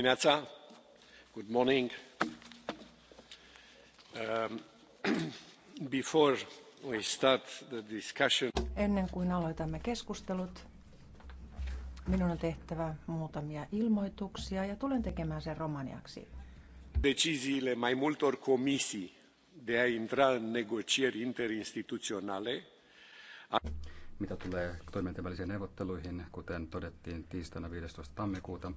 dimineața good morning um, before we start the discussion ennen kuin aloitamme keskustelut minun on tehtävä muutamia ilmoituksia ja tulen tekemään sen romaniaksi deciziile mai multor comisii de a intra în negocieri interinstituționale mitä tulee toimintavälisiin neuvotteluihin, kuten todettiin tiistaina viidestoista tammikuuta,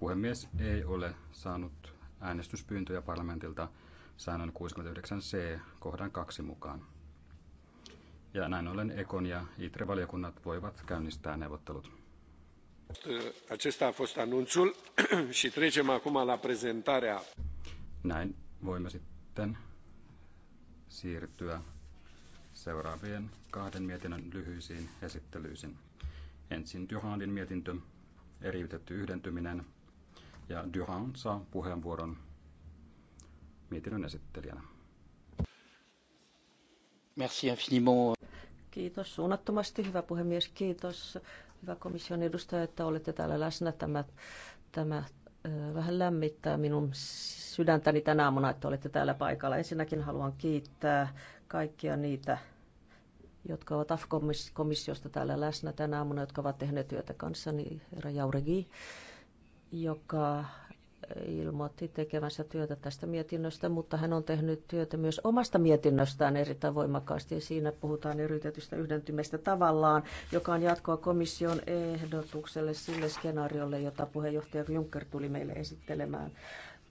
Puhemies ei ole saanut äänestyspyyntöjä parlamentilta säännön 69c kohdan 2 mukaan. Ja näin ollen Ekon ja ITRE-valiokunnat voivat käynnistää neuvottelut. Acesta a fost anunțul și trecem acum la prezentarea. Näin voimme sitten siirtyä seuraavien kahden mietinnön lyhyisiin esittelyisiin. Ensin Johanin mietintö, eriytetty yhdentyminen – ja Duhan saa puheenvuoron mietinnön esittelijänä. Merci infiniment. Kiitos suunnattomasti, hyvä puhemies. Kiitos, hyvä komission edustaja, että olette täällä läsnä. Tämä, tämä vähän lämmittää minun sydäntäni tänä aamuna, että olette täällä paikalla. Ensinnäkin haluan kiittää kaikkia niitä, jotka ovat AF-komissiosta täällä läsnä tänä aamuna, jotka ovat tehneet työtä kanssani, herra Jauregi joka ilmoitti tekevänsä työtä tästä mietinnöstä, mutta hän on tehnyt työtä myös omasta mietinnöstään erittäin voimakkaasti. Siinä puhutaan eriytetystä yhdentymistä tavallaan, joka on jatkoa komission ehdotukselle sille skenaariolle, jota puheenjohtaja Juncker tuli meille esittelemään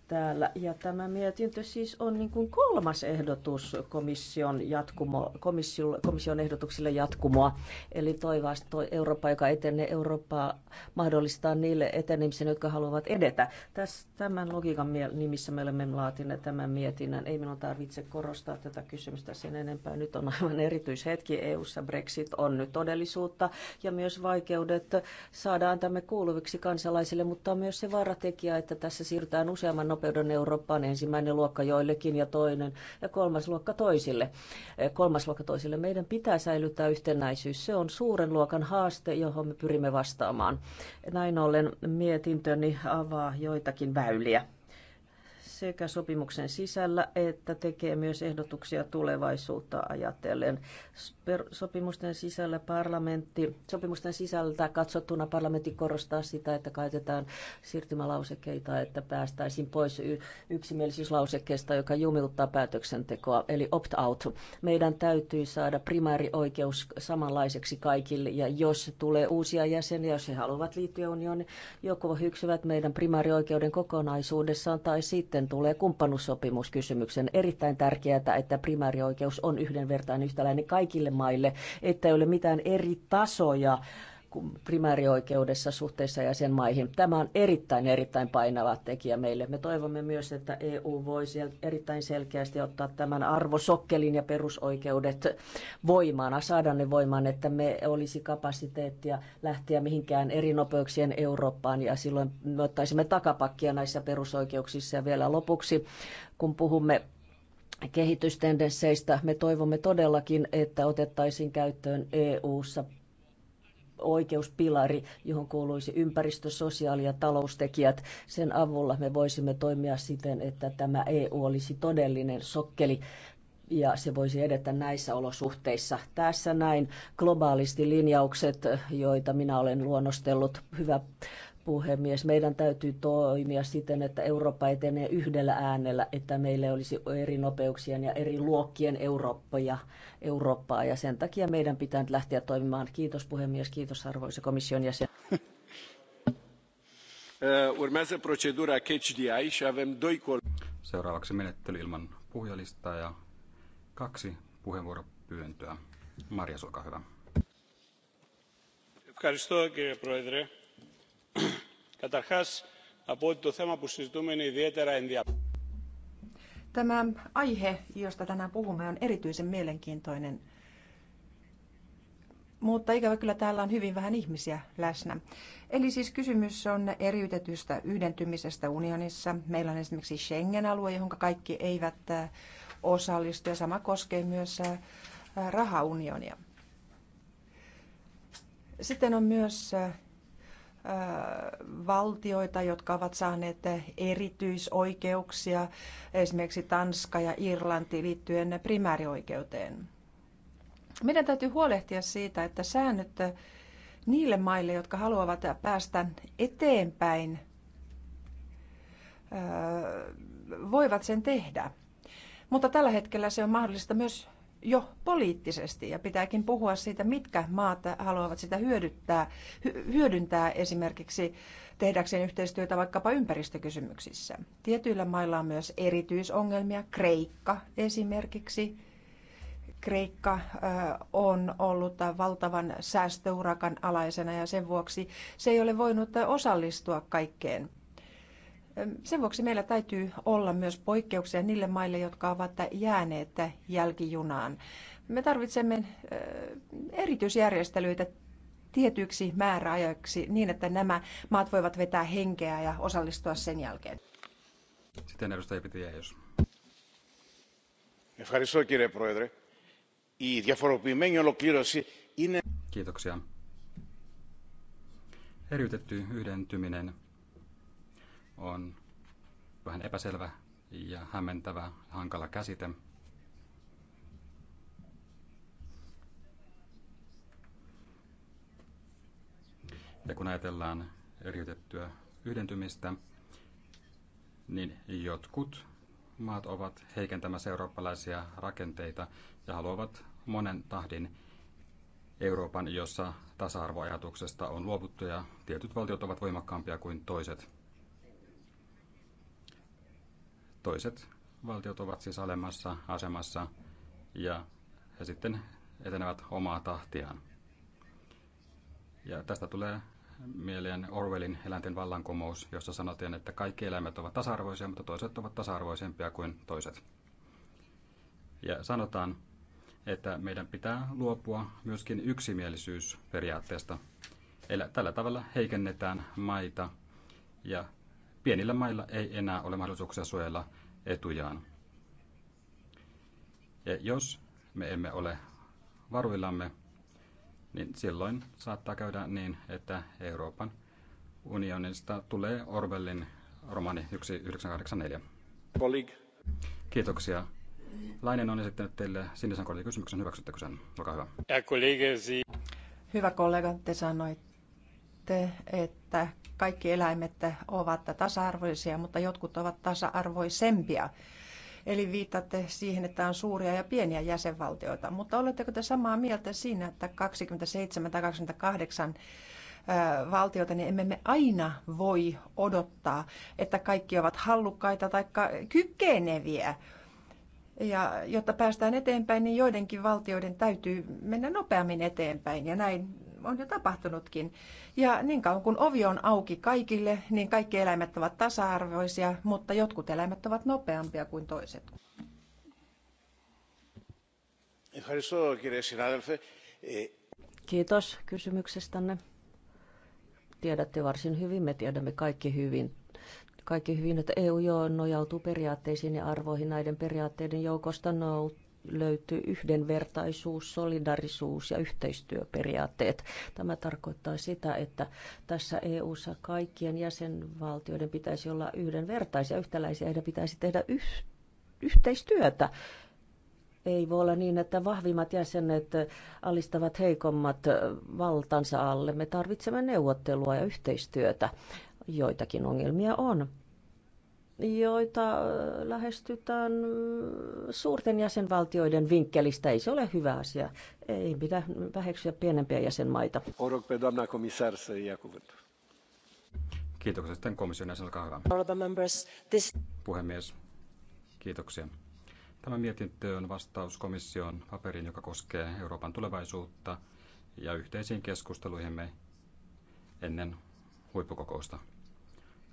täällä. Ja tämä mietintö siis on niin kuin kolmas ehdotus komission, jatkumo, komission, komission ehdotuksille jatkumoa. Eli toivottavasti toi Eurooppa, joka etenee Eurooppaa, mahdollistaa niille etenemisen, jotka haluavat edetä. Tässä, tämän logiikan nimissä me olemme laatineet tämän mietinnän. Ei minun tarvitse korostaa tätä kysymystä sen enempää. Nyt on aivan erityishetki EU-ssa. Brexit on nyt todellisuutta ja myös vaikeudet saadaan tämme kuuluviksi kansalaisille, mutta on myös se vaaratekijä, että tässä siirrytään useamman nopeuden Eurooppaan, ensimmäinen luokka joillekin ja toinen ja kolmas luokka toisille. Kolmas luokka toisille. Meidän pitää säilyttää yhtenäisyys. Se on suuren luokan haaste, johon me pyrimme vastaamaan. Näin ollen mietintöni avaa joitakin väyliä sekä sopimuksen sisällä että tekee myös ehdotuksia tulevaisuutta ajatellen. Sopimusten sisällä parlamentti, sopimusten sisältä katsottuna parlamentti korostaa sitä, että käytetään siirtymälausekkeita, että päästäisiin pois yksimielisyyslausekkeesta, joka jumiuttaa päätöksentekoa, eli opt-out. Meidän täytyy saada primäärioikeus samanlaiseksi kaikille, ja jos tulee uusia jäseniä, jos he haluavat liittyä unioniin, joko hyksyvät meidän primäärioikeuden kokonaisuudessaan tai sitten tulee kumppanuussopimuskysymyksen. Erittäin tärkeää, että primäärioikeus on yhdenvertainen yhtäläinen kaikille maille, että ei ole mitään eri tasoja primäärioikeudessa suhteessa jäsenmaihin. Tämä on erittäin, erittäin painava tekijä meille. Me toivomme myös, että EU voi erittäin selkeästi ottaa tämän arvosokkelin ja perusoikeudet voimaan, saada ne voimaan, että me olisi kapasiteettia lähteä mihinkään eri nopeuksien Eurooppaan ja silloin me ottaisimme takapakkia näissä perusoikeuksissa. Ja vielä lopuksi, kun puhumme kehitystendensseistä. Me toivomme todellakin, että otettaisiin käyttöön EU-ssa oikeuspilari, johon kuuluisi ympäristö, sosiaali- ja taloustekijät. Sen avulla me voisimme toimia siten, että tämä EU olisi todellinen sokkeli ja se voisi edetä näissä olosuhteissa. Tässä näin globaalisti linjaukset, joita minä olen luonnostellut. Hyvä puhemies. Meidän täytyy toimia siten, että Eurooppa etenee yhdellä äänellä, että meillä olisi eri nopeuksien ja eri luokkien Eurooppa ja Eurooppaa. Ja sen takia meidän pitää nyt lähteä toimimaan. Kiitos puhemies, kiitos arvoisa komission jäsen. Eh, urmează procedura Catch the Eye și avem doi Seuraavaksi menettely ilman puhujalistaa ja kaksi puheenvuoropyyntöä. Marja, olkaa hyvä. Kiitos, Tämä aihe, josta tänään puhumme, on erityisen mielenkiintoinen. Mutta ikävä kyllä täällä on hyvin vähän ihmisiä läsnä. Eli siis kysymys on eriytetystä yhdentymisestä unionissa. Meillä on esimerkiksi Schengen-alue, johon kaikki eivät äh, osallistu, ja sama koskee myös äh, rahaunionia. Sitten on myös äh, valtioita, jotka ovat saaneet erityisoikeuksia, esimerkiksi Tanska ja Irlanti liittyen primäärioikeuteen. Meidän täytyy huolehtia siitä, että säännöt niille maille, jotka haluavat päästä eteenpäin, voivat sen tehdä. Mutta tällä hetkellä se on mahdollista myös jo poliittisesti ja pitääkin puhua siitä, mitkä maat haluavat sitä hyödyttää, hyödyntää esimerkiksi tehdäkseen yhteistyötä vaikkapa ympäristökysymyksissä. Tietyillä mailla on myös erityisongelmia, Kreikka esimerkiksi. Kreikka on ollut valtavan säästöurakan alaisena ja sen vuoksi se ei ole voinut osallistua kaikkeen. Sen vuoksi meillä täytyy olla myös poikkeuksia niille maille, jotka ovat jääneet jälkijunaan. Me tarvitsemme erityisjärjestelyitä tietyiksi määräajoiksi niin, että nämä maat voivat vetää henkeä ja osallistua sen jälkeen. Sitten edustaja Pitiä, jos. Kiitoksia. Eriytetty yhdentyminen on vähän epäselvä ja hämmentävä, hankala käsite. Ja kun ajatellaan eriytettyä yhdentymistä, niin jotkut maat ovat heikentämässä eurooppalaisia rakenteita ja haluavat monen tahdin Euroopan, jossa tasa-arvoajatuksesta on luovuttu ja tietyt valtiot ovat voimakkaampia kuin toiset. toiset valtiot ovat siis alemmassa asemassa ja he sitten etenevät omaa tahtiaan. Ja tästä tulee mieleen Orwellin eläinten vallankumous, jossa sanotaan, että kaikki eläimet ovat tasa-arvoisia, mutta toiset ovat tasa-arvoisempia kuin toiset. Ja sanotaan, että meidän pitää luopua myöskin yksimielisyysperiaatteesta. Eli tällä tavalla heikennetään maita ja pienillä mailla ei enää ole mahdollisuuksia suojella etujaan. Ja jos me emme ole varuillamme, niin silloin saattaa käydä niin, että Euroopan unionista tulee Orwellin romani 1984. Kolik. Kiitoksia. Lainen on esittänyt teille sinisen kortin kysymyksen. Hyväksyttekö sen? Olkaa hyvä. Hyvä kollega, te sanoitte että kaikki eläimet ovat tasa-arvoisia, mutta jotkut ovat tasa-arvoisempia. Eli viitatte siihen, että on suuria ja pieniä jäsenvaltioita. Mutta oletteko te samaa mieltä siinä, että 27 tai 28 valtiota, niin emme me aina voi odottaa, että kaikki ovat hallukkaita tai kykeneviä. Ja jotta päästään eteenpäin, niin joidenkin valtioiden täytyy mennä nopeammin eteenpäin ja näin on jo tapahtunutkin. Ja niin kauan kun ovi on auki kaikille, niin kaikki eläimet ovat tasa-arvoisia, mutta jotkut eläimet ovat nopeampia kuin toiset. Kiitos kysymyksestänne. Tiedätte varsin hyvin, me tiedämme kaikki hyvin, kaikki hyvin että EU jo nojautuu periaatteisiin ja arvoihin näiden periaatteiden joukosta nout löytyy yhdenvertaisuus, solidarisuus ja yhteistyöperiaatteet. Tämä tarkoittaa sitä, että tässä EU-ssa kaikkien jäsenvaltioiden pitäisi olla yhdenvertaisia, yhtäläisiä, heidän pitäisi tehdä yh- yhteistyötä. Ei voi olla niin, että vahvimmat jäsenet alistavat heikommat valtansa alle. Me tarvitsemme neuvottelua ja yhteistyötä. Joitakin ongelmia on joita lähestytään suurten jäsenvaltioiden vinkkelistä. Ei se ole hyvä asia. Ei pidä väheksyä pienempiä jäsenmaita. Kiitoksia sitten komission jäsen, olkaa hyvä. Puhemies, kiitoksia. Tämä mietintö on vastaus komission paperiin, joka koskee Euroopan tulevaisuutta ja yhteisiin keskusteluihimme ennen huippukokousta.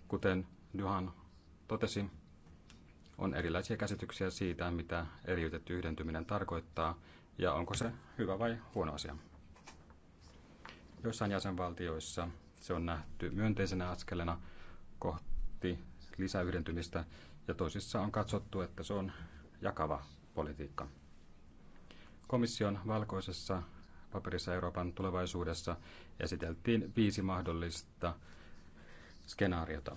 Kuten Johan totesi, on erilaisia käsityksiä siitä, mitä eriytetty yhdentyminen tarkoittaa ja onko se hyvä vai huono asia. Joissain jäsenvaltioissa se on nähty myönteisenä askelena kohti lisäyhdentymistä ja toisissa on katsottu, että se on jakava politiikka. Komission valkoisessa paperissa Euroopan tulevaisuudessa esiteltiin viisi mahdollista skenaariota.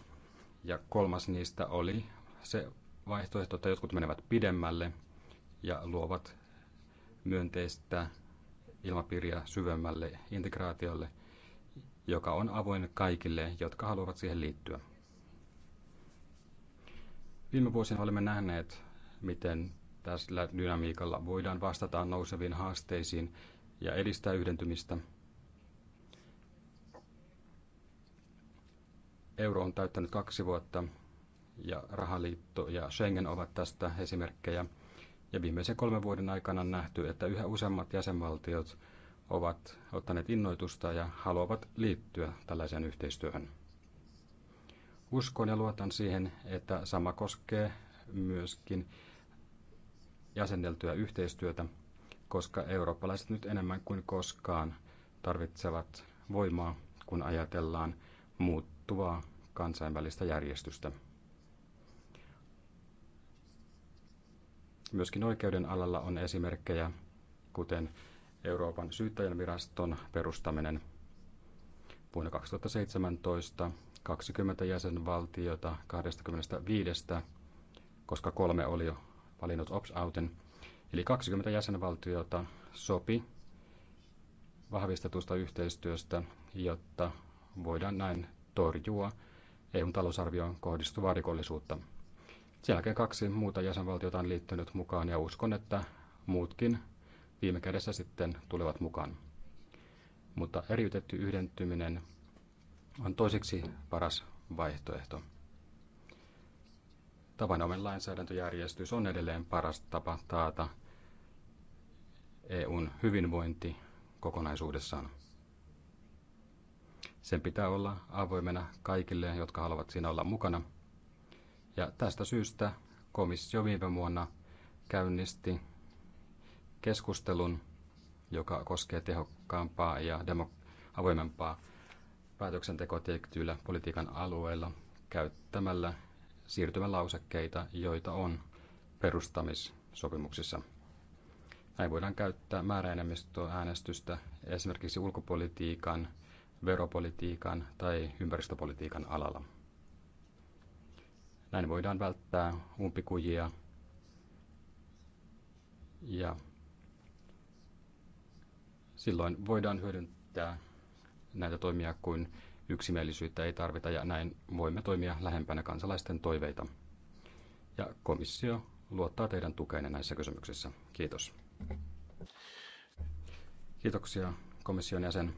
Ja kolmas niistä oli se vaihtoehto, että jotkut menevät pidemmälle ja luovat myönteistä ilmapiiriä syvemmälle integraatiolle, joka on avoin kaikille, jotka haluavat siihen liittyä. Viime vuosina olemme nähneet, miten tällä dynamiikalla voidaan vastata nouseviin haasteisiin ja edistää yhdentymistä – euro on täyttänyt kaksi vuotta ja rahaliitto ja Schengen ovat tästä esimerkkejä. Ja viimeisen kolmen vuoden aikana on nähty, että yhä useammat jäsenvaltiot ovat ottaneet innoitusta ja haluavat liittyä tällaiseen yhteistyöhön. Uskon ja luotan siihen, että sama koskee myöskin jäsenneltyä yhteistyötä, koska eurooppalaiset nyt enemmän kuin koskaan tarvitsevat voimaa, kun ajatellaan muut muuttuvaa kansainvälistä järjestystä. Myöskin oikeuden alalla on esimerkkejä, kuten Euroopan syyttäjän viraston perustaminen. Vuonna 2017 20 jäsenvaltiota 25, koska kolme oli jo valinnut opt-outin, eli 20 jäsenvaltiota sopi vahvistetusta yhteistyöstä, jotta voidaan näin torjua EUn talousarvioon kohdistuvaa rikollisuutta. Sen jälkeen kaksi muuta jäsenvaltiota on liittynyt mukaan ja uskon, että muutkin viime kädessä sitten tulevat mukaan. Mutta eriytetty yhdentyminen on toiseksi paras vaihtoehto. Tavanomainen lainsäädäntöjärjestys on edelleen paras tapa taata EUn hyvinvointi kokonaisuudessaan. Sen pitää olla avoimena kaikille, jotka haluavat siinä olla mukana. Ja tästä syystä komissio viime vuonna käynnisti keskustelun, joka koskee tehokkaampaa ja demo- avoimempaa tiettyillä politiikan alueilla käyttämällä siirtymälausekkeita, joita on perustamissopimuksissa. Näin voidaan käyttää määräenemmistöäänestystä esimerkiksi ulkopolitiikan – veropolitiikan tai ympäristöpolitiikan alalla. Näin voidaan välttää umpikujia ja silloin voidaan hyödyntää näitä toimia, kun yksimielisyyttä ei tarvita ja näin voimme toimia lähempänä kansalaisten toiveita. Ja komissio luottaa teidän tukeenne näissä kysymyksissä. Kiitos. Kiitoksia komission jäsen.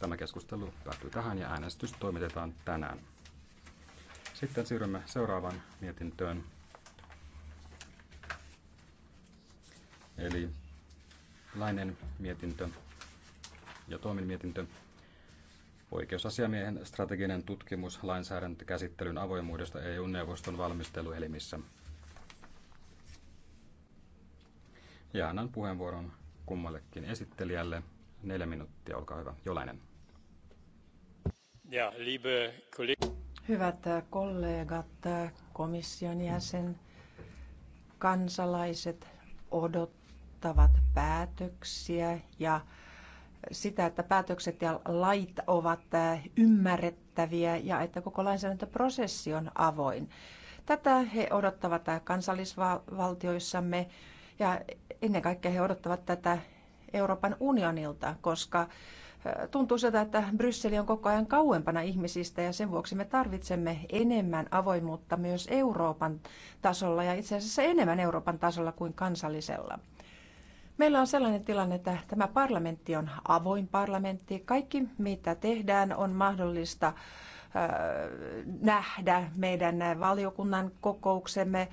Tämä keskustelu päättyy tähän ja äänestys toimitetaan tänään. Sitten siirrymme seuraavaan mietintöön. Eli Lainen mietintö ja Tuomin mietintö. Oikeusasiamiehen strateginen tutkimus lainsäädäntökäsittelyn avoimuudesta EU-neuvoston valmisteluelimissä. Ja annan puheenvuoron kummallekin esittelijälle. Neljä minuuttia, olkaa hyvä. Jolainen. Hyvät äh, kollegat, äh, komission jäsen, kansalaiset odottavat päätöksiä ja sitä, että päätökset ja lait ovat äh, ymmärrettäviä ja että koko lainsäädäntöprosessi on avoin. Tätä he odottavat kansallisvaltioissamme ja ennen kaikkea he odottavat tätä Euroopan unionilta, koska tuntuu siltä, että Brysseli on koko ajan kauempana ihmisistä ja sen vuoksi me tarvitsemme enemmän avoimuutta myös Euroopan tasolla ja itse asiassa enemmän Euroopan tasolla kuin kansallisella. Meillä on sellainen tilanne, että tämä parlamentti on avoin parlamentti. Kaikki, mitä tehdään, on mahdollista nähdä meidän valiokunnan kokouksemme,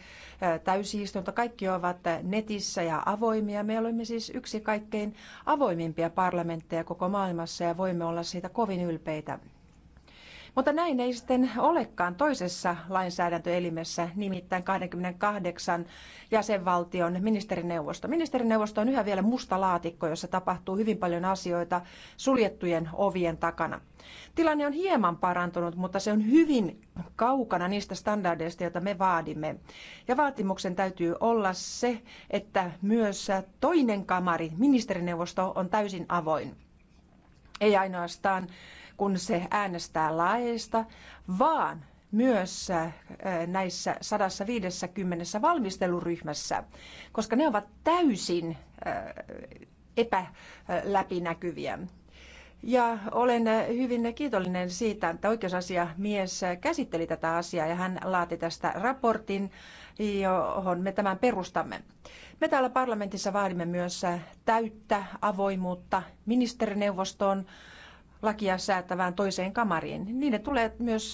täysistunto. Kaikki ovat netissä ja avoimia. Me olemme siis yksi kaikkein avoimimpia parlamentteja koko maailmassa ja voimme olla siitä kovin ylpeitä. Mutta näin ei sitten olekaan toisessa lainsäädäntöelimessä, nimittäin 28 jäsenvaltion ministerineuvosto. Ministerineuvosto on yhä vielä musta laatikko, jossa tapahtuu hyvin paljon asioita suljettujen ovien takana. Tilanne on hieman parantunut, mutta se on hyvin kaukana niistä standardeista, joita me vaadimme. Ja vaatimuksen täytyy olla se, että myös toinen kamari, ministerineuvosto, on täysin avoin ei ainoastaan kun se äänestää laeista, vaan myös äh, näissä 150 valmisteluryhmässä, koska ne ovat täysin äh, epäläpinäkyviä. Ja olen äh, hyvin kiitollinen siitä, että oikeusasiamies käsitteli tätä asiaa ja hän laati tästä raportin, johon me tämän perustamme. Me täällä parlamentissa vaadimme myös täyttä avoimuutta ministerineuvostoon lakia säätävään toiseen kamariin. Niiden tulee myös,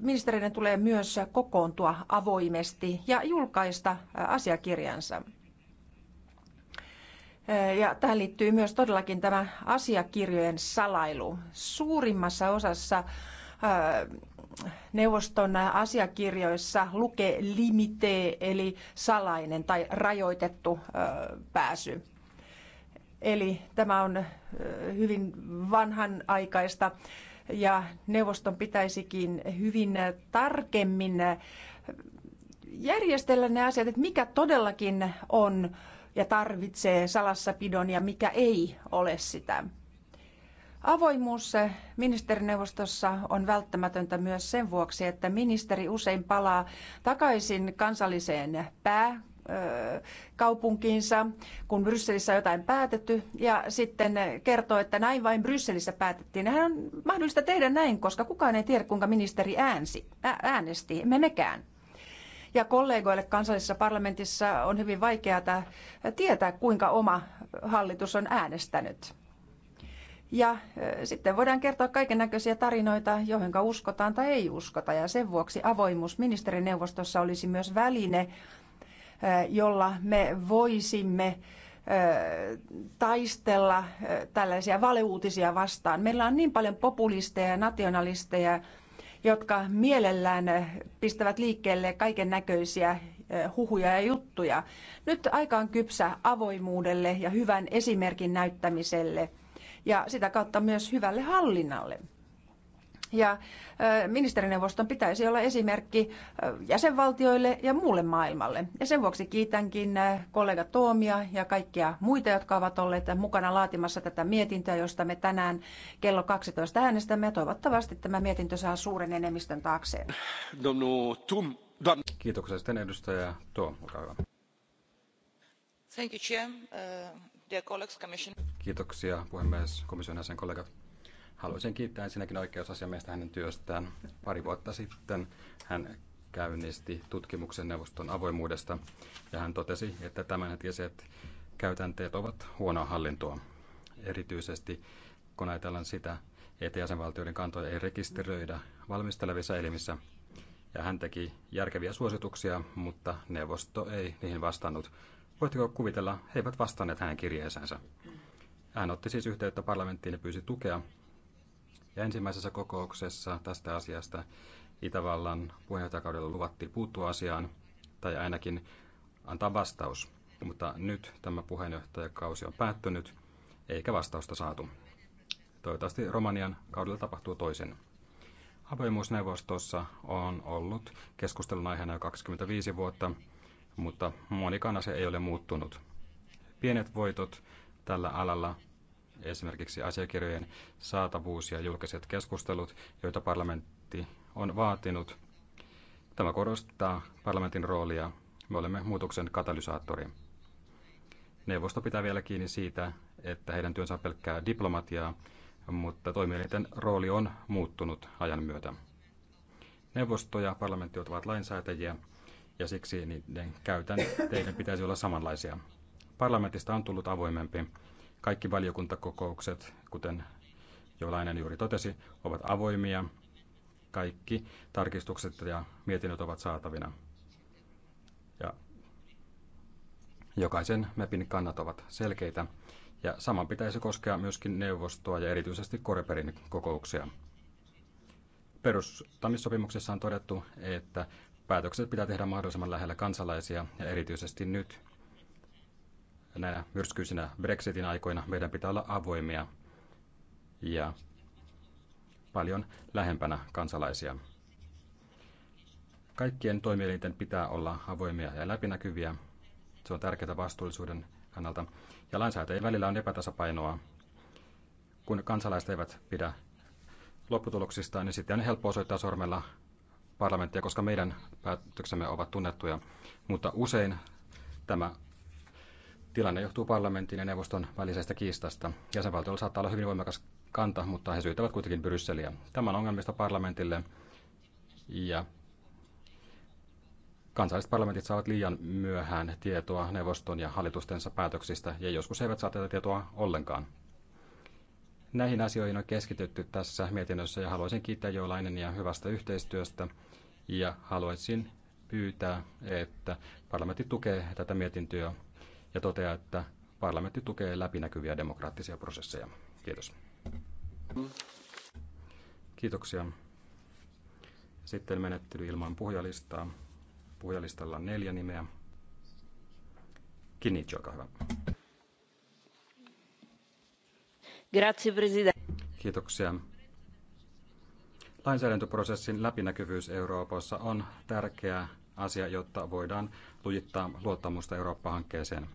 ministeriöiden tulee myös kokoontua avoimesti ja julkaista asiakirjansa. Ja tähän liittyy myös todellakin tämä asiakirjojen salailu. Suurimmassa osassa neuvoston asiakirjoissa lukee limite eli salainen tai rajoitettu pääsy. Eli tämä on hyvin vanhanaikaista ja neuvoston pitäisikin hyvin tarkemmin järjestellä ne asiat, että mikä todellakin on ja tarvitsee salassapidon ja mikä ei ole sitä. Avoimuus ministerineuvostossa on välttämätöntä myös sen vuoksi, että ministeri usein palaa takaisin kansalliseen pää kaupunkiinsa, kun Brysselissä on jotain päätetty, ja sitten kertoo, että näin vain Brysselissä päätettiin. Hän on mahdollista tehdä näin, koska kukaan ei tiedä, kuinka ministeri äänsi, äänesti, emme mekään. Ja kollegoille kansallisessa parlamentissa on hyvin vaikeaa tietää, kuinka oma hallitus on äänestänyt. Ja sitten voidaan kertoa kaiken näköisiä tarinoita, joihin uskotaan tai ei uskota. Ja sen vuoksi avoimuus ministerineuvostossa olisi myös väline, jolla me voisimme taistella tällaisia valeuutisia vastaan. Meillä on niin paljon populisteja ja nationalisteja, jotka mielellään pistävät liikkeelle kaiken näköisiä huhuja ja juttuja. Nyt aika on kypsä avoimuudelle ja hyvän esimerkin näyttämiselle ja sitä kautta myös hyvälle hallinnalle. Ja ministerineuvoston pitäisi olla esimerkki jäsenvaltioille ja muulle maailmalle. Ja sen vuoksi kiitänkin kollega Toomia ja kaikkia muita, jotka ovat olleet mukana laatimassa tätä mietintöä, josta me tänään kello 12 äänestämme. Ja toivottavasti tämä mietintö saa suuren enemmistön taakseen. Kiitoksia sitten edustaja Tuom, olkaa hyvä. Thank you, Chair. Uh, dear colleagues, Kiitoksia puhemies, komission jäsen kollegat Haluaisin kiittää ensinnäkin oikeusasiamiestä hänen työstään. Pari vuotta sitten hän käynnisti tutkimuksen neuvoston avoimuudesta ja hän totesi, että tämänhetkiset käytänteet ovat huonoa hallintoa. Erityisesti kun ajatellaan sitä, että jäsenvaltioiden kantoja ei rekisteröidä valmistelevissa elimissä. Ja hän teki järkeviä suosituksia, mutta neuvosto ei niihin vastannut. Voitteko kuvitella, he eivät vastanneet hänen kirjeeseensä. Hän otti siis yhteyttä parlamenttiin ja pyysi tukea, ja ensimmäisessä kokouksessa tästä asiasta Itävallan puheenjohtajakaudella luvattiin puuttua asiaan, tai ainakin antaa vastaus. Mutta nyt tämä puheenjohtajakausi on päättynyt, eikä vastausta saatu. Toivottavasti Romanian kaudella tapahtuu toisen. Avoimuusneuvostossa on ollut keskustelun aiheena jo 25 vuotta, mutta monikaan asia ei ole muuttunut. Pienet voitot tällä alalla esimerkiksi asiakirjojen saatavuus ja julkiset keskustelut, joita parlamentti on vaatinut. Tämä korostaa parlamentin roolia. Me olemme muutoksen katalysaattori. Neuvosto pitää vielä kiinni siitä, että heidän työnsä on pelkkää diplomatiaa, mutta toimielinten rooli on muuttunut ajan myötä. Neuvosto ja parlamentti ovat lainsäätäjiä ja siksi niiden käytän teidän pitäisi olla samanlaisia. Parlamentista on tullut avoimempi kaikki valiokuntakokoukset, kuten Jolainen juuri totesi, ovat avoimia. Kaikki tarkistukset ja mietinnöt ovat saatavina. Ja jokaisen MEPin kannat ovat selkeitä. Ja saman pitäisi koskea myöskin neuvostoa ja erityisesti Koreperin kokouksia. Perustamissopimuksessa on todettu, että päätökset pitää tehdä mahdollisimman lähellä kansalaisia ja erityisesti nyt, näinä myrskyisinä Brexitin aikoina meidän pitää olla avoimia ja paljon lähempänä kansalaisia. Kaikkien toimielinten pitää olla avoimia ja läpinäkyviä. Se on tärkeää vastuullisuuden kannalta. Ja lainsäätäjien välillä on epätasapainoa. Kun kansalaiset eivät pidä lopputuloksista, niin sitten on helppo osoittaa sormella parlamenttia, koska meidän päätöksemme ovat tunnettuja. Mutta usein tämä Tilanne johtuu parlamentin ja neuvoston välisestä kiistasta. Jäsenvaltiolla saattaa olla hyvin voimakas kanta, mutta he syytävät kuitenkin Brysseliä. Tämä on ongelmista parlamentille ja kansalliset parlamentit saavat liian myöhään tietoa neuvoston ja hallitustensa päätöksistä ja joskus he eivät saa tätä tietoa ollenkaan. Näihin asioihin on keskitytty tässä mietinnössä ja haluaisin kiittää joilainen ja hyvästä yhteistyöstä ja haluaisin pyytää, että parlamentti tukee tätä mietintöä ja toteaa, että parlamentti tukee läpinäkyviä demokraattisia prosesseja. Kiitos. Kiitoksia. Sitten menettely ilman puhujalistaa. Puhujalistalla on neljä nimeä. Kinnitsi, olkaa hyvä. Grazie, president. Kiitoksia. Lainsäädäntöprosessin läpinäkyvyys Euroopassa on tärkeä asia, jotta voidaan lujittaa luottamusta Eurooppa-hankkeeseen.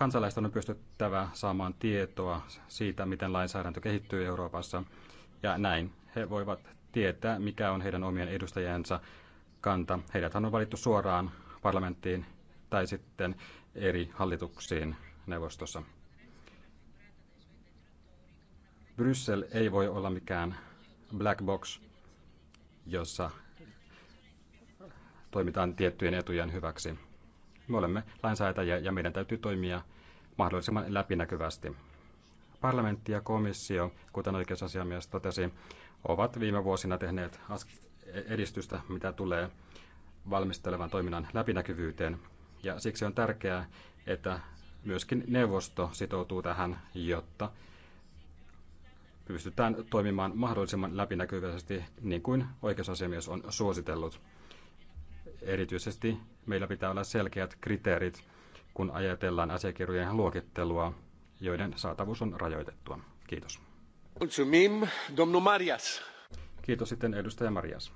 Kansalaisten on pystyttävä saamaan tietoa siitä, miten lainsäädäntö kehittyy Euroopassa, ja näin he voivat tietää, mikä on heidän omien edustajiensa kanta. Heidät on valittu suoraan parlamenttiin tai sitten eri hallituksiin neuvostossa. Bryssel ei voi olla mikään black box, jossa toimitaan tiettyjen etujen hyväksi. Me olemme lainsäätäjiä ja meidän täytyy toimia mahdollisimman läpinäkyvästi. Parlamentti ja komissio, kuten oikeusasiamies totesi, ovat viime vuosina tehneet edistystä, mitä tulee valmistelevan toiminnan läpinäkyvyyteen. Ja siksi on tärkeää, että myöskin neuvosto sitoutuu tähän, jotta pystytään toimimaan mahdollisimman läpinäkyvästi, niin kuin oikeusasiamies on suositellut. Erityisesti meillä pitää olla selkeät kriteerit, kun ajatellaan asiakirjojen luokittelua, joiden saatavuus on rajoitettua. Kiitos. Mulțumim, domnul Marias. Kiitos sitten edustaja Marias.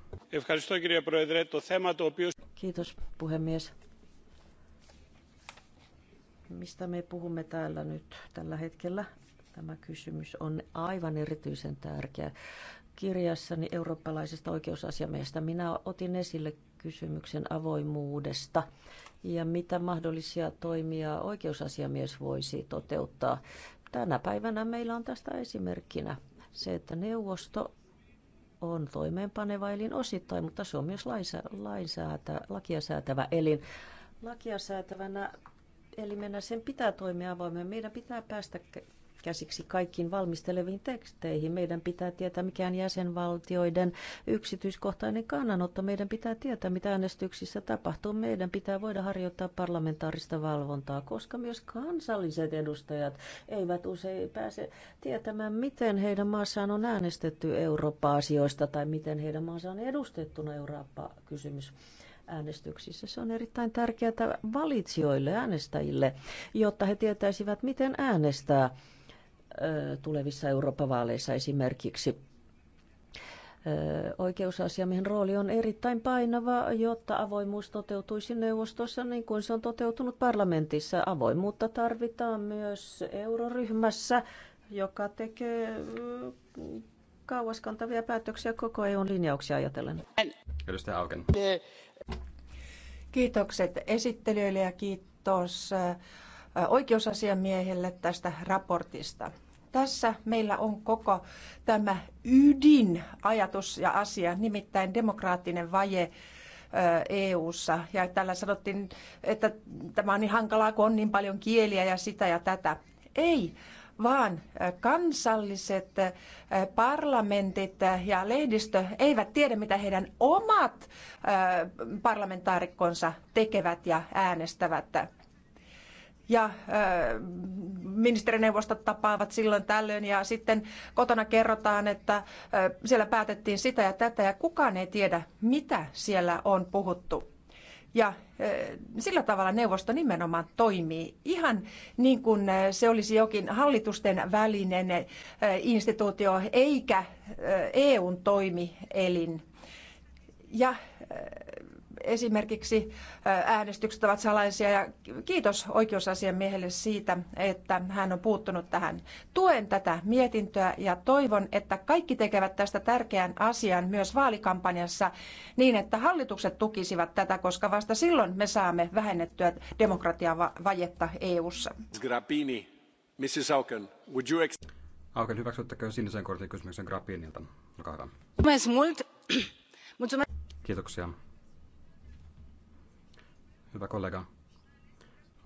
Kiitos puhemies. Mistä me puhumme täällä nyt tällä hetkellä? Tämä kysymys on aivan erityisen tärkeä kirjassani eurooppalaisesta oikeusasiamiehestä minä otin esille kysymyksen avoimuudesta ja mitä mahdollisia toimia oikeusasiamies voisi toteuttaa. Tänä päivänä meillä on tästä esimerkkinä se, että neuvosto on toimeenpaneva elin osittain, mutta se on myös lainsä, lainsäätä, lakia säätävä elin. Lakia säätävänä elimenä sen pitää toimia avoimen. Meidän pitää päästä käsiksi kaikkiin valmisteleviin teksteihin. Meidän pitää tietää, mikä on jäsenvaltioiden yksityiskohtainen kannanotto. Meidän pitää tietää, mitä äänestyksissä tapahtuu. Meidän pitää voida harjoittaa parlamentaarista valvontaa, koska myös kansalliset edustajat eivät usein pääse tietämään, miten heidän maassaan on äänestetty Eurooppa-asioista tai miten heidän maansa on edustettuna Eurooppa-kysymys äänestyksissä. Se on erittäin tärkeää valitsijoille, äänestäjille, jotta he tietäisivät, miten äänestää tulevissa Euroopan vaaleissa esimerkiksi. Oikeusasiamiehen rooli on erittäin painava, jotta avoimuus toteutuisi neuvostossa niin kuin se on toteutunut parlamentissa. Avoimuutta tarvitaan myös euroryhmässä, joka tekee kauaskantavia päätöksiä koko EUn linjauksia ajatellen. Edustaja Auken. Kiitokset esittelijöille ja kiitos oikeusasiamiehelle tästä raportista tässä meillä on koko tämä ydinajatus ja asia, nimittäin demokraattinen vaje EU-ssa. Ja tällä sanottiin, että tämä on niin hankalaa, kun on niin paljon kieliä ja sitä ja tätä. Ei, vaan kansalliset parlamentit ja lehdistö eivät tiedä, mitä heidän omat parlamentaarikkonsa tekevät ja äänestävät ja äh, ministerineuvostot tapaavat silloin tällöin ja sitten kotona kerrotaan, että äh, siellä päätettiin sitä ja tätä ja kukaan ei tiedä, mitä siellä on puhuttu. Ja äh, sillä tavalla neuvosto nimenomaan toimii ihan niin kuin se olisi jokin hallitusten välinen instituutio eikä EUn toimielin. Ja esimerkiksi äänestykset ovat salaisia ja kiitos oikeusasiamiehelle siitä, että hän on puuttunut tähän. Tuen tätä mietintöä ja toivon, että kaikki tekevät tästä tärkeän asian myös vaalikampanjassa niin, että hallitukset tukisivat tätä, koska vasta silloin me saamme vähennettyä demokratiavajetta vajetta EU:ssa. Grappini, Mrs. Auken, would you Auken, hyväksyttekö sinisen kortin kysymyksen Grappinilta? Olkaa hyvä. Kiitoksia. Hyvä kollega,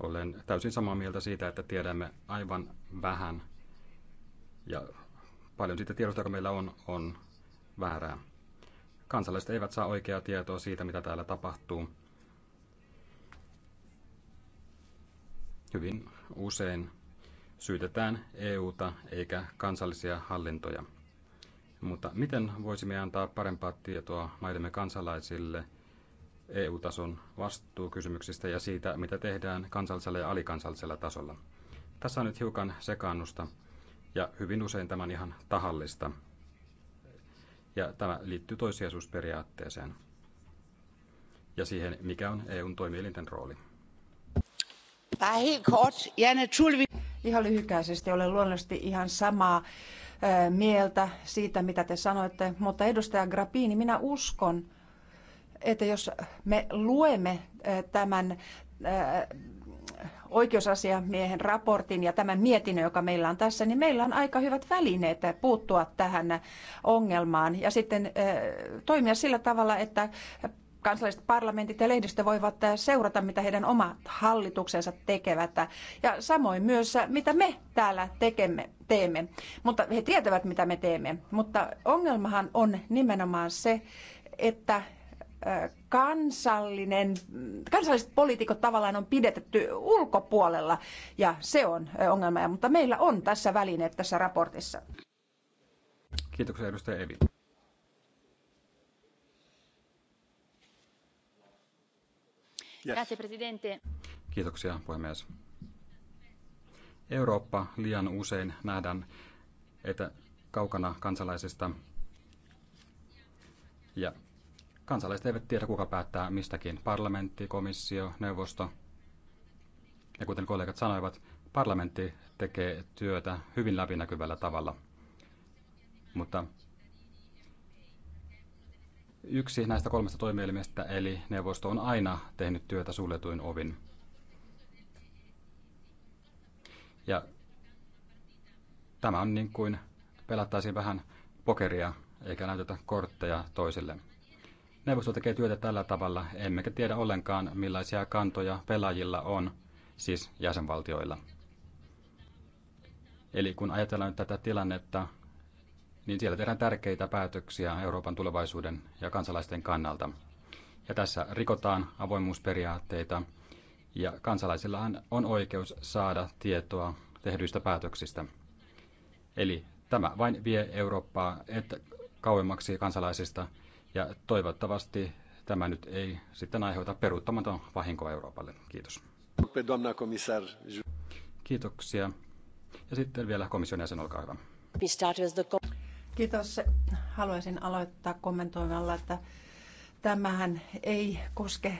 olen täysin samaa mieltä siitä, että tiedämme aivan vähän ja paljon siitä tiedosta, joka meillä on, on väärää. Kansalaiset eivät saa oikeaa tietoa siitä, mitä täällä tapahtuu. Hyvin usein syytetään EUta eikä kansallisia hallintoja. Mutta miten voisimme antaa parempaa tietoa maidemme kansalaisille – EU-tason vastuukysymyksistä ja siitä, mitä tehdään kansallisella ja alikansallisella tasolla. Tässä on nyt hiukan sekaannusta ja hyvin usein tämän ihan tahallista. Ja tämä liittyy toissijaisuusperiaatteeseen ja siihen, mikä on EUn toimielinten rooli. Ihan lyhykäisesti olen luonnollisesti ihan samaa mieltä siitä, mitä te sanoitte, mutta edustaja Grappini, minä uskon, että jos me luemme tämän oikeusasiamiehen raportin ja tämän mietinnön, joka meillä on tässä, niin meillä on aika hyvät välineet puuttua tähän ongelmaan ja sitten toimia sillä tavalla, että kansalliset parlamentit ja lehdistö voivat seurata, mitä heidän omat hallituksensa tekevät ja samoin myös, mitä me täällä tekemme, teemme. Mutta he tietävät, mitä me teemme. Mutta ongelmahan on nimenomaan se, että kansallinen, kansalliset poliitikot tavallaan on pidetetty ulkopuolella ja se on ongelma, mutta meillä on tässä välineet tässä raportissa. Kiitoksia edustaja Evi. Yes. Kiitoksia puhemies. Eurooppa liian usein nähdään, että kaukana kansalaisista ja kansalaiset eivät tiedä, kuka päättää mistäkin. Parlamentti, komissio, neuvosto. Ja kuten kollegat sanoivat, parlamentti tekee työtä hyvin läpinäkyvällä tavalla. Mutta yksi näistä kolmesta toimielimestä, eli neuvosto, on aina tehnyt työtä suljetuin ovin. Ja tämä on niin kuin pelattaisiin vähän pokeria, eikä näytetä kortteja toisilleen. Neuvosto tekee työtä tällä tavalla, emmekä tiedä ollenkaan millaisia kantoja pelaajilla on, siis jäsenvaltioilla. Eli kun ajatellaan tätä tilannetta, niin siellä tehdään tärkeitä päätöksiä Euroopan tulevaisuuden ja kansalaisten kannalta. Ja tässä rikotaan avoimuusperiaatteita, ja kansalaisilla on oikeus saada tietoa tehdyistä päätöksistä. Eli tämä vain vie Eurooppaa et kauemmaksi kansalaisista, ja toivottavasti tämä nyt ei sitten aiheuta peruuttamaton vahinkoa Euroopalle. Kiitos. Kiitoksia. Ja sitten vielä komission jäsen, olkaa hyvä. Kiitos. Haluaisin aloittaa kommentoimalla, että tämähän ei koske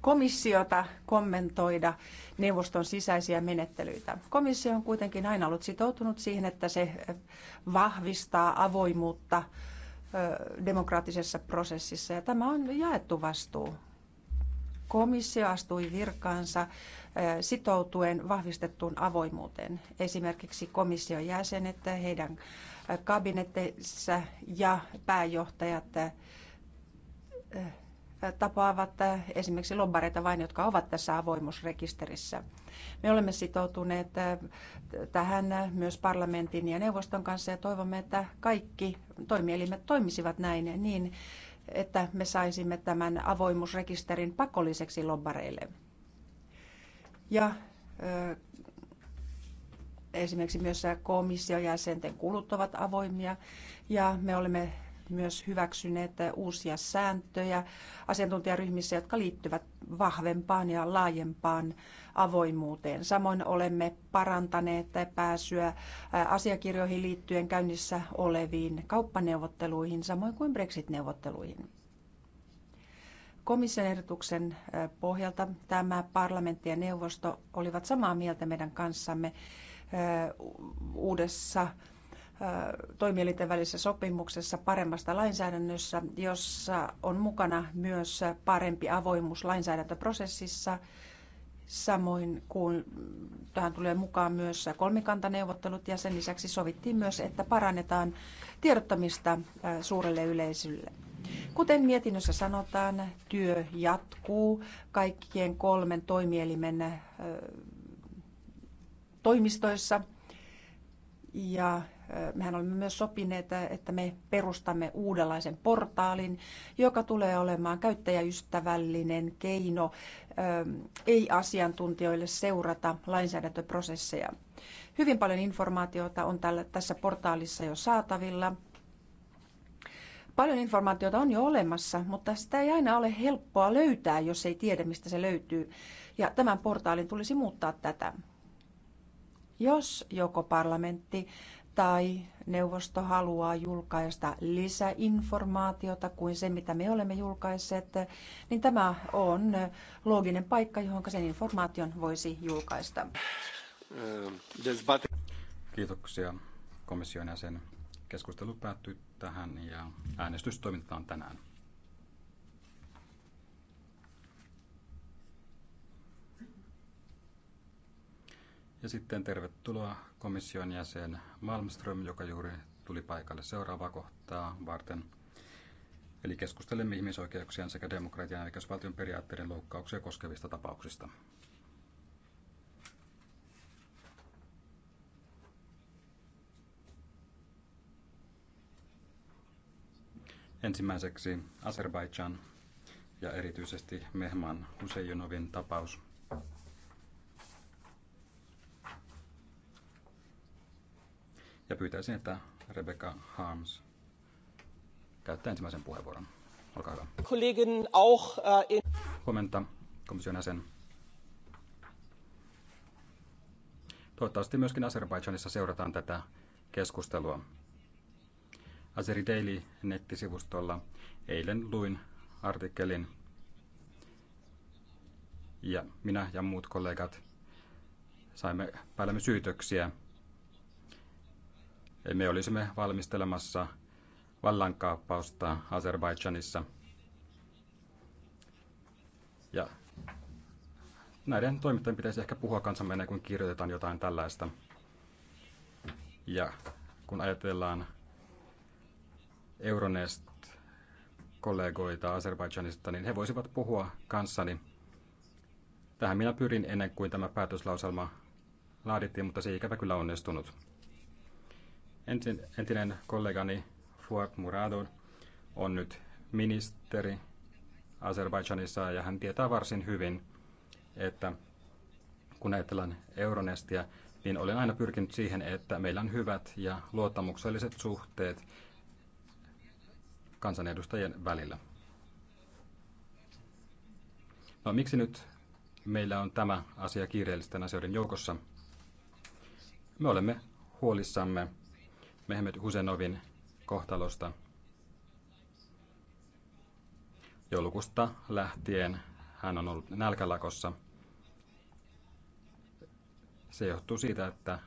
komissiota kommentoida neuvoston sisäisiä menettelyitä. Komissio on kuitenkin aina ollut sitoutunut siihen, että se vahvistaa avoimuutta demokraattisessa prosessissa ja tämä on jaettu vastuu. Komissio astui virkaansa sitoutuen vahvistettuun avoimuuteen. Esimerkiksi komission jäsenet, heidän kabinetteissa ja pääjohtajat tapaavat eh, esimerkiksi lobbareita vain, jotka ovat tässä avoimuusrekisterissä. Me olemme sitoutuneet eh, tähän myös parlamentin ja neuvoston kanssa ja toivomme, että kaikki toimielimet toimisivat näin niin, että me saisimme tämän avoimuusrekisterin pakolliseksi lobbareille. Ja eh, esimerkiksi myös komissiojäsenten kulut ovat avoimia ja me olemme myös hyväksyneet uusia sääntöjä asiantuntijaryhmissä, jotka liittyvät vahvempaan ja laajempaan avoimuuteen. Samoin olemme parantaneet pääsyä asiakirjoihin liittyen käynnissä oleviin kauppaneuvotteluihin, samoin kuin Brexit-neuvotteluihin. Komission ehdotuksen pohjalta tämä parlamentti ja neuvosto olivat samaa mieltä meidän kanssamme uudessa toimielinten välisessä sopimuksessa paremmasta lainsäädännössä, jossa on mukana myös parempi avoimuus lainsäädäntöprosessissa. Samoin kuin tähän tulee mukaan myös kolmikantaneuvottelut ja sen lisäksi sovittiin myös, että parannetaan tiedottamista suurelle yleisölle. Kuten mietinnössä sanotaan, työ jatkuu kaikkien kolmen toimielimen toimistoissa ja mehän olemme myös sopineet, että me perustamme uudenlaisen portaalin, joka tulee olemaan käyttäjäystävällinen keino ähm, ei-asiantuntijoille seurata lainsäädäntöprosesseja. Hyvin paljon informaatiota on tällä, tässä portaalissa jo saatavilla. Paljon informaatiota on jo olemassa, mutta sitä ei aina ole helppoa löytää, jos ei tiedä, mistä se löytyy. Ja tämän portaalin tulisi muuttaa tätä jos joko parlamentti tai neuvosto haluaa julkaista lisäinformaatiota kuin se, mitä me olemme julkaisseet, niin tämä on looginen paikka, johon sen informaation voisi julkaista. Kiitoksia komission jäsen. Keskustelu päättyi tähän ja äänestys toimitetaan tänään. Ja sitten tervetuloa komission jäsen Malmström, joka juuri tuli paikalle seuraavaa kohtaa varten. Eli keskustelemme ihmisoikeuksien sekä demokratian ja oikeusvaltion periaatteiden loukkauksia koskevista tapauksista. Ensimmäiseksi Azerbaidžan ja erityisesti Mehman Huseyunovin tapaus. Ja pyytäisin, että Rebecca Harms käyttää ensimmäisen puheenvuoron. Olkaa hyvä. Kollegin auch, äh, in... Huomenta, komission jäsen. Toivottavasti myöskin Azerbaidžanissa seurataan tätä keskustelua. Azeri Daily nettisivustolla eilen luin artikkelin ja minä ja muut kollegat saimme päällemme syytöksiä me olisimme valmistelemassa vallankaappausta Azerbaidžanissa. Ja näiden toimittajien pitäisi ehkä puhua kansanmeenä, kun kirjoitetaan jotain tällaista. Ja kun ajatellaan Euronest-kollegoita Azerbaidžanista, niin he voisivat puhua kanssani. Tähän minä pyrin ennen kuin tämä päätöslauselma laadittiin, mutta se ei ikävä kyllä onnistunut entinen kollegani Fuad Muradov on nyt ministeri Azerbaidžanissa ja hän tietää varsin hyvin, että kun ajatellaan Euronestia, niin olen aina pyrkinyt siihen, että meillä on hyvät ja luottamukselliset suhteet kansanedustajien välillä. No miksi nyt meillä on tämä asia kiireellisten asioiden joukossa? Me olemme huolissamme Mehmet Husenovin kohtalosta. Joulukusta lähtien hän on ollut nälkälakossa. Se johtuu siitä, että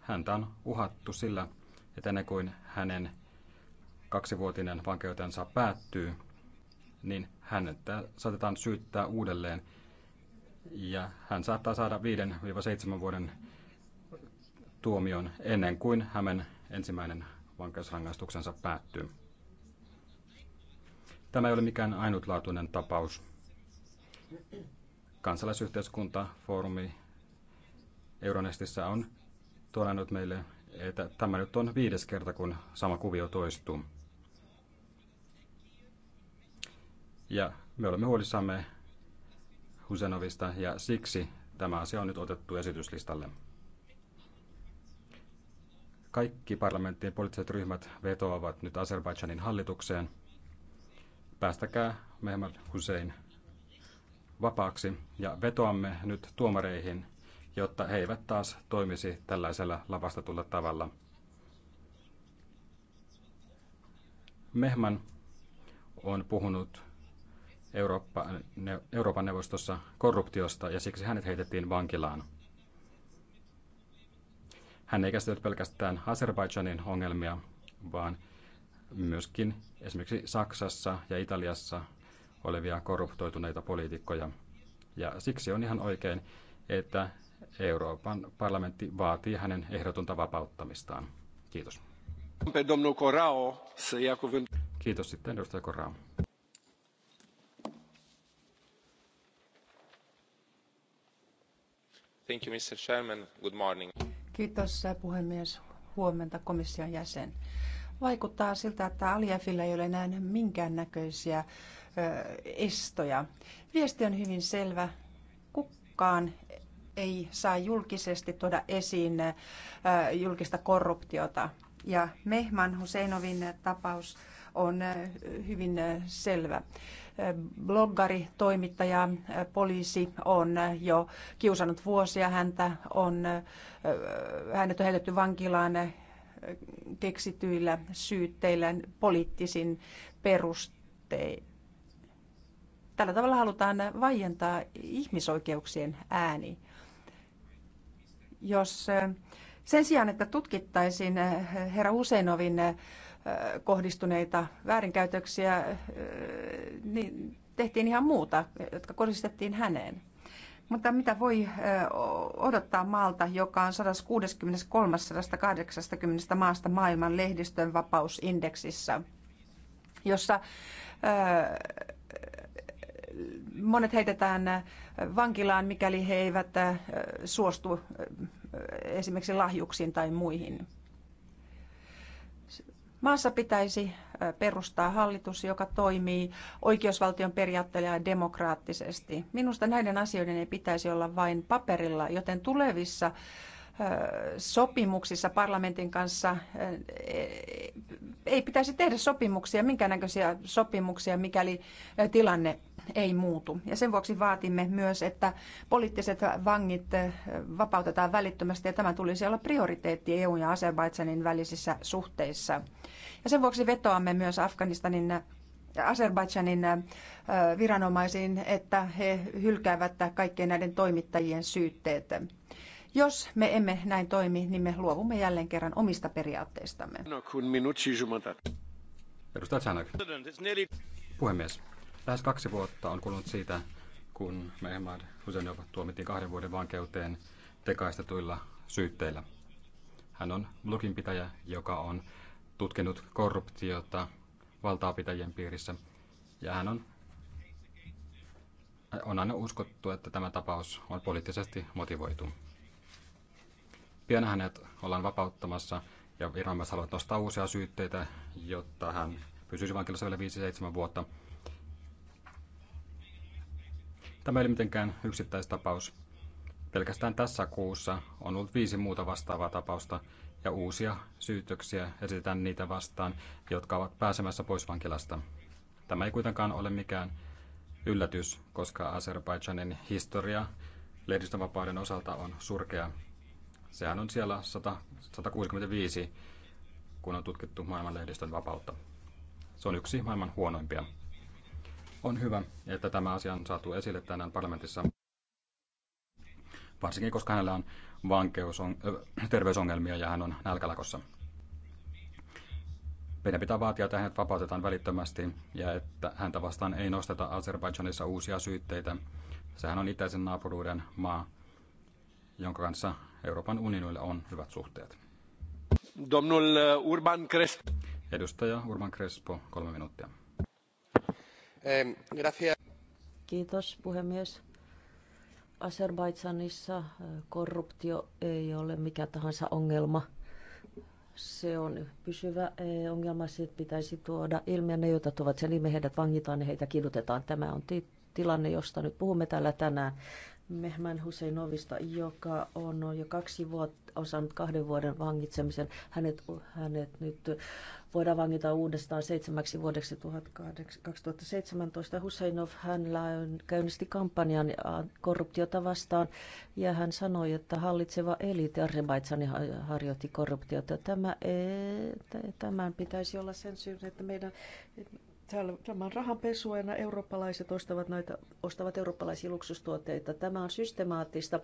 häntä on uhattu sillä, että ennen kuin hänen kaksivuotinen vankeutensa päättyy, niin häntä saatetaan syyttää uudelleen ja hän saattaa saada 5-7 vuoden tuomion ennen kuin hänen ensimmäinen vankeusrangaistuksensa päättyy. Tämä ei ole mikään ainutlaatuinen tapaus. Kansalaisyhteiskunta, foorumi Euronestissä on todennut meille, että tämä nyt on viides kerta, kun sama kuvio toistuu. Ja me olemme huolissamme Husenovista ja siksi tämä asia on nyt otettu esityslistalle. Kaikki parlamenttien poliittiset ryhmät vetoavat nyt Azerbaidžanin hallitukseen. Päästäkää Mehmet Hussein vapaaksi ja vetoamme nyt tuomareihin, jotta he eivät taas toimisi tällaisella lavastetulla tavalla. Mehman on puhunut Eurooppa, Euroopan neuvostossa korruptiosta ja siksi hänet heitettiin vankilaan. Hän ei käsitellyt pelkästään Azerbaidžanin ongelmia, vaan myöskin esimerkiksi Saksassa ja Italiassa olevia korruptoituneita poliitikkoja. Ja siksi on ihan oikein, että Euroopan parlamentti vaatii hänen ehdotonta vapauttamistaan. Kiitos. Kiitos sitten edustaja Korao. Thank you, Mr. Chairman. Good morning. Kiitos puhemies. Huomenta komission jäsen. Vaikuttaa siltä, että Aliefillä ei ole enää minkäännäköisiä estoja. Viesti on hyvin selvä. Kukaan ei saa julkisesti tuoda esiin julkista korruptiota. Ja Mehman Huseinovin tapaus on hyvin selvä. Bloggari, toimittaja, poliisi on jo kiusannut vuosia häntä, on, hänet on heitetty vankilaan keksityillä syytteillä poliittisin perustein. Tällä tavalla halutaan vaientaa ihmisoikeuksien ääni. Jos sen sijaan, että tutkittaisiin herra Useinovin kohdistuneita väärinkäytöksiä, niin tehtiin ihan muuta, jotka kohdistettiin häneen. Mutta mitä voi odottaa maalta, joka on 163-180 maasta maailman lehdistön vapausindeksissä, jossa monet heitetään vankilaan, mikäli he eivät suostu esimerkiksi lahjuksiin tai muihin. Maassa pitäisi perustaa hallitus, joka toimii oikeusvaltion periaatteella demokraattisesti. Minusta näiden asioiden ei pitäisi olla vain paperilla, joten tulevissa sopimuksissa parlamentin kanssa e, ei pitäisi tehdä sopimuksia, minkäännäköisiä sopimuksia, mikäli tilanne ei muutu. Ja sen vuoksi vaatimme myös, että poliittiset vangit eh, vapautetaan välittömästi ja tämä tulisi olla prioriteetti EU ja Azerbaidsanin välisissä suhteissa. Ja sen vuoksi vetoamme myös Afganistanin eh, Azerbaidžanin eh, viranomaisiin, että he hylkäävät kaikkien näiden toimittajien syytteet. Jos me emme näin toimi, niin me luovumme jälleen kerran omista periaatteistamme. No, Edustaja Puhemies. Lähes kaksi vuotta on kulunut siitä, kun Mehmad Husenov tuomittiin kahden vuoden vankeuteen tekaistetuilla syytteillä. Hän on bloginpitäjä, joka on tutkinut korruptiota valtaapitäjien piirissä, ja hän on, on aina uskottu, että tämä tapaus on poliittisesti motivoitu. Pian hänet ollaan vapauttamassa, ja viranomaiset haluavat nostaa uusia syytteitä, jotta hän pysyisi vankilassa vielä 5-7 vuotta – Tämä ei ole mitenkään yksittäistapaus. Pelkästään tässä kuussa on ollut viisi muuta vastaavaa tapausta ja uusia syytöksiä esitetään niitä vastaan, jotka ovat pääsemässä pois vankilasta. Tämä ei kuitenkaan ole mikään yllätys, koska Azerbaidžanin historia lehdistönvapauden osalta on surkea. Sehän on siellä 100, 165, kun on tutkittu maailman lehdistön vapautta. Se on yksi maailman huonoimpia. On hyvä, että tämä asia on saatu esille tänään parlamentissa, varsinkin koska hänellä on vankeus, on, äh, terveysongelmia ja hän on nälkälakossa. Meidän pitää vaatia, että hänet vapautetaan välittömästi ja että häntä vastaan ei nosteta Azerbaidžanissa uusia syytteitä. Sehän on itäisen naapuruuden maa, jonka kanssa Euroopan unionille on hyvät suhteet. Domnul Urban Crespo. Edustaja Urban Crespo, kolme minuuttia. Kiitos puhemies. Azerbaidsanissa eh, korruptio ei ole mikä tahansa ongelma. Se on pysyvä eh, ongelma, se pitäisi tuoda ilmi, ja ne, joita tuovat sen ilmi, heidät vangitaan ja heitä kidutetaan. Tämä on tilanne, josta nyt puhumme täällä tänään. Mehman Huseinovista, joka on jo kaksi vuotta osannut kahden vuoden vangitsemisen. Hänet, hänet nyt voidaan vangita uudestaan seitsemäksi vuodeksi 2017. Huseinov hän käynnisti kampanjan korruptiota vastaan ja hän sanoi, että hallitseva eliitti Azerbaidsani harjoitti korruptiota. Tämä, e, tämän pitäisi olla sen syyn, että meidän Tämä on rahanpesua ja eurooppalaiset ostavat, noita, ostavat eurooppalaisia luksustuotteita. Tämä on systemaattista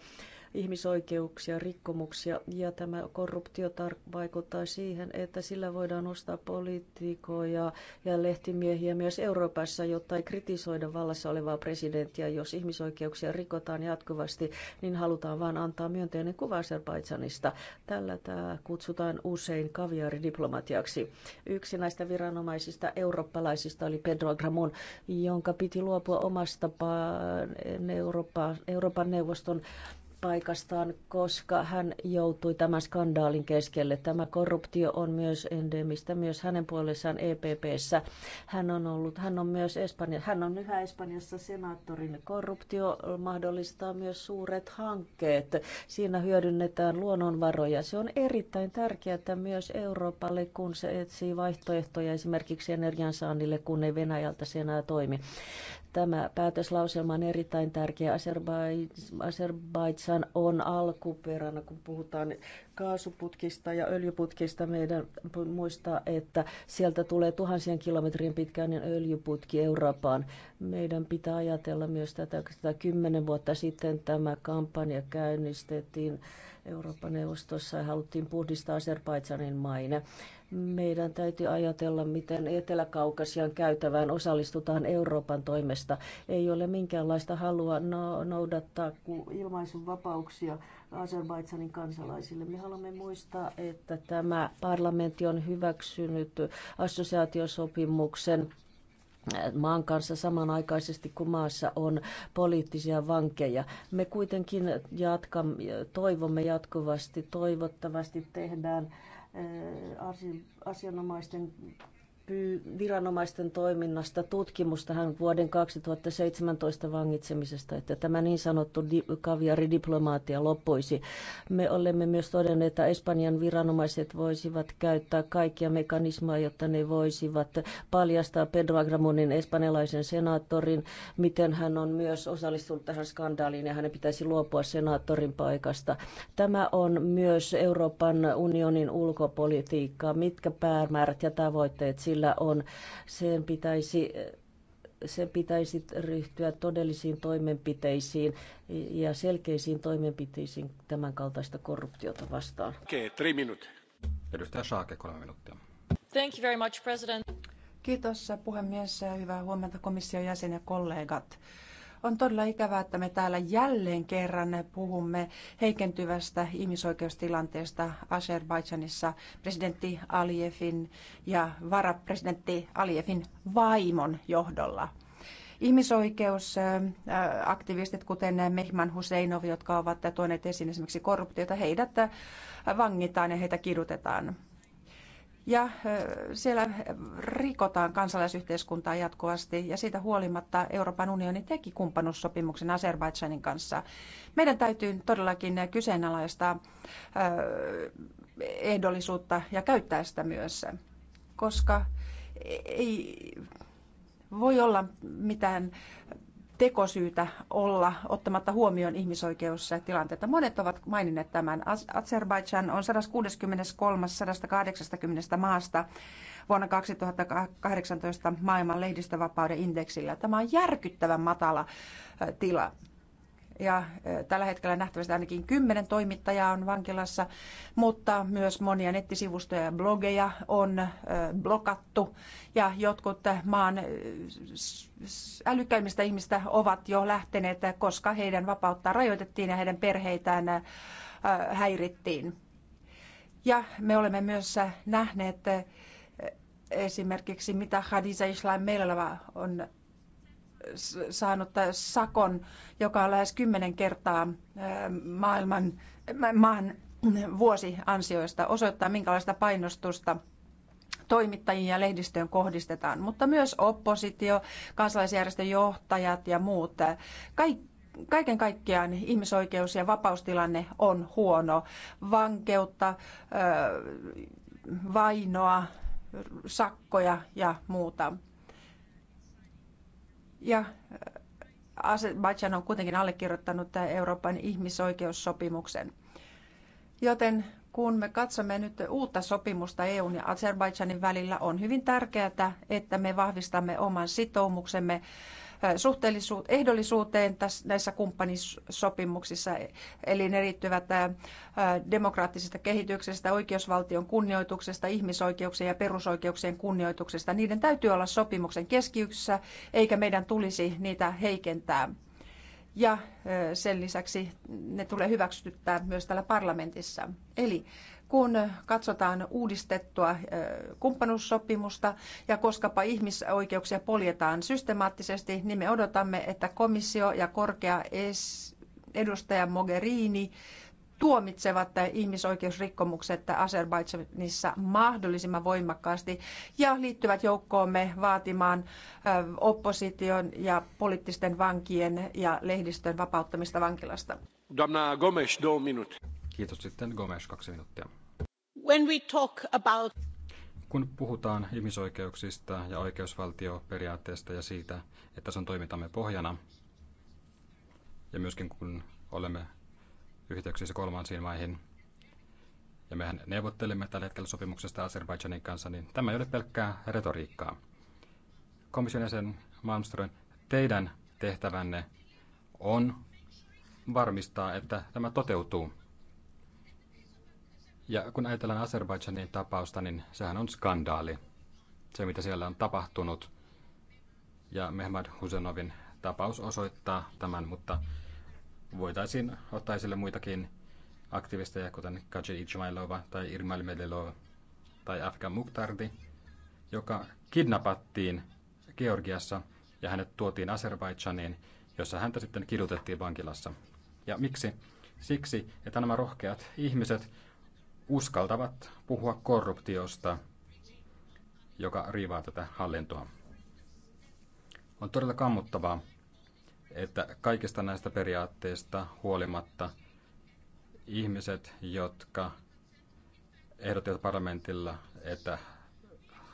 ihmisoikeuksia, rikkomuksia ja tämä korruptio vaikuttaa siihen, että sillä voidaan ostaa poliitikoja ja lehtimiehiä myös Euroopassa, jotta ei kritisoida vallassa olevaa presidenttiä. Jos ihmisoikeuksia rikotaan jatkuvasti, niin halutaan vain antaa myönteinen kuva Azerbaidsanista. Tällä tämä kutsutaan usein kaviaridiplomatiaksi. Yksi näistä viranomaisista eurooppalaisista Ruotsista oli Pedro Gramon, jonka piti luopua omasta Euroopan, Euroopan neuvoston paikastaan, koska hän joutui tämän skandaalin keskelle. Tämä korruptio on myös endemistä, myös hänen puolessaan EPPssä. Hän on, ollut, hän on myös Espanja, hän on yhä Espanjassa senaattorin. Korruptio mahdollistaa myös suuret hankkeet. Siinä hyödynnetään luonnonvaroja. Se on erittäin tärkeää että myös Euroopalle, kun se etsii vaihtoehtoja esimerkiksi energiansaannille, kun ei Venäjältä se enää toimi. Tämä päätöslauselma on erittäin tärkeä. Azerbaidsan on alkuperänä, kun puhutaan kaasuputkista ja öljyputkista. Meidän muistaa, että sieltä tulee tuhansien kilometrien pitkäinen öljyputki Eurooppaan. Meidän pitää ajatella myös tätä, että kymmenen vuotta sitten tämä kampanja käynnistettiin Euroopan neuvostossa ja haluttiin puhdistaa Azerbaidsanin maine. Meidän täytyy ajatella, miten Etelä-Kaukasian käytävään osallistutaan Euroopan toimesta. Ei ole minkäänlaista halua no, noudattaa ilmaisunvapauksia Azerbaidsanin kansalaisille. Me haluamme muistaa, että tämä parlamentti on hyväksynyt assosiaatiosopimuksen äh, maan kanssa samanaikaisesti, kun maassa on poliittisia vankeja. Me kuitenkin jatkamme, toivomme jatkuvasti, toivottavasti tehdään asianomaisten viranomaisten toiminnasta tutkimusta hän vuoden 2017 vangitsemisesta, että tämä niin sanottu di- kaviaridiplomaatia loppuisi. Me olemme myös todenneet, että Espanjan viranomaiset voisivat käyttää kaikkia mekanismeja, jotta ne voisivat paljastaa Pedro Agramonin espanjalaisen senaattorin, miten hän on myös osallistunut tähän skandaaliin ja hänen pitäisi luopua senaattorin paikasta. Tämä on myös Euroopan unionin ulkopolitiikkaa, mitkä päämäärät ja tavoitteet siinä sillä on. Sen pitäisi sen pitäisi ryhtyä todellisiin toimenpiteisiin ja selkeisiin toimenpiteisiin tämän kaltaista korruptiota vastaan. Okei, okay, minuuttia. Edustaja Saake, kolme minuuttia. Thank you very much, President. Kiitos puhemies ja hyvää huomenta komission jäsen ja kollegat. On todella ikävää, että me täällä jälleen kerran puhumme heikentyvästä ihmisoikeustilanteesta Azerbaidžanissa presidentti Alievin ja varapresidentti Alievin vaimon johdolla ihmisoikeusaktivistit, äh, kuten Mehman Huseinov, jotka ovat tuoneet esiin esimerkiksi korruptiota, heidät äh, vangitaan ja heitä kidutetaan ja äh, siellä rikotaan kansalaisyhteiskuntaa jatkuvasti ja siitä huolimatta Euroopan unioni teki kumppanuussopimuksen Azerbaidžanin kanssa. Meidän täytyy todellakin kyseenalaistaa äh, ehdollisuutta ja käyttää sitä myös, koska ei voi olla mitään tekosyytä olla ottamatta huomioon tilanteita. Monet ovat maininneet tämän. Azerbaidžan on 163. 180 maasta vuonna 2018 maailman lehdistövapauden indeksillä. Tämä on järkyttävän matala äh, tila ja tällä hetkellä nähtävästi ainakin kymmenen toimittajaa on vankilassa, mutta myös monia nettisivustoja ja blogeja on blokattu ja jotkut maan älykkäimmistä ihmistä ovat jo lähteneet, koska heidän vapauttaan rajoitettiin ja heidän perheitään häirittiin. Ja me olemme myös nähneet esimerkiksi, mitä Hadiza Islam meillä on saanut sakon, joka on lähes kymmenen kertaa maailman, maan vuosiansioista, osoittaa minkälaista painostusta toimittajiin ja lehdistöön kohdistetaan, mutta myös oppositio, kansalaisjärjestön johtajat ja muut. Kaiken kaikkiaan ihmisoikeus- ja vapaustilanne on huono. Vankeutta, vainoa, sakkoja ja muuta. Ja äh, Azerbaijan on kuitenkin allekirjoittanut tämän Euroopan ihmisoikeussopimuksen. Joten kun me katsomme nyt uutta sopimusta EUn ja Azerbaidžanin välillä, on hyvin tärkeää, että me vahvistamme oman sitoumuksemme suhteellisuut, ehdollisuuteen tässä, näissä kumppanisopimuksissa, eli ne riittyvät demokraattisesta kehityksestä, oikeusvaltion kunnioituksesta, ihmisoikeuksien ja perusoikeuksien kunnioituksesta. Niiden täytyy olla sopimuksen keskiössä, eikä meidän tulisi niitä heikentää. Ja sen lisäksi ne tulee hyväksyttää myös täällä parlamentissa. Eli kun katsotaan uudistettua kumppanuussopimusta ja koskapa ihmisoikeuksia poljetaan systemaattisesti, niin me odotamme, että komissio ja korkea edustaja Mogherini tuomitsevat ihmisoikeusrikkomukset Azerbaidžanissa mahdollisimman voimakkaasti ja liittyvät joukkoomme vaatimaan opposition ja poliittisten vankien ja lehdistön vapauttamista vankilasta. Doamna Gomes, două minute. Kiitos sitten Gomes, kaksi minuuttia. When we talk about... Kun puhutaan ihmisoikeuksista ja oikeusvaltioperiaatteesta ja siitä, että se on toimintamme pohjana, ja myöskin kun olemme yhteyksissä kolmansiin maihin, ja mehän neuvottelemme tällä hetkellä sopimuksesta Azerbaidžanin kanssa, niin tämä ei ole pelkkää retoriikkaa. Komission jäsen Malmström, teidän tehtävänne on varmistaa, että tämä toteutuu. Ja kun ajatellaan Azerbaidžanin tapausta, niin sehän on skandaali. Se, mitä siellä on tapahtunut. Ja Mehmed Husenovin tapaus osoittaa tämän, mutta voitaisiin ottaa esille muitakin aktivisteja, kuten Kaji Ichmailova tai Irmail Medelova tai Afgan Mukhtardi, joka kidnappattiin Georgiassa ja hänet tuotiin Azerbaidžaniin, jossa häntä sitten kidutettiin vankilassa. Ja miksi? Siksi, että nämä rohkeat ihmiset uskaltavat puhua korruptiosta, joka riivaa tätä hallintoa. On todella kammuttavaa, että kaikista näistä periaatteista huolimatta ihmiset, jotka ehdottivat parlamentilla, että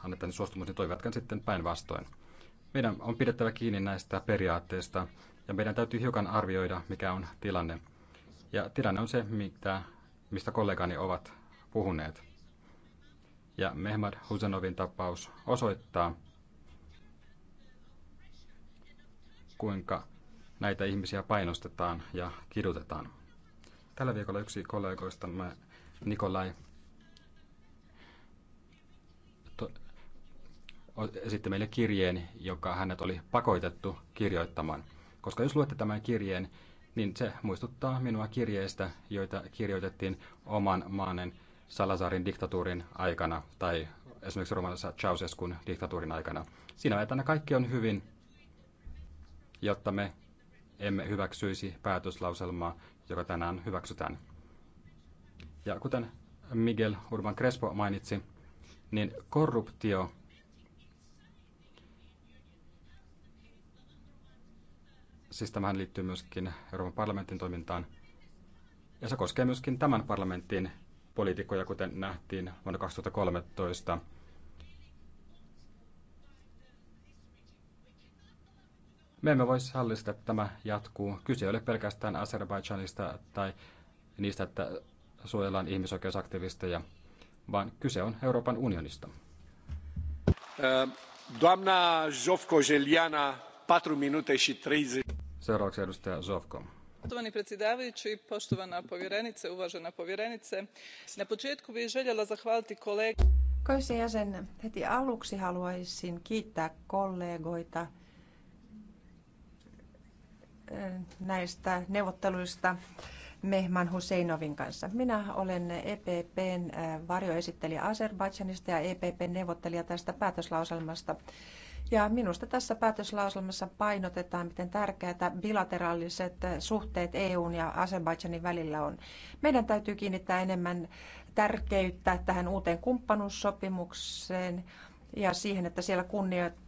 annetaan suostumus, niin toivatkaan sitten päinvastoin. Meidän on pidettävä kiinni näistä periaatteista ja meidän täytyy hiukan arvioida, mikä on tilanne. Ja tilanne on se, mitä, mistä kollegani ovat puhuneet. Ja Mehmed Husenovin tapaus osoittaa, kuinka näitä ihmisiä painostetaan ja kidutetaan. Tällä viikolla yksi kollegoista, Nikolai esitti meille kirjeen, joka hänet oli pakoitettu kirjoittamaan. Koska jos luette tämän kirjeen, niin se muistuttaa minua kirjeistä, joita kirjoitettiin oman maanen Salazarin diktatuurin aikana tai esimerkiksi Romanassa Ceausescun diktatuurin aikana. Siinä aikana kaikki on hyvin, jotta me emme hyväksyisi päätöslauselmaa, joka tänään hyväksytään. Ja kuten Miguel Urban Crespo mainitsi, niin korruptio siis tämähän liittyy myöskin Euroopan parlamentin toimintaan, ja se koskee myöskin tämän parlamentin poliitikkoja, kuten nähtiin vuonna 2013. Me emme voi hallista, että tämä jatkuu. Kyse ei ole pelkästään Azerbaidžanista tai niistä, että suojellaan ihmisoikeusaktivisteja, vaan kyse on Euroopan unionista. Äh, doamna Zovko 4 minuute 30. Seuraavaksi edustaja Zovko poštovani predsjedavajući poštovana povjerenice uvažena povjerenice na početku bih željela zahvaliti kolegi. komission jäsen heti aluksi haluaisin kiittää kollegoita eh, näistä neuvotteluista Mehman Huseinovin kanssa. Minä olen EPPn eh, varjoesittelijä Azerbaidžanista ja EPPn neuvottelija tästä päätöslauselmasta ja minusta tässä päätöslauselmassa painotetaan, miten tärkeätä bilateraaliset suhteet EUn ja Azerbaidžanin välillä on. Meidän täytyy kiinnittää enemmän tärkeyttä tähän uuteen kumppanuussopimukseen ja siihen, että siellä kunnioittaa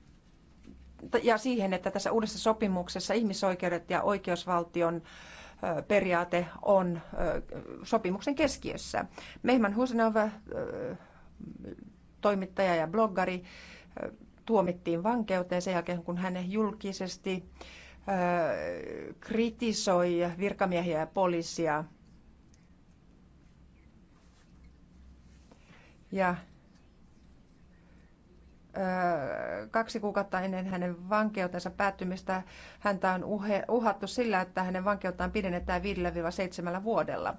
ja siihen, että tässä uudessa sopimuksessa ihmisoikeudet ja oikeusvaltion periaate on sopimuksen keskiössä. Mehman Husenova, toimittaja ja bloggari, tuomittiin vankeuteen sen jälkeen, kun hän julkisesti kritisoi virkamiehiä ja poliisia. Ja kaksi kuukautta ennen hänen vankeutensa päättymistä häntä on uhattu sillä, että hänen vankeuttaan pidennetään 5-7 vuodella.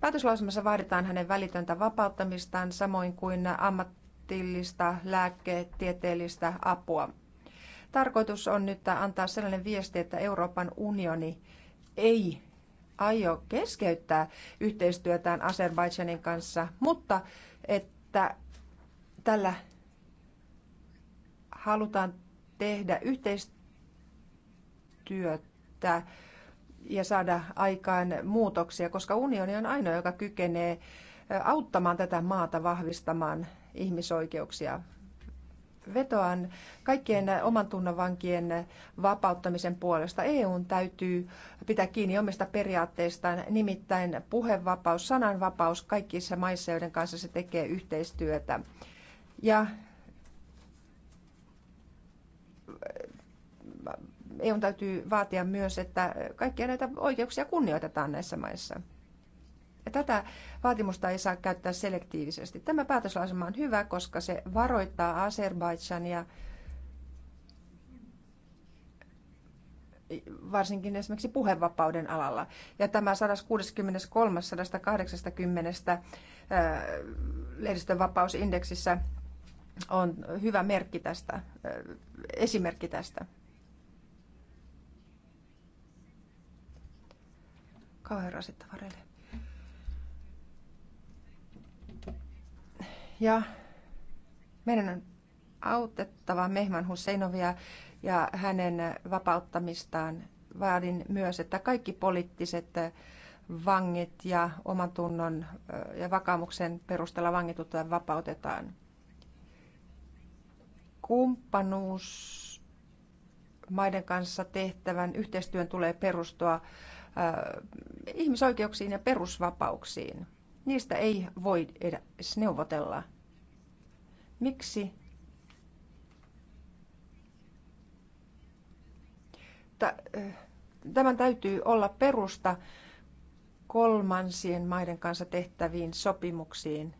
Päätöslausumassa vaaditaan hänen välitöntä vapauttamistaan samoin kuin ammat, ammatillista lääketieteellistä apua. Tarkoitus on nyt antaa sellainen viesti, että Euroopan unioni ei aio keskeyttää yhteistyötään Azerbaidžanin kanssa, mutta että tällä halutaan tehdä yhteistyötä ja saada aikaan muutoksia, koska unioni on ainoa, joka kykenee auttamaan tätä maata vahvistamaan ihmisoikeuksia. Vetoan kaikkien oman tunnan vankien vapauttamisen puolesta. EU täytyy pitää kiinni omista periaatteistaan, nimittäin puhevapaus, sananvapaus kaikissa maissa, joiden kanssa se tekee yhteistyötä. Ja EU täytyy vaatia myös, että kaikkia näitä oikeuksia kunnioitetaan näissä maissa tätä vaatimusta ei saa käyttää selektiivisesti. Tämä päätöslausema on hyvä, koska se varoittaa Azerbaidsania varsinkin esimerkiksi puhevapauden alalla. Ja tämä 163-180 lehdistön vapausindeksissä on hyvä merkki tästä, äh, esimerkki tästä. Kauhean rasittava rele. Ja meidän on autettava Mehman Husseinovia ja hänen vapauttamistaan. Vaadin myös, että kaikki poliittiset vangit ja tunnon ja vakaumuksen perusteella vangitut vapautetaan. Kumppanuus maiden kanssa tehtävän yhteistyön tulee perustua ihmisoikeuksiin ja perusvapauksiin. Niistä ei voi edes neuvotella. Miksi? Äh, tämän täytyy olla perusta kolmansien maiden kanssa tehtäviin sopimuksiin.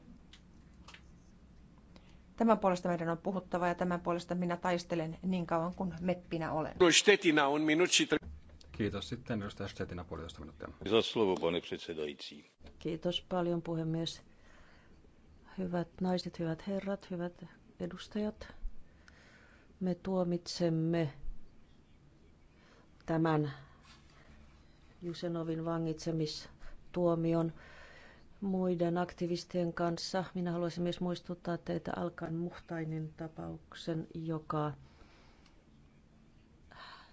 Tämän puolesta meidän on puhuttava ja tämän puolesta minä taistelen niin kauan kuin meppinä olen. Kiitos. Sitten edustaja Stetina puolitoista minuuttia. Kiitos Kiitos paljon puhemies. Hyvät naiset, hyvät herrat, hyvät edustajat. Me tuomitsemme tämän Jusenovin vangitsemistuomion muiden aktivistien kanssa. Minä haluaisin myös muistuttaa teitä Alkan Muhtainin tapauksen, joka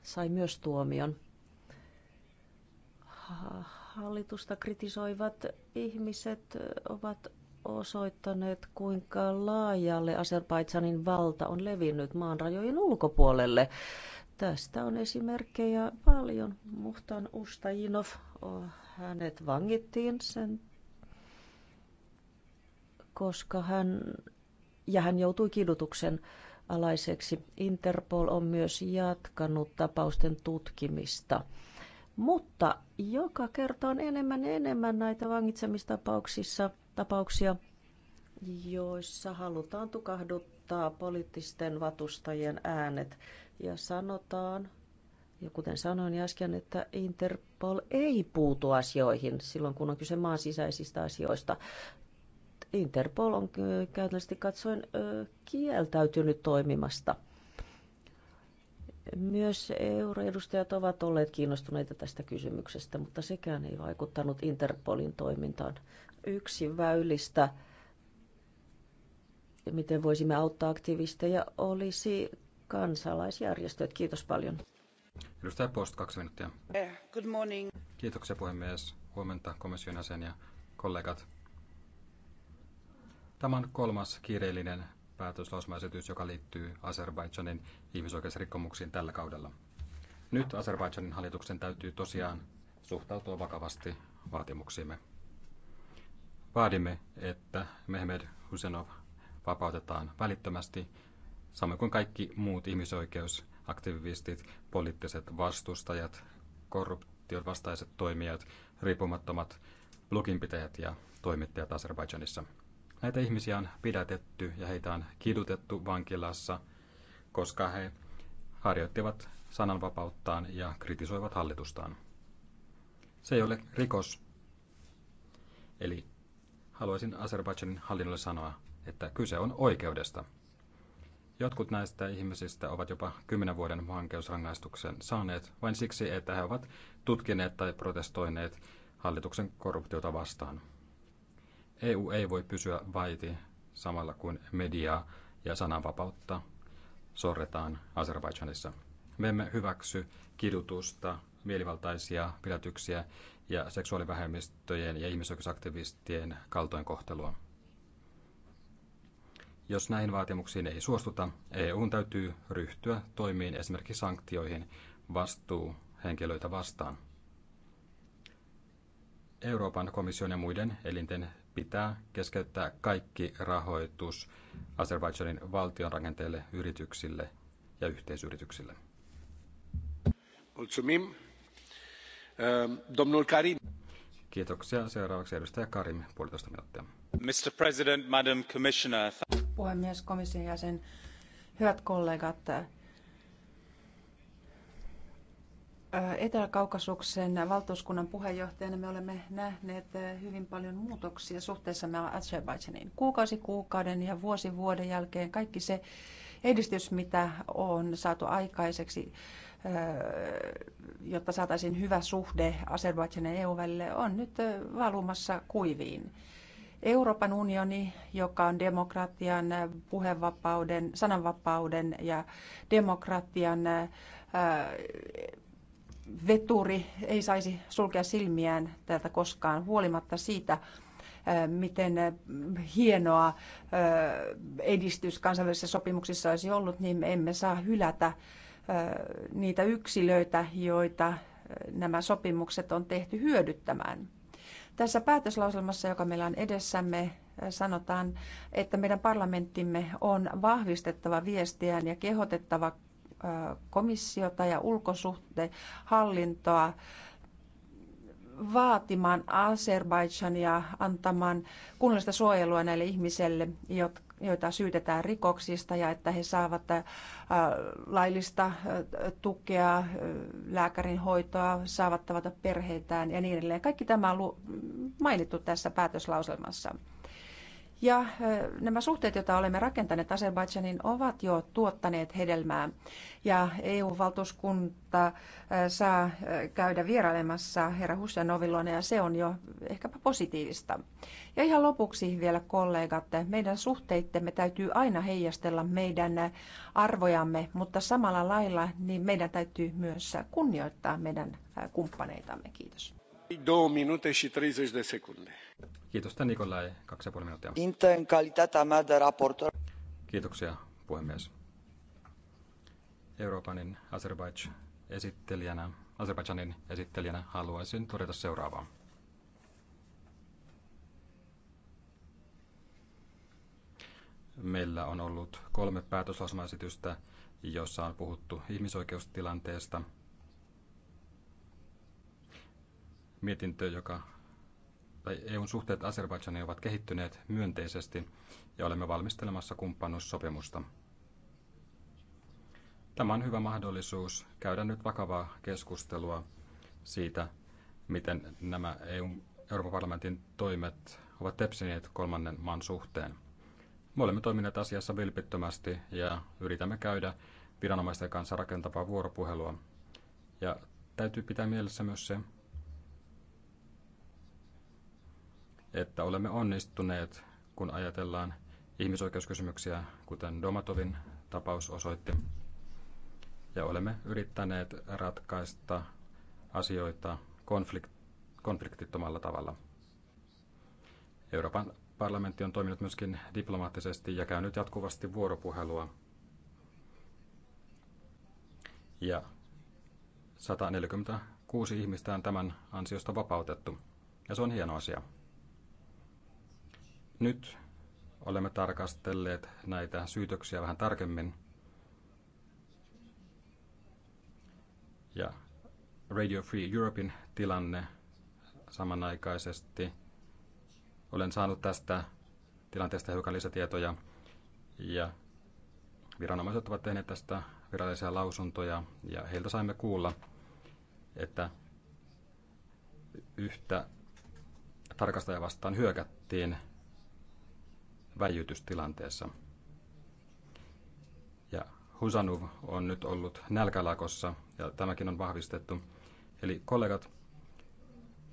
sai myös tuomion hallitusta kritisoivat ihmiset ovat osoittaneet, kuinka laajalle Azerbaidsanin valta on levinnyt maan rajojen ulkopuolelle. Tästä on esimerkkejä paljon. Muhtan Ustajinov, hänet vangittiin sen, koska hän, ja hän joutui kidutuksen alaiseksi. Interpol on myös jatkanut tapausten tutkimista. Mutta joka kerta on enemmän ja enemmän näitä vangitsemistapauksissa tapauksia, joissa halutaan tukahduttaa poliittisten vatustajien äänet. Ja sanotaan, ja kuten sanoin äsken, että Interpol ei puutu asioihin silloin, kun on kyse maan sisäisistä asioista. Interpol on käytännössä katsoen kieltäytynyt toimimasta – myös euroedustajat ovat olleet kiinnostuneita tästä kysymyksestä, mutta sekään ei vaikuttanut Interpolin toimintaan. Yksi väylistä, miten voisimme auttaa aktivisteja, olisi kansalaisjärjestöt. Kiitos paljon. Edustaja Post, kaksi minuuttia. Good morning. Kiitoksia puhemies. Huomenta komission jäsen ja kollegat. Tämä on kolmas kiireellinen päätöslausumaesitys, joka liittyy Azerbaidžanin ihmisoikeusrikkomuksiin tällä kaudella. Nyt Azerbaidžanin hallituksen täytyy tosiaan suhtautua vakavasti vaatimuksiimme. Vaadimme, että Mehmed Husenov vapautetaan välittömästi, samoin kuin kaikki muut ihmisoikeusaktivistit, poliittiset vastustajat, korruption vastaiset toimijat, riippumattomat bloginpitäjät ja toimittajat Azerbaidžanissa. Näitä ihmisiä on pidätetty ja heitä on kidutettu vankilassa, koska he harjoittivat sananvapauttaan ja kritisoivat hallitustaan. Se ei ole rikos. Eli haluaisin Azerbaidžanin hallinnolle sanoa, että kyse on oikeudesta. Jotkut näistä ihmisistä ovat jopa kymmenen vuoden vankeusrangaistuksen saaneet vain siksi, että he ovat tutkineet tai protestoineet hallituksen korruptiota vastaan. EU ei voi pysyä vaiti samalla kuin mediaa ja sananvapautta sorretaan Azerbaidžanissa. Me emme hyväksy kidutusta, mielivaltaisia pidätyksiä ja seksuaalivähemmistöjen ja ihmisoikeusaktivistien kaltoinkohtelua. Jos näihin vaatimuksiin ei suostuta, EUn täytyy ryhtyä toimiin esimerkiksi sanktioihin vastuuhenkilöitä vastaan. Euroopan komission ja muiden elinten pitää keskeyttää kaikki rahoitus Azerbaidžanin valtion rakenteille, yrityksille ja yhteisyrityksille. Mulțumim. Ehm, domnul Karim. Kiitoksia. Seuraavaksi edustaja Karim, puolitoista minuuttia. Mr. President, Madam Commissioner. Puhemies, komission jäsen, hyvät kollegat, Etelä-Kaukasuksen valtuuskunnan puheenjohtajana me olemme nähneet eh, hyvin paljon muutoksia suhteessa Azerbaijaniin. Kuukausi kuukauden ja vuosi vuoden jälkeen kaikki se edistys, mitä on saatu aikaiseksi, eh, jotta saataisiin hyvä suhde Azerbaidžanin ja EU-välille, on nyt eh, valumassa kuiviin. Euroopan unioni, joka on demokratian, puhevapauden, sananvapauden ja demokratian veturi ei saisi sulkea silmiään tältä koskaan, huolimatta siitä, äh, miten hienoa äh, edistys kansainvälisissä sopimuksissa olisi ollut, niin me emme saa hylätä äh, niitä yksilöitä, joita nämä sopimukset on tehty hyödyttämään. Tässä päätöslauselmassa, joka meillä on edessämme, sanotaan, että meidän parlamenttimme on vahvistettava viestiään ja kehotettava komissiota ja ulkosuhdehallintoa vaatimaan Azerbaidžania antamaan kunnollista suojelua näille ihmisille, joita syytetään rikoksista ja että he saavat laillista tukea, lääkärin hoitoa, saavat tavata perheitään ja niin edelleen. Kaikki tämä on mainittu tässä päätöslauselmassa. Ja äh, nämä suhteet, joita olemme rakentaneet Azerbaidžanin, ovat jo tuottaneet hedelmää. Ja EU-valtuuskunta äh, saa äh, käydä vierailemassa herra Hussanovin ja se on jo ehkäpä positiivista. Ja ihan lopuksi vielä kollegat, meidän suhteittemme täytyy aina heijastella meidän arvojamme, mutta samalla lailla niin meidän täytyy myös kunnioittaa meidän kumppaneitamme. Kiitos. 2 minuuttia 30 sekuntia. Kiitos, tämä Nikolai, kaksi ja puoli minuuttia. Inten kalitata mea de Kiitoksia, puhemies. Euroopanin Azerbaidž esittelijänä, Azerbaidžanin esittelijänä haluaisin todeta seuraavaa. Meillä on ollut kolme päätöslausumaesitystä, jossa on puhuttu ihmisoikeustilanteesta. Mietintö, joka tai EUn suhteet Azerbaidžaniin ovat kehittyneet myönteisesti ja olemme valmistelemassa kumppanuussopimusta. Tämä on hyvä mahdollisuus käydä nyt vakavaa keskustelua siitä, miten nämä EUn Euroopan parlamentin toimet ovat tepsineet kolmannen maan suhteen. Me olemme toimineet asiassa vilpittömästi ja yritämme käydä viranomaisten kanssa rakentavaa vuoropuhelua. Ja täytyy pitää mielessä myös se, että olemme onnistuneet, kun ajatellaan ihmisoikeuskysymyksiä, kuten Domatovin tapaus osoitti. Ja olemme yrittäneet ratkaista asioita konflikt, konfliktittomalla tavalla. Euroopan parlamentti on toiminut myöskin diplomaattisesti ja käynyt jatkuvasti vuoropuhelua. Ja 146 ihmistä on tämän ansiosta vapautettu. Ja se on hieno asia. Nyt olemme tarkastelleet näitä syytöksiä vähän tarkemmin. Ja Radio Free Europein tilanne samanaikaisesti. Olen saanut tästä tilanteesta hiukan lisätietoja ja viranomaiset ovat tehneet tästä virallisia lausuntoja ja heiltä saimme kuulla, että yhtä tarkastajaa vastaan hyökättiin väijytystilanteessa. Ja Husanuv on nyt ollut nälkälakossa ja tämäkin on vahvistettu. Eli kollegat,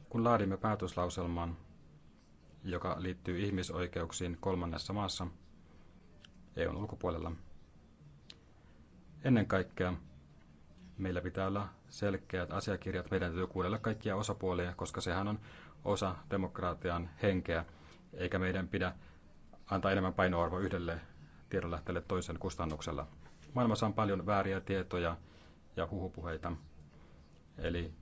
kun laadimme päätöslauselman, joka liittyy ihmisoikeuksiin kolmannessa maassa, EUn ulkopuolella, ennen kaikkea meillä pitää olla selkeät asiakirjat. Meidän täytyy kuunnella kaikkia osapuolia, koska sehän on osa demokraatian henkeä, eikä meidän pidä antaa enemmän painoarvoa yhdelle tiedonlähteelle toisen kustannuksella. Maailmassa on paljon vääriä tietoja ja huhupuheita. Eli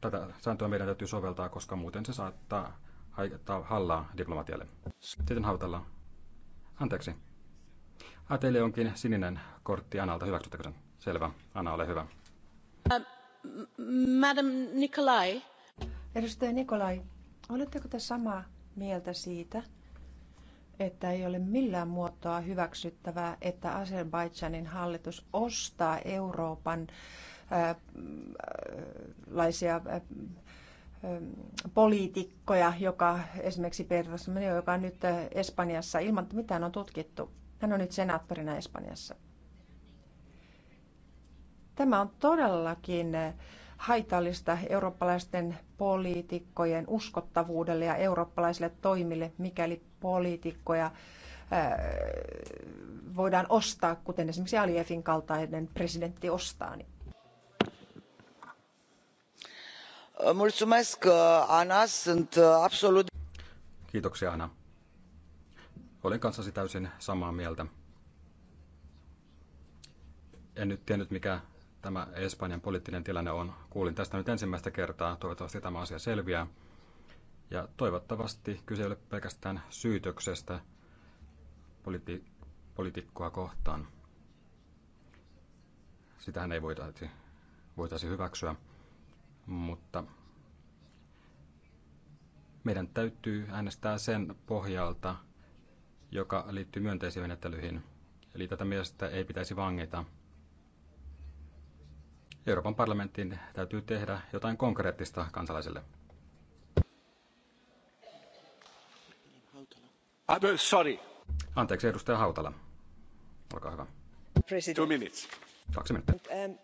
tätä sääntöä meidän täytyy soveltaa, koska muuten se saattaa haittaa hallaa diplomatialle. Sitten hautalla. Anteeksi. Ateli onkin sininen kortti Analta. Hyväksyttekö sen? Selvä. Anna, ole hyvä. Uh, Madam Nikolai. Edustaja Nikolai, oletteko te samaa mieltä siitä, että ei ole millään muotoa hyväksyttävää, että Azerbaidžanin hallitus ostaa Euroopan ää, laisia poliitikkoja, joka esimerkiksi Pedro joka on nyt Espanjassa ilman, että mitään on tutkittu. Hän on nyt senaattorina Espanjassa. Tämä on todellakin haitallista eurooppalaisten poliitikkojen uskottavuudelle ja eurooppalaisille toimille, mikäli poliitikkoja äh, voidaan ostaa, kuten esimerkiksi Aliefin kaltainen presidentti ostaa. Niin. Mulțumesc, Ana. Sunt absolut... Kiitoksia, Ana. Olen kanssasi täysin samaa mieltä. En nyt tiennyt, mikä tämä Espanjan poliittinen tilanne on. Kuulin tästä nyt ensimmäistä kertaa. Toivottavasti tämä asia selviää. Ja toivottavasti kyse ei ole pelkästään syytöksestä politi- poliitikkoa kohtaan. Sitähän ei voitaisi, voitaisi hyväksyä, mutta meidän täytyy äänestää sen pohjalta, joka liittyy myönteisiin menettelyihin. Eli tätä miestä ei pitäisi vangita – Euroopan parlamentin täytyy tehdä jotain konkreettista kansalaisille. Ah, no, sorry. Anteeksi, edustaja Hautala. Olkaa hyvä. Two minutes. Kaksi minuuttia. Um,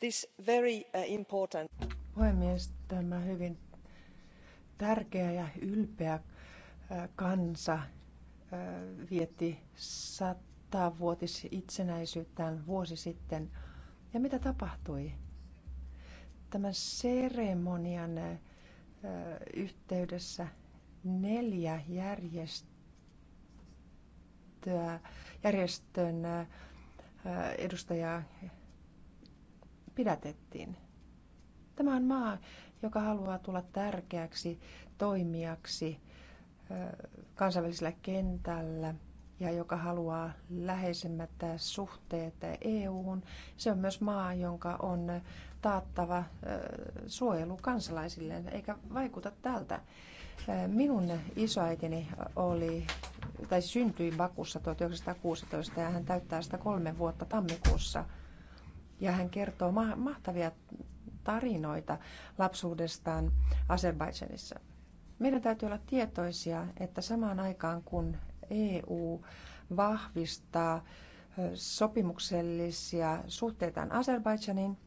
this very uh, important... Puhemies, tämä hyvin tärkeä ja ylpeä uh, kansa uh, vietti satavuotis itsenäisyyttään vuosi sitten – ja mitä tapahtui? Tämän seremonian yhteydessä neljä järjestöä, järjestön edustajaa pidätettiin. Tämä on maa, joka haluaa tulla tärkeäksi toimijaksi kansainvälisellä kentällä – ja joka haluaa läheisemmät suhteet EU-hun, se on myös maa, jonka on taattava suojelu kansalaisille, eikä vaikuta tältä. Minun isoäitini oli, tai syntyi Bakussa 1916 ja hän täyttää sitä kolme vuotta tammikuussa. Ja hän kertoo ma- mahtavia tarinoita lapsuudestaan Azerbaidžanissa. Meidän täytyy olla tietoisia, että samaan aikaan kun EU vahvistaa sopimuksellisia suhteitaan Azerbaidžaniin,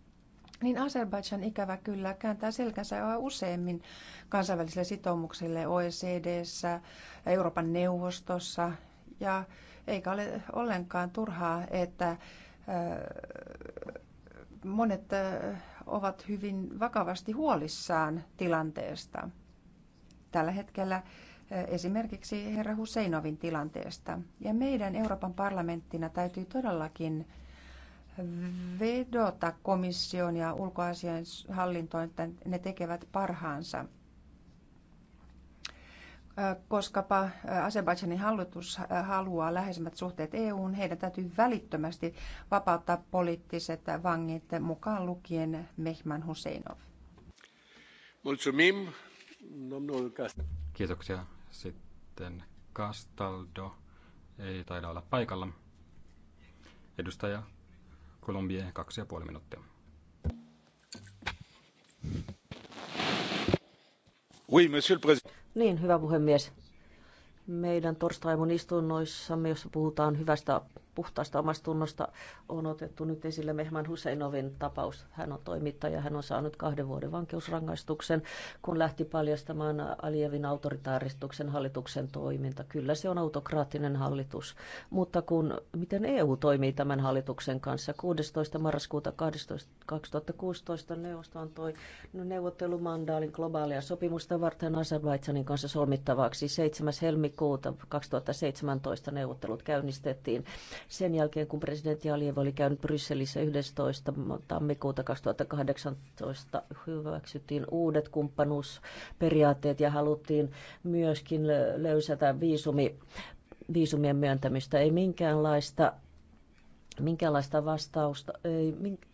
niin Azerbaidžan ikävä kyllä kääntää selkänsä useimmin kansainvälisille sitoumuksille OECDssä, Euroopan neuvostossa ja eikä ole ollenkaan turhaa, että monet ovat hyvin vakavasti huolissaan tilanteesta. Tällä hetkellä Eh, esimerkiksi herra Husseinovin tilanteesta. Ja meidän Euroopan parlamenttina täytyy todellakin vedota komission ja ulkoasian hallintoon, että ne tekevät parhaansa. Eh, koskapa eh, Azerbaidžanin hallitus haluaa läheisemmät suhteet EUun, heidän täytyy välittömästi vapauttaa poliittiset vangit, mukaan lukien Mehman Husseinov. Kiitoksia. Sitten Castaldo ei taida olla paikalla. Edustaja Colombier, kaksi ja puoli minuuttia. Oui, monsieur le président. Niin, hyvä puhemies. Meidän torstaimun istunnoissamme, jossa puhutaan hyvästä puhtaasta tunnosta on otettu nyt esille Mehman Husseinovin tapaus. Hän on toimittaja, hän on saanut kahden vuoden vankeusrangaistuksen, kun lähti paljastamaan Alievin autoritaaristuksen hallituksen toiminta. Kyllä se on autokraattinen hallitus, mutta kun, miten EU toimii tämän hallituksen kanssa? 16. marraskuuta 2016 neuvosto antoi neuvottelumandaalin globaalia sopimusta varten Azerbaidsanin kanssa solmittavaksi. 7. helmikuuta 2017 neuvottelut käynnistettiin sen jälkeen, kun presidentti Aliyev oli käynyt Brysselissä 11. tammikuuta 2018, hyväksyttiin uudet kumppanuusperiaatteet ja haluttiin myöskin löysätä viisumi, viisumien myöntämistä. Ei minkäänlaista, minkäänlaista vastausta, ei, mink-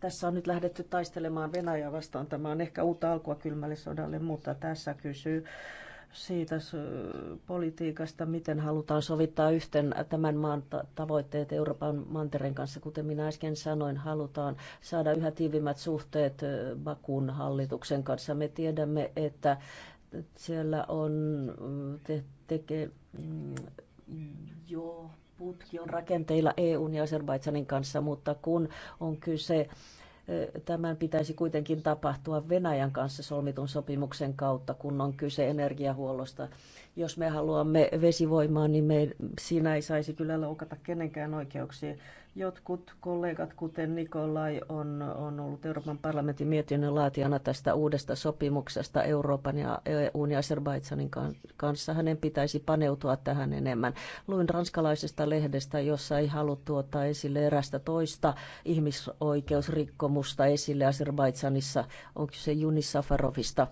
tässä on nyt lähdetty taistelemaan Venäjää vastaan. Tämä on ehkä uutta alkua kylmälle sodalle, mutta tässä kysyy siitä politiikasta, miten halutaan sovittaa yhteen tämän maan tavoitteet Euroopan mantereen kanssa. Kuten minä äsken sanoin, halutaan saada yhä tiivimmät suhteet Bakun hallituksen kanssa. Me tiedämme, että siellä on te, teke, mm, jo putki on rakenteilla EUn ja Azerbaidsanin kanssa, mutta kun on kyse Tämän pitäisi kuitenkin tapahtua Venäjän kanssa solmitun sopimuksen kautta, kun on kyse energiahuollosta. Jos me haluamme vesivoimaa, niin me, siinä ei saisi kyllä loukata kenenkään oikeuksia. Jotkut kollegat, kuten Nikolai, on, on ollut Euroopan parlamentin mietinnön laatijana tästä uudesta sopimuksesta Euroopan ja EUn ja Azerbaidsanin kanssa. Hänen pitäisi paneutua tähän enemmän. Luin ranskalaisesta lehdestä, jossa ei haluttu ottaa esille erästä toista ihmisoikeusrikkomusta esille Azerbaidsanissa. Onko se Juni Safarovista?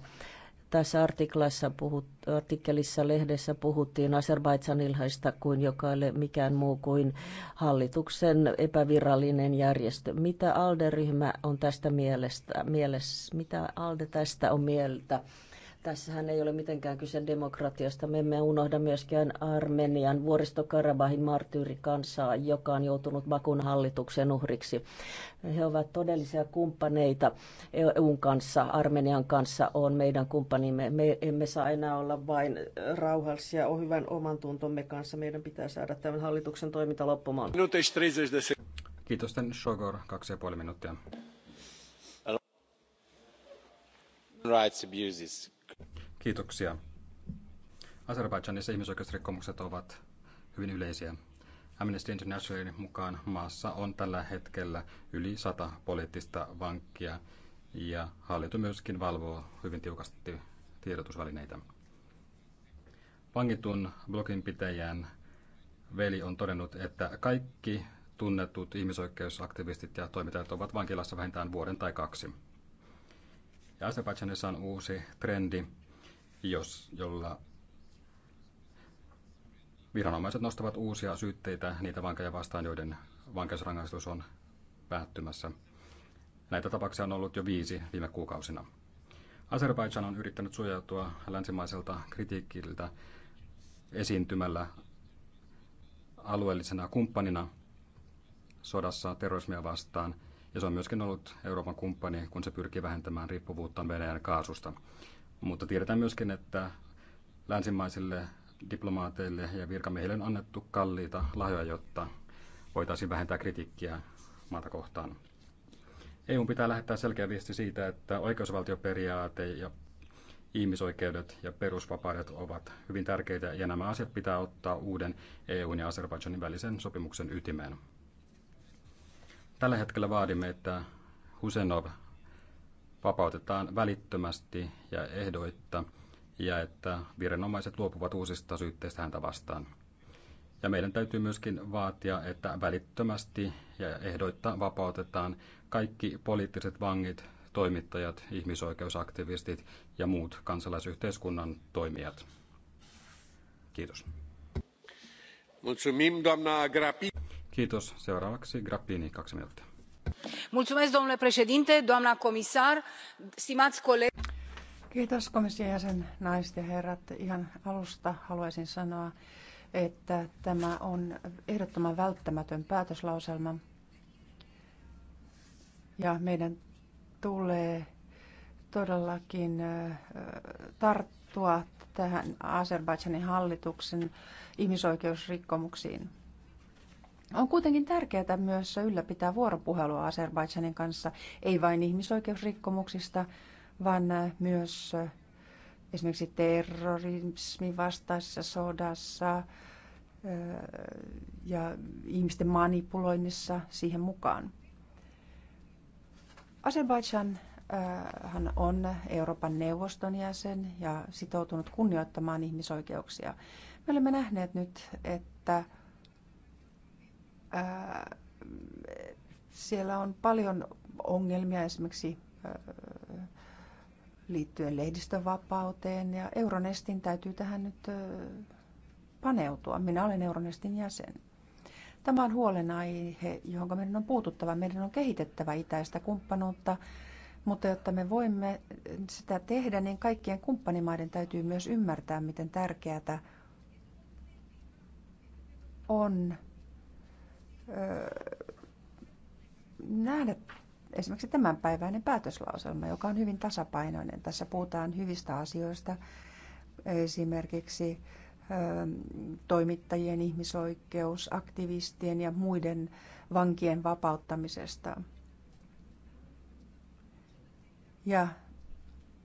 Tässä artiklassa puhut, artikkelissa lehdessä puhuttiin Azerbaidsanilhaista kuin joka ei ole mikään muu kuin hallituksen epävirallinen järjestö. Mitä ALDE-ryhmä on tästä mielestä, mielessä, mitä ALDE tästä on mieltä? Tässähän ei ole mitenkään kyse demokratiasta. Me emme unohda myöskään Armenian vuoristokarabahin marttyyrikansaa, joka on joutunut Bakun hallituksen uhriksi. He ovat todellisia kumppaneita EUn kanssa, Armenian kanssa on meidän kumppanimme. Me emme saa enää olla vain rauhallisia o hyvän oman tuntomme kanssa. Meidän pitää saada tämän hallituksen toiminta loppumaan. Kiitos, Shogor, kaksi ja puoli minuuttia rights abuses Kiitoksia. Azerbaidžanissa ihmisoikeusrikkomukset ovat hyvin yleisiä. Amnesty Internationalin mukaan maassa on tällä hetkellä yli sata poliittista vankkia ja hallinto myöskin valvoo hyvin tiukasti tiedotusvälineitä. Vangitun bloginpitäjän veli on todennut, että kaikki tunnetut ihmisoikeusaktivistit ja toimittajat ovat vankilassa vähintään vuoden tai kaksi. Ja Azerbaijanissa on uusi trendi, jos, jolla viranomaiset nostavat uusia syytteitä niitä vankeja vastaan, joiden vankeusrangaistus on päättymässä. Näitä tapauksia on ollut jo viisi viime kuukausina. Azerbaidžan on yrittänyt suojautua länsimaiselta kritiikiltä esiintymällä alueellisena kumppanina sodassa terrorismia vastaan ja se on myöskin ollut Euroopan kumppani, kun se pyrkii vähentämään riippuvuuttaan Venäjän kaasusta. Mutta tiedetään myöskin, että länsimaisille diplomaateille ja virkamiehille on annettu kalliita lahjoja, jotta voitaisiin vähentää kritiikkiä maata kohtaan. EU pitää lähettää selkeä viesti siitä, että oikeusvaltioperiaate ja ihmisoikeudet ja perusvapaudet ovat hyvin tärkeitä ja nämä asiat pitää ottaa uuden EUn ja Azerbaidžanin välisen sopimuksen ytimeen. Tällä hetkellä vaadimme, että Husenov vapautetaan välittömästi ja ehdoitta ja että viranomaiset luopuvat uusista syytteistä häntä vastaan. Ja meidän täytyy myöskin vaatia, että välittömästi ja ehdoitta vapautetaan kaikki poliittiset vangit, toimittajat, ihmisoikeusaktivistit ja muut kansalaisyhteiskunnan toimijat. Kiitos. Mulțumim, doamna Grappini Kiitos. Seuraavaksi Grappini, kaksi minuuttia. Mulțumesc, domnule președinte, doamna comisar, stimați colegi. Kiitos komission jäsen, naiset ja herrat. Ihan alusta haluaisin sanoa, että tämä on ehdottoman välttämätön päätöslauselma. Ja meidän tulee todellakin tarttua tähän Azerbaidžanin hallituksen ihmisoikeusrikkomuksiin. On kuitenkin tärkeää myös ylläpitää vuoropuhelua Azerbaidžanin kanssa, ei vain ihmisoikeusrikkomuksista, vaan myös esimerkiksi terrorismin vastaisessa sodassa eh, ja ihmisten manipuloinnissa siihen mukaan. Azerbaidžan eh, hän on Euroopan neuvoston jäsen ja sitoutunut kunnioittamaan ihmisoikeuksia. Me olemme nähneet nyt, että siellä on paljon ongelmia esimerkiksi liittyen lehdistönvapauteen ja Euronestin täytyy tähän nyt paneutua. Minä olen Euronestin jäsen. Tämä on huolenaihe, johon meidän on puututtava. Meidän on kehitettävä itäistä kumppanuutta, mutta jotta me voimme sitä tehdä, niin kaikkien kumppanimaiden täytyy myös ymmärtää, miten tärkeää on nähdä esimerkiksi tämänpäiväinen päätöslauselma, joka on hyvin tasapainoinen. Tässä puhutaan hyvistä asioista, esimerkiksi toimittajien ihmisoikeus, aktivistien ja muiden vankien vapauttamisesta. Ja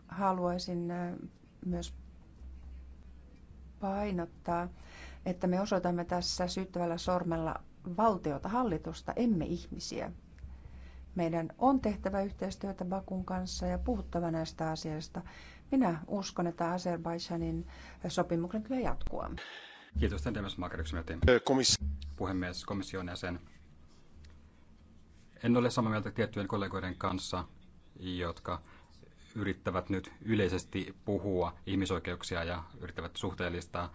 haluaisin myös painottaa, että me osoitamme tässä syyttävällä sormella valtiota, hallitusta, emme ihmisiä. Meidän on tehtävä yhteistyötä Bakun kanssa ja puhuttava näistä asioista. Minä uskon, että Azerbaidžanin sopimuksen kyllä jatkua. Kiitos, Tendemes Maakeryksymätin. Komiss- Puhemies, komission jäsen. En ole samaa mieltä tiettyjen kollegoiden kanssa, jotka yrittävät nyt yleisesti puhua ihmisoikeuksia ja yrittävät suhteellistaa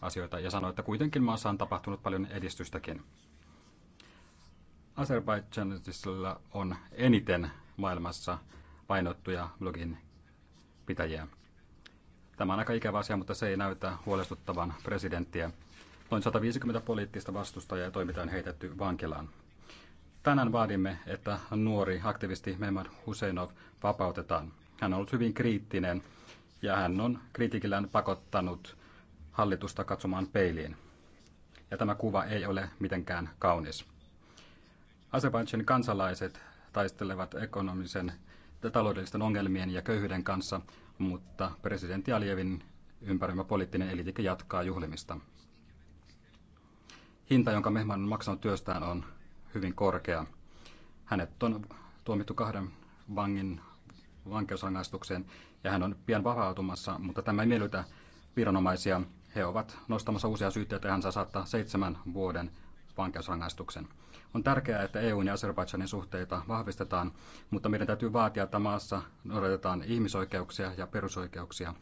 asioita ja sanoi, että kuitenkin maassa on tapahtunut paljon edistystäkin. Azerbaidžanilla on eniten maailmassa painottuja blogin pitäjiä. Tämä on aika ikävä asia, mutta se ei näytä huolestuttavan presidenttiä. Noin 150 poliittista vastustajaa on heitetty vankilaan. Tänään vaadimme, että nuori aktivisti Mehmet Huseinov vapautetaan. Hän on ollut hyvin kriittinen ja hän on kritiikillään pakottanut hallitusta katsomaan peiliin. Ja tämä kuva ei ole mitenkään kaunis. Azerbaijanin kansalaiset taistelevat ekonomisen ja taloudellisten ongelmien ja köyhyyden kanssa, mutta presidentti Alievin ympäröimä poliittinen eliitti jatkaa juhlimista. Hinta, jonka Mehman on maksanut työstään, on hyvin korkea. Hänet on tuomittu kahden vangin vankeusrangaistukseen ja hän on pian vapautumassa, mutta tämä ei miellytä viranomaisia, he ovat nostamassa uusia syytteitä ja hän saa saattaa seitsemän vuoden vankeusrangaistuksen. On tärkeää, että EUn ja Azerbaidžanin suhteita vahvistetaan, mutta meidän täytyy vaatia, että maassa noudatetaan ihmisoikeuksia ja perusoikeuksia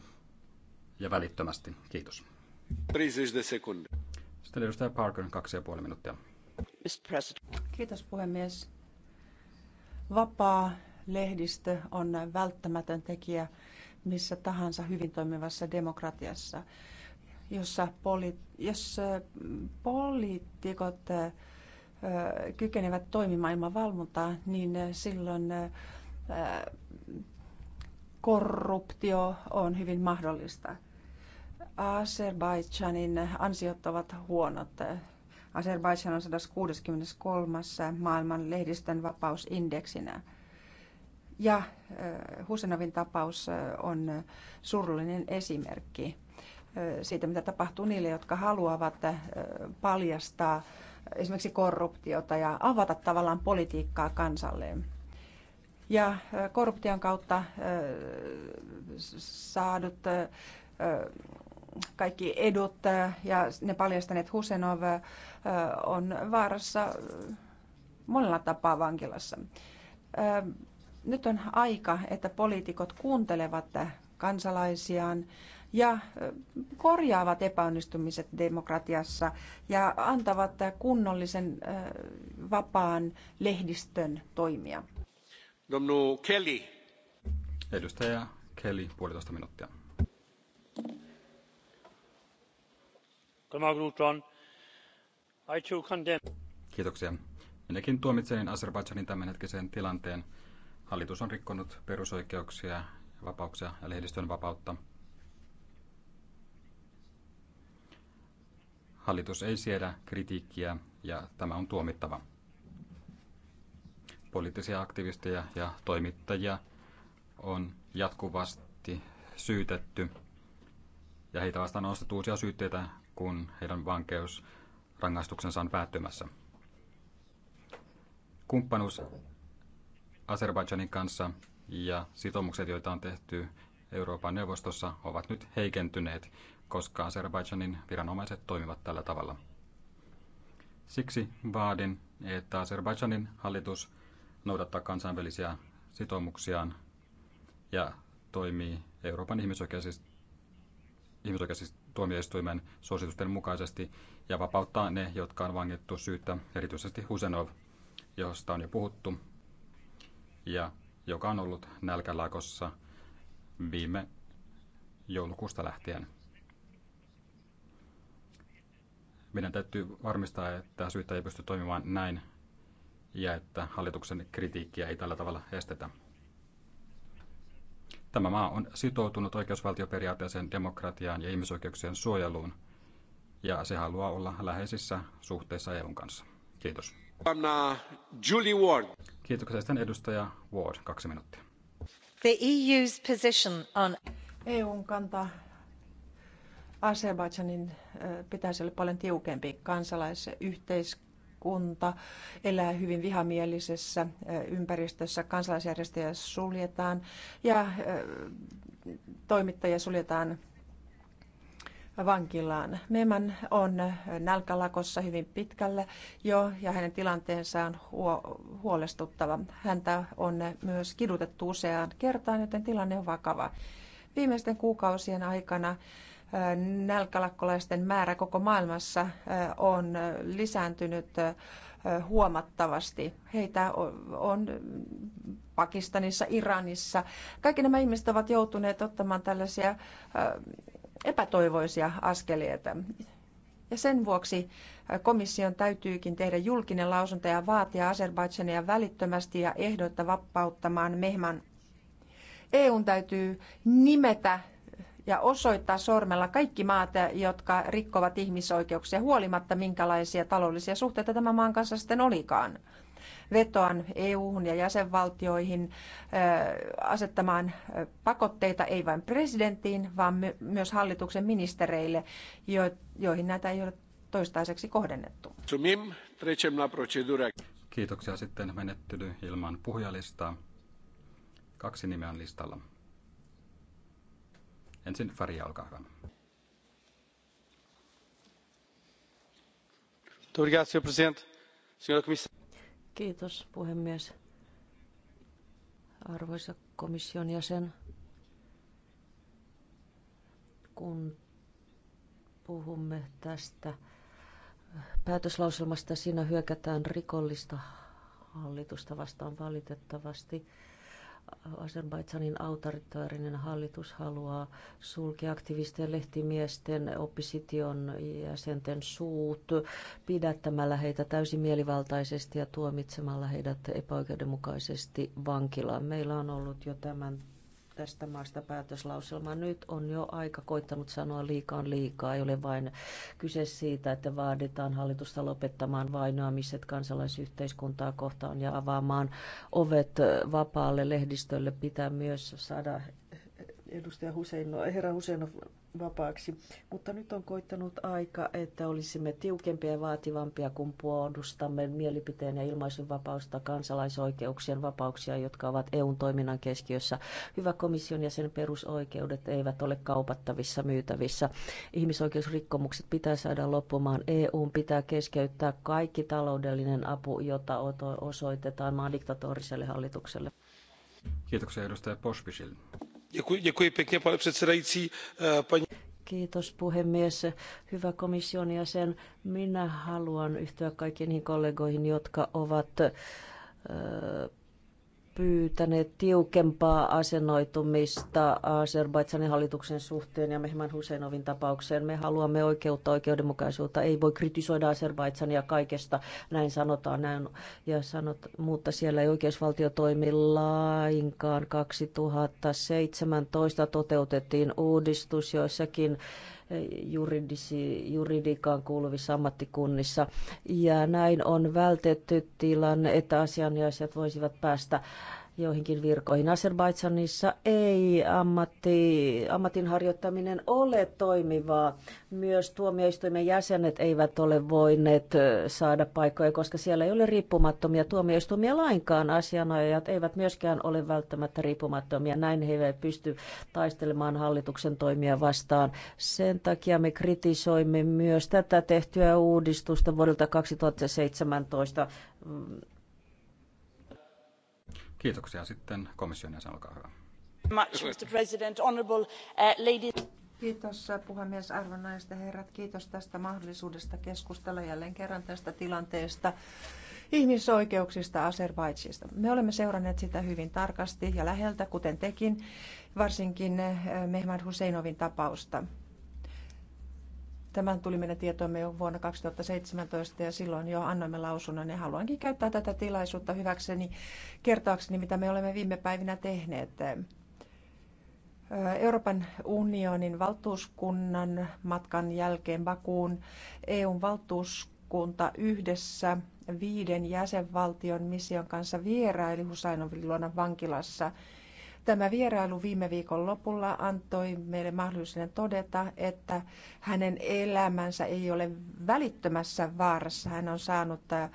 ja välittömästi. Kiitos. Sitten edustaja Parker, kaksi ja puoli minuuttia. Kiitos puhemies. Vapaa lehdistö on välttämätön tekijä missä tahansa hyvin toimivassa demokratiassa jossa poli, jos poliitikot kykenevät toimimaan ilman valvontaa, niin silloin korruptio on hyvin mahdollista. Azerbaidžanin ansiot ovat huonot. Azerbaidžan on 163. maailman lehdistön vapausindeksinä. Ja Husenovin tapaus on surullinen esimerkki siitä, mitä tapahtuu niille, jotka haluavat paljastaa esimerkiksi korruptiota ja avata tavallaan politiikkaa kansalleen. Ja korruption kautta saadut kaikki edut ja ne paljastaneet Husenov on vaarassa monella tapaa vankilassa. Nyt on aika, että poliitikot kuuntelevat kansalaisiaan, ja eh, korjaavat epäonnistumiset demokratiassa ja antavat kunnollisen eh, vapaan lehdistön toimia. Domnu Kelly. Edustaja Kelly, puolitoista minuuttia. Kiitoksia. Minäkin tuomitsen Azerbaidžanin tämänhetkisen tilanteen. Hallitus on rikkonut perusoikeuksia, vapauksia ja lehdistön vapautta. Hallitus ei siedä kritiikkiä ja tämä on tuomittava. Poliittisia aktivisteja ja toimittajia on jatkuvasti syytetty ja heitä vastaan on nostettu uusia syytteitä, kun heidän vankeusrangaistuksensa on päättymässä. Kumppanuus Azerbaidžanin kanssa ja sitoumukset, joita on tehty Euroopan neuvostossa, ovat nyt heikentyneet, koska Azerbaidžanin viranomaiset toimivat tällä tavalla. Siksi vaadin, että Azerbaidžanin hallitus noudattaa kansainvälisiä sitoumuksiaan ja toimii Euroopan ihmisoikeustuomioistuimen suositusten mukaisesti ja vapauttaa ne, jotka on vangittu syyttä, erityisesti Husenov, josta on jo puhuttu, ja joka on ollut nälkälaakossa viime joulukuusta lähtien. Meidän täytyy varmistaa, että syytä ei pysty toimimaan näin ja että hallituksen kritiikkiä ei tällä tavalla estetä. Tämä maa on sitoutunut oikeusvaltioperiaatteeseen, demokratiaan ja ihmisoikeuksien suojeluun, ja se haluaa olla läheisissä suhteissa EUn kanssa. Kiitos. Julie Ward. Kiitoksia sitten edustaja Ward, kaksi minuuttia. The EU's position on... EUn kanta Azerbaidžanin pitäisi olla paljon tiukempi kansalaisyhteiskunta, elää hyvin vihamielisessä ympäristössä, kansalaisjärjestöjä suljetaan ja toimittajia suljetaan vankilaan. Meeman on nälkälakossa hyvin pitkällä jo ja hänen tilanteensa on huolestuttava. Häntä on myös kidutettu useaan kertaan, joten tilanne on vakava. Viimeisten kuukausien aikana nälkälakkolaisten määrä koko maailmassa on lisääntynyt huomattavasti. Heitä on Pakistanissa, Iranissa. Kaikki nämä ihmiset ovat joutuneet ottamaan tällaisia epätoivoisia askeleita. Ja sen vuoksi komission täytyykin tehdä julkinen lausunto ja vaatia Azerbaidsania välittömästi ja ehdotta vapauttamaan Mehman. EUn täytyy nimetä ja osoittaa sormella kaikki maat, jotka rikkovat ihmisoikeuksia huolimatta minkälaisia taloudellisia suhteita tämän maan kanssa sitten olikaan. Vetoan EU-hun ja jäsenvaltioihin asettamaan pakotteita ei vain presidenttiin, vaan myös hallituksen ministereille, joihin näitä ei ole toistaiseksi kohdennettu. Kiitoksia sitten menettely ilman puhujalistaa. Kaksi nimeä on listalla. Ensin Faria, olkaa hyvä. Kiitos puhemies. Arvoisa komission jäsen, kun puhumme tästä päätöslauselmasta, siinä hyökätään rikollista hallitusta vastaan valitettavasti. Azerbaidsanin autoritaarinen hallitus haluaa sulkea aktivistien lehtimiesten opposition jäsenten suut pidättämällä heitä täysin mielivaltaisesti ja tuomitsemalla heidät epäoikeudenmukaisesti vankilaan. Meillä on ollut jo tämän tästä maasta päätöslauselma. Nyt on jo aika koittanut sanoa liikaan liikaa. Ei ole vain kyse siitä, että vaaditaan hallitusta lopettamaan vainoamiset kansalaisyhteiskuntaa kohtaan ja avaamaan ovet vapaalle lehdistölle. Pitää myös saada edustaja Huseino, herra Huseinov vapaaksi. Mutta nyt on koittanut aika, että olisimme tiukempia ja vaativampia, kun puolustamme mielipiteen ja ilmaisun vapausta, kansalaisoikeuksien vapauksia, jotka ovat EUn toiminnan keskiössä. Hyvä komission ja sen perusoikeudet eivät ole kaupattavissa, myytävissä. Ihmisoikeusrikkomukset pitää saada loppumaan. EU pitää keskeyttää kaikki taloudellinen apu, jota osoitetaan maan diktatoriselle hallitukselle. Kiitoksia edustaja Pospisille pane předsedající eh, puhemies. Hyvä komission jäsen, minä haluan yhtyä kaikkiin niihin kollegoihin, jotka ovat eh, pyytäneet tiukempaa asennoitumista Azerbaidsanin hallituksen suhteen ja Mehman Husseinovin tapaukseen. Me haluamme oikeutta, oikeudenmukaisuutta. Ei voi kritisoida Azerbaidsania kaikesta, näin sanotaan. Näin, ja sanot, mutta siellä ei oikeusvaltio toimi lainkaan. 2017 toteutettiin uudistus joissakin juridisi, juridikaan kuuluvissa ammattikunnissa. Ja näin on vältetty tilanne, että asianajajat voisivat päästä joihinkin virkoihin. Azerbaidsanissa ei ammatti, ammatin harjoittaminen ole toimivaa. Myös tuomioistuimen jäsenet eivät ole voineet saada paikkoja, koska siellä ei ole riippumattomia tuomioistuimia lainkaan. Asianajajat eivät myöskään ole välttämättä riippumattomia. Näin he eivät pysty taistelemaan hallituksen toimia vastaan. Sen takia me kritisoimme myös tätä tehtyä uudistusta vuodelta 2017 Kiitoksia sitten komission jäsen, olkaa hyvä. Uh, Kiitos uh, puhemies, arvon naiset ja herrat. Kiitos tästä mahdollisuudesta keskustella jälleen kerran tästä tilanteesta ihmisoikeuksista Azerbaidsista. Me olemme seuranneet sitä hyvin tarkasti ja läheltä, kuten tekin, varsinkin uh, Mehmet Huseinovin tapausta. Tämä tuli meidän tietoomme jo vuonna 2017 ja silloin jo annoimme lausunnon ja haluankin käyttää tätä tilaisuutta hyväkseni kertoakseni, mitä me olemme viime päivinä tehneet. Euroopan unionin valtuuskunnan matkan jälkeen Bakuun EUn valtuuskunta yhdessä viiden jäsenvaltion mission kanssa vieraili Husainovin luona vankilassa – Tämä vierailu viime viikon lopulla antoi meille mahdollisuuden todeta, että hänen elämänsä ei ole välittömässä vaarassa. Hän on saanut äh,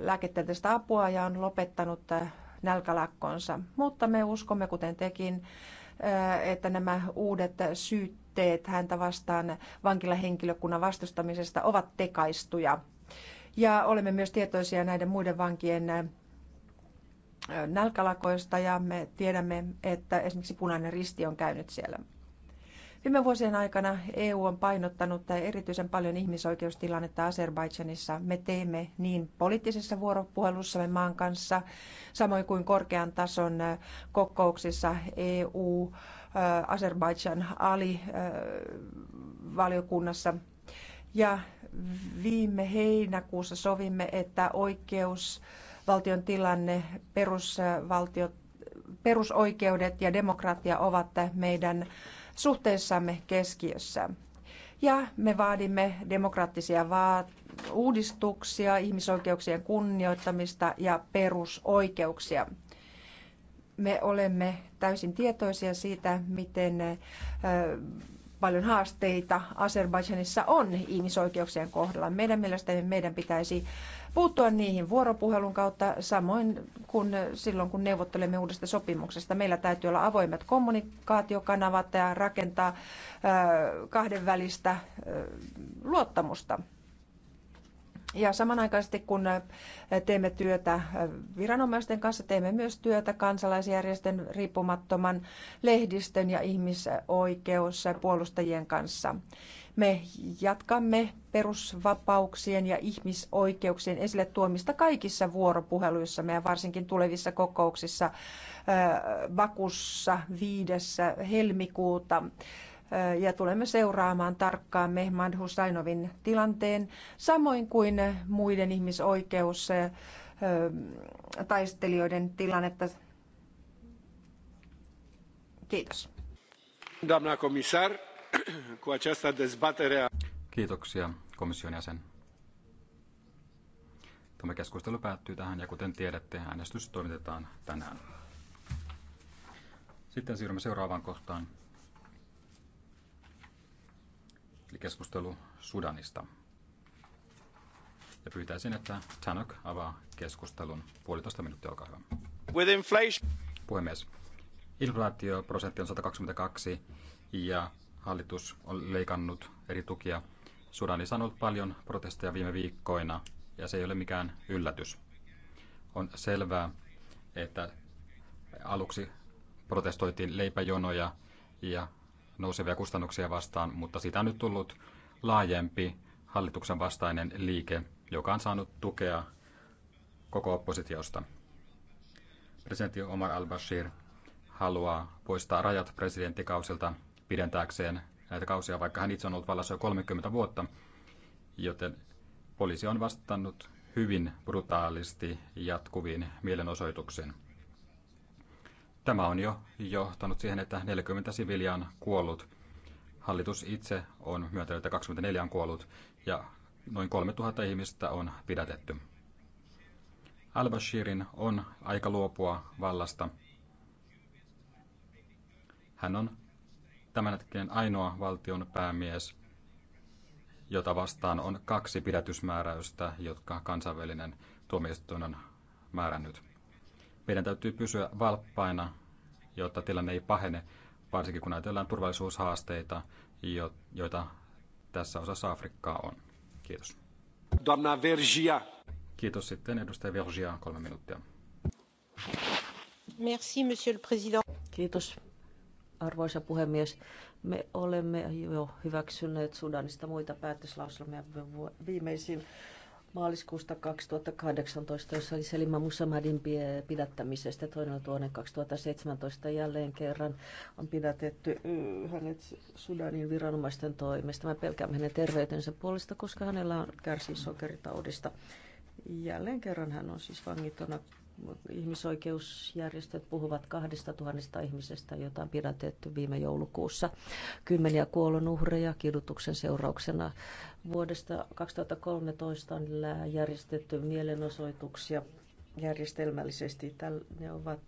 lääketieteellistä apua ja on lopettanut äh, nälkälakkonsa. Mutta me uskomme, kuten tekin, äh, että nämä uudet syytteet häntä vastaan vankilahenkilökunnan vastustamisesta ovat tekaistuja. Ja olemme myös tietoisia näiden muiden vankien nälkälakoista ja me tiedämme, että esimerkiksi punainen risti on käynyt siellä. Viime vuosien aikana EU on painottanut erityisen paljon ihmisoikeustilannetta Azerbaidžanissa. Me teemme niin poliittisessa vuoropuhelussamme maan kanssa, samoin kuin korkean tason kokouksissa EU, Azerbaidžan ali valiokunnassa. Ja viime heinäkuussa sovimme, että oikeus valtion tilanne, perusvaltiot, perusoikeudet ja demokratia ovat meidän suhteessamme keskiössä. Ja me vaadimme demokraattisia uudistuksia, ihmisoikeuksien kunnioittamista ja perusoikeuksia. Me olemme täysin tietoisia siitä, miten paljon haasteita Azerbaidžanissa on ihmisoikeuksien kohdalla. Meidän mielestämme meidän pitäisi puuttua niihin vuoropuhelun kautta, samoin kuin silloin kun neuvottelemme uudesta sopimuksesta. Meillä täytyy olla avoimet kommunikaatiokanavat ja rakentaa kahdenvälistä luottamusta. Ja samanaikaisesti kun äh, teemme työtä äh, viranomaisten kanssa, teemme myös työtä kansalaisjärjestön riippumattoman lehdistön ja puolustajien kanssa. Me jatkamme perusvapauksien ja ihmisoikeuksien esille tuomista kaikissa vuoropuheluissa ja varsinkin tulevissa kokouksissa äh, Bakussa 5. helmikuuta ja tulemme seuraamaan tarkkaan Mehman Husainovin tilanteen, samoin kuin muiden ihmisoikeus taistelijoiden tilannetta. Kiitos. Doamna comisar, cu această dezbatere Kiitoksia komission jäsen. Tämä keskustelu päättyy tähän ja kuten tiedätte, äänestys toimitetaan tänään. Sitten siirrymme seuraavaan kohtaan. Eli keskustelu Sudanista. Ja pyytäisin, että Tanok avaa keskustelun. Puolitoista minuuttia, olkaa hyvä. With inflation. Puhemies, inflaatioprosentti on 122 ja hallitus on leikannut eri tukia. Sudanissa on ollut paljon protesteja viime viikkoina ja se ei ole mikään yllätys. On selvää, että aluksi protestoitiin leipäjonoja ja nousevia kustannuksia vastaan, mutta siitä on nyt tullut laajempi hallituksen vastainen liike, joka on saanut tukea koko oppositiosta. Presidentti Omar al-Bashir haluaa poistaa rajat presidenttikausilta pidentääkseen näitä kausia, vaikka hän itse on ollut vallassa jo 30 vuotta, joten poliisi on vastannut hyvin brutaalisti jatkuviin mielenosoituksiin. Tämä on jo johtanut siihen, että 40 siviiliä on kuollut. Hallitus itse on myöntänyt, että 24 on kuollut ja noin 3000 ihmistä on pidätetty. Al-Bashirin on aika luopua vallasta. Hän on tämän hetken ainoa valtion päämies, jota vastaan on kaksi pidätysmääräystä, jotka kansainvälinen tuomioistuin on määrännyt. Meidän täytyy pysyä valppaina, jotta tilanne ei pahene, varsinkin kun ajatellaan turvallisuushaasteita, joita tässä osassa Afrikkaa on. Kiitos. Donna Vergia. Kiitos sitten edustaja Vergia, kolme minuuttia. Merci, monsieur le président. Kiitos, arvoisa puhemies. Me olemme jo hyväksyneet Sudanista muita päätöslauselmia viimeisin maaliskuusta 2018, jossa oli Selima Musamadin pidättämisestä. Toinen tuonne 2017 jälleen kerran on pidätetty hänet Sudanin viranomaisten toimesta. Mä pelkään hänen terveytensä puolesta, koska hänellä on kärsii sokeritaudista. Jälleen kerran hän on siis vangittuna ihmisoikeusjärjestöt puhuvat kahdesta tuhannesta ihmisestä, jota on pidätetty viime joulukuussa. Kymmeniä kuolonuhreja kidutuksen seurauksena. Vuodesta 2013 on järjestetty mielenosoituksia järjestelmällisesti. Ne ovat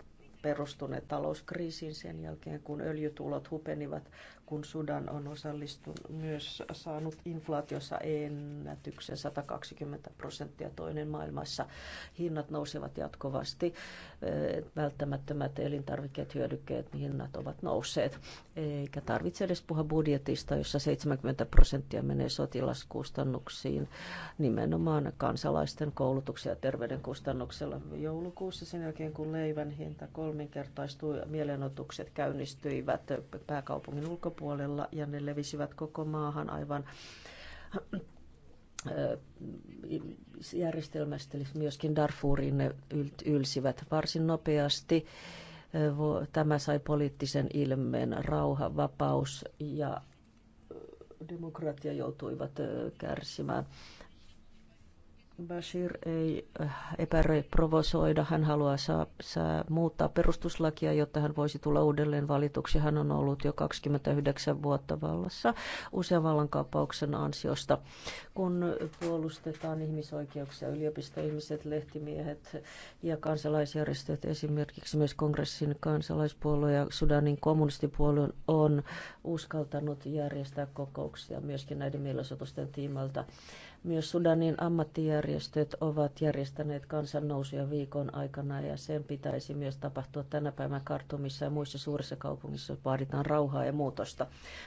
perustuneet talouskriisiin sen jälkeen, kun öljytulot hupenivat kun Sudan on osallistunut myös saanut inflaatiossa ennätyksen 120 prosenttia toinen maailmassa. Hinnat nousevat jatkuvasti. Eh, välttämättömät elintarvikkeet, hyödykkeet, hinnat ovat nousseet. Eikä tarvitse edes puhua budjetista, jossa 70 prosenttia menee sotilaskustannuksiin nimenomaan kansalaisten koulutuksen ja terveyden kustannuksella joulukuussa sen jälkeen, kun leivän hinta kolminkertaistui, mielenotukset käynnistyivät pääkaupungin ulkopuolella ulkopuolella ja ne levisivät koko maahan aivan järjestelmästä, eli myöskin Darfuriin ne ylsivät varsin nopeasti. Tämä sai poliittisen ilmeen, rauha, vapaus ja demokratia joutuivat kärsimään. Bashir ei äh, epäröi provosoida. Hän haluaa saa, saa muuttaa perustuslakia, jotta hän voisi tulla uudelleen valituksi. Hän on ollut jo 29 vuotta vallassa usean vallankaappauksen ansiosta. Kun puolustetaan ihmisoikeuksia, yliopistoihmiset, lehtimiehet ja kansalaisjärjestöt, esimerkiksi myös kongressin kansalaispuolue ja Sudanin kommunistipuolue on uskaltanut järjestää kokouksia myöskin näiden mielenosoitusten tiimalta. Myös Sudanin ammattijärjestöt ovat järjestäneet kansannousuja viikon aikana ja sen pitäisi myös tapahtua tänä päivänä Kartumissa ja muissa suurissa kaupungissa. Vaaditaan rauhaa ja muutosta.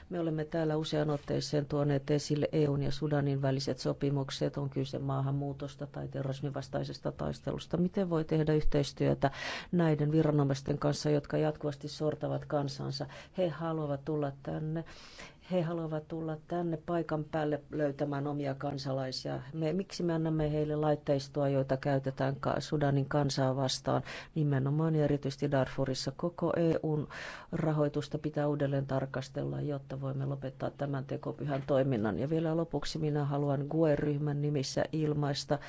Me olemme täällä usean otteeseen tuoneet esille EUn ja Sudanin väliset sopimukset. On kyse maahanmuutosta tai terrorismin vastaisesta taistelusta. Miten voi tehdä yhteistyötä näiden viranomaisten kanssa, jotka jatkuvasti sortavat kansansa? He haluavat tulla tänne he haluavat tulla tänne paikan päälle löytämään omia kansalaisia. Me, miksi me annamme heille laitteistoa, joita käytetään Sudanin kansaa vastaan, nimenomaan ja erityisesti Darfurissa? Koko EUn rahoitusta pitää uudelleen tarkastella, jotta voimme lopettaa tämän tekopyhän toiminnan. Ja vielä lopuksi minä haluan GUE-ryhmän nimissä ilmaista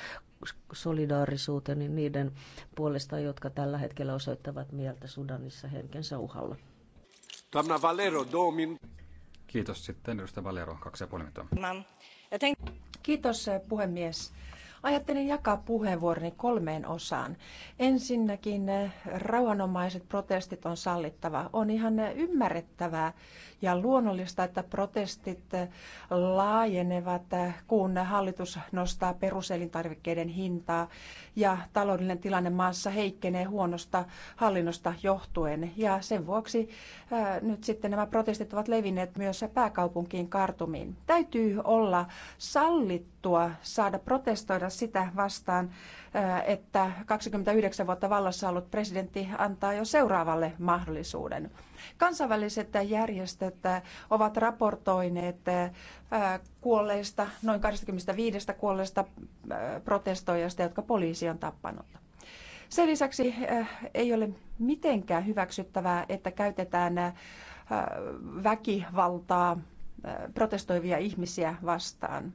solidaarisuuteni niiden puolesta, jotka tällä hetkellä osoittavat mieltä Sudanissa henkensä uhalla. Tämä Valero, Domin. Kiitos sitten edustaja Valero, kaksi ja puoli minuuttia. Kiitos eh, puhemies. Ajattelin jakaa puheenvuoroni kolmeen osaan. Ensinnäkin eh, rauhanomaiset protestit on sallittava. On ihan eh, ymmärrettävää ja luonnollista, että protestit eh, laajenevat, kun hallitus nostaa peruselintarvikkeiden hintaa ja taloudellinen tilanne maassa heikkenee huonosta hallinnosta johtuen. Ja sen vuoksi ää, nyt sitten nämä protestit ovat levinneet myös pääkaupunkiin kartumiin. Täytyy olla sallittu haluttua saada protestoida sitä vastaan, eh, että 29 vuotta vallassa ollut presidentti antaa jo seuraavalle mahdollisuuden. Kansainväliset järjestöt eh, ovat raportoineet eh, kuolleista, noin 25 kuolleista protestoijasta, jotka poliisi on tappanut. Sen lisäksi ei ole mitenkään hyväksyttävää, että käytetään väkivaltaa protestoivia ihmisiä vastaan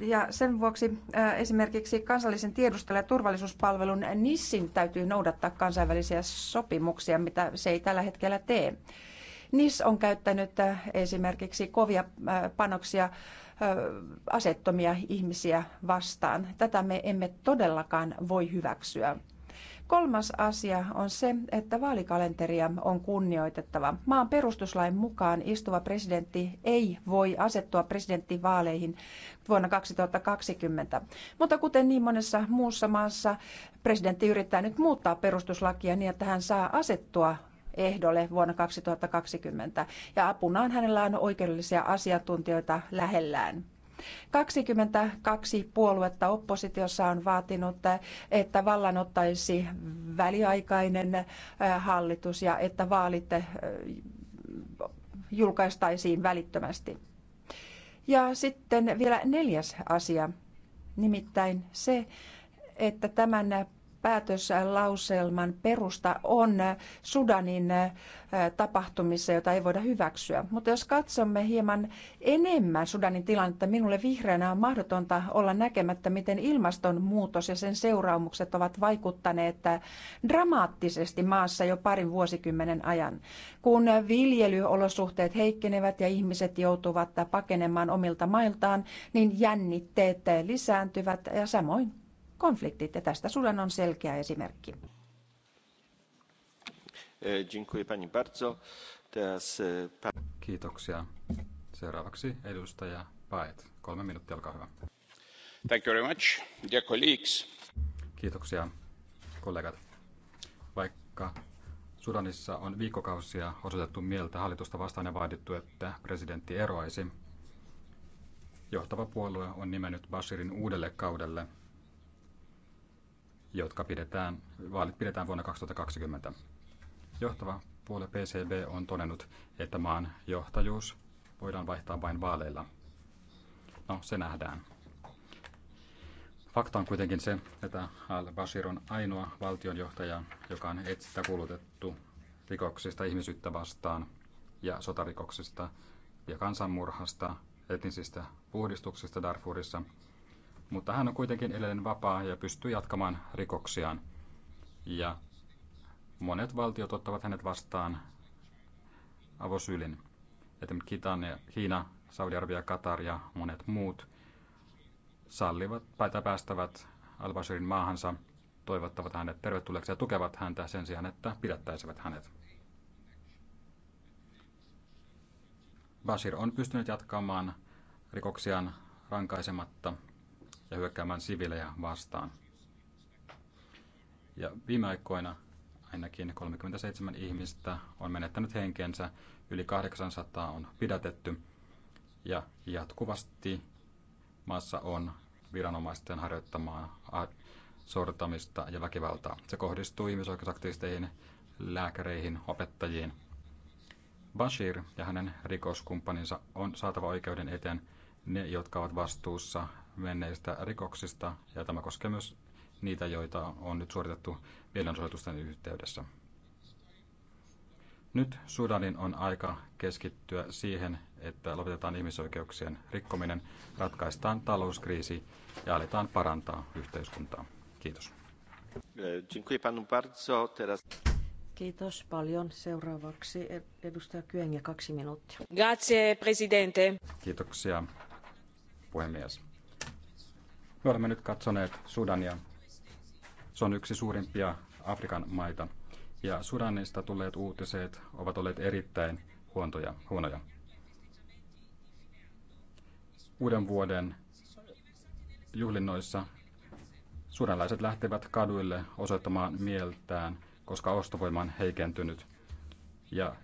ja sen vuoksi äh, esimerkiksi kansallisen tiedustelu- ja turvallisuuspalvelun NISSin täytyy noudattaa kansainvälisiä sopimuksia, mitä se ei tällä hetkellä tee. NIS on käyttänyt äh, esimerkiksi kovia äh, panoksia asettomia ihmisiä vastaan. Tätä me emme todellakaan voi hyväksyä. Kolmas asia on se, että vaalikalenteria on kunnioitettava. Maan perustuslain mukaan istuva presidentti ei voi asettua presidenttivaaleihin vuonna 2020. Mutta kuten niin monessa muussa maassa, presidentti yrittää nyt muuttaa perustuslakia niin, että hän saa asettua ehdolle vuonna 2020. Ja apunaan hänellä on oikeudellisia asiantuntijoita lähellään. 22 puoluetta oppositiossa on vaatinut, että vallan ottaisi väliaikainen äh, hallitus ja että vaalit äh, julkaistaisiin välittömästi. Ja sitten vielä neljäs asia, nimittäin se, että tämän päätöslauselman perusta on Sudanin tapahtumissa, jota ei voida hyväksyä. Mutta jos katsomme hieman enemmän Sudanin tilannetta, minulle vihreänä on mahdotonta olla näkemättä, miten ilmastonmuutos ja sen seuraamukset ovat vaikuttaneet dramaattisesti maassa jo parin vuosikymmenen ajan, kun viljelyolosuhteet heikkenevät ja ihmiset joutuvat pakenemaan omilta mailtaan, niin jännitteet lisääntyvät ja samoin konfliktit. Ja tästä Sudan on selkeä esimerkki. E, e, Kiitoksia. Seuraavaksi edustaja Paet. Kolme minuuttia, olkaa hyvä. Thank you very much, dear colleagues. Kiitoksia, kollegat. Vaikka Sudanissa on viikkokausia osoitettu mieltä hallitusta vastaan ja vaadittu, että presidentti eroaisi, johtava puolue on nimennyt Bashirin uudelle kaudelle – jotka pidetään, vaalit pidetään vuonna 2020. Johtava puolue PCB on todennut, että maan johtajuus voidaan vaihtaa vain vaaleilla. No, se nähdään. Fakta on kuitenkin se, että al-Bashir on ainoa valtionjohtaja, joka on etsittä kuulutettu rikoksista ihmisyyttä vastaan ja sotarikoksista ja kansanmurhasta, etnisistä puhdistuksista Darfurissa – mutta hän on kuitenkin edelleen vapaa ja pystyy jatkamaan rikoksiaan. Ja monet valtiot ottavat hänet vastaan avosylin. Esimerkiksi Kiina, Saudi-Arabia, Katar ja monet muut sallivat tai päästävät Al-Bashirin maahansa, toivottavat hänet tervetulleeksi ja tukevat häntä sen sijaan, että pidättäisivät hänet. Bashir on pystynyt jatkamaan rikoksiaan rankaisematta ja hyökkäämään sivilejä vastaan. Ja viime aikoina ainakin 37 ihmistä on menettänyt henkensä, yli 800 on pidätetty ja jatkuvasti maassa on viranomaisten harjoittamaa sortamista ja väkivaltaa. Se kohdistuu ihmisoikeusaktivisteihin, lääkäreihin, opettajiin. Bashir ja hänen rikoskumppaninsa on saatava oikeuden eteen ne, jotka ovat vastuussa menneistä rikoksista, ja tämä koskee myös niitä, joita on nyt suoritettu mielenosoitusten yhteydessä. Nyt Sudanin on aika keskittyä siihen, että lopetetaan ihmisoikeuksien rikkominen, ratkaistaan talouskriisi ja aletaan parantaa yhteiskuntaa. Kiitos. Kiitos paljon. Seuraavaksi edustaja ja kaksi minuuttia. Grazie, presidente. Kiitoksia, puhemies. Me olemme nyt katsoneet Sudania. Se on yksi suurimpia Afrikan maita. Ja Sudanista tulleet uutiset ovat olleet erittäin huontoja, huonoja. Uuden vuoden juhlinnoissa sudanlaiset lähtevät kaduille osoittamaan mieltään, koska ostovoima on heikentynyt. Ja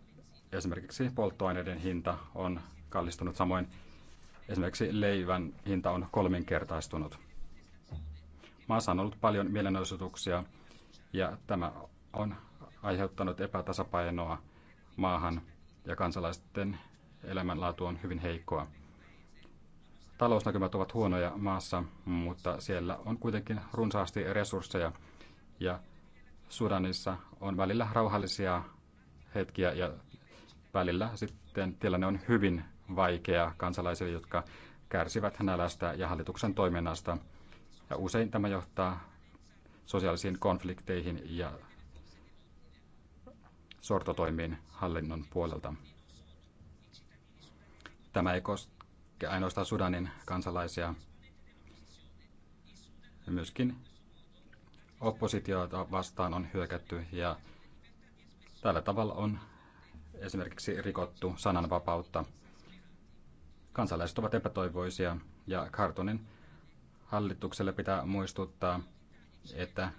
esimerkiksi polttoaineiden hinta on kallistunut, samoin esimerkiksi leivän hinta on kolminkertaistunut. Maassa on ollut paljon mielenosoituksia ja tämä on aiheuttanut epätasapainoa maahan ja kansalaisten elämänlaatu on hyvin heikkoa. Talousnäkymät ovat huonoja maassa, mutta siellä on kuitenkin runsaasti resursseja ja Sudanissa on välillä rauhallisia hetkiä ja välillä sitten tilanne on hyvin vaikea kansalaisille, jotka kärsivät nälästä ja hallituksen toiminnasta – ja usein tämä johtaa sosiaalisiin konflikteihin ja sortotoimiin hallinnon puolelta. Tämä ei koske ainoastaan Sudanin kansalaisia, myöskin oppositiota vastaan on hyökätty ja tällä tavalla on esimerkiksi rikottu sananvapautta. Kansalaiset ovat epätoivoisia ja Kartonin Hallitukselle pitää muistuttaa, että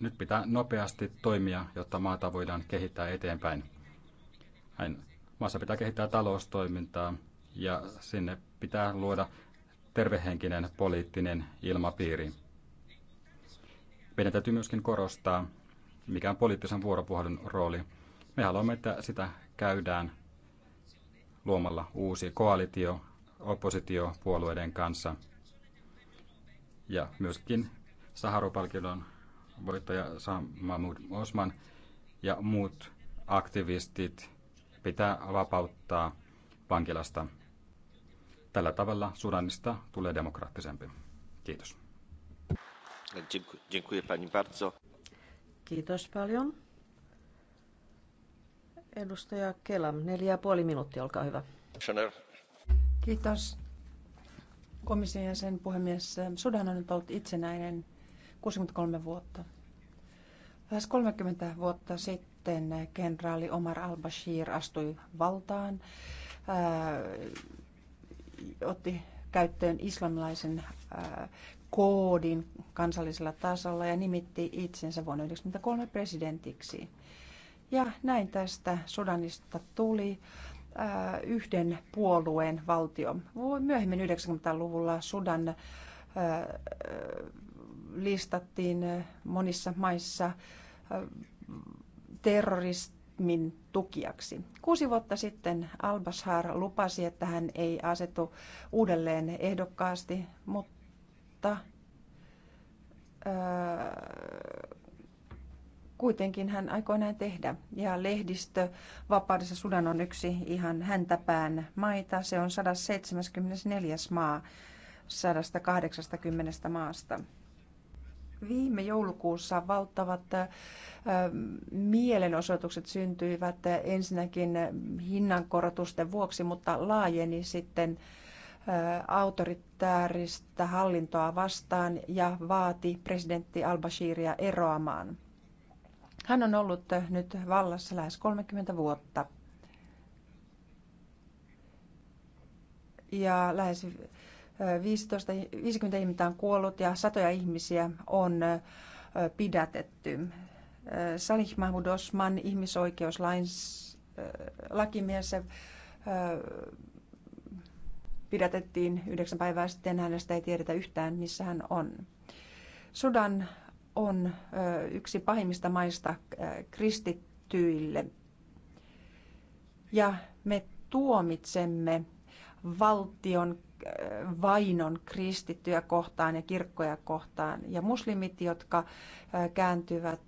nyt pitää nopeasti toimia, jotta maata voidaan kehittää eteenpäin. Maassa pitää kehittää taloustoimintaa ja sinne pitää luoda tervehenkinen poliittinen ilmapiiri. Meidän täytyy myöskin korostaa, mikä on poliittisen vuoropuhelun rooli. Me haluamme, että sitä käydään luomalla uusi koalitio oppositiopuolueiden kanssa – ja myöskin Saharopalkinnon voittaja Sam Mahmoud Osman ja muut aktivistit pitää vapauttaa vankilasta. Tällä tavalla Sudanista tulee demokraattisempi. Kiitos. Kiitos paljon. Edustaja Kelam, neljä ja puoli minuuttia, olkaa hyvä. Kiitos komission jäsen puhemies Sudan on nyt ollut itsenäinen 63 vuotta. Lähes 30 vuotta sitten kenraali Omar al-Bashir astui valtaan, ää, äh, otti käyttöön islamilaisen ää, äh, koodin kansallisella tasolla ja nimitti itsensä vuonna 1993 presidentiksi. Ja näin tästä Sudanista tuli yhden puolueen valtio. Myöhemmin 90-luvulla Sudan listattiin monissa maissa terrorismin tukijaksi. Kuusi vuotta sitten Al-Bashar lupasi, että hän ei asetu uudelleen ehdokkaasti, mutta kuitenkin hän aikoi näin tehdä. Ja lehdistö Vapaudessa Sudan on yksi ihan häntäpään maita. Se on 174. maa 180 maasta. Viime joulukuussa valtavat mielenosoitukset syntyivät ensinnäkin hinnankorotusten vuoksi, mutta laajeni sitten autoritääristä hallintoa vastaan ja vaati presidentti al-Bashiria eroamaan. Hän on ollut nyt vallassa lähes 30 vuotta. Ja lähes 15, 50 ihmistä on kuollut ja satoja ihmisiä on pidätetty. Salih Mahmud Osman, ihmisoikeuslakimies, pidätettiin yhdeksän päivää sitten. Hänestä ei tiedetä yhtään, missä hän on. Sudan on yksi pahimmista maista kristittyille. Ja me tuomitsemme valtion vainon kristittyjä kohtaan ja kirkkoja kohtaan. Ja muslimit, jotka kääntyvät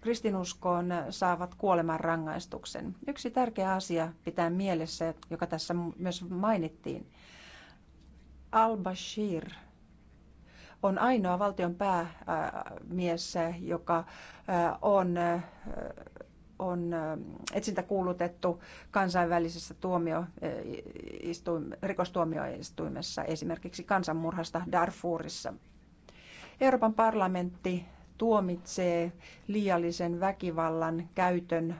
kristinuskoon, saavat kuoleman rangaistuksen. Yksi tärkeä asia pitää mielessä, joka tässä myös mainittiin. Al-Bashir on ainoa valtion päämies, joka on on etsintä kuulutettu kansainvälisessä istuim, rikostuomioistuimessa esimerkiksi kansanmurhasta Darfurissa. Euroopan parlamentti tuomitsee liiallisen väkivallan käytön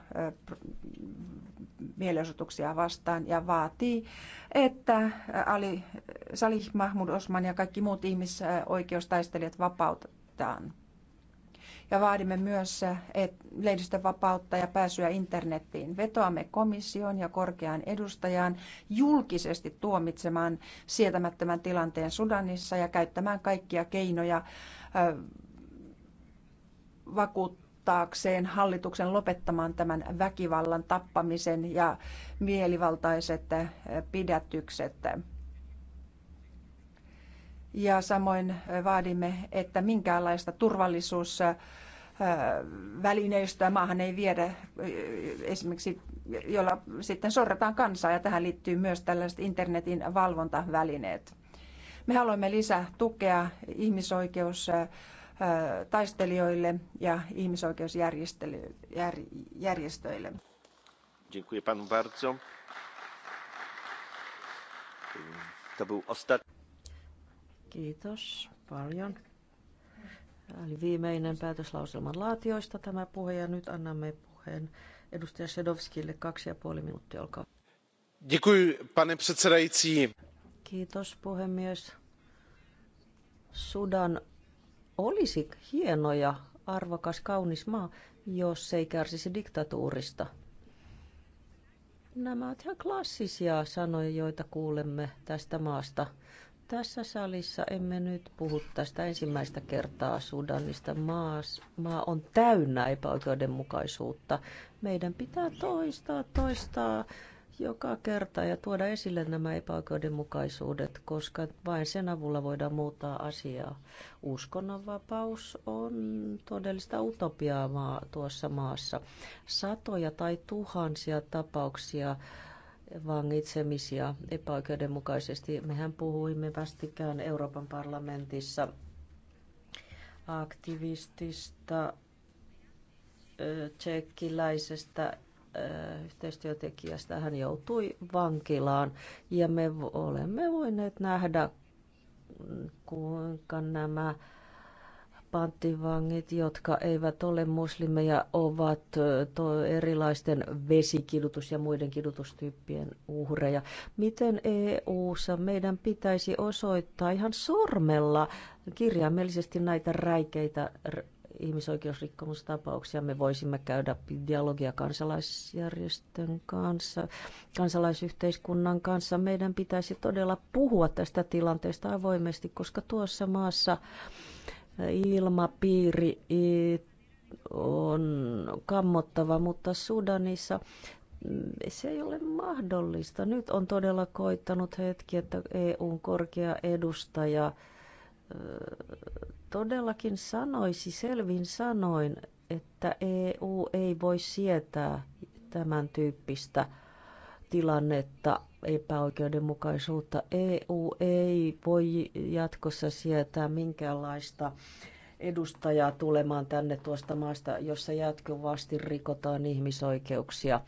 mielenosoituksia vastaan ja vaatii, että Ali Salih Mahmud Osman ja kaikki muut ihmisoikeustaistelijat vapautetaan. Ja vaadimme myös lehdistön vapautta ja pääsyä internettiin. Vetoamme komission ja korkeaan edustajaan julkisesti tuomitsemaan sietämättömän tilanteen Sudanissa ja käyttämään kaikkia keinoja vakuuttaa kehottaakseen hallituksen lopettamaan tämän väkivallan tappamisen ja mielivaltaiset eh, pidätykset. Ja samoin eh, vaadimme, että minkäänlaista turvallisuus eh, välineistöä maahan ei viedä, esimerkiksi jolla sitten sorretaan kansaa, ja tähän liittyy myös tällaiset internetin valvontavälineet. Me haluamme lisää tukea ihmisoikeus taistelijoille ja ihmisoikeusjärjestöille. Kiitos paljon. Eli viimeinen päätöslauselman laatioista tämä puhe ja nyt annamme puheen edustaja Sedovskille kaksi ja puoli minuuttia, olkaa. Děkuji, pane předsedající. Kiitos puhemies. Sudan olisi hieno ja arvokas, kaunis maa, jos se ei kärsisi diktatuurista. Nämä ovat ihan klassisia sanoja, joita kuulemme tästä maasta. Tässä salissa emme nyt puhu tästä ensimmäistä kertaa Sudanista. Maas, maa on täynnä epäoikeudenmukaisuutta. Meidän pitää toistaa, toistaa joka kerta ja tuoda esille nämä epäoikeudenmukaisuudet, koska vain sen avulla voidaan muuttaa asiaa. Uskonnonvapaus on todellista utopiaa maa, tuossa maassa. Satoja tai tuhansia tapauksia vangitsemisia epäoikeudenmukaisesti. Mehän puhuimme vastikään Euroopan parlamentissa aktivistista tsekkiläisestä yhteistyötekijästä. Hän joutui vankilaan ja me olemme voineet nähdä, kuinka nämä panttivangit, jotka eivät ole muslimeja, ovat erilaisten vesikidutus- ja muiden kidutustyyppien uhreja. Miten EU-ssa meidän pitäisi osoittaa ihan sormella kirjaimellisesti näitä räikeitä ihmisoikeusrikkomustapauksia. Me voisimme käydä dialogia kansalaisjärjestön kanssa, kansalaisyhteiskunnan kanssa. Meidän pitäisi todella puhua tästä tilanteesta avoimesti, koska tuossa maassa ilmapiiri on kammottava, mutta Sudanissa se ei ole mahdollista. Nyt on todella koittanut hetki, että EUn korkea edustaja todellakin sanoisi selvin sanoin, että EU ei voi sietää tämän tyyppistä tilannetta, epäoikeudenmukaisuutta. EU ei voi jatkossa sietää minkäänlaista edustajaa tulemaan tänne tuosta maasta, jossa jatkuvasti rikotaan ihmisoikeuksia –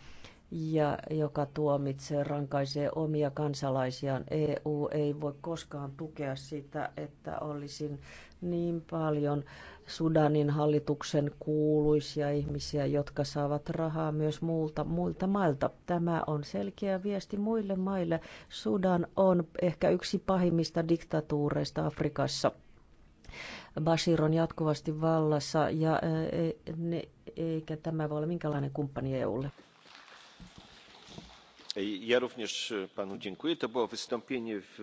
ja joka tuomitsee, rankaisee omia kansalaisiaan. EU ei voi koskaan tukea sitä, että olisin niin paljon Sudanin hallituksen kuuluisia ihmisiä, jotka saavat rahaa myös muulta, muilta mailta. Tämä on selkeä viesti muille maille. Sudan on ehkä yksi pahimmista diktatuureista Afrikassa. Bashir on jatkuvasti vallassa ja e, ne, eikä tämä voi olla minkälainen kumppani EUlle. Ja również e, panu dziękuję. To było wystąpienie w...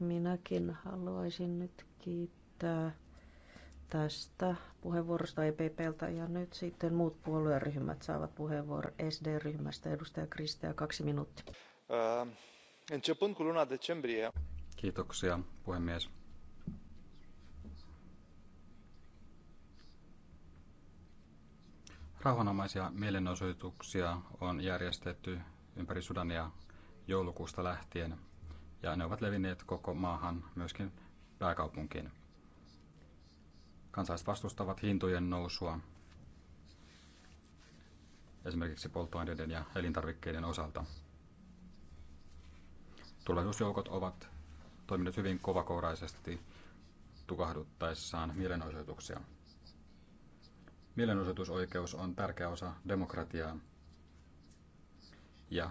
Minäkin haluaisin nyt kiittää tästä puheenvuorosta EPPltä ja nyt sitten muut puolueryhmät saavat puheenvuoron SD-ryhmästä. Edustaja Kristeä, kaksi minuuttia. Începând cu luna decembrie. Kiitoksia, puhemies. Rauhanomaisia mielenosoituksia on järjestetty ympäri Sudania joulukuusta lähtien, ja ne ovat levinneet koko maahan, myöskin pääkaupunkiin. Kansalaiset vastustavat hintojen nousua, esimerkiksi polttoaineiden ja elintarvikkeiden osalta. Tulevaisuusjoukot ovat toimineet hyvin kovakouraisesti tukahduttaessaan mielenosoituksia. Mielenosoitusoikeus on tärkeä osa demokratiaa ja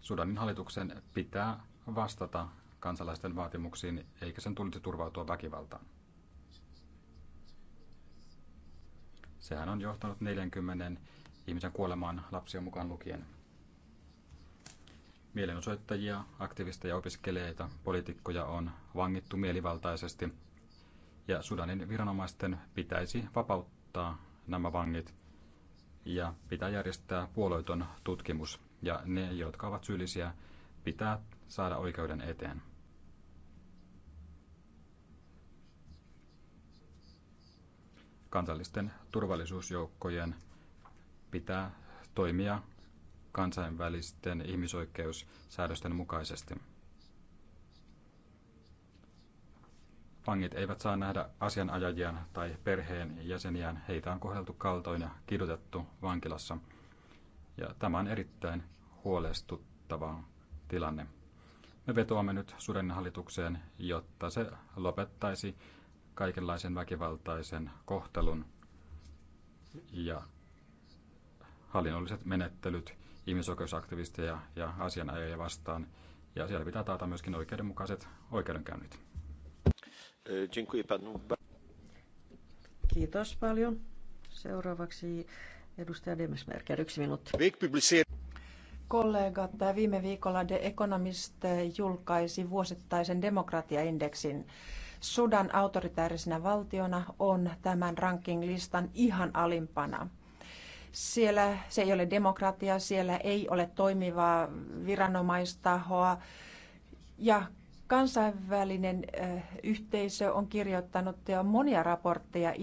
Sudanin hallituksen pitää vastata kansalaisten vaatimuksiin, eikä sen tulisi turvautua väkivaltaan. Sehän on johtanut 40 ihmisen kuolemaan lapsia mukaan lukien. Mielenosoittajia, aktivisteja, opiskelijoita, poliitikkoja on vangittu mielivaltaisesti ja Sudanin viranomaisten pitäisi vapauttaa nämä vangit ja pitää järjestää puolueeton tutkimus ja ne, jotka ovat syyllisiä, pitää saada oikeuden eteen. Kansallisten turvallisuusjoukkojen pitää toimia kansainvälisten ihmisoikeussäädösten mukaisesti. Vangit eivät saa nähdä asianajajiaan tai perheen jäseniään. Heitä on kohdeltu kaltoin ja kidutettu vankilassa – ja tämä on erittäin huolestuttava tilanne. Me vetoamme nyt Sudanin hallitukseen, jotta se lopettaisi kaikenlaisen väkivaltaisen kohtelun ja hallinnolliset menettelyt ihmisoikeusaktivisteja ja asianajajia vastaan. Ja siellä pitää taata myöskin oikeudenmukaiset oikeudenkäynnit. Kiitos paljon. Seuraavaksi Edustaja Demesmerker, yksi minuutti. Kollegat, viime viikolla The Economist julkaisi vuosittaisen demokratiaindeksin. Sudan autoritäärisenä valtiona on tämän ranking-listan ihan alimpana. Siellä se ei ole demokratia, siellä ei ole toimivaa viranomaistahoa ja Kansainvälinen yhteisö on kirjoittanut jo monia raportteja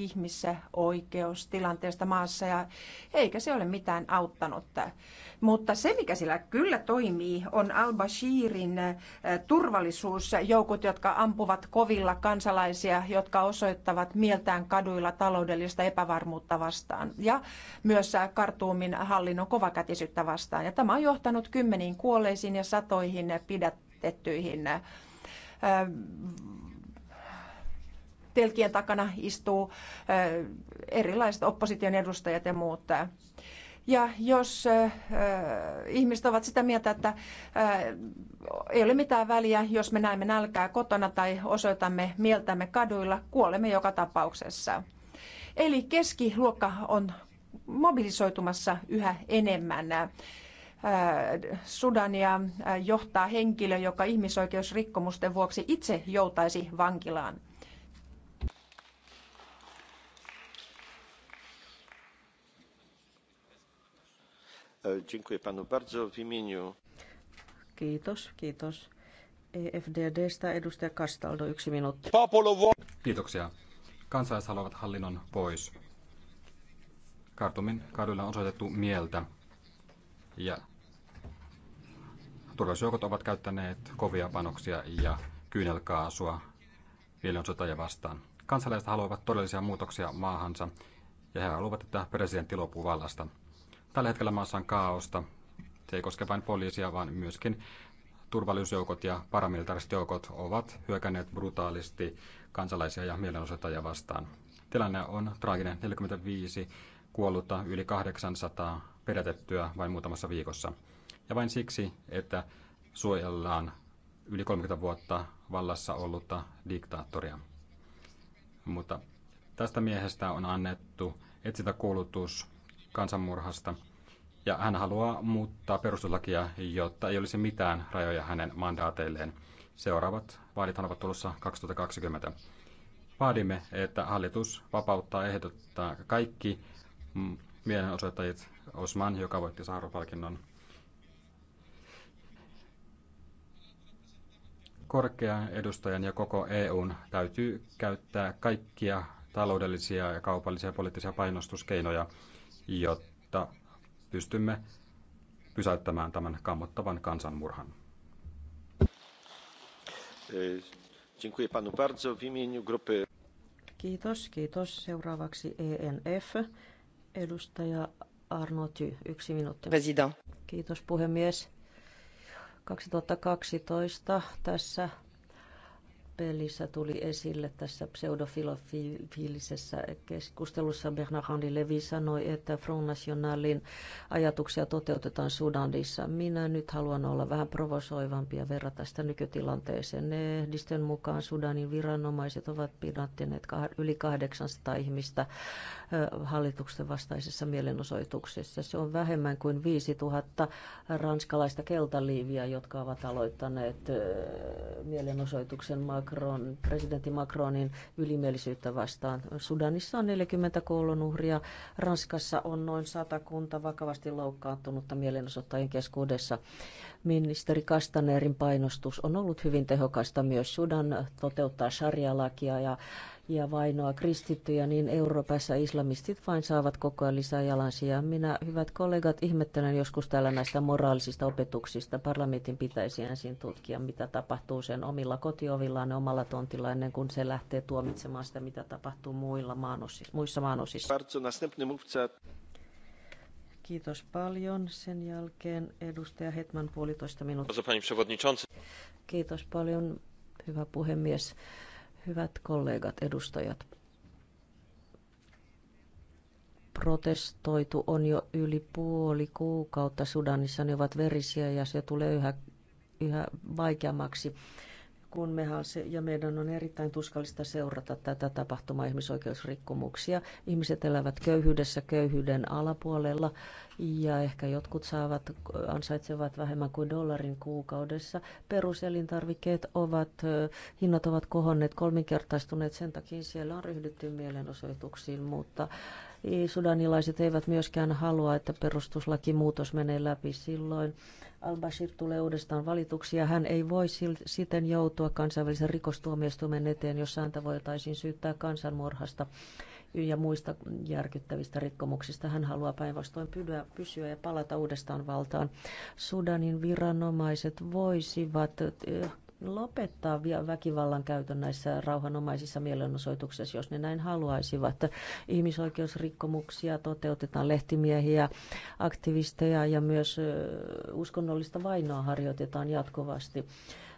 oikeustilanteesta maassa, ja eikä se ole mitään auttanut. Mutta se, mikä sillä kyllä toimii, on al-Bashirin turvallisuusjoukot, jotka ampuvat kovilla kansalaisia, jotka osoittavat mieltään kaduilla taloudellista epävarmuutta vastaan, ja myös Kartuumin hallinnon kovakätisyyttä vastaan. Ja tämä on johtanut kymmeniin kuolleisiin ja satoihin pidätettyihin telkien takana istuu erilaiset opposition edustajat ja muut. Ja jos ihmiset ovat sitä mieltä, että ei ole mitään väliä, jos me näemme nälkää kotona tai osoitamme mieltämme kaduilla, kuolemme joka tapauksessa. Eli keskiluokka on mobilisoitumassa yhä enemmän. Sudania äh, johtaa henkilö, joka ihmisoikeusrikkomusten vuoksi itse joutaisi vankilaan. Äh, kiitos, kiitos. EFDDstä edustaja Castaldo, yksi minuutti. Kiitoksia. Kansalaiset haluavat hallinnon pois. Kartumin kaduilla on osoitettu mieltä ja turvallisuusjoukot ovat käyttäneet kovia panoksia ja kyynelkaasua Viljon sotaja vastaan. Kansalaiset haluavat todellisia muutoksia maahansa ja he haluavat, että presidentti lopuu vallasta. Tällä hetkellä maassa on kaaosta. Se ei koske vain poliisia, vaan myöskin turvallisuusjoukot ja paramilitaariset joukot ovat hyökänneet brutaalisti kansalaisia ja mielenosoittajia vastaan. Tilanne on traaginen 45 kuollutta yli 800 pidätettyä vain muutamassa viikossa. Ja vain siksi, että suojellaan yli 30 vuotta vallassa ollutta diktaattoria. Mutta tästä miehestä on annettu etsintäkuulutus kansanmurhasta, ja hän haluaa muuttaa perustuslakia, jotta ei olisi mitään rajoja hänen mandaateilleen. Seuraavat vaadithan ovat tulossa 2020. Vaadimme, että hallitus vapauttaa ehdottaa kaikki mm, mielenosoittajat Osman, joka voitti Saharov-palkinnon korkean edustajan ja koko EUn täytyy käyttää kaikkia taloudellisia ja kaupallisia ja poliittisia painostuskeinoja, jotta pystymme pysäyttämään tämän kammottavan kansanmurhan. Kiitos, kiitos. Seuraavaksi ENF. Edustaja Arnoty, yksi minuutti. President. Kiitos puhemies. 2012 tässä pelissä tuli esille tässä pseudofilofiilisessä keskustelussa. Bernard Levi sanoi, että Front Nationalin ajatuksia toteutetaan Sudanissa. Minä nyt haluan olla vähän provosoivampi ja verrata sitä nykytilanteeseen. Ehdisten mukaan Sudanin viranomaiset ovat pidättäneet yli 800 ihmistä hallituksen vastaisessa mielenosoituksessa. Se on vähemmän kuin 5000 ranskalaista keltaliiviä, jotka ovat aloittaneet mielenosoituksen Mark Macron, presidentti Macronin ylimielisyyttä vastaan. Sudanissa on 40 koulunuhria, Ranskassa on noin 100 kunta vakavasti loukkaantunutta mielenosoittajien keskuudessa. Ministeri Kastanerin painostus on ollut hyvin tehokasta myös. Sudan toteuttaa sharia-lakia ja ja vainoa kristittyjä, niin Euroopassa islamistit vain saavat koko ajan lisää jalansijaa. Minä, hyvät kollegat, ihmettelen joskus täällä näistä moraalisista opetuksista. Parlamentin pitäisi ensin tutkia, mitä tapahtuu sen omilla kotiovillaan ja omalla tontilla ennen kuin se lähtee tuomitsemaan sitä, mitä tapahtuu muilla maanosis, muissa maanosissa. Kiitos paljon. Sen jälkeen edustaja Hetman puolitoista minuuttia. Kiitos paljon, hyvä puhemies. Hyvät kollegat, edustajat, protestoitu on jo yli puoli kuukautta Sudanissa. Ne ovat verisiä ja se tulee yhä, yhä vaikeammaksi kun me ja meidän on erittäin tuskallista seurata tätä tapahtumaa ihmisoikeusrikkomuksia. Ihmiset elävät köyhyydessä köyhyyden alapuolella ja ehkä jotkut saavat, ansaitsevat vähemmän kuin dollarin kuukaudessa. Peruselintarvikkeet ovat, hinnat ovat kohonneet, kolminkertaistuneet, sen takia siellä on ryhdytty mielenosoituksiin, mutta sudanilaiset eivät myöskään halua, että perustuslakimuutos menee läpi silloin. Al-Bashir tulee uudestaan valituksi ja hän ei voi siten joutua kansainvälisen rikostuomioistuimen eteen, jossa häntä voitaisiin syyttää kansanmurhasta ja muista järkyttävistä rikkomuksista. Hän haluaa päinvastoin pysyä ja palata uudestaan valtaan. Sudanin viranomaiset voisivat eh, lopettaa väkivallan käytön näissä rauhanomaisissa mielenosoituksissa, jos ne näin haluaisivat. Ihmisoikeusrikkomuksia toteutetaan, lehtimiehiä, aktivisteja ja myös uskonnollista vainoa harjoitetaan jatkuvasti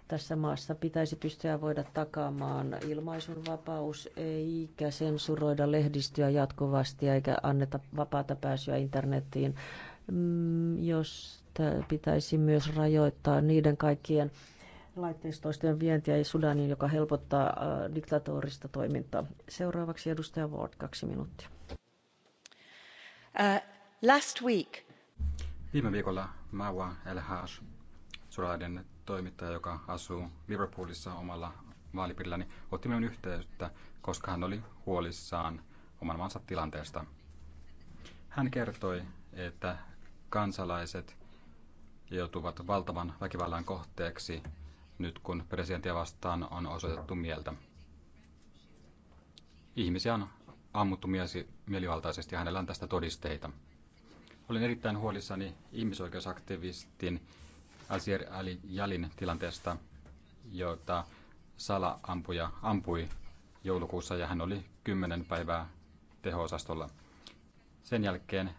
tässä maassa pitäisi pystyä voida takaamaan ilmaisunvapaus, eikä sensuroida lehdistöä jatkuvasti, eikä anneta vapaata pääsyä internettiin, mm, jos pitäisi myös rajoittaa niiden kaikkien laitteistoisten vientiä Sudaniin, joka helpottaa äh, diktatorista toimintaa. Seuraavaksi edustaja Ward, kaksi minuuttia. Uh, last week. Viime viikolla Mawa El Haj, sudanilainen toimittaja, joka asuu Liverpoolissa omalla vaalipiirilläni, otti minun yhteyttä, koska hän oli huolissaan oman maansa tilanteesta. Hän kertoi, että kansalaiset joutuvat valtavan väkivallan kohteeksi nyt kun presidenttiä vastaan on osoitettu mieltä. Ihmisiä on ammuttu mielivaltaisesti ja hänellä on tästä todisteita. Olin erittäin huolissani ihmisoikeusaktivistin Asier Ali Jalin tilanteesta, jota sala-ampuja ampui joulukuussa ja hän oli kymmenen päivää teho-osastolla. Sen jälkeen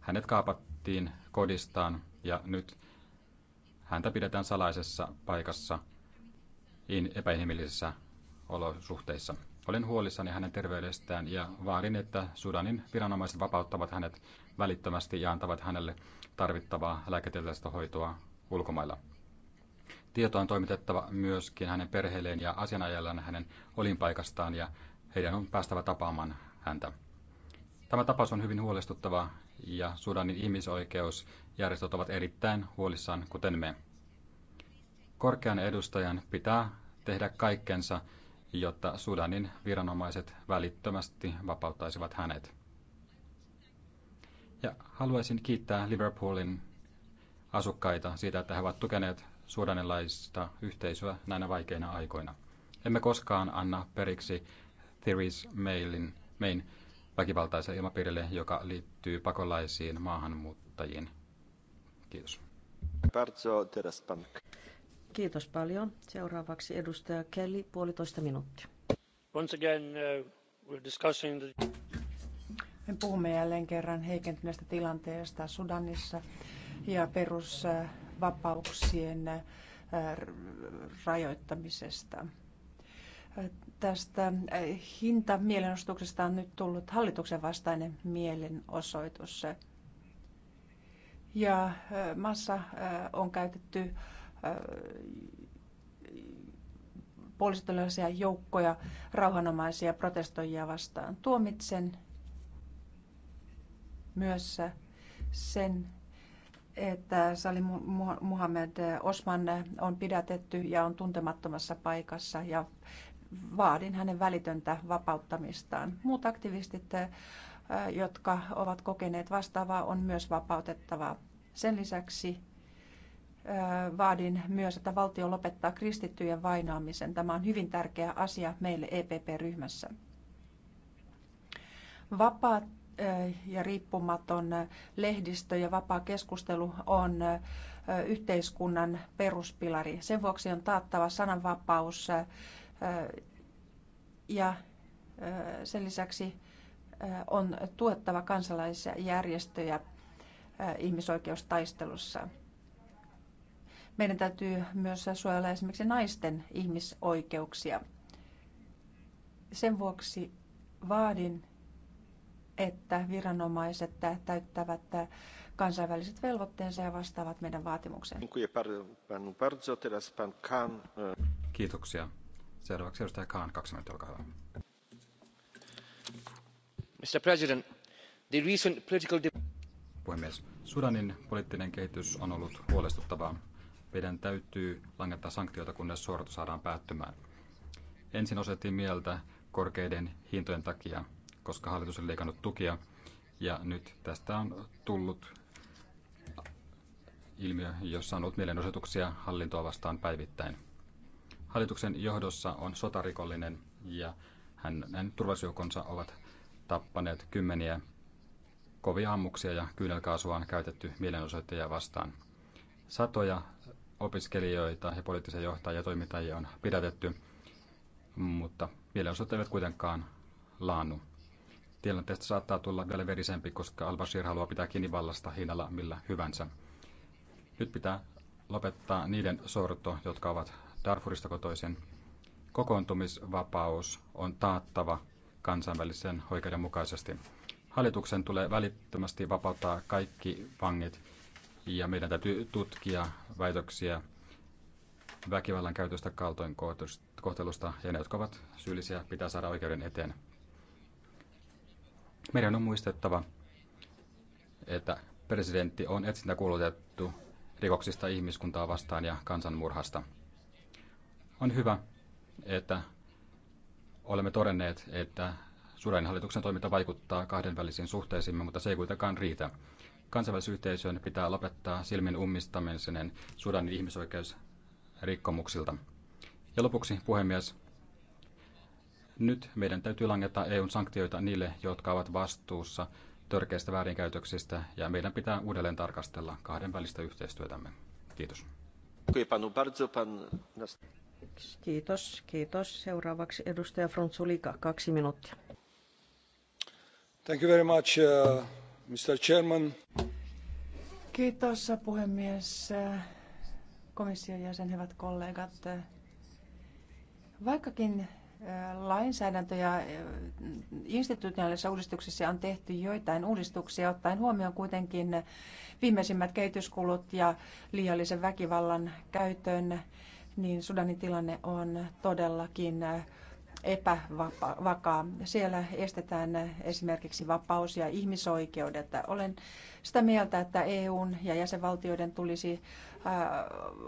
hänet kaapattiin kodistaan ja nyt Häntä pidetään salaisessa paikassa epäinhimillisissä olosuhteissa. Olen huolissani hänen terveydestään ja vaadin, että Sudanin viranomaiset vapauttavat hänet välittömästi ja antavat hänelle tarvittavaa lääketieteellistä hoitoa ulkomailla. Tietoa on toimitettava myöskin hänen perheelleen ja asianajallaan hänen olinpaikastaan ja heidän on päästävä tapaamaan häntä. Tämä tapaus on hyvin huolestuttava ja Sudanin ihmisoikeusjärjestöt ovat erittäin huolissaan, kuten me. Korkean edustajan pitää tehdä kaikkensa, jotta Sudanin viranomaiset välittömästi vapauttaisivat hänet. Ja haluaisin kiittää Liverpoolin asukkaita siitä, että he ovat tukeneet sudanilaista yhteisöä näinä vaikeina aikoina. Emme koskaan anna periksi Theresa Mayn väkivaltaiselle ilmapiirille, joka liittyy pakolaisiin maahanmuuttajiin. Kiitos. Kiitos paljon. Seuraavaksi edustaja Kelly, puolitoista minuuttia. Once again, uh, we're discussing the... Me puhumme jälleen kerran heikentyneestä tilanteesta Sudanissa ja perusvapauksien uh, rajoittamisesta. Tästä eh, hinta-mielenostuksesta on nyt tullut hallituksen vastainen mielenosoitus. Ja eh, massa eh, on käytetty puolisotilaisia joukkoja rauhanomaisia protestoijia vastaan. Tuomitsen myös sen, että Salim Muhammed Osman on pidätetty ja on tuntemattomassa paikassa ja vaadin hänen välitöntä vapauttamistaan. Muut aktivistit, jotka ovat kokeneet vastaavaa, on myös vapautettava. Sen lisäksi vaadin myös, että valtio lopettaa kristittyjen vainoamisen. Tämä on hyvin tärkeä asia meille EPP-ryhmässä. Vapaa ja riippumaton lehdistö ja vapaa keskustelu on yhteiskunnan peruspilari. Sen vuoksi on taattava sananvapaus ja sen lisäksi on tuettava kansalaisjärjestöjä ihmisoikeustaistelussa. Meidän täytyy myös suojella esimerkiksi naisten ihmisoikeuksia. Sen vuoksi vaadin, että viranomaiset täyttävät kansainväliset velvoitteensa ja vastaavat meidän vaatimukseen. E, Kiitoksia. Seuraavaksi edustaja Kaan, kaksi minuuttia, olkaa hyvä. Mr. President, the recent political... Puhemies, Sudanin poliittinen kehitys on ollut huolestuttavaa. Meidän täytyy langettaa sanktioita, kunnes suoritus saadaan päättymään. Ensin osettiin mieltä korkeiden hintojen takia, koska hallitus on leikannut tukia, ja nyt tästä on tullut ilmiö, jossa on ollut mielenosoituksia hallintoa vastaan päivittäin hallituksen johdossa on sotarikollinen ja hänen turvallisuusjoukonsa ovat tappaneet kymmeniä kovia ammuksia ja kyynelkaasua on käytetty mielenosoittajia vastaan. Satoja opiskelijoita ja poliittisia johtajia ja toimittajia on pidätetty, mutta mielenosoittajat eivät kuitenkaan laannu. Tilanteesta saattaa tulla vielä verisempi, koska al-Bashir haluaa pitää kiinni vallasta hinnalla millä hyvänsä. Nyt pitää lopettaa niiden sorto, jotka ovat Darfurista kotoisin. Kokoontumisvapaus on taattava kansainvälisen oikeuden mukaisesti. Hallituksen tulee välittömästi vapauttaa kaikki vangit ja meidän täytyy tutkia väitöksiä väkivallan käytöstä kaltoinkohtelusta ja ne, jotka ovat syyllisiä, pitää saada oikeuden eteen. Meidän on muistettava, että presidentti on etsintäkuulutettu rikoksista ihmiskuntaa vastaan ja kansanmurhasta – on hyvä, että olemme todenneet, että Sudanin hallituksen toiminta vaikuttaa kahdenvälisiin suhteisiimme, mutta se ei kuitenkaan riitä. Kansainvälisyhteisön pitää lopettaa silmin ummistaminen Sudanin ihmisoikeusrikkomuksilta. Ja lopuksi, puhemies, nyt meidän täytyy langeta EUn sanktioita niille, jotka ovat vastuussa törkeistä väärinkäytöksistä, ja meidän pitää uudelleen tarkastella kahdenvälistä yhteistyötämme. Kiitos. Kiitos, kiitos. Seuraavaksi edustaja Frontsulika, kaksi minuuttia. Thank you very much, uh, Mr. Chairman. Kiitos puhemies, uh, komission jäsen, hyvät kollegat. Uh, vaikkakin uh, lainsäädäntö- ja institutionaalisissa uudistuksissa on tehty joitain uudistuksia, ottaen huomioon kuitenkin viimeisimmät kehityskulut ja liiallisen väkivallan käytön niin Sudanin tilanne on todellakin epävakaa. Siellä estetään esimerkiksi vapaus ja ihmisoikeudet. Olen sitä mieltä, että EUn ja jäsenvaltioiden tulisi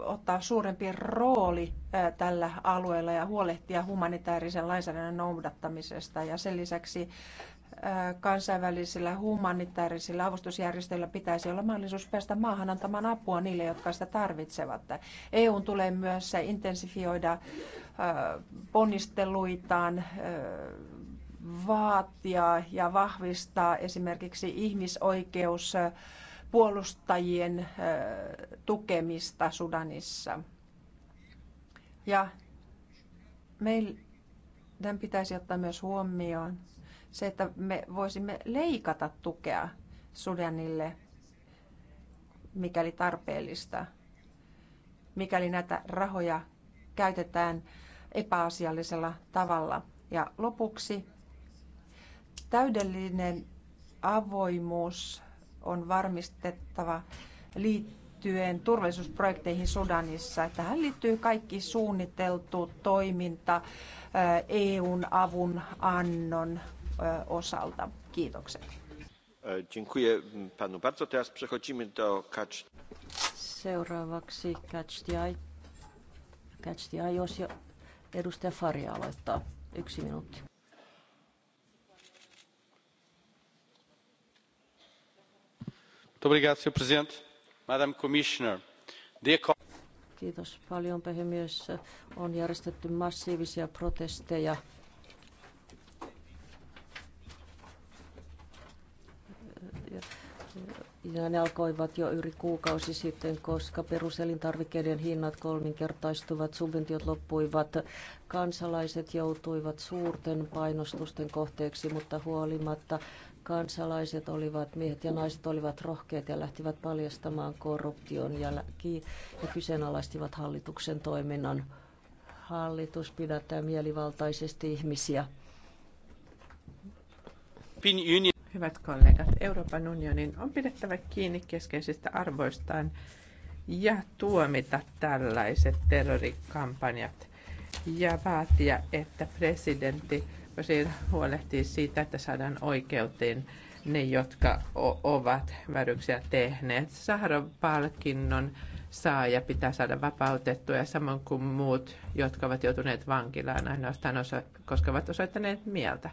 ottaa suurempi rooli tällä alueella ja huolehtia humanitaarisen lainsäädännön noudattamisesta. Ja sen lisäksi kansainvälisillä humanitaarisilla avustusjärjestöillä pitäisi olla mahdollisuus päästä maahan antamaan apua niille, jotka sitä tarvitsevat. EU tulee myös intensifioida ponnisteluitaan vaatia ja vahvistaa esimerkiksi ihmisoikeus puolustajien tukemista Sudanissa. Ja meidän pitäisi ottaa myös huomioon se, että me voisimme leikata tukea Sudanille, mikäli tarpeellista, mikäli näitä rahoja käytetään epäasiallisella tavalla. Ja lopuksi täydellinen avoimuus on varmistettava liittyen turvallisuusprojekteihin Sudanissa. Tähän liittyy kaikki suunniteltu toiminta, EUn avun annon osalta. Kiitokset. E, dziękuję panu bardzo. Teraz przechodzimy do catch. Seuraavaksi catch the eye. Catch the eye osio. Edustaja Faria aloittaa. Yksi minuutti. Obrigado, president. Madam Commissioner. Dear Kiitos paljon, puhemies. On järjestetty massiivisia protesteja Ja ne alkoivat jo yli kuukausi sitten, koska peruselintarvikkeiden hinnat kolminkertaistuvat, subventiot loppuivat, kansalaiset joutuivat suurten painostusten kohteeksi, mutta huolimatta kansalaiset olivat, miehet ja naiset olivat rohkeat ja lähtivät paljastamaan korruption ja, ja kyseenalaistivat hallituksen toiminnan. Hallitus pidättää mielivaltaisesti ihmisiä. Hyvät kollegat, Euroopan unionin on pidettävä kiinni keskeisistä arvoistaan ja tuomita tällaiset terrorikampanjat ja vaatia, että presidentti huolehtii siitä, että saadaan oikeuteen ne, jotka ovat väryksiä tehneet. Saharov-palkinnon saaja pitää saada vapautettua ja samoin kuin muut, jotka ovat joutuneet vankilaan ainoastaan, osa- koska ovat osoittaneet mieltä.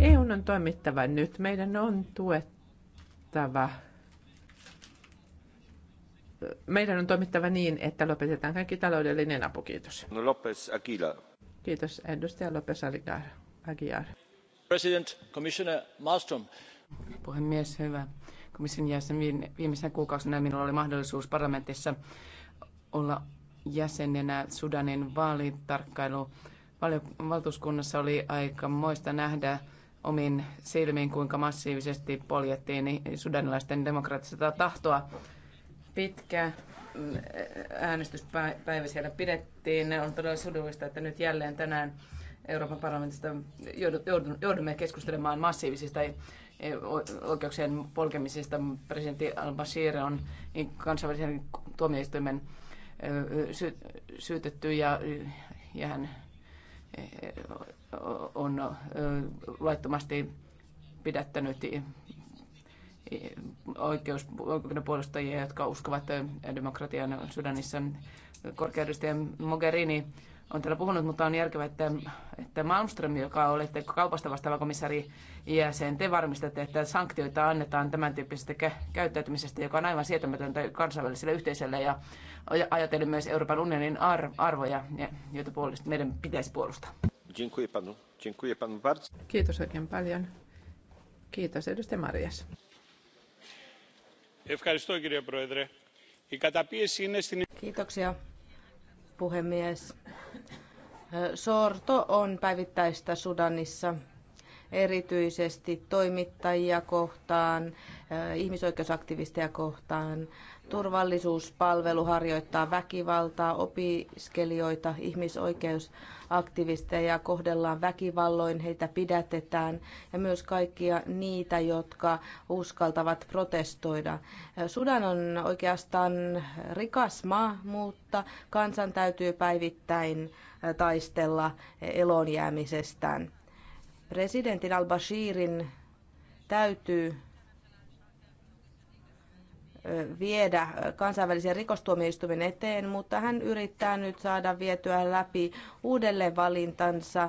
EU on toimittava nyt. Meidän on tuettava meidän on toimittava niin, että lopetetaan kaikki taloudellinen apu. Kiitos. No Lopez Aguilar. Kiitos. Edustaja Lopez Aguilar. Aguilar. President, Commissioner Malmström. Puhemies, hyvä. Komission jäsen viimeisenä kuukausina minulla oli mahdollisuus parlamentissa olla jäsenenä Sudanin vaalitarkkailu. Valtuuskunnassa oli aika moista nähdä omiin silmiin, kuinka massiivisesti poljettiin sudanilaisten demokraattista tahtoa. Pitkä mm, äänestyspäivä siellä pidettiin. Ne on todella surullista, että nyt jälleen tänään Euroopan parlamentista joudumme keskustelemaan massiivisista eh, oikeuksien polkemisista. Presidentti al-Bashir on kansainvälisen tuomioistuimen eh, sy- syytetty ja, ja hän eh, on laittomasti pidättänyt oikeus, oikeuden puolustajia, jotka uskovat demokratian Sudanissa. Korkeudustaja Mogherini on täällä puhunut, mutta on järkevää, että, että Malmström, joka olette kaupasta vastaava komissari jäsen, te varmistatte, että sanktioita annetaan tämän tyyppisestä käyttäytymisestä, joka on aivan sietämätöntä kansainväliselle yhteisölle ja ajatellen myös Euroopan unionin arvoja, joita meidän pitäisi puolustaa. Kiitos oikein paljon. Kiitos, edustaja Marjas. Kiitoksia, puhemies. Sorto on päivittäistä Sudanissa erityisesti toimittajia kohtaan, ihmisoikeusaktivisteja kohtaan. Turvallisuuspalvelu harjoittaa väkivaltaa, opiskelijoita, ihmisoikeus aktivisteja kohdellaan väkivalloin, heitä pidätetään ja myös kaikkia niitä, jotka uskaltavat protestoida. Sudan on oikeastaan rikas maa, mutta kansan täytyy päivittäin taistella elonjäämisestään. Presidentin al-Bashirin täytyy viedä kansainvälisen rikostuomioistuimen eteen, mutta hän yrittää nyt saada vietyä läpi uudelleen valintansa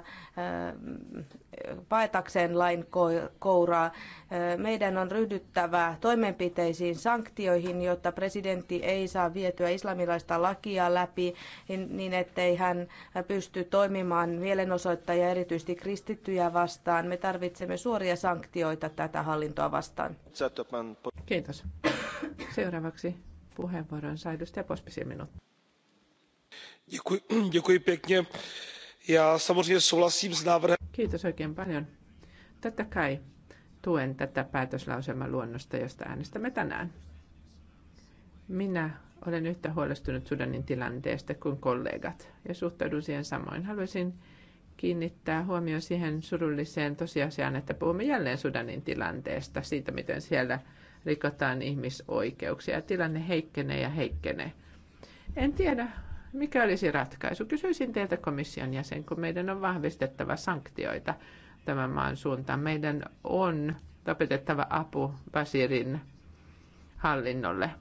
paetakseen lain kouraa. Meidän on ryhdyttävä toimenpiteisiin sanktioihin, jotta presidentti ei saa vietyä islamilaista lakia läpi niin, ettei hän pysty toimimaan mielenosoittajia erityisesti kristittyjä vastaan. Me tarvitsemme suoria sanktioita tätä hallintoa vastaan. Kiitos. Seuraavaksi puheenvuoron saa edustaja Pospisil Děkuji, děkuji pěkně. Já samozřejmě souhlasím s návrhem. Kiitos oikein paljon. Totta kai tuen tätä päätöslauselman luonnosta, josta äänestämme tänään. Minä olen yhtä huolestunut Sudanin tilanteesta kuin kollegat ja suhtaudun siihen samoin. Haluaisin kiinnittää huomioon siihen surulliseen tosiasiaan, että puhumme jälleen Sudanin tilanteesta, siitä miten siellä rikotaan ihmisoikeuksia. Tilanne heikkenee ja heikkenee. En tiedä, mikä olisi ratkaisu. Kysyisin teiltä komission jäsen, kun meidän on vahvistettava sanktioita tämän maan suuntaan. Meidän on lopetettava apu Basirin hallinnolle.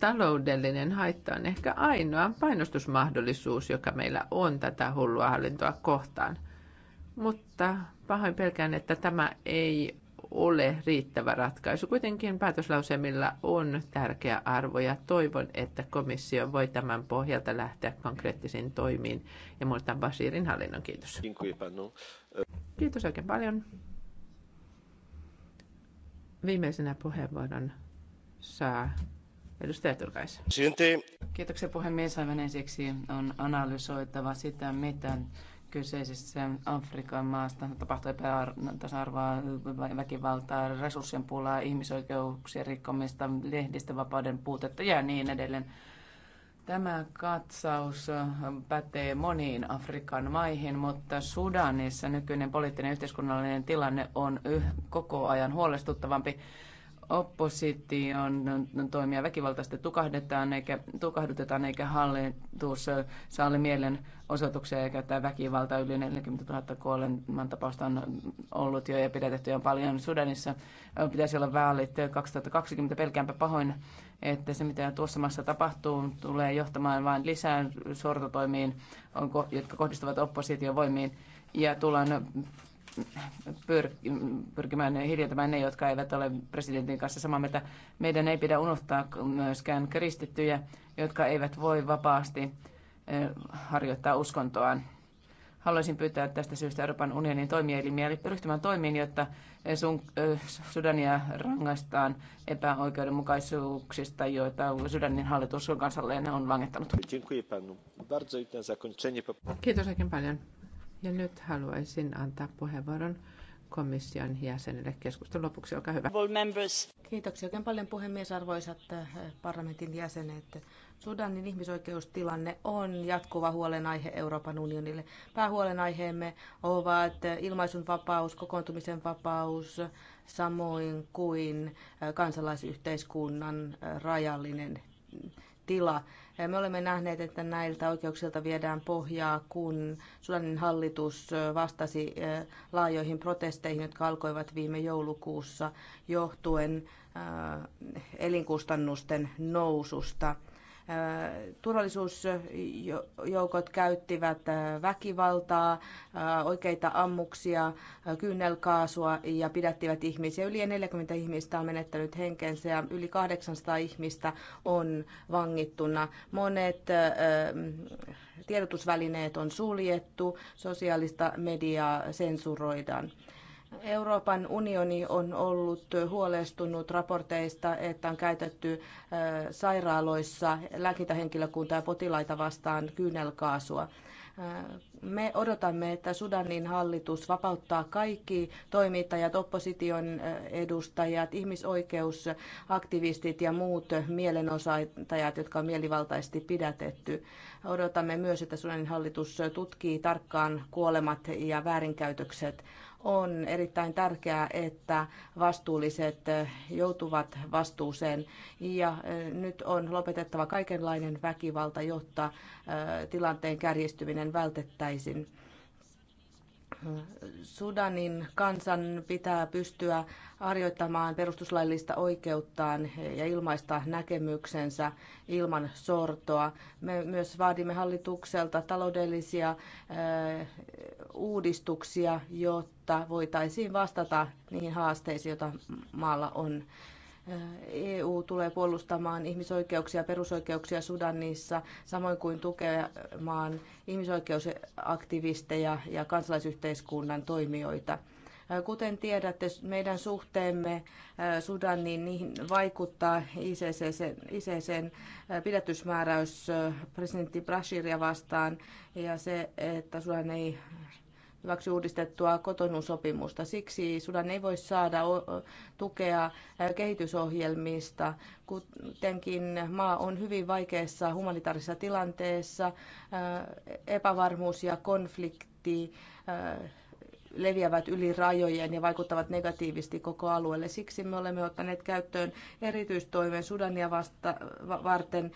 Taloudellinen haitta on ehkä ainoa painostusmahdollisuus, joka meillä on tätä hullua hallintoa kohtaan. Mutta pahoin pelkään, että tämä ei ole riittävä ratkaisu. Kuitenkin päätöslausemilla on tärkeä arvo ja toivon, että komissio voi tämän pohjalta lähteä konkreettisiin toimiin ja muistan Basirin hallinnon. Kiitos. Kiitos oikein paljon. Viimeisenä puheenvuoron saa Edustaja Turkais. Kiitoksia puhemies. Aivan ensiksi on analysoitava sitä, mitä kyseisessä Afrikan maasta tapahtui epätasa-arvoa, väkivaltaa, resurssien pulaa, ihmisoikeuksien rikkomista, lehdistövapauden puutetta ja niin edelleen. Tämä katsaus pätee moniin Afrikan maihin, mutta Sudanissa nykyinen poliittinen ja yhteiskunnallinen tilanne on koko ajan huolestuttavampi opposition toimia väkivaltaisesti tukahdetaan eikä, tukahdutetaan eikä hallitus salli mielenosoituksia ja käyttää väkivaltaa. Yli 40 000 kuoleman tapausta on ollut jo ja pidätetty on paljon. Sudanissa pitäisi olla vaalit 2020. Pelkäänpä pahoin, että se mitä tuossa maassa tapahtuu tulee johtamaan vain lisää sortotoimiin, jotka kohdistuvat voimiin ja tullaan pyrkimään hiljentämään ne, jotka eivät ole presidentin kanssa samaa mieltä. Meidän ei pidä unohtaa myöskään kristittyjä, jotka eivät voi vapaasti harjoittaa uskontoaan. Haluaisin pyytää tästä syystä Euroopan unionin toimielimiä ryhtymään toimiin, jotta sun, Sudania rangaistaan epäoikeudenmukaisuuksista, joita Sudanin hallitus on kansalleen on langettanut. Kiitos oikein paljon. Ja nyt haluaisin antaa puheenvuoron komission jäsenille keskustelun lopuksi. Olkaa hyvä. Kiitoksia oikein paljon puhemies, arvoisat eh, parlamentin jäsenet. Sudanin ihmisoikeustilanne on jatkuva huolenaihe Euroopan unionille. Päähuolenaiheemme ovat eh, ilmaisun vapaus, kokoontumisen vapaus, samoin kuin eh, kansalaisyhteiskunnan rajallinen tila. Me olemme nähneet, että näiltä oikeuksilta viedään pohjaa, kun Sudanin hallitus vastasi laajoihin protesteihin, jotka alkoivat viime joulukuussa johtuen elinkustannusten noususta – turvallisuusjoukot käyttivät äh, väkivaltaa, äh, oikeita ammuksia, äh, kyynelkaasua ja pidättivät ihmisiä. Yli 40 ihmistä on menettänyt henkensä ja yli 800 ihmistä on vangittuna. Monet tiedotusvälineet on suljettu, sosiaalista mediaa sensuroidaan. Euroopan unioni on ollut huolestunut raporteista, että on käytetty sairaaloissa lääkintähenkilökuntaa ja potilaita vastaan kyynelkaasua. Me odotamme, että Sudanin hallitus vapauttaa kaikki toimittajat, opposition edustajat, ihmisoikeusaktivistit ja muut mielenosoittajat, jotka on mielivaltaisesti pidätetty. Odotamme myös, että Sudanin hallitus tutkii tarkkaan kuolemat ja väärinkäytökset on erittäin tärkeää, että vastuulliset joutuvat vastuuseen ja nyt on lopetettava kaikenlainen väkivalta, jotta tilanteen kärjistyminen vältettäisiin. Sudanin kansan pitää pystyä harjoittamaan perustuslaillista oikeuttaan ja ilmaista näkemyksensä ilman sortoa. Me myös vaadimme hallitukselta taloudellisia uudistuksia, jotta voitaisiin vastata niihin haasteisiin, joita maalla on. EU tulee puolustamaan ihmisoikeuksia ja perusoikeuksia Sudanissa, samoin kuin tukemaan ihmisoikeusaktivisteja ja kansalaisyhteiskunnan toimijoita. Kuten tiedätte, meidän suhteemme Sudaniin niihin vaikuttaa ICCn, ICCn pidätysmääräys presidentti Brashiria vastaan ja se, että Sudan ei hyväksi uudistettua kotonusopimusta. Siksi Sudan ei voi saada tukea kehitysohjelmista. Kuitenkin maa on hyvin vaikeassa humanitaarisessa tilanteessa. Epävarmuus ja konflikti leviävät yli rajojen ja vaikuttavat negatiivisesti koko alueelle. Siksi me olemme ottaneet käyttöön erityistoimen Sudania vasta, varten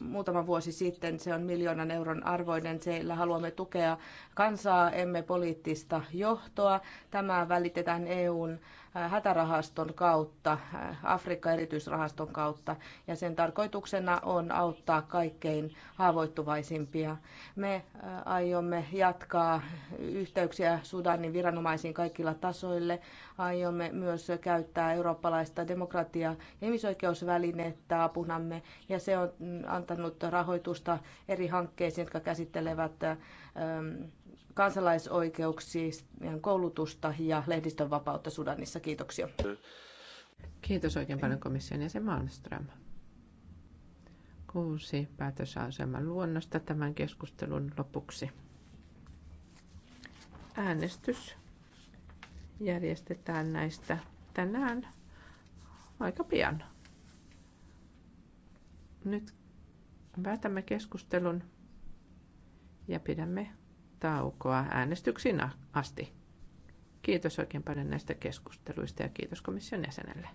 muutama vuosi sitten. Se on miljoonan euron arvoinen. Sillä haluamme tukea kansaa, emme poliittista johtoa. Tämä välitetään EUn Äh, hätärahaston kautta, äh, Afrikka-erityisrahaston kautta, ja sen tarkoituksena on auttaa kaikkein haavoittuvaisimpia. Me äh, aiomme jatkaa yhteyksiä Sudanin viranomaisiin kaikilla tasoille. Aiomme myös käyttää eurooppalaista demokratia- ja ihmisoikeusvälinettä apunamme, ja se on mm, antanut rahoitusta eri hankkeisiin, jotka käsittelevät ähm, kansalaisoikeuksien koulutusta ja lehdistön vapautta Sudanissa. Kiitoksia. Kiitos oikein paljon komission jäsen Malmström. Kuusi päätösaseman luonnosta tämän keskustelun lopuksi. Äänestys järjestetään näistä tänään aika pian. Nyt päätämme keskustelun ja pidämme taukoa äänestyksiin asti. Kiitos oikein paljon näistä keskusteluista ja kiitos komission jäsenelle.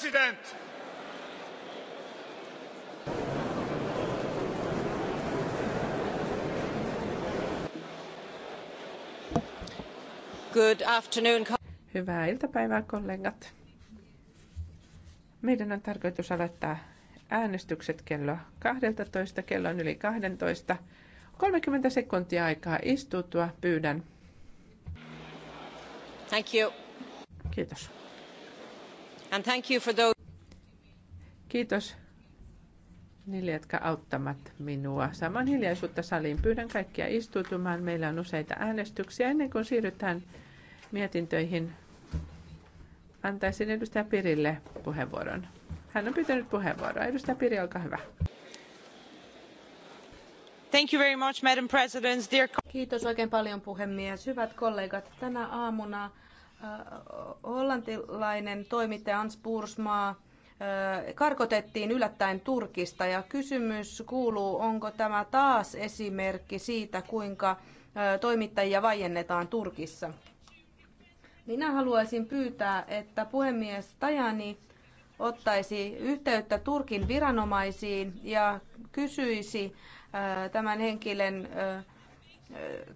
president! Good afternoon. Hyvää iltapäivää, kollegat. Meidän on tarkoitus aloittaa äänestykset kello 12, kello on yli 12. 30 sekuntia aikaa istuutua, pyydän. Thank you. Kiitos. And thank you for those... Kiitos niille, jotka auttavat minua. Saman hiljaisuutta saliin pyydän kaikkia istutumaan. Meillä on useita äänestyksiä. Ennen kuin siirrytään mietintöihin, antaisin edustaja Pirille puheenvuoron. Hän on pitänyt puheenvuoroa. Edustaja Piri, olkaa hyvä. Thank you very much, Madam President. Dear... Kiitos oikein paljon puhemies. Hyvät kollegat, tänä aamuna hollantilainen toimittaja Hans Pursmaa karkotettiin yllättäen Turkista ja kysymys kuuluu, onko tämä taas esimerkki siitä, kuinka toimittajia vaiennetaan Turkissa. Minä haluaisin pyytää, että puhemies Tajani ottaisi yhteyttä Turkin viranomaisiin ja kysyisi tämän henkilön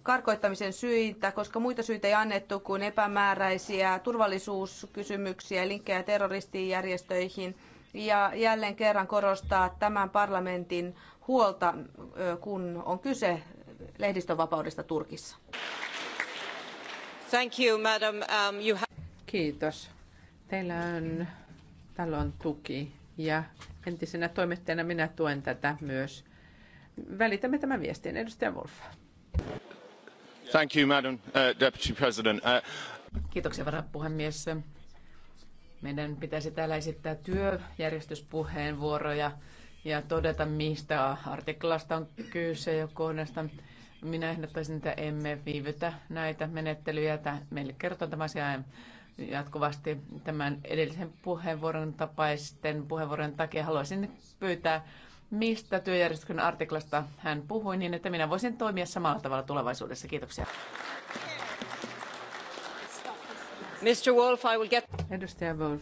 karkoittamisen syitä, koska muita syitä ei annettu kuin epämääräisiä turvallisuuskysymyksiä, linkkejä terroristijärjestöihin ja jälleen kerran korostaa tämän parlamentin huolta, kun on kyse lehdistönvapaudesta Turkissa. Thank you, madam. Um, you have... Kiitos. Teillä on talon tuki ja entisenä toimittajana minä tuen tätä myös. Välitämme tämän viestin. Edustaja Wolff arvoisa uh, uh, puhemies, varapuhemies. Meidän pitäisi täällä esittää työjärjestyspuheenvuoroja ja todeta, mistä artiklasta on kyse ja kohdasta. Minä ehdottaisin, että emme viivytä näitä menettelyjä. Meille kertoo tämä asia jatkuvasti tämän edellisen puheenvuoron tapaisten puheenvuoron takia. Haluaisin pyytää mistä työjärjestyksen artiklasta hän puhui, niin että minä voisin toimia samalla tavalla tulevaisuudessa. Kiitoksia. Mr. Wolf, I will get... Edustaja Wolf,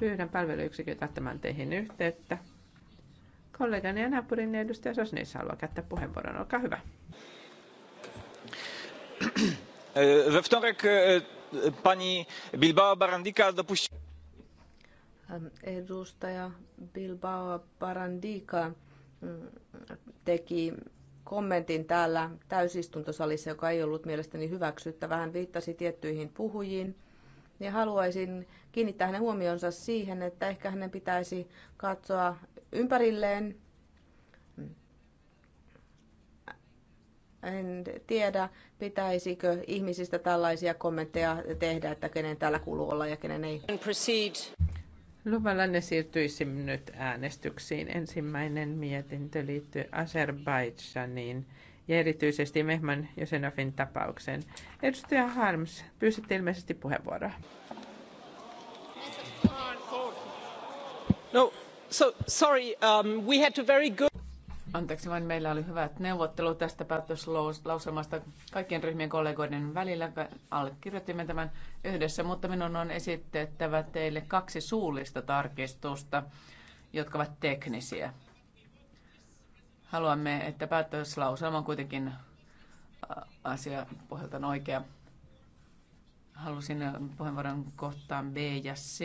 pyydän palveluyksiköitä ottamaan teihin yhteyttä. Kollegani ja naapurin edustaja Sosnis haluaa käyttää puheenvuoron. Olkaa hyvä. We wtorek e, pani Bilbao Barandika dopuściła Edustaja Bilbao Parandika mm, teki kommentin täällä täysistuntosalissa, joka ei ollut mielestäni hyväksyttävä. Hän viittasi tiettyihin puhujiin. Ja haluaisin kiinnittää hänen huomionsa siihen, että ehkä hänen pitäisi katsoa ympärilleen. En tiedä, pitäisikö ihmisistä tällaisia kommentteja tehdä, että kenen täällä kuuluu olla ja kenen ei. Luvalla ne siirtyisimme nyt äänestyksiin. Ensimmäinen mietintö liittyy Azerbaidžaniin ja erityisesti Mehman Josenovin tapaukseen. Edustaja Harms, pyysitte ilmeisesti puheenvuoroa. No, so, sorry, um, we had a very good... Anteeksi vain, meillä oli hyvät neuvottelut tästä päätöslauselmasta kaikkien ryhmien kollegoiden välillä. Allekirjoitimme tämän yhdessä, mutta minun on esitettävä teille kaksi suullista tarkistusta, jotka ovat teknisiä. Haluamme, että päätöslauselma on kuitenkin asia pohjalta oikea. Halusin puheenvuoron kohtaan B ja C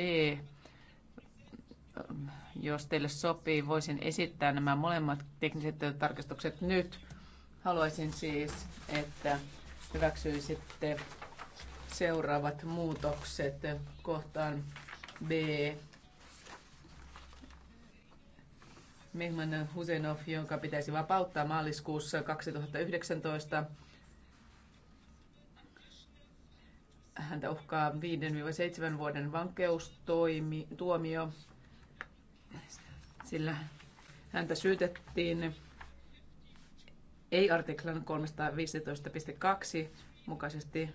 jos teille sopii, voisin esittää nämä molemmat tekniset tarkastukset nyt. Haluaisin siis, että hyväksyisitte seuraavat muutokset kohtaan B. Mehman Husenov, jonka pitäisi vapauttaa maaliskuussa 2019. Häntä uhkaa 5-7 vuoden vankeustuomio sillä häntä syytettiin ei artiklan 315.2 mukaisesti,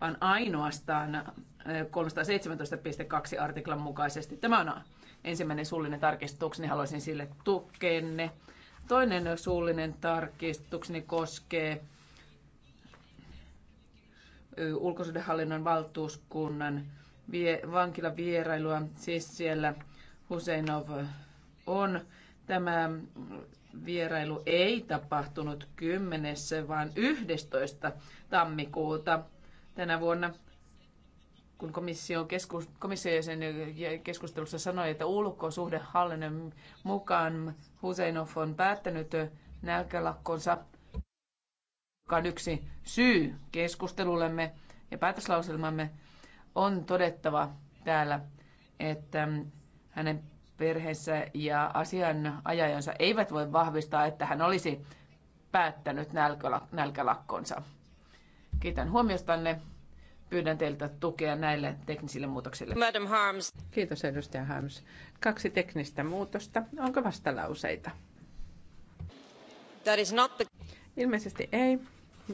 vaan ainoastaan 317.2 äh, artiklan mukaisesti. Tämä on ensimmäinen suullinen tarkistukseni, haluaisin sille tukenne. Toinen suullinen tarkistukseni koskee ulkosuhdehallinnon valtuuskunnan vankilavierailua, siis siellä Huseinov on. Tämä vierailu ei tapahtunut 10. vaan 11. tammikuuta tänä vuonna kun komissio keskus, keskustelussa sanoi, että ulkosuhdehallinnon mukaan Huseinov on päättänyt nälkälakkonsa, joka on yksi syy keskustelullemme ja päätöslauselmamme, on todettava täällä, että hänen perheensä ja asianajajansa eivät voi vahvistaa, että hän olisi päättänyt nälkälakkonsa. Kiitän huomiostanne. Pyydän teiltä tukea näille teknisille muutoksille. Madam Harms. Kiitos edustaja Harms. Kaksi teknistä muutosta. Onko vastalauseita? That is not the... Ilmeisesti ei,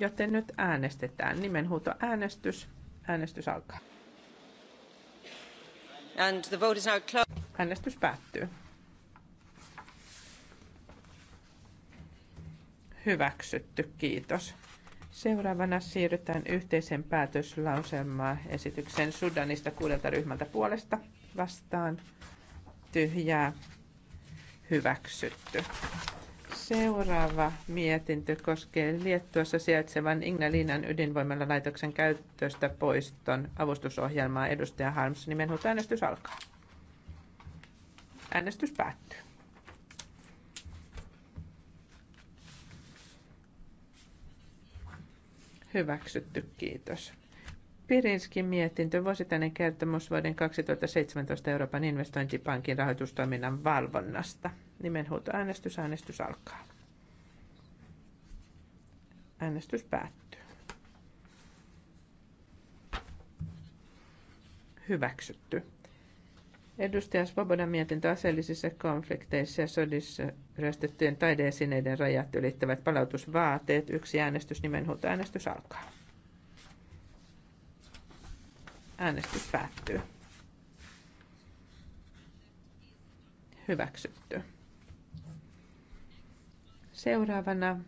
joten nyt äänestetään. Nimenhuuto äänestys. Äänestys alkaa. And the vote is now closed. Äänestys päättyy. Hyväksytty, kiitos. Seuraavana siirrytään yhteisen päätöslauselmaan esityksen Sudanista kuudelta ryhmältä puolesta vastaan tyhjää hyväksytty. Seuraava mietintö koskee Liettuassa sijaitsevan Ignalinan laitoksen käytöstä poiston avustusohjelmaa. Edustaja Harms, nimenhuutoäänestys alkaa. Äänestys päättyy. Hyväksytty, kiitos. Pirinskin mietintö, vuosittainen kertomus vuoden 2017 Euroopan investointipankin rahoitustoiminnan valvonnasta. Nimenhuutoäänestys, äänestys alkaa. Äänestys päättyy. Hyväksytty. Edustaja swobodan mietintö aseellisissa konflikteissa ja sodissa ryöstettyjen taideesineiden rajat ylittävät palautusvaateet. Yksi äänestys, nimenhuuto äänestys alkaa. Äänestys päättyy. Hyväksytty. Seuraavana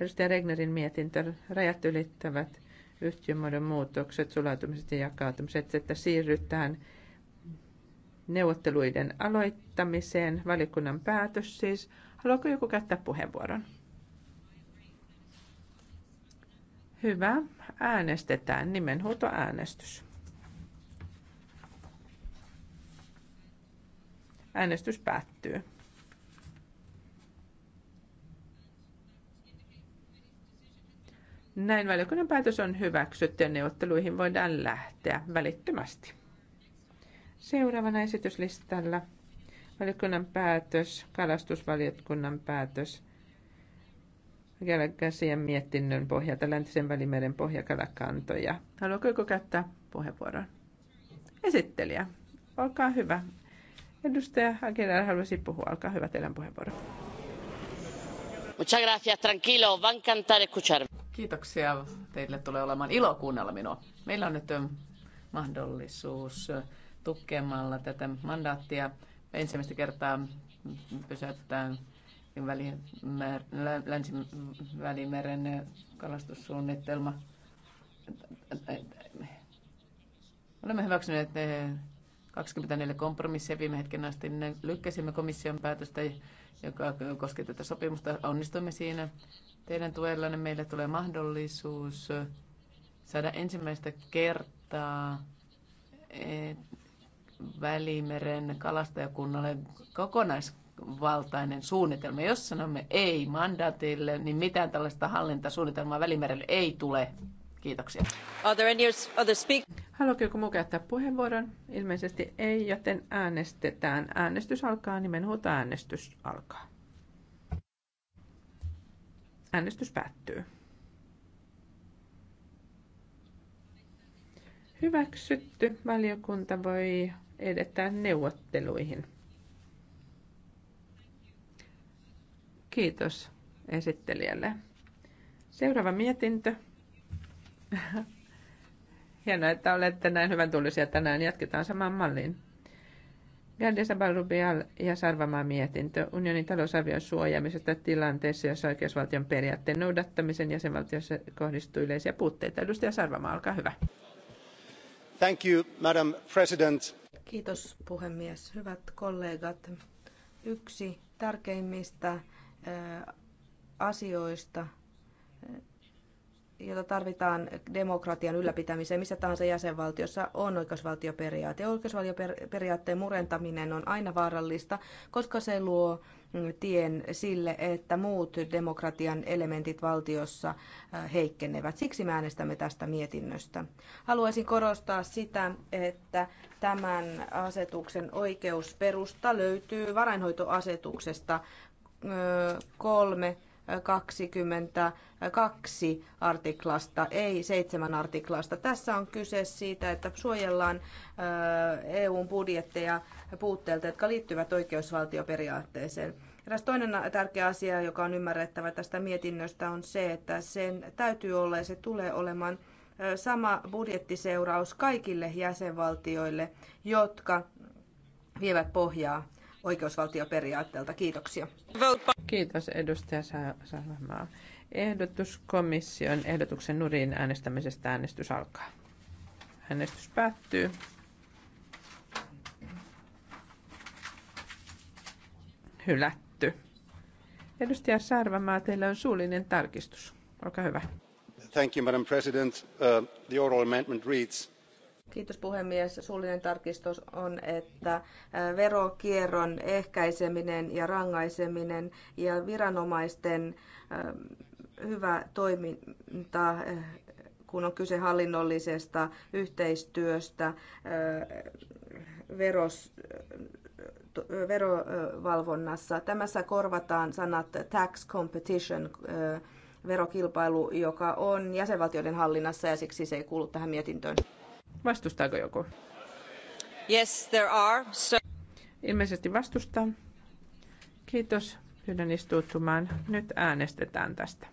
edustaja Regnerin mietintö rajat ylittävät yhtiömuodon muutokset, sulautumiset ja jakautumiset, että siirrytään neuvotteluiden aloittamiseen. Valiokunnan päätös siis. Haluatko joku käyttää puheenvuoron? Hyvä. Äänestetään nimenhuutoäänestys. Äänestys päättyy. Näin valiokunnan päätös on hyväksytty ja neuvotteluihin voidaan lähteä välittömästi. Seuraavana esityslistalla valiokunnan päätös, kalastusvaliokunnan päätös käsien mietinnön pohjalta läntisen välimeren pohjakalakantoja. Haluatko joku käyttää puheenvuoron? Esittelijä, olkaa hyvä. Edustaja Aguilar haluaisi puhua, olkaa hyvä teidän puheenvuoro. Muchas gracias, tranquilo, va encantar escuchar. Kiitoksia, teille tulee olemaan ilo kuunnella minua. Meillä on nyt eh, mahdollisuus eh, tukemalla tätä mandaattia. Ensimmäistä kertaa pysäyttää Länsi-Välimeren kalastussuunnitelma. Olemme hyväksyneet 24 kompromissia viime hetken asti. lykkäsimme komission päätöstä, joka koski tätä sopimusta. Onnistuimme siinä. Teidän tuellanne meille tulee mahdollisuus saada ensimmäistä kertaa Välimeren kalastajakunnalle kokonaisvaltainen suunnitelma. Jos sanomme ei mandaatille, niin mitään tällaista hallintasuunnitelmaa Välimerelle ei tule. Kiitoksia. Are there any other speak- Haluatko joku muu käyttää puheenvuoron? Ilmeisesti ei, joten äänestetään. Äänestys alkaa, nimenhuuta äänestys alkaa. Äänestys päättyy. Hyväksytty. Valiokunta voi edetään neuvotteluihin. Kiitos esittelijälle. Seuraava mietintö. Hienoa, että olette näin hyvän tullisia tänään. Jatketaan samaan malliin. Gardia Sabarubial ja Sarvamaa mietintö unionin talousarvion suojaamisesta tilanteessa, jossa oikeusvaltion periaatteen noudattamisen jäsenvaltiossa kohdistuu yleisiä puutteita. Edustaja Sarvamaa, olkaa hyvä. Thank you, Madam President Kiitos puhemies. Hyvät kollegat, yksi tärkeimmistä asioista jota tarvitaan demokratian ylläpitämiseen missä tahansa jäsenvaltiossa, on oikeusvaltioperiaate. Oikeusvaltioperiaatteen murentaminen on aina vaarallista, koska se luo mm, tien sille, että muut demokratian elementit valtiossa heikkenevät. Siksi me äänestämme tästä mietinnöstä. Haluaisin korostaa sitä, että tämän asetuksen oikeusperusta löytyy varainhoitoasetuksesta kolme 22 artiklasta, ei 7 artiklasta. Tässä on kyse siitä, että suojellaan EUn budjetteja puutteilta, jotka liittyvät oikeusvaltioperiaatteeseen. Eräs toinen tärkeä asia, joka on ymmärrettävä tästä mietinnöstä, on se, että sen täytyy olla ja se tulee olemaan sama budjettiseuraus kaikille jäsenvaltioille, jotka vievät pohjaa oikeusvaltioperiaatteelta. Kiitoksia. Kiitos edustaja Salamaa. Ehdotus komission ehdotuksen nurin äänestämisestä äänestys alkaa. Äänestys päättyy. Hylätty. Edustaja Sarvamaa, teillä on suullinen tarkistus. Olkaa hyvä. Thank you, Madam President. Uh, the oral amendment reads, Kiitos puhemies. Suullinen tarkistus on, että verokierron ehkäiseminen ja rangaiseminen ja viranomaisten hyvä toiminta kun on kyse hallinnollisesta yhteistyöstä, veros, verovalvonnassa. Tämässä korvataan sanat tax competition, verokilpailu, joka on jäsenvaltioiden hallinnassa ja siksi se ei kuulu tähän mietintöön. Vastustaako joku? Yes, there are. So... Ilmeisesti vastustaa. Kiitos. Pyydän istuutumaan. Nyt äänestetään tästä.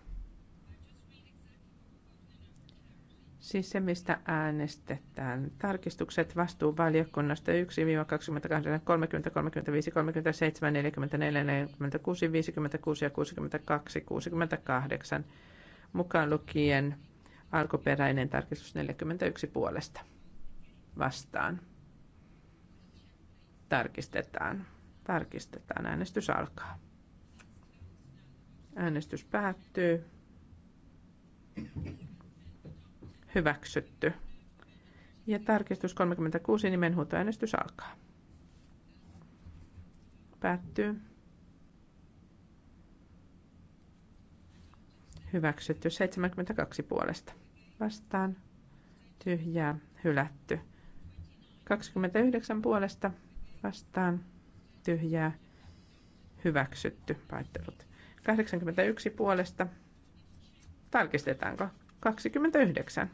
Siis se, mistä äänestetään. Tarkistukset vastuu valiokunnasta 1 28, 30, 35, 37, 44, 46, 56 ja 62, 68 mukaan lukien alkuperäinen tarkistus 41 puolesta vastaan. Tarkistetaan. Tarkistetaan. Äänestys alkaa. Äänestys päättyy. Hyväksytty. Ja tarkistus 36 nimenhuutoäänestys alkaa. Päättyy. Hyväksytty 72 puolesta. Vastaan. Tyhjää. Hylätty. 29 puolesta vastaan tyhjää hyväksytty vaihtelut. 81 puolesta tarkistetaanko 29.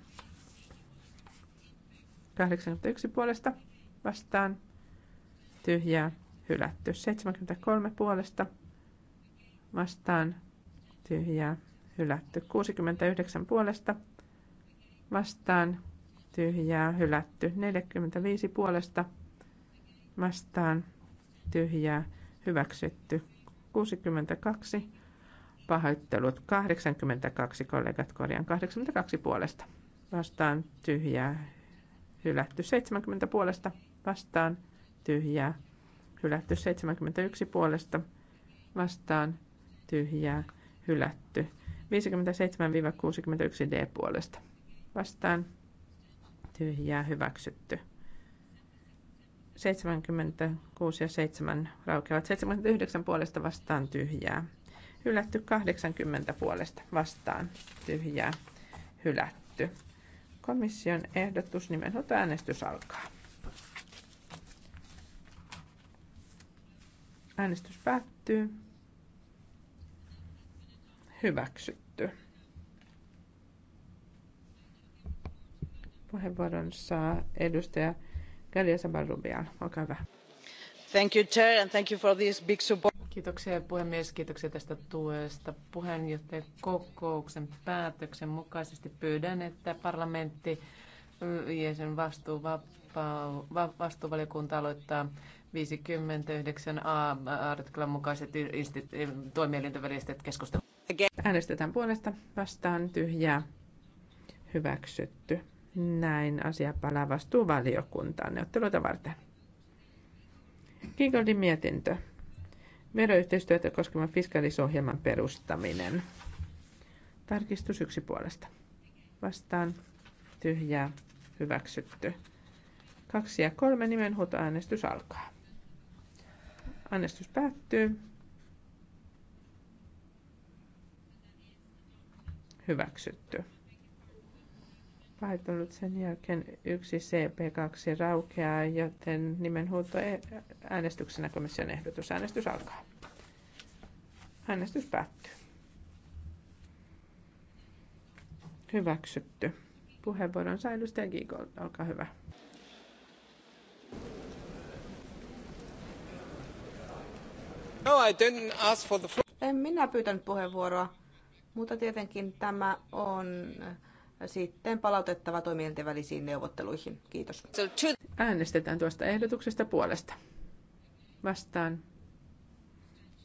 81 puolesta vastaan tyhjää hylätty. 73 puolesta vastaan tyhjää hylätty. 69 puolesta vastaan tyhjää hylätty. 45 puolesta vastaan tyhjää hyväksytty. 62 pahoittelut 82 kollegat korjaan 82 puolesta vastaan tyhjää hylätty 70 puolesta vastaan tyhjää hylätty 71 puolesta vastaan tyhjää hylätty 57-61 D puolesta vastaan tyhjää hyväksytty. 76 ja 7 raukeavat 79 puolesta vastaan tyhjää. Hylätty 80 puolesta vastaan tyhjää. Hylätty. Komission ehdotus nimenhoito äänestys alkaa. Äänestys päättyy. Hyväksytty. Puheenvuoron saa edustaja Galia Sabarubial. Olkaa hyvä. Thank you, Chair, and thank you for this big support. Kiitoksia puhemies, kiitoksia tästä tuesta. Puheenjohtajan kokouksen päätöksen mukaisesti pyydän, että parlamentti ja sen vastuuvaliokunta aloittaa 59a artiklan mukaiset toimielinten väliset keskustelut. Äänestetään puolesta vastaan tyhjää hyväksytty. Näin asia palaa vastuuvaliokuntaan neuvotteluita varten. Kinkoldin mietintö. Veroyhteistyötä koskevan fiskalisohjelman perustaminen. Tarkistus yksi puolesta. Vastaan tyhjää hyväksytty. Kaksi ja kolme nimen äänestys alkaa. Äänestys päättyy. Hyväksytty. Vaihtunut sen jälkeen yksi CP2 raukeaa, joten nimenhuuto e- äänestyksenä komission ehdotus. Äänestys alkaa. Äänestys päättyy. Hyväksytty. Puheenvuoron saa edustaja Giegold. Olkaa hyvä. No, I didn't ask for the floor. En minä pyytänyt puheenvuoroa, mutta tietenkin tämä on sitten palautettava toimijoiden välisiin neuvotteluihin. Kiitos. Äänestetään tuosta ehdotuksesta puolesta. Vastaan.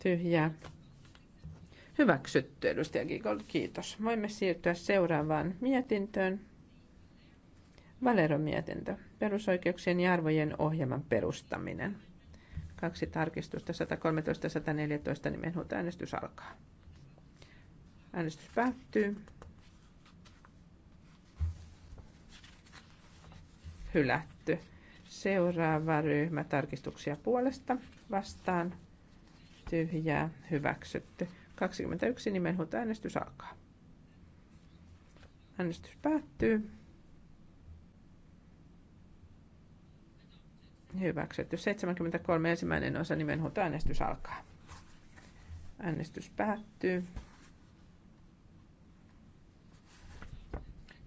Tyhjää. Hyväksytty, edustaja Gigol. Kiitos. Voimme siirtyä seuraavaan mietintöön. valero mietintö. Perusoikeuksien ja arvojen ohjelman perustaminen. Kaksi tarkistusta 113-114 nimenhuuta äänestys alkaa. Äänestys päättyy. hylätty. Seuraava ryhmä tarkistuksia puolesta vastaan tyhjää hyväksytty. 21 nimenhuuto äänestys alkaa. Äänestys päättyy. Hyväksytty. 73 ensimmäinen osa nimenhuuto äänestys alkaa. Äänestys päättyy.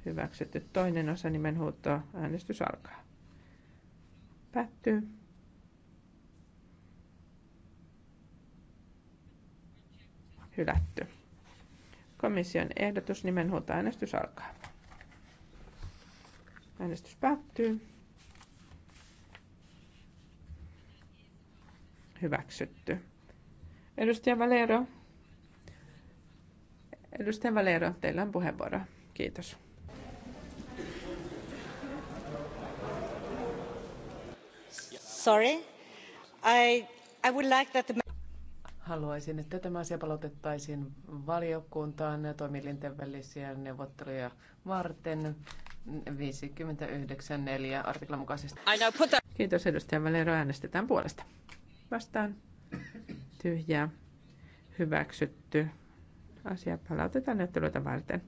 Hyväksytty toinen osa nimenhuuttoa. Äänestys alkaa. Päättyy. Hylätty. Komission ehdotus nimenhuolta äänestys alkaa. Äänestys päättyy. Hyväksytty. Edustaja Valero. Edustaja Valero, teillä on puheenvuoro. Kiitos. Haluaisin, että tämä asia palautettaisiin valiokuntaan toimielinten välisiä neuvotteluja varten 59.4 artiklan mukaisesti. Kiitos edustaja Valero. Äänestetään puolesta. Vastaan. Tyhjää. Hyväksytty. Asia palautetaan neuvotteluita varten.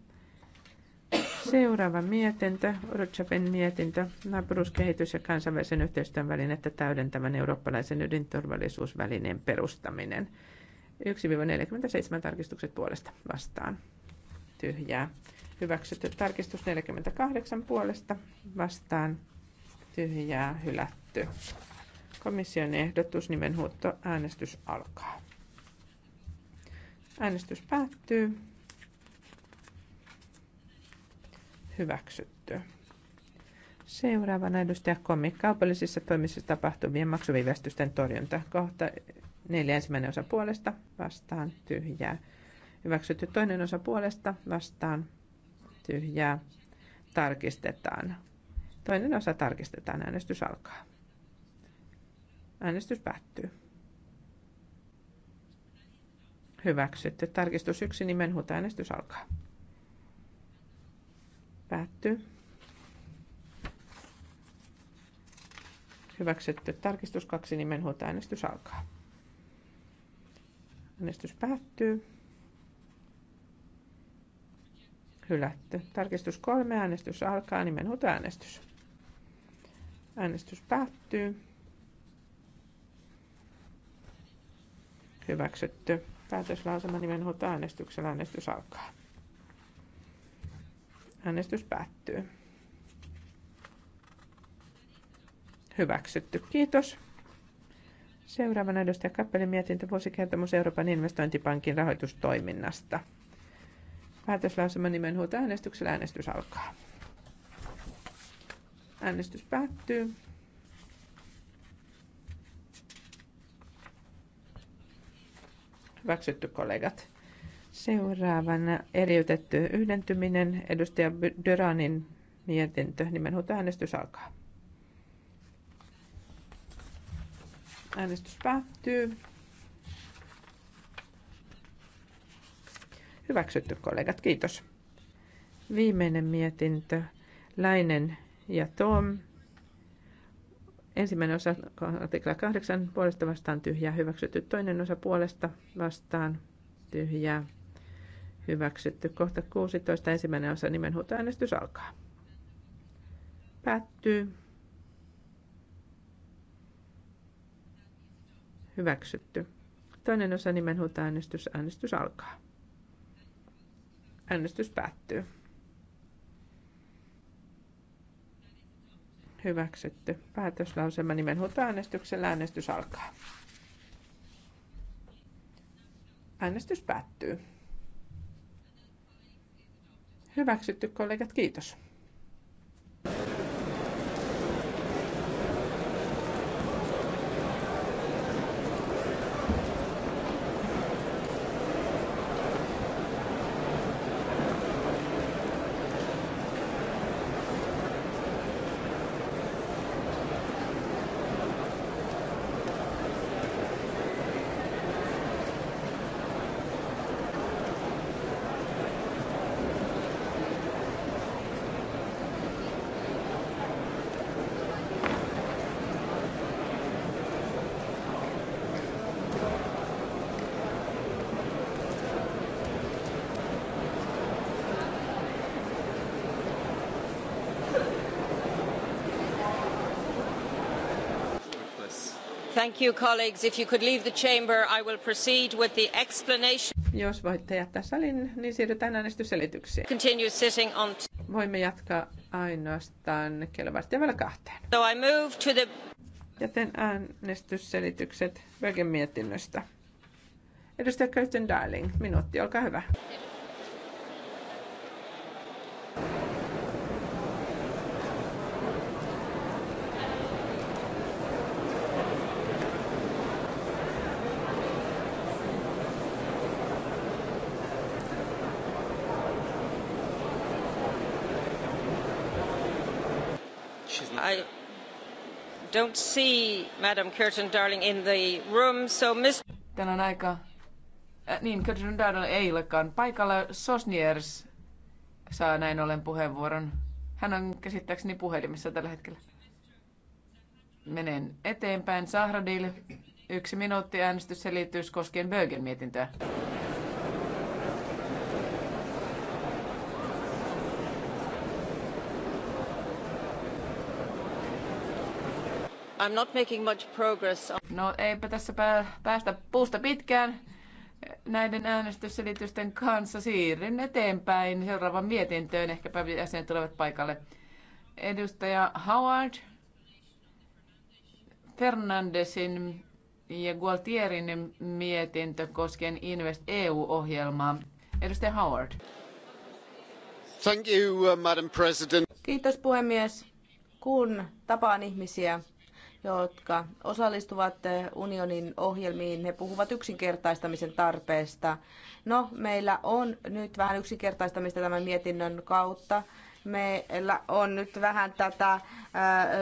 Seuraava mietintö, Rutsapin mietintö, naapuruuskehitys ja kansainvälisen yhteistyön välinettä täydentävän eurooppalaisen ydinturvallisuusvälineen perustaminen. 1-47 tarkistukset puolesta vastaan. Tyhjää. Hyväksytty tarkistus 48 puolesta vastaan. Tyhjää. Hylätty. Komission ehdotus nimenhuutto. Äänestys alkaa. Äänestys päättyy. Hyväksytty. Seuraavana edustaja Kommi. Kaupallisissa toimissa tapahtuvien maksuviivästysten torjunta. Kohta neljä ensimmäinen osa puolesta vastaan tyhjää. Hyväksytty toinen osa puolesta vastaan tyhjää. Tarkistetaan. Toinen osa tarkistetaan. Äänestys alkaa. Äänestys päättyy. Hyväksytty. Tarkistus yksi huuta. Äänestys alkaa. Päättyy. Hyväksytty. Tarkistus kaksi nimenhuolta. Äänestys alkaa. Äänestys päättyy. Hylätty. Tarkistus kolme. Äänestys alkaa. Nimenhuolta äänestys. Äänestys päättyy. Hyväksytty. Päätöslausema nimenhuolta äänestyksellä. Äänestys alkaa. Äänestys päättyy. Hyväksytty. Kiitos. Seuraavana edustaja Kappelin mietintö vuosikertomus Euroopan investointipankin rahoitustoiminnasta. Päätöslausuma nimenhuuto äänestyksellä. Äänestys alkaa. Äänestys päättyy. Hyväksytty kollegat. Seuraavana eriytetty yhdentyminen. Edustaja Dyranin mietintö. äänestys alkaa. Äänestys päättyy. Hyväksytty kollegat, kiitos. Viimeinen mietintö. Läinen ja Tom. Ensimmäinen osa artikla 8 puolesta vastaan tyhjää hyväksytty. Toinen osa puolesta vastaan tyhjää Hyväksytty. Kohta 16. Ensimmäinen osa nimenhuutoäänestys alkaa. Päättyy. Hyväksytty. Toinen osa nimenhuutoäänestys. Äänestys alkaa. Äänestys päättyy. Hyväksytty. Päätöslauselma nimenhuutoäänestyksellä. Äänestys alkaa. Äänestys päättyy. Hyväksytty kollegat, kiitos. Thank you, colleagues. If you could leave the chamber, I will proceed with the explanation. Jos voitte jättää salin, niin siirrytään äänestysselitykseen. Continue sitting on Voimme jatkaa ainoastaan kello vartijavalla kahteen. So I move to the... Joten äänestysselitykset Belgian mietinnöstä. Edustaja Curtin Darling, minuutti, olkaa hyvä. don't see Madam Curtin Darling in the room, so Miss... Tän aika... Äh, niin, Curtin Darling ei olekaan paikalla. Sosniers saa näin ollen puheenvuoron. Hän on käsittääkseni puhelimessa tällä hetkellä. Menen eteenpäin. Sahradil, yksi minuutti äänestysselitys koskien Bögen mietintöä. I'm not making much progress. No eipä tässä päästä puusta pitkään näiden äänestysselitysten kanssa. Siirryn eteenpäin seuraavan mietintöön. Ehkäpä jäsenet tulevat paikalle. Edustaja Howard, Fernandesin ja Gualtierin mietintö koskien Invest EU-ohjelmaa. Edustaja Howard. Thank you, uh, Madam President. Kiitos puhemies. Kun tapaan ihmisiä, jotka osallistuvat unionin ohjelmiin, he puhuvat yksinkertaistamisen tarpeesta. No, meillä on nyt vähän yksinkertaistamista tämän mietinnön kautta. Meillä on nyt vähän tätä äh,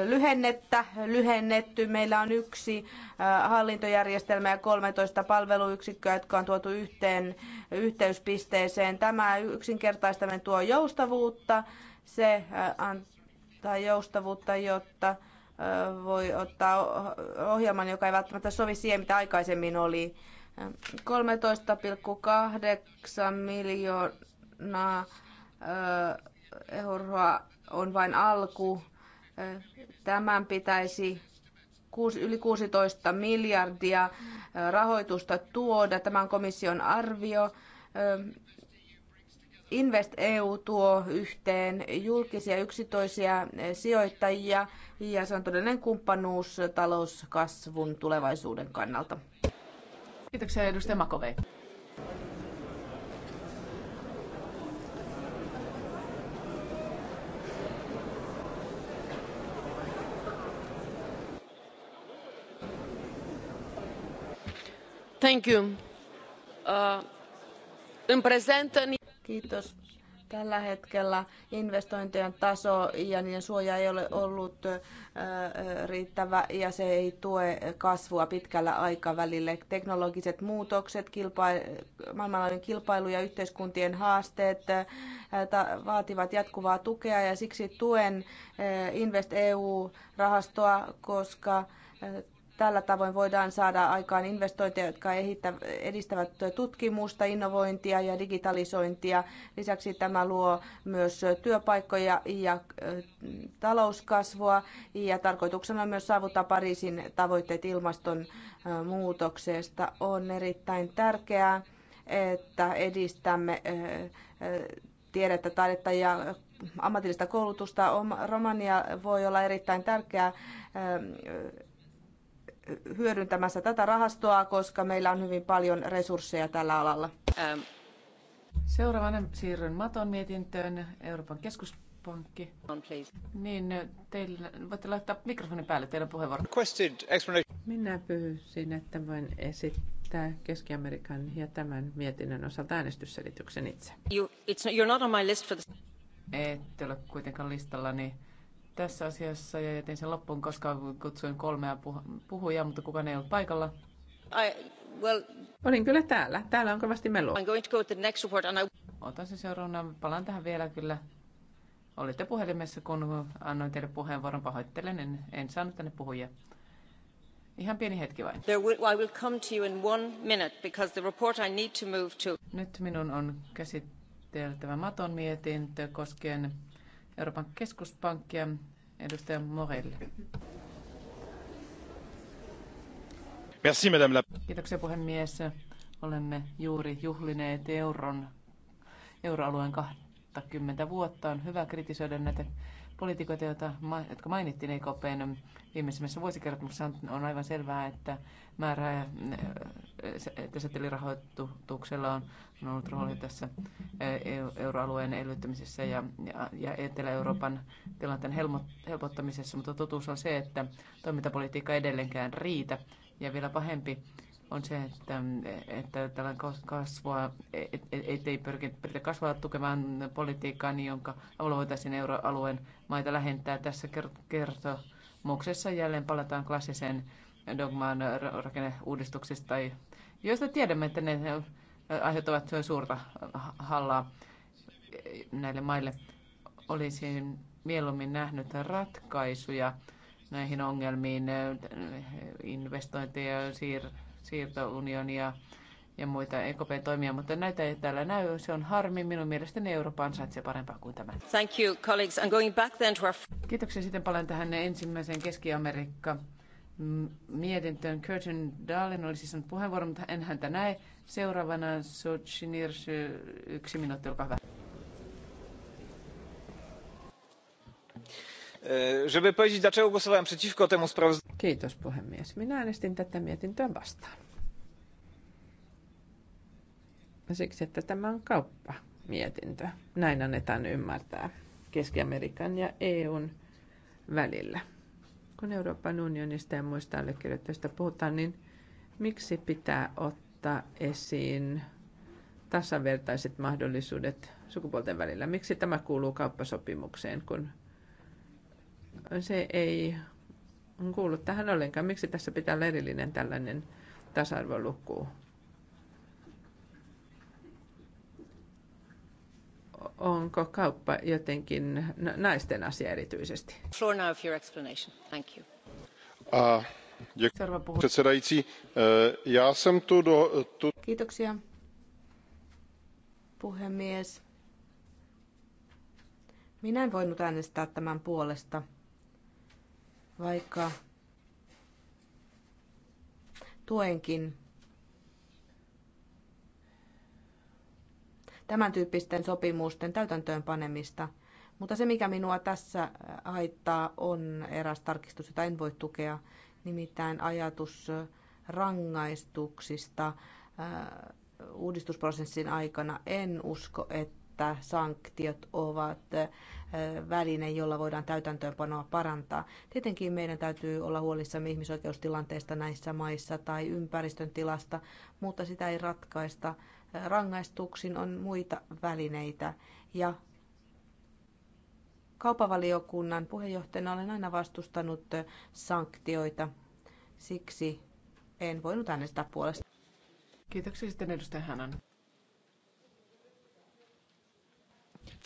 lyhennettä lyhennetty. Meillä on yksi äh, hallintojärjestelmä ja 13 palveluyksikköä, jotka on tuotu yhteen yhteyspisteeseen. Tämä yksinkertaistaminen tuo joustavuutta. Se äh, antaa joustavuutta, jotta voi ottaa ohjelman, joka ei välttämättä sovi siihen, mitä aikaisemmin oli. 13,8 miljoonaa euroa on vain alku. Tämän pitäisi yli 16 miljardia rahoitusta tuoda. Tämä on komission arvio. Invest EU tuo yhteen julkisia yksityisiä sijoittajia ja se on todellinen kumppanuus talouskasvun tulevaisuuden kannalta. Kiitoksia edustaja Makovei. Thank you. Uh, in present... Kiitos Tällä hetkellä investointien taso ja niiden suoja ei ole ollut riittävä ja se ei tue kasvua pitkällä aikavälillä. Teknologiset muutokset, kilpa- maailmanlaajuinen kilpailu ja yhteiskuntien haasteet vaativat jatkuvaa tukea ja siksi tuen Invest EU-rahastoa, koska Tällä tavoin voidaan saada aikaan investointeja, jotka edistävät tutkimusta, innovointia ja digitalisointia. Lisäksi tämä luo myös työpaikkoja ja talouskasvua ja tarkoituksena on myös saavuttaa Pariisin tavoitteet ilmastonmuutoksesta. On erittäin tärkeää, että edistämme tiedettä, taidetta ja ammatillista koulutusta. Romania voi olla erittäin tärkeä hyödyntämässä tätä rahastoa, koska meillä on hyvin paljon resursseja tällä alalla. Ähm. Seuraavana siirryn Maton mietintöön Euroopan keskuspankki. On, Niin, teillä, voitte laittaa mikrofonin päälle teidän puheenvuoro. Minä pyysin, että voin esittää Keski-Amerikan ja tämän mietinnön osalta äänestysselityksen itse. You, it's not, you're not on my list for the... Ette ole kuitenkaan niin tässä asiassa ja jätin sen loppuun, koska kutsuin kolmea puhujaa, mutta kukaan ei ollut paikalla. I, well, Olin kyllä täällä. Täällä on kovasti melua. I'm going to go to the next report and I... Otan sen seuraavana. Palaan tähän vielä kyllä. Olitte puhelimessa, kun annoin teille puheenvuoron. Pahoittelen, en, en saanut tänne puhujia. Ihan pieni hetki vain. There will, I will come to you in one minute because the report I need to move to. Nyt minun on käsiteltävä maton mietintö koskien Euroopan keskuspankkia, edustaja Morell. Merci, madame la... Kiitoksia puhemies. Olemme juuri juhlineet euron, euroalueen 20 vuotta. On hyvä kritisoida näitä poliitikoita, joita, jotka mainittiin EKPn viimeisimmässä vuosikertomuksessa, on aivan selvää, että määrä, äh, että setelirahoituksella on, on ollut rooli tässä äh, euroalueen elvyttämisessä ja, ja, ja Etelä-Euroopan tilanteen helpottamisessa, mutta totuus on se, että toimintapolitiikka edelleenkään riitä. Ja vielä pahempi on se, että, että tällainen kasvua, ettei pyritä kasvaa tukemaan politiikkaa, niin jonka avulla voitaisiin euroalueen maita lähentää. Tässä kertomuksessa jälleen palataan klassiseen dogmaan rakenneuudistuksista, joista tiedämme, että ne aiheuttavat suurta hallaa näille maille. Olisin mieluummin nähnyt ratkaisuja näihin ongelmiin, investointeja, siirtoja siirtounionia ja muita ekp toimia, mutta näitä ei täällä näy. Se on harmi. Minun mielestäni Eurooppa ansaitsee parempaa kuin tämä. Thank you, colleagues. I'm going back then to our... Kiitoksia. Sitten palaan tähän ensimmäiseen Keski-Amerikka mietintöön. Curtin Darlin oli siis sanonut puheenvuoron, mutta en häntä näe. Seuraavana Sochinir, yksi minuutti, olkaa hyvä. E, żeby powiedzieć, dlaczego głosowałem przeciwko temu sprawozdaniu. tämä Näin annetaan ymmärtää Keski-Amerikan ja EUn välillä. Kun Euroopan unionista ja muista allekirjoittajista puhutaan, niin miksi pitää ottaa esiin tasavertaiset mahdollisuudet sukupuolten välillä? Miksi tämä kuuluu kauppasopimukseen, kun se ei kuulu tähän ollenkaan. Miksi tässä pitää olla erillinen tällainen tasa-arvoluku? Onko kauppa jotenkin naisten asia erityisesti? Floor now for your explanation. Thank you. Uh, předsedající, e, já jsem tu, tu... Kiitoksia, puhemies. Minä en voinut äänestää tämän puolesta – vaikka tuenkin tämän tyyppisten sopimusten täytäntöönpanemista, mutta se, mikä minua tässä äh, haittaa, on eräs tarkistus, jota en voi tukea, nimittäin ajatus äh, rangaistuksista äh, uudistusprosessin aikana. En usko, että että sanktiot ovat väline, jolla voidaan täytäntöönpanoa parantaa. Tietenkin meidän täytyy olla huolissamme ihmisoikeustilanteesta näissä maissa tai ympäristön tilasta, mutta sitä ei ratkaista. Rangaistuksin on muita välineitä ja kaupavaliokunnan puheenjohtajana olen aina vastustanut sanktioita. Siksi en voinut äänestää puolesta. Kiitoksia sitten edustaja Hänan.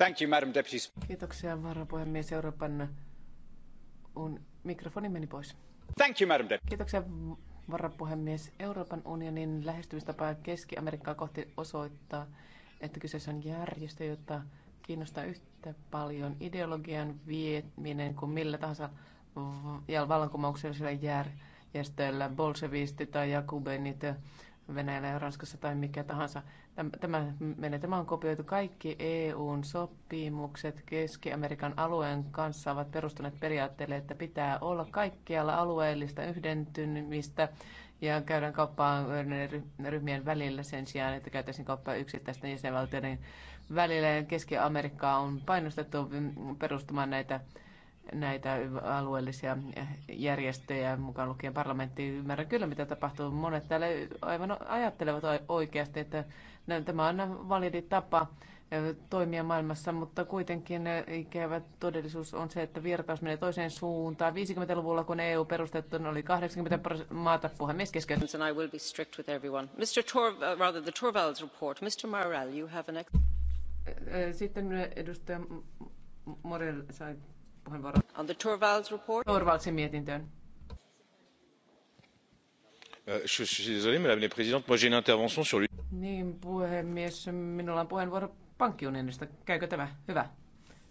Thank you, Madam Kiitoksia, varapuhemies Euroopan Mikrofoni meni pois. unionin lähestymistapa Keski-Amerikkaa kohti osoittaa, että kyseessä on järjestö, jota kiinnostaa yhtä paljon ideologian vieminen kuin millä tahansa ja vallankumouksellisilla järjestöillä, bolshevistit tai jakubenit Venäjällä ja Ranskassa tai mikä tahansa Tämä menetelmä on kopioitu. Kaikki EUn sopimukset Keski-Amerikan alueen kanssa ovat perustuneet periaatteelle, että pitää olla kaikkialla alueellista yhdentymistä ja käydään kauppaa ryhmien välillä sen sijaan, että käytäisiin kauppaa yksittäisten jäsenvaltioiden välillä. Keski-Amerikkaa on painostettu mm, perustumaan näitä näitä alueellisia järjestöjä, mukaan lukien parlamentti. Ymmärrän kyllä, mitä tapahtuu. Monet täällä aivan ajattelevat oikeasti, että tämä on validi tapa toimia maailmassa, mutta kuitenkin ikävä todellisuus on se, että virtaus menee toiseen suuntaan. 50-luvulla, kun EU perustettu, oli 80 maata puhemies kesken. I will be strict with everyone. Mr. Tor, uh, rather the Torvalds report. Mr. you have an... Sitten edustaja Morel sai on Torvaldsin mietintöön. Euh, niin, puhemies, minulla on puheenvuoro pankkiunionista. Käykö tämä? Hyvä.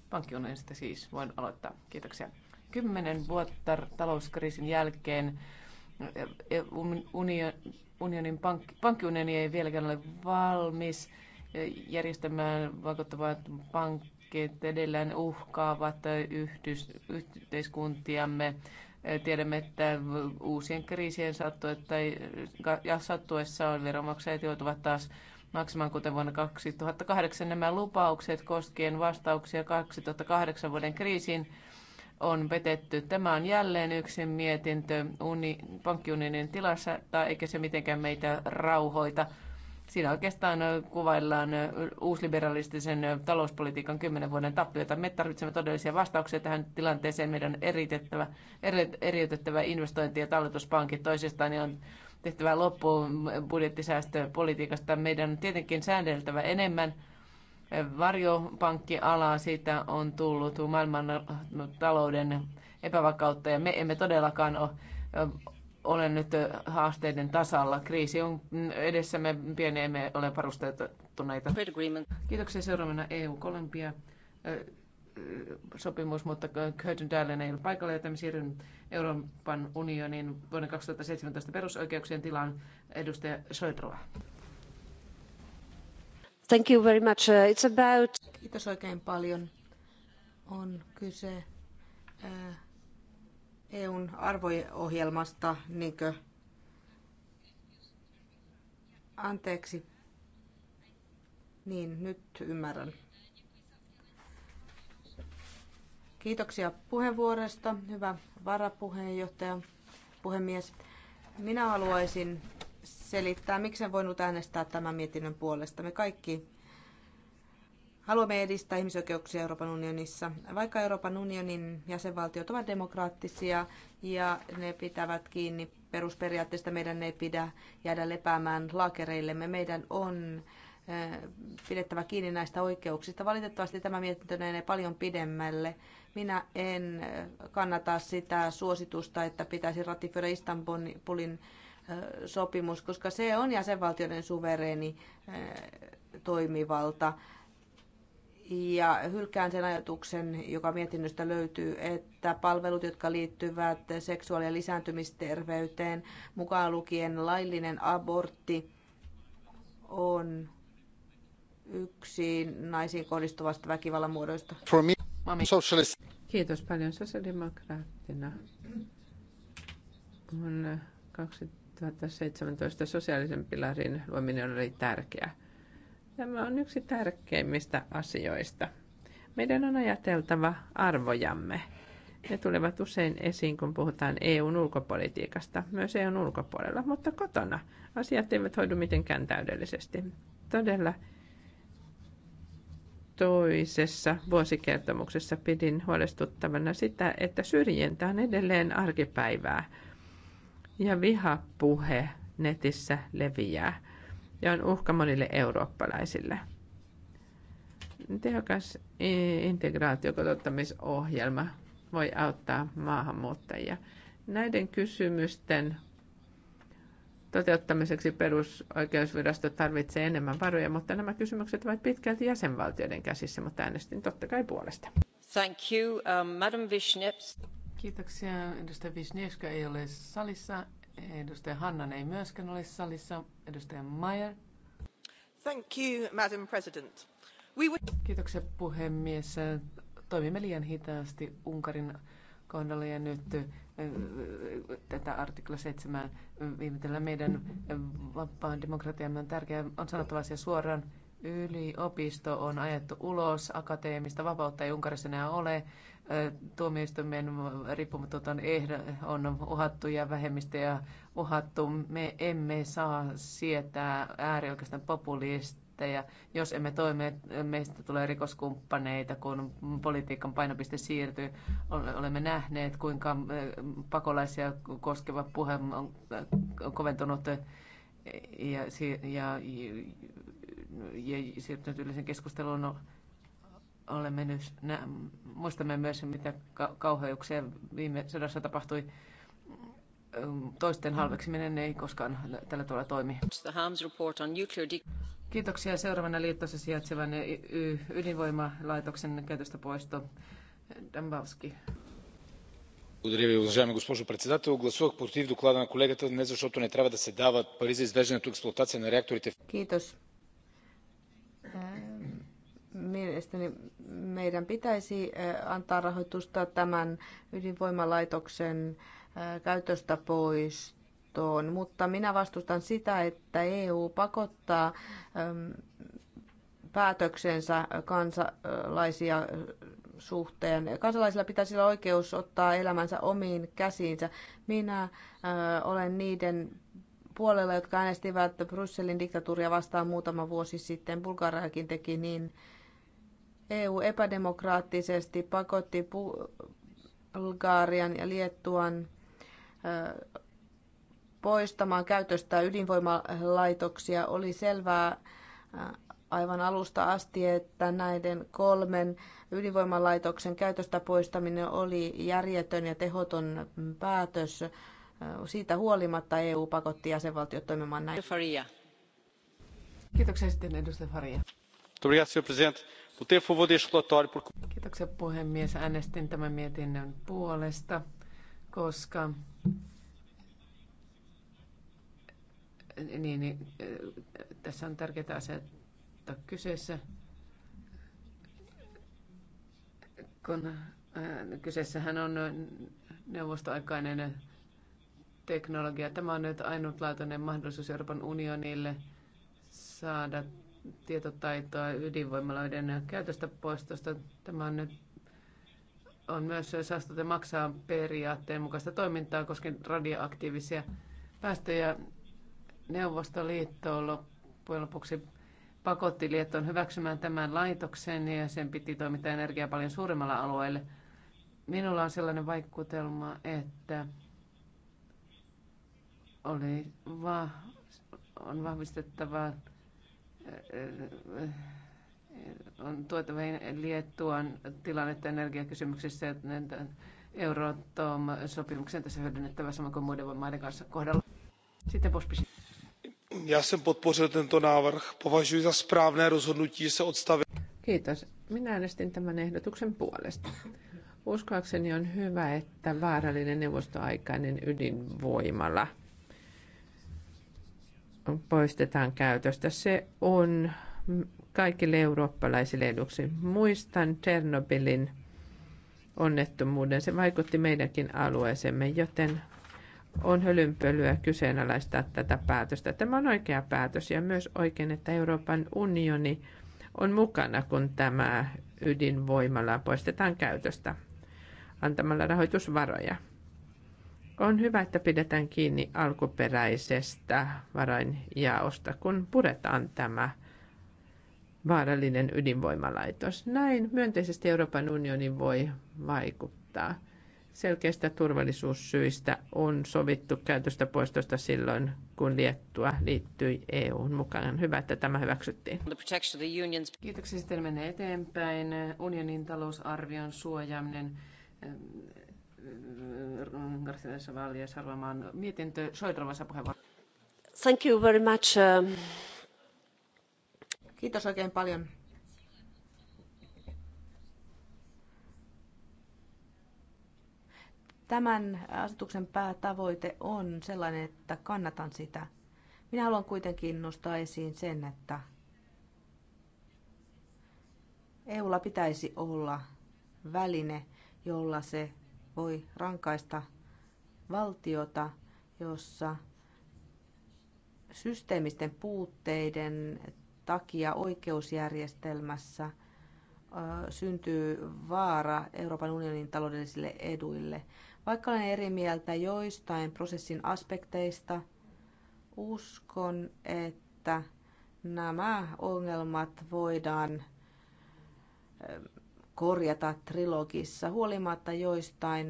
Pankkiunionista siis. Voin aloittaa. Kiitoksia. Kymmenen vuotta talouskriisin jälkeen e- e- unionin pankki, pankkiunioni ei vieläkään ole valmis e- järjestämään vaikuttavat pankki riskit edelleen uhkaavat yhdys, yhteiskuntiamme. Tiedämme, että uusien kriisien sattuessa on veronmaksajat joutuvat taas maksamaan, kuten vuonna 2008 nämä lupaukset koskien vastauksia 2008 vuoden kriisiin on petetty. Tämä on jälleen yksi mietintö uni, pankkiunionin tilassa, tai eikä se mitenkään meitä rauhoita. Siinä oikeastaan kuvaillaan uusliberalistisen talouspolitiikan kymmenen vuoden tappioita. Me tarvitsemme todellisia vastauksia tähän tilanteeseen. Meidän on eritettävä, eri, eriytettävä investointi- ja talletuspankit toisistaan ja on tehtävä loppu budjettisäästöpolitiikasta. Meidän on tietenkin säädeltävä enemmän varjopankkialaa. Siitä on tullut maailman talouden epävakautta ja me emme todellakaan ole olen nyt haasteiden tasalla. Kriisi on edessämme, pieni emme ole varustettuneita. Kiitoksia seuraavana EU Kolumbia sopimus, mutta Curtin Dallin ei ole paikalla, joten siirryn Euroopan unionin vuonna 2017 perusoikeuksien tilaan edustaja Södroa. Thank you very much. Uh, it's about... Kiitos oikein paljon. On kyse EUn niin kuin... Anteeksi. Niin, nyt ymmärrän. Kiitoksia puheenvuorosta, hyvä varapuheenjohtaja, puhemies. Minä haluaisin selittää, miksi en voinut äänestää tämän mietinnön puolesta. Me kaikki Haluamme edistää ihmisoikeuksia Euroopan unionissa. Vaikka Euroopan unionin jäsenvaltiot ovat demokraattisia ja ne pitävät kiinni perusperiaatteista, meidän ei pidä jäädä lepäämään laakereillemme. Meidän on pidettävä kiinni näistä oikeuksista. Valitettavasti tämä mietintö menee paljon pidemmälle. Minä en kannata sitä suositusta, että pitäisi ratifioida Istanbulin sopimus, koska se on jäsenvaltioiden suvereeni toimivalta ja hylkään sen ajatuksen, joka mietinnöstä löytyy, että palvelut, jotka liittyvät seksuaali- ja lisääntymisterveyteen, mukaan lukien laillinen abortti, on yksi naisiin kohdistuvasta väkivallan muodoista. Kiitos paljon sosiaalidemokraattina. Vuonna 2017 sosiaalisen pilarin luominen oli tärkeää Tämä on yksi tärkeimmistä asioista. Meidän on ajateltava arvojamme. Ne tulevat usein esiin, kun puhutaan EUn ulkopolitiikasta, myös EUn ulkopuolella, mutta kotona. Asiat eivät hoidu mitenkään täydellisesti. Todella toisessa vuosikertomuksessa pidin huolestuttavana sitä, että syrjintä on edelleen arkipäivää ja vihapuhe netissä leviää ja on uhka monille eurooppalaisille. Tehokas integraatiokotouttamisohjelma voi auttaa maahanmuuttajia. Näiden kysymysten toteuttamiseksi perusoikeusvirasto tarvitsee enemmän varoja, mutta nämä kysymykset ovat pitkälti jäsenvaltioiden käsissä, mutta äänestin totta kai puolesta. Thank you, um, Madam Kiitoksia. Edustaja Vishnevska ei ole salissa, Edustaja Hannan ei myöskään ole salissa. Edustaja Mayer. Thank you, Madam President. We would... Kiitoksia puhemies. Toimimme liian hitaasti Unkarin kohdalla ja nyt eh, tätä artikla 7 viimitellään meidän vapaan demokratiamme on tärkeää. On sanottava asia suoraan. Yliopisto on ajettu ulos, akateemista vapautta ei Unkarissa enää ole tuomioistuimen riippumaton ehdo on uhattu ja vähemmistöjä uhattu. Me emme saa sietää äärioikeiston populisteja. Jos emme toimi, meistä tulee rikoskumppaneita, kun politiikan painopiste siirtyy. Olemme nähneet, kuinka äh, pakolaisia koskeva puhe on äh, koventunut ja, ja, ja, ja siirtynyt yleisen keskusteluun olemme nyt, nä, muistamme myös, mitä kauheuksia viime sodassa tapahtui. Toisten halveksiminen ei koskaan tällä tavalla toimi. Kiitoksia. Seuraavana liittossa sijaitsevan ydinvoimalaitoksen käytöstä poisto. Dambowski. Благодаря ви, уважаема госпожо председател. Гласувах против доклада на колегата не защото не трябва да се дават пари за извеждането на реакторите. Kiitos mielestäni meidän pitäisi antaa rahoitusta tämän ydinvoimalaitoksen käytöstä poistoon, mutta minä vastustan sitä, että EU pakottaa päätöksensä kansalaisia suhteen. Kansalaisilla pitäisi olla oikeus ottaa elämänsä omiin käsiinsä. Minä olen niiden puolella, jotka äänestivät Brysselin diktatuuria vastaan muutama vuosi sitten. Bulgariakin teki niin. EU epädemokraattisesti pakotti Bulgarian ja Liettuan poistamaan käytöstä ydinvoimalaitoksia, oli selvää aivan alusta asti, että näiden kolmen ydinvoimalaitoksen käytöstä poistaminen oli järjetön ja tehoton päätös. Siitä huolimatta EU pakotti jäsenvaltiot toimimaan näin. Kiitoksia sitten edustaja Faria. Kiitoksia puhemies. Äänestin tämän mietinnön puolesta, koska niin, niin, tässä on tärkeää asettaa kyseessä, kun äh, kyseessähän on neuvostoaikainen teknologia. Tämä on nyt ainutlaatuinen mahdollisuus Euroopan unionille saada tietotaitoa ydinvoimaloiden käytöstä poistosta. Tämä on nyt on myös saastute maksaa periaatteen mukaista toimintaa koskien radioaktiivisia päästöjä. Neuvostoliitto loppujen lopuksi pakotti Lietton hyväksymään tämän laitoksen ja sen piti toimittaa energiaa paljon suuremmalla alueelle. Minulla on sellainen vaikutelma, että oli va- on vahvistettava on tuettava Liettuan tilannetta energiakysymyksissä, että Euratom-sopimuksen tässä hyödynnettävä samoin kuin muiden maiden kanssa kohdalla. Sitten Pospisi. Já jsem podpořil tento návrh. Považuji za správné rozhodnutí, se odstavil. Kiitos. Minä äänestin tämän ehdotuksen puolesta. Uskoakseni on hyvä, että vaarallinen neuvostoaikainen ydinvoimala – poistetaan käytöstä. Se on kaikille eurooppalaisille eduksi. Muistan Ternobilin onnettomuuden. Se vaikutti meidänkin alueeseemme, joten on hölynpölyä kyseenalaistaa tätä päätöstä. Tämä on oikea päätös ja myös oikein, että Euroopan unioni on mukana, kun tämä ydinvoimala poistetaan käytöstä antamalla rahoitusvaroja. On hyvä, että pidetään kiinni alkuperäisestä varainjaosta, kun puretaan tämä vaarallinen ydinvoimalaitos. Näin myönteisesti Euroopan unioni voi vaikuttaa. Selkeistä turvallisuussyistä on sovittu käytöstä poistosta silloin, kun Liettua liittyi EUn mukaan. Hyvä, että tämä hyväksyttiin. Kiitoksia. Sitten menee eteenpäin. Unionin talousarvion suojaaminen Thank you very much. Um, Kiitos oikein paljon. Tämän asetuksen päätavoite on sellainen, että kannatan sitä. Minä haluan kuitenkin nostaa esiin sen, että EUlla pitäisi olla väline, jolla se voi rankaista valtiota, jossa systeemisten puutteiden takia oikeusjärjestelmässä syntyy vaara Euroopan unionin taloudellisille eduille. Vaikka olen eri mieltä joistain prosessin aspekteista, uskon, että nämä ongelmat voidaan korjata trilogissa huolimatta joistain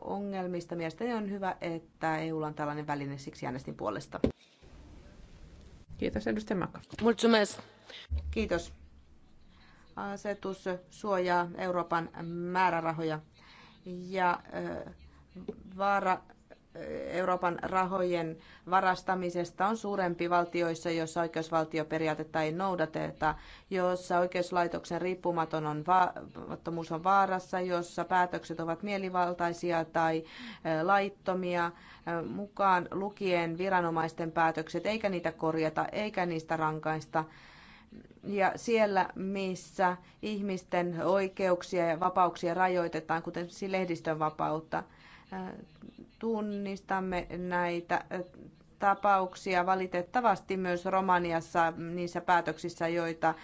ongelmista. Mielestäni on hyvä, että EU on tällainen väline, siksi äänestin puolesta. Kiitos, edustaja Makka. Mulțumesc. Kiitos. Asetus suojaa Euroopan määrärahoja ja vaara Euroopan rahojen varastamisesta on suurempi valtioissa, joissa oikeusvaltioperiaatetta ei noudateta, joissa oikeuslaitoksen riippumaton on riippumattomuus on vaarassa, jossa päätökset ovat mielivaltaisia tai laittomia, mukaan lukien viranomaisten päätökset, eikä niitä korjata, eikä niistä rankaista ja siellä, missä ihmisten oikeuksia ja vapauksia rajoitetaan, kuten siis lehdistön vapautta tunnistamme näitä tapauksia valitettavasti myös Romaniassa niissä päätöksissä, joita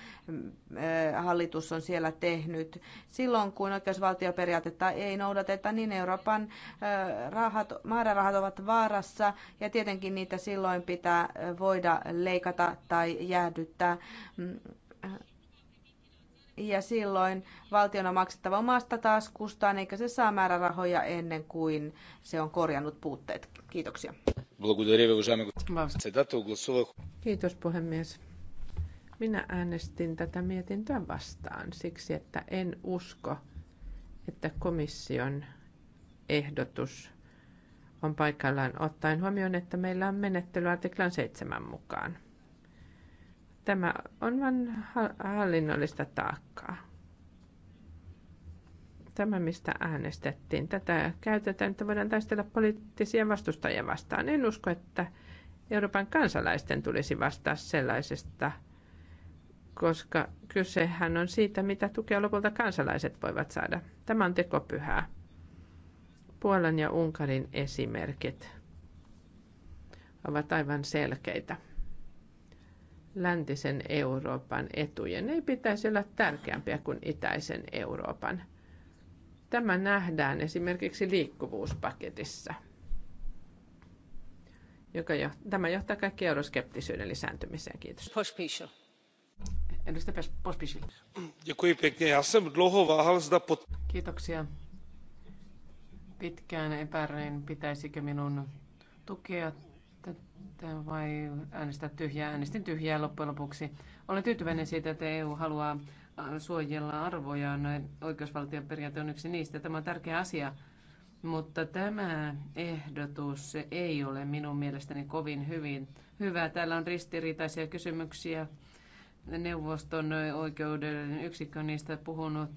hallitus on siellä tehnyt. Silloin kun oikeusvaltioperiaatetta ei noudateta, niin Euroopan rahat, määrärahat ovat vaarassa ja tietenkin niitä silloin pitää voida leikata tai jäädyttää ja silloin valtion on maksettava omasta taskustaan, eikä se saa määrärahoja ennen kuin se on korjannut puutteet. Kiitoksia. Kiitos puhemies. Minä äänestin tätä mietintöä vastaan siksi, että en usko, että komission ehdotus on paikallaan ottaen huomioon, että meillä on menettely artiklan 7 mukaan. Tämä on vain hallinnollista taakkaa. Tämä, mistä äänestettiin, tätä käytetään, että voidaan taistella poliittisia vastustajia vastaan. En usko, että Euroopan kansalaisten tulisi vastaa sellaisesta, koska kysehän on siitä, mitä tukea lopulta kansalaiset voivat saada. Tämä on tekopyhää. Puolan ja Unkarin esimerkit ovat aivan selkeitä läntisen Euroopan etujen ei pitäisi olla tärkeämpiä kuin itäisen Euroopan. Tämä nähdään esimerkiksi liikkuvuuspaketissa. Joka jo, tämä johtaa kaikki euroskeptisyyden lisääntymiseen. Kiitos. Edustaja Pospisil. Kiitoksia. Pitkään epäröin, pitäisikö minun tukea Tätä vai äänestää tyhjää? Äänestin tyhjää loppujen lopuksi. Olen tyytyväinen siitä, että EU haluaa äh, suojella arvojaan. Oikeusvaltion periaate on yksi niistä. Tämä on tärkeä asia, mutta tämä ehdotus ei ole minun mielestäni kovin hyvin hyvä. Täällä on ristiriitaisia kysymyksiä. Neuvoston oikeudellinen yksikkö on niistä puhunut.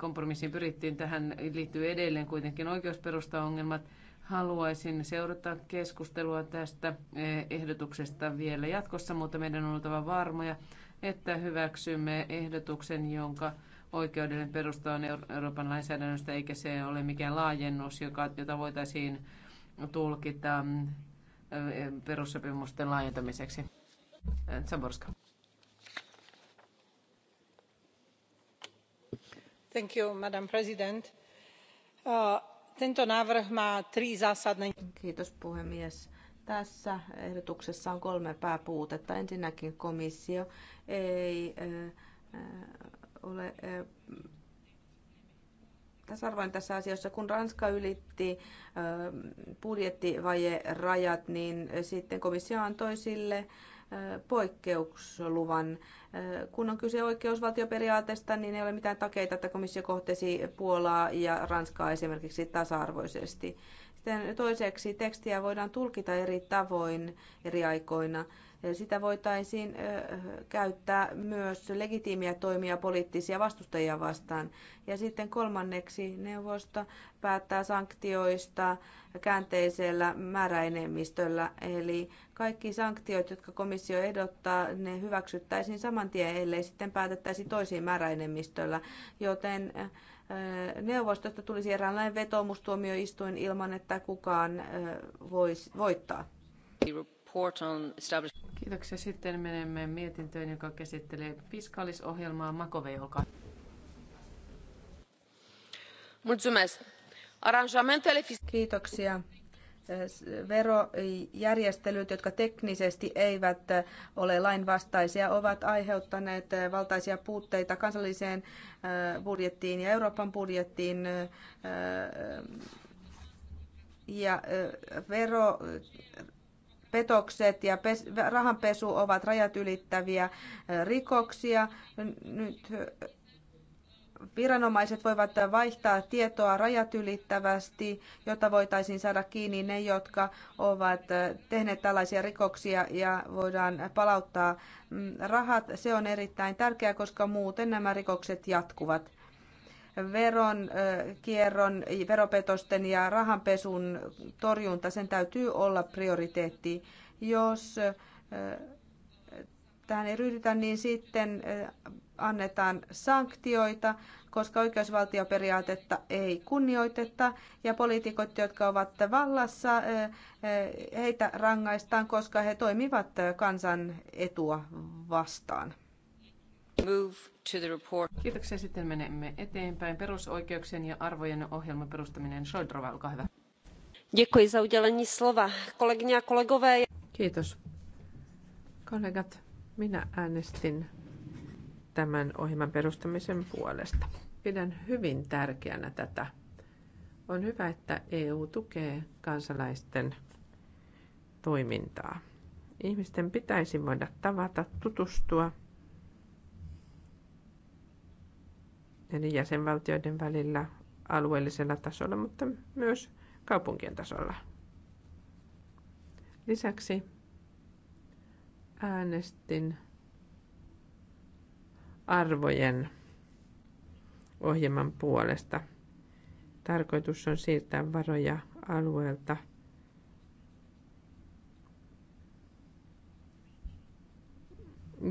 Kompromissiin pyrittiin. Tähän liittyy edelleen kuitenkin oikeusperustaongelmat. ongelmat haluaisin seurata keskustelua tästä eh, ehdotuksesta vielä jatkossa, mutta meidän on oltava varmoja, että hyväksymme ehdotuksen, jonka oikeudellinen perusta on Euroopan lainsäädännöstä, eikä se ole mikään laajennus, joka, jota voitaisiin tulkita mm, eh, perussopimusten laajentamiseksi. Zaborska. Eh, Thank you, Madam President. Uh, Tento návrh má tri zásadné... Kiitos puhemies. Tässä ehdotuksessa on kolme pääpuutetta. Ensinnäkin komissio ei eh, ole eh, tasa-arvoinen tässä asiassa. Kun Ranska ylitti eh, budjettivajerajat, niin sitten komissio antoi sille poikkeusluvan. Kun on kyse oikeusvaltioperiaatteesta, niin ei ole mitään takeita, että komissio kohtesi Puolaa ja Ranskaa esimerkiksi tasa-arvoisesti. Sitten toiseksi tekstiä voidaan tulkita eri tavoin eri aikoina. Sitä voitaisiin käyttää myös legitiimiä toimia poliittisia vastustajia vastaan. Ja sitten kolmanneksi neuvosto päättää sanktioista käänteisellä määräenemmistöllä. Eli kaikki sanktiot, jotka komissio ehdottaa, ne hyväksyttäisiin saman tien, ellei sitten päätettäisi toisiin määräenemmistöllä. Joten neuvostosta tulisi eräänlainen vetoomustuomioistuin ilman, että kukaan voisi voittaa Kiitoksia. Sitten menemme mietintöön, joka käsittelee fiskaalisohjelmaa. Makovei, olkaa Mulțumesc. Kiitoksia verojärjestelyt, jotka teknisesti eivät ole lainvastaisia, ovat aiheuttaneet valtaisia puutteita kansalliseen budjettiin ja Euroopan budjettiin. Ja vero petokset ja rahanpesu ovat rajat ylittäviä äh, rikoksia. Nyt äh, viranomaiset voivat vaihtaa tietoa rajat ylittävästi, jotta voitaisiin saada kiinni ne, jotka ovat äh, tehneet tällaisia rikoksia ja voidaan palauttaa mm, rahat. Se on erittäin tärkeää, koska muuten nämä rikokset jatkuvat veron kierron, veropetosten ja rahanpesun torjunta, sen täytyy olla prioriteetti. Jos tähän ei ryhdytä, niin sitten annetaan sanktioita, koska oikeusvaltioperiaatetta ei kunnioiteta ja poliitikot, jotka ovat vallassa, heitä rangaistaan, koska he toimivat kansan etua vastaan. Move to the report. Kiitoksia. Sitten menemme eteenpäin. Perusoikeuksien ja arvojen ohjelman perustaminen. Šojdrova, olkaa hyvä. Děkuji za udělení slova. Kolegyně a kolegové. Kiitos. Kollegat, minä äänestin tämän ohjelman perustamisen puolesta. Pidän hyvin tärkeänä tätä. On hyvä, että EU tukee kansalaisten toimintaa. Ihmisten pitäisi voida tavata, tutustua – eli jäsenvaltioiden välillä alueellisella tasolla, mutta myös kaupunkien tasolla. Lisäksi äänestin arvojen ohjelman puolesta. Tarkoitus on siirtää varoja alueelta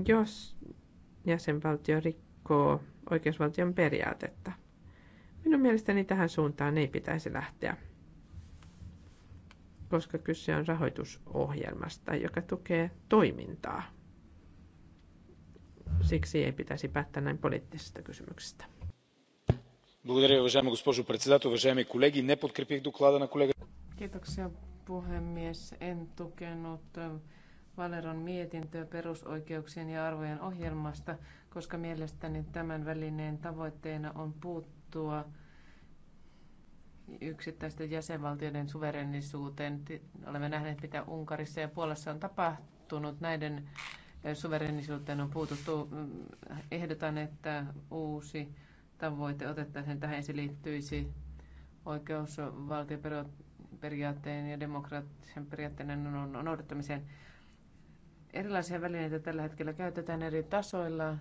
jos jäsenvaltio rikkoo oikeusvaltion periaatetta. Minun mielestäni tähän suuntaan ei pitäisi lähteä, koska kyse on rahoitusohjelmasta, joka tukee toimintaa. Siksi ei pitäisi päättää näin poliittisista kysymyksistä. Kiitoksia puhemies. En tukenut Valeron mietintöä perusoikeuksien ja arvojen ohjelmasta, koska mielestäni tämän välineen tavoitteena on puuttua yksittäisten jäsenvaltioiden suverenisuuteen. Olemme nähneet, mitä Unkarissa ja Puolassa on tapahtunut. Näiden eh, suverenisuuteen on puututtu. Mm, ehdotan, että uusi tavoite otettaisiin tähän se liittyisi oikeusvaltioperiaatteen ja demokraattisen periaatteen noudattamiseen. Erilaisia välineitä tällä hetkellä käytetään eri tasoilla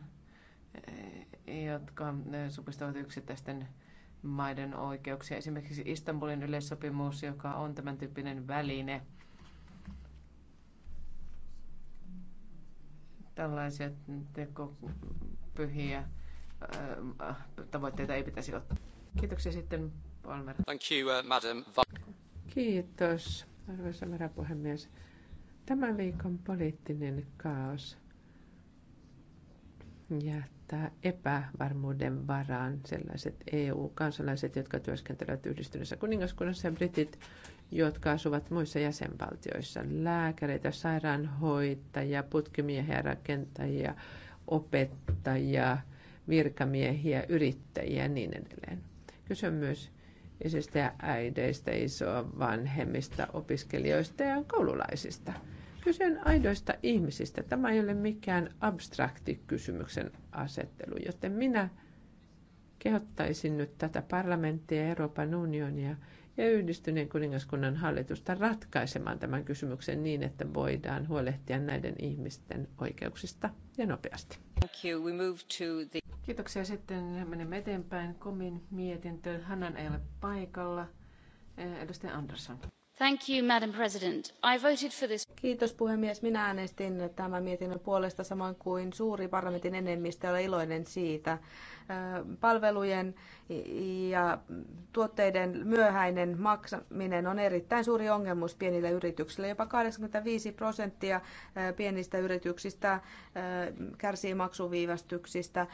Eh, jotka eh, supistavat yksittäisten maiden oikeuksia. Esimerkiksi Istanbulin yleissopimus, joka on tämän tyyppinen väline. Tällaisia tekopyhiä eh, tavoitteita ei pitäisi ottaa. Kiitoksia sitten Palmer. Thank you, uh, madam. Kiitos, arvoisa varapuhemies. Tämän viikon poliittinen kaos – jättää epävarmuuden varaan sellaiset EU-kansalaiset, jotka työskentelevät yhdistyneessä kuningaskunnassa ja britit, jotka asuvat muissa jäsenvaltioissa. Lääkäreitä, sairaanhoitajia, putkimiehiä, rakentajia, opettajia, virkamiehiä, yrittäjiä ja niin edelleen. Kyse on myös isistä ja äideistä, isoa vanhemmista, opiskelijoista ja koululaisista – Kyse on aidoista ihmisistä. Tämä ei ole mikään abstrakti kysymyksen asettelu, joten minä kehottaisin nyt tätä parlamenttia, Euroopan unionia ja yhdistyneen kuningaskunnan hallitusta ratkaisemaan tämän kysymyksen niin, että voidaan huolehtia näiden ihmisten oikeuksista ja nopeasti. Kiitoksia. Sitten menemme eteenpäin. Komin mietintö. Hannan ei ole paikalla. Edustaja Andersson. Kiitos puhemies. Minä äänestin tämän mietinnön puolesta samoin kuin suuri parlamentin enemmistö. Olen iloinen siitä palvelujen ja tuotteiden myöhäinen maksaminen on erittäin suuri ongelmus pienille yrityksille. Jopa 85 prosenttia pienistä yrityksistä kärsii maksuviivästyksistä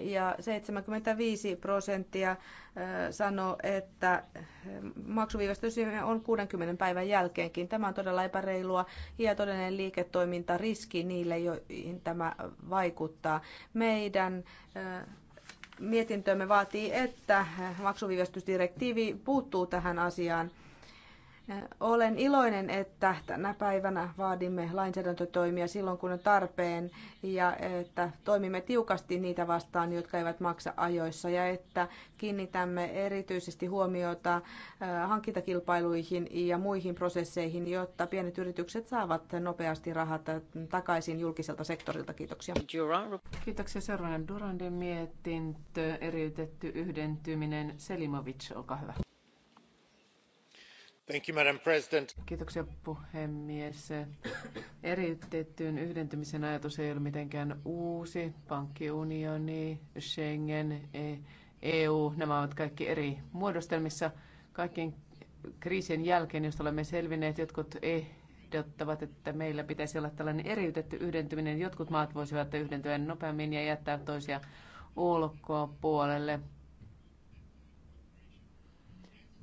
ja 75 prosenttia sanoo, että maksuviivästys on 60 päivän jälkeenkin. Tämä on todella epäreilua ja todellinen liiketoimintariski niille, joihin tämä vaikuttaa. Meidän mietintömme vaatii, että maksuviivästysdirektiivi puuttuu tähän asiaan. Olen iloinen, että tänä päivänä vaadimme lainsäädäntötoimia silloin, kun on tarpeen, ja että toimimme tiukasti niitä vastaan, jotka eivät maksa ajoissa, ja että kiinnitämme erityisesti huomiota äh, hankintakilpailuihin ja muihin prosesseihin, jotta pienet yritykset saavat nopeasti rahat takaisin julkiselta sektorilta. Kiitoksia. Kiitoksia. Seuraavana Durande mietintö, eriytetty yhdentyminen. Selimovic, olkaa hyvä. Kiitoksia puhemies. Eriytettyyn yhdentymisen ajatus ei ole mitenkään uusi. Pankkiunioni, Schengen, EU, e nämä ovat kaikki eri muodostelmissa. Kaikkien kriisien jälkeen, josta olemme selvinneet, jotkut ehdottavat, että meillä pitäisi olla tällainen eriytetty yhdentyminen. Jotkut maat voisivat yhdentyä nopeammin ja jättää toisia ulkopuolelle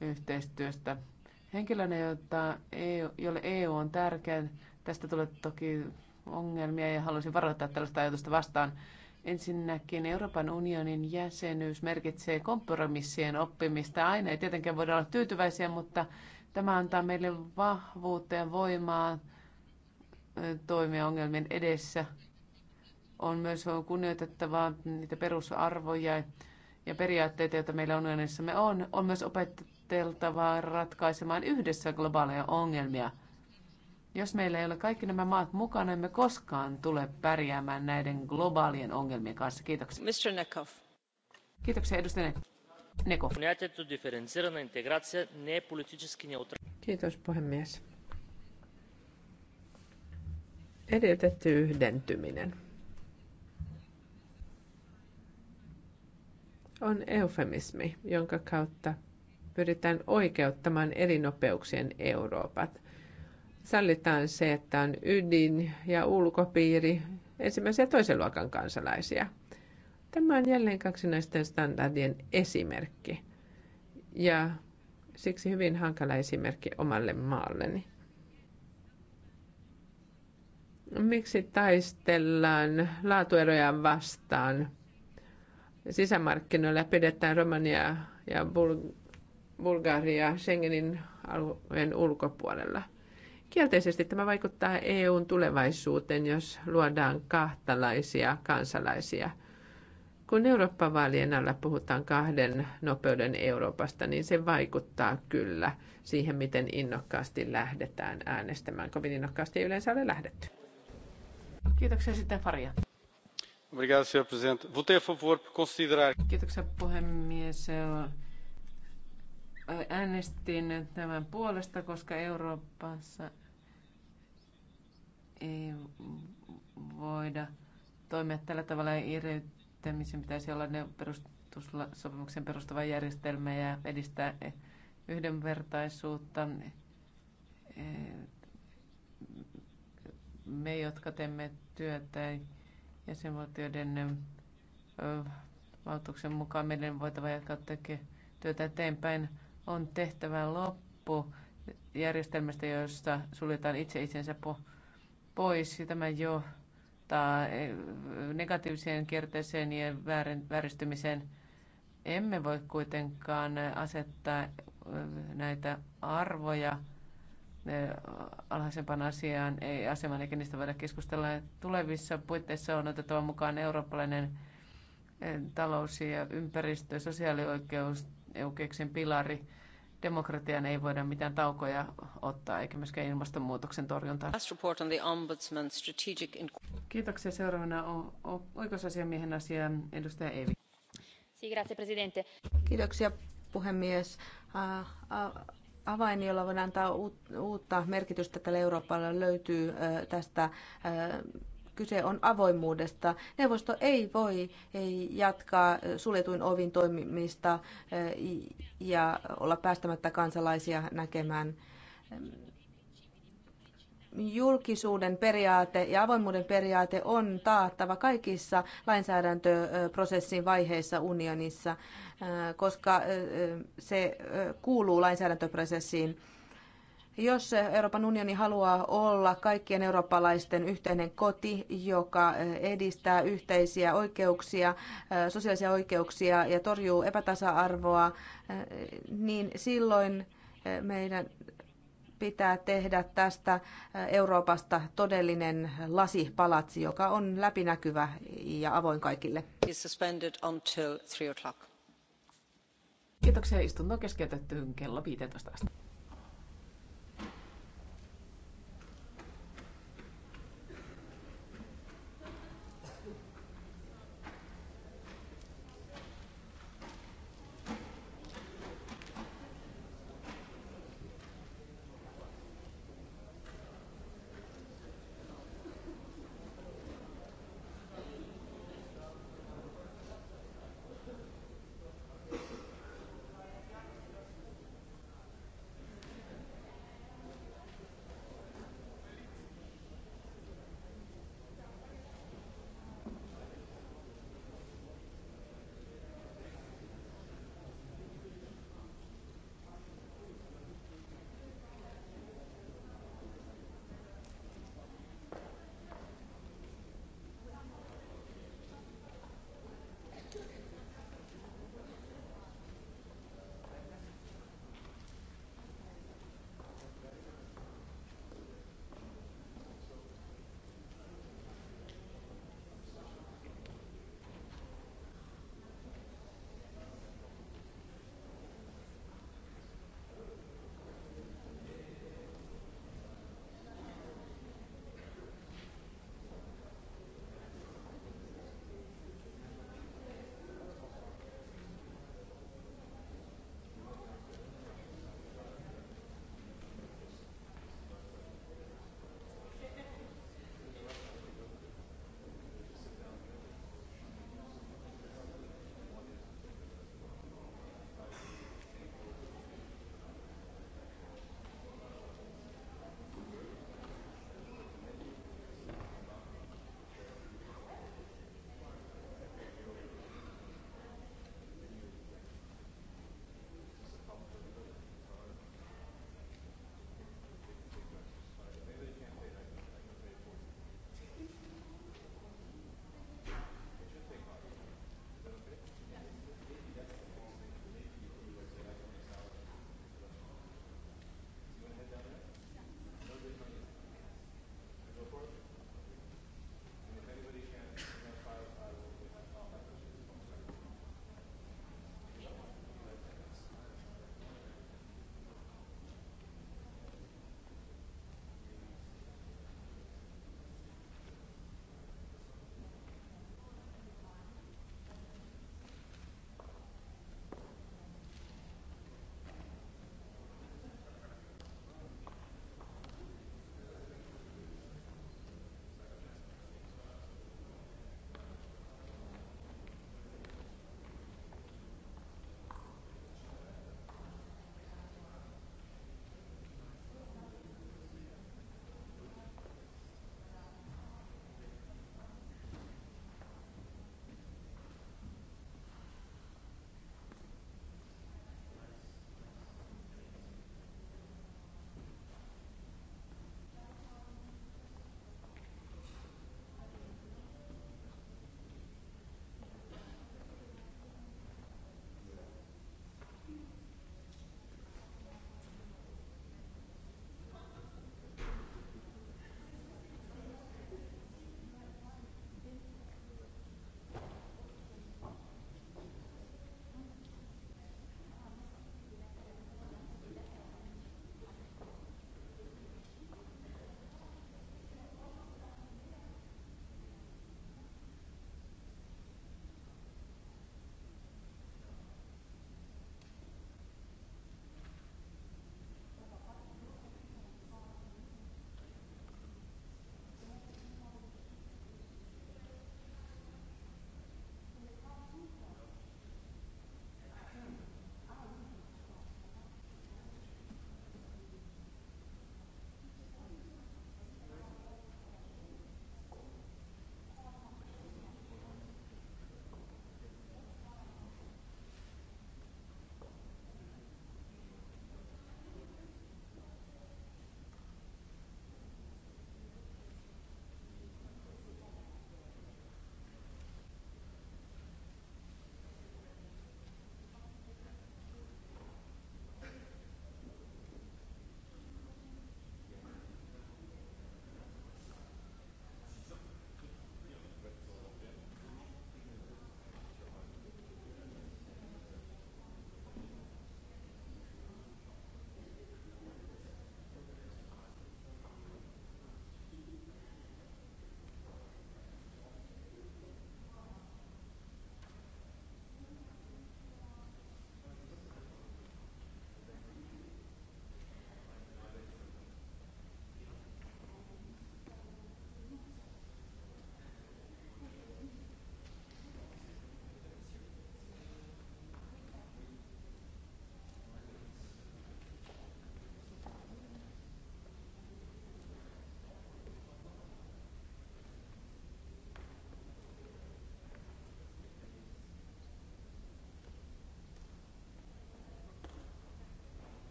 yhteistyöstä Henkilönä, jota EU, jolle EU on tärkeä, tästä tulee toki ongelmia ja haluaisin varoittaa tällaista ajatusta vastaan. Ensinnäkin Euroopan unionin jäsenyys merkitsee kompromissien oppimista. Aina ei tietenkään voida olla tyytyväisiä, mutta tämä antaa meille vahvuutta ja voimaa toimia ongelmien edessä. On myös kunnioitettavaa niitä perusarvoja ja periaatteita, joita meillä unionissamme on. On myös opettettava ponnisteltava ratkaisemaan yhdessä globaaleja ongelmia. Jos meillä ei ole kaikki nämä maat mukana, emme koskaan tule pärjäämään näiden globaalien ongelmien kanssa. Kiitoksia. Mr. Nekov. Kiitoksia, edustaja Nekov. Kiitos, puhemies. Edellytetty yhdentyminen. on eufemismi, jonka kautta pyritään oikeuttamaan eri nopeuksien Euroopat. Sallitaan se, että on ydin ja ulkopiiri ensimmäisen ja toisen luokan kansalaisia. Tämä on jälleen kaksinaisten standardien esimerkki ja siksi hyvin hankala esimerkki omalle maalleni. Miksi taistellaan laatueroja vastaan sisämarkkinoilla pidetään Romania ja Bulgaria Bulgaria Schengenin alueen ulkopuolella. Kielteisesti tämä vaikuttaa EUn tulevaisuuteen, jos luodaan kahtalaisia kansalaisia. Kun Eurooppa-vaalien alla puhutaan kahden nopeuden Euroopasta, niin se vaikuttaa kyllä siihen, miten innokkaasti lähdetään äänestämään. Kovin innokkaasti ei yleensä ole lähdetty. Kiitoksia sitten Faria. Kiitoksia puhemies Äänestin tämän puolesta, koska Euroopassa ei voida toimia tällä tavalla. Ireyttämisen pitäisi olla ne perustussopimuksen perustava järjestelmä ja edistää yhdenvertaisuutta. Me, jotka teemme työtä jäsenvaltioiden valtuuksen mukaan, meidän on voitava jatkaa tekemään työtä eteenpäin on tehtävä loppu järjestelmästä, jossa suljetaan itse itsensä pois. Tämä johtaa eh, negatiiviseen kierteeseen ja vääristymiseen. Emme voi kuitenkaan asettaa eh, näitä arvoja eh, alhaisempaan asiaan, ei aseman eikä niistä voida keskustella. Tulevissa puitteissa on otettava mukaan eurooppalainen talous ja ympäristö, sosiaalioikeus oikeuksien pilari – demokratian ei voida mitään taukoja ottaa, eikä myöskään ilmastonmuutoksen torjuntaa. Kiitoksia. Seuraavana on oikeusasiamiehen asia edustaja Evi. Kiitoksia puhemies. Avain, jolla voidaan antaa uutta merkitystä tälle Euroopalle, löytyy tästä kyse on avoimuudesta. Neuvosto ei voi jatkaa suljetuin ovin toimimista eh, ja olla päästämättä kansalaisia näkemään julkisuuden periaate ja avoimuuden periaate on taattava kaikissa lainsäädäntöprosessin vaiheissa unionissa, eh, koska eh, se kuuluu lainsäädäntöprosessiin. Jos Euroopan unioni haluaa olla kaikkien eurooppalaisten yhteinen koti, joka edistää yhteisiä oikeuksia, sosiaalisia oikeuksia ja torjuu epätasa-arvoa, niin silloin meidän pitää tehdä tästä Euroopasta todellinen lasipalatsi, joka on läpinäkyvä ja avoin kaikille. Kiitoksia. Istunto on keskeytetty kello 15 asti.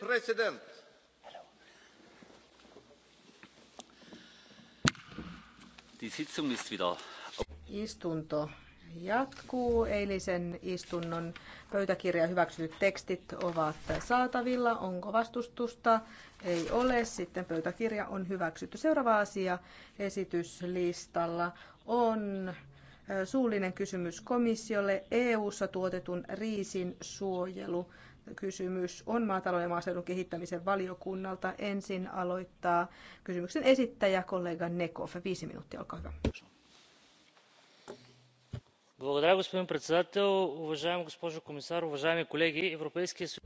Präsident. Istunto jatkuu. Eilisen istunnon pöytäkirja hyväksytyt tekstit ovat saatavilla. Onko vastustusta? Ei ole. Sitten pöytäkirja on hyväksytty. Seuraava asia esityslistalla on äh, suullinen kysymys komissiolle EU-ssa tuotetun riisin suojelu kysymys on maatalouden ja maaseudun kehittämisen valiokunnalta. Ensin aloittaa kysymyksen esittäjä kollega Nekov. Viisi minuuttia, olkaa hyvä. Благодаря, господин председател. Уважаема госпожо комисар, уважаеми колеги, Европейския съюз...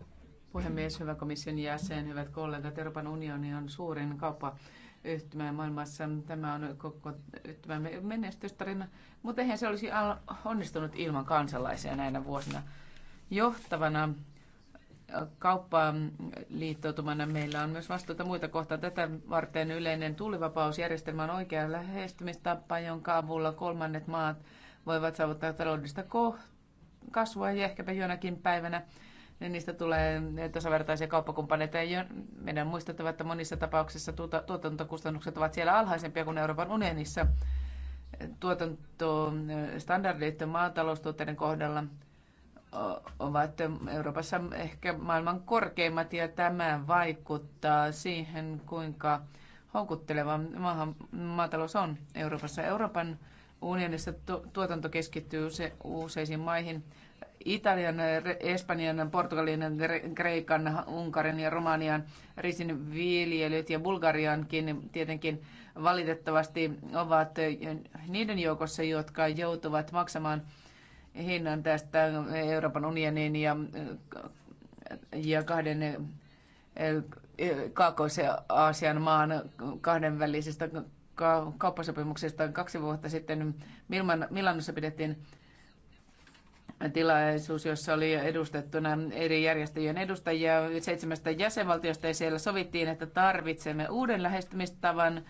Puhemies, hyvä komission jäsen, hyvät kollegat, Euroopan unioni on suurin kauppa yhtymään maailmassa. Tämä on koko yhtymän menestystarina, mutta eihän se olisi onnistunut ilman kansalaisia näinä vuosina. Johtavana kauppaliittoutumana meillä on myös vastuuta muita kohtaan. Tätä varten yleinen tullivapausjärjestelmä on oikea lähestymistapa, jonka avulla kolmannet maat voivat saavuttaa taloudellista kasvua ja ehkäpä jonakin päivänä niin niistä tulee tasavertaisia kauppakumppaneita. Ja meidän muistettava, että monissa tapauksissa tuota, tuotantokustannukset ovat siellä alhaisempia kuin Euroopan unionissa. Tuotantostandardit maataloustuotteiden kohdalla ovat Euroopassa ehkä maailman korkeimmat ja tämä vaikuttaa siihen, kuinka houkutteleva maahan, maatalous on Euroopassa. Euroopan unionissa tuotanto keskittyy use, useisiin maihin. Italian, Espanjan, Portugalin, Kreikan, Unkarin ja Romanian risin viljelyt ja Bulgariankin tietenkin valitettavasti ovat niiden joukossa, jotka joutuvat maksamaan hinnan tästä Euroopan unionin ja, ja kahden Kaakkois-Aasian maan kahdenvälisestä kauppasopimuksesta. Kaksi vuotta sitten Milanossa pidettiin tilaisuus, jossa oli edustettuna eri järjestöjen edustajia seitsemästä jäsenvaltiosta ja siellä sovittiin, että tarvitsemme uuden lähestymistavan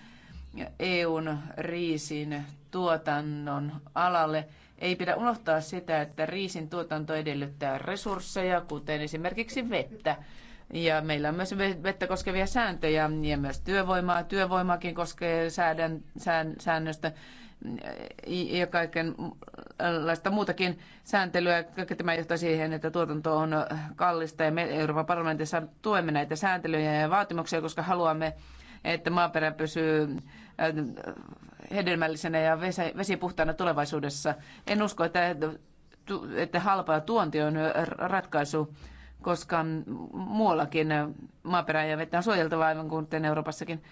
EUn riisin tuotannon alalle. Ei pidä unohtaa sitä, että riisin tuotanto edellyttää resursseja, kuten esimerkiksi vettä. Ja meillä on myös vettä koskevia sääntöjä ja myös työvoimaa. Työvoimaakin koskee säädän, sään, säännöstä ja kaikenlaista muutakin sääntelyä. Kaikki tämä johtaa siihen, että tuotanto on kallista ja me Euroopan parlamentissa tuemme näitä sääntelyjä ja vaatimuksia, koska haluamme, että maaperä pysyy Äh, hedelmällisenä ja vesipuhtaana tulevaisuudessa. En usko, että, että halpaa tuonti on ratkaisu, koska muuallakin maaperää ja vettä on suojeltava aivan kuten Euroopassakin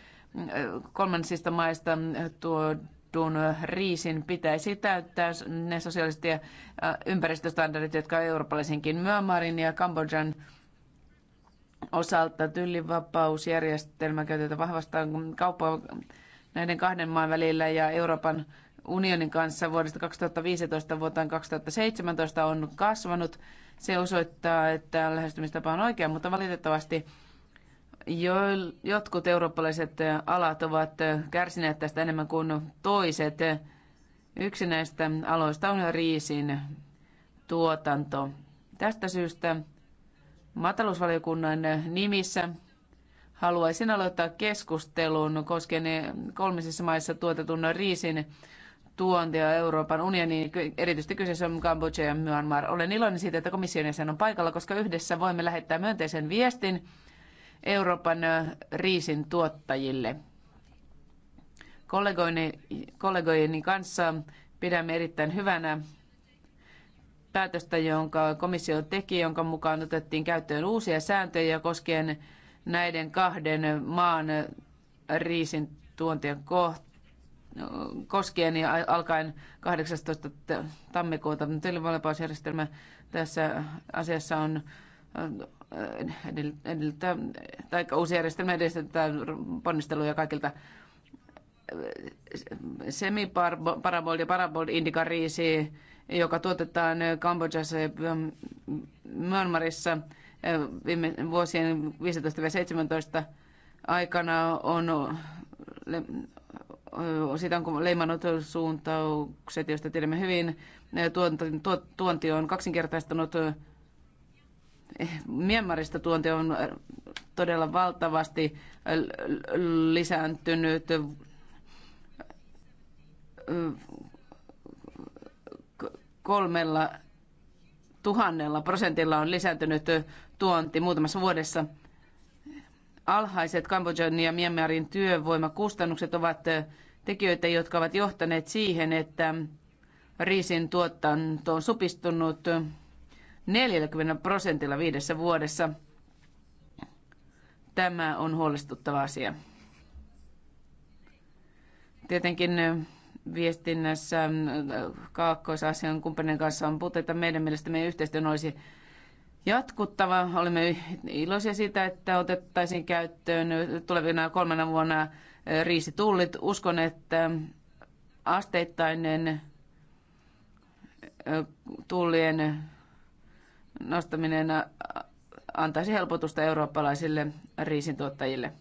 kolmansista maista tuodun riisin pitäisi täyttää ne sosiaaliset ja äh, ympäristöstandardit, jotka eurooppalaisinkin Myanmarin ja Kambodjan osalta tyllivapausjärjestelmä käytetään vahvastaan kauppaa näiden kahden maan välillä ja Euroopan unionin kanssa vuodesta 2015 vuoteen 2017 on kasvanut. Se osoittaa, että lähestymistapa on oikea, mutta valitettavasti jo, jotkut eurooppalaiset alat ovat kärsineet tästä enemmän kuin toiset. Yksi näistä aloista on riisin tuotanto. Tästä syystä maatalousvaliokunnan nimissä Haluaisin aloittaa keskustelun koskien kolmisissa maissa tuotetun riisin tuontia Euroopan unioniin, erityisesti kyseessä on Kambodža ja Myanmar. Olen iloinen siitä, että komission jäsen on paikalla, koska yhdessä voimme lähettää myönteisen viestin Euroopan riisin tuottajille. Kollegoini, kollegojeni kanssa pidämme erittäin hyvänä päätöstä, jonka komissio teki, jonka mukaan otettiin käyttöön uusia sääntöjä koskien näiden kahden maan riisin tuontien kohta koskien ja alkaen 18. tammikuuta. Televalepausjärjestelmä tässä asiassa on edellyttää, tai uusi järjestelmä edellyttää ponnisteluja kaikilta semiparabold ja parabold riisi, joka tuotetaan Kambodžassa ja Myanmarissa – viime vuosien 15-17 aikana on, sitä on leimannut suuntaukset, joista tiedämme hyvin. Tuonti on kaksinkertaistunut. Eh, Myanmarista tuonti on todella valtavasti lisääntynyt kolmella tuhannella prosentilla on lisääntynyt tuonti muutamassa vuodessa. Alhaiset Kambodjan ja Myanmarin työvoimakustannukset ovat tekijöitä, jotka ovat johtaneet siihen, että riisin tuotanto on supistunut 40 prosentilla viidessä vuodessa. Tämä on huolestuttava asia. Tietenkin viestinnässä Kaakkois-Aasian kumppanin kanssa on puutteita. Meidän mielestämme yhteistyön olisi jatkuttava. Olemme iloisia siitä, että otettaisiin käyttöön tulevina kolmena vuonna eh, riisitullit. Uskon, että eh, asteittainen eh, tullien nostaminen antaisi helpotusta eurooppalaisille riisintuottajille.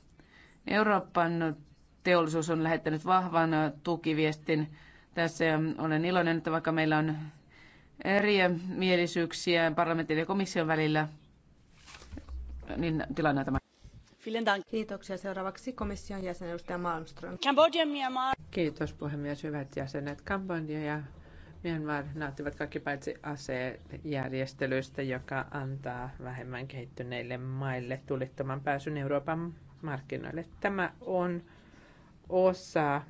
Euroopan teollisuus on lähettänyt vahvan tukiviestin tässä ja olen iloinen, että vaikka meillä on eriämielisyyksiä parlamentin ja komission välillä, niin tilanne on tämä. Kiitoksia. Seuraavaksi komission jäsen edustaja Malmström. Cambodia, Myanmar. Kiitos puhemies, hyvät jäsenet. Kambodja ja Myanmar nauttivat kaikki paitsi asejärjestelyistä, joka antaa vähemmän kehittyneille maille tulittoman pääsyn Euroopan markkinoille. Tämä on osa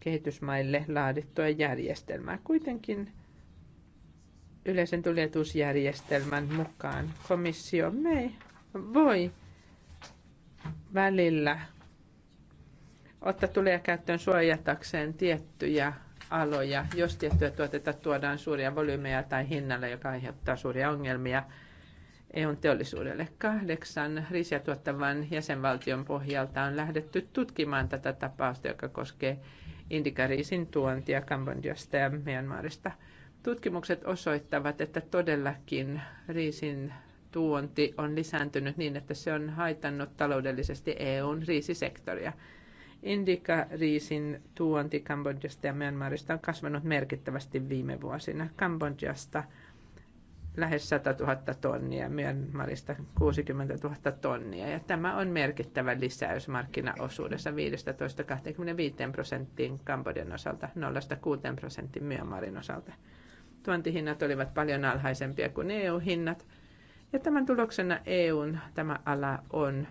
kehitysmaille laadittua järjestelmää. Kuitenkin yleisen tuljetusjärjestelmän mukaan. Komissio me voi välillä ottaa tulee käyttöön suojatakseen tiettyjä aloja, jos tiettyä tuotetta tuodaan suuria volyymeja tai hinnalla, joka aiheuttaa suuria ongelmia EUn teollisuudelle. Kahdeksan riisiä tuottavan jäsenvaltion pohjalta on lähdetty tutkimaan tätä tapausta, joka koskee indikariisin tuontia Kambodjasta ja Myanmarista – Tutkimukset osoittavat, että todellakin riisin tuonti on lisääntynyt niin, että se on haitannut taloudellisesti EUn riisisektoria. Indika-riisin tuonti Kambodjasta ja Myanmarista on kasvanut merkittävästi viime vuosina. Kambodjasta lähes 100 000 tonnia, Myanmarista 60 000 tonnia. Ja tämä on merkittävä lisäys markkinaosuudessa 15-25 prosenttiin Kambodjan osalta, 0-6 prosenttiin Myanmarin osalta tuontihinnat olivat paljon alhaisempia kuin EU-hinnat. Ja tämän tuloksena EUn tämä ala on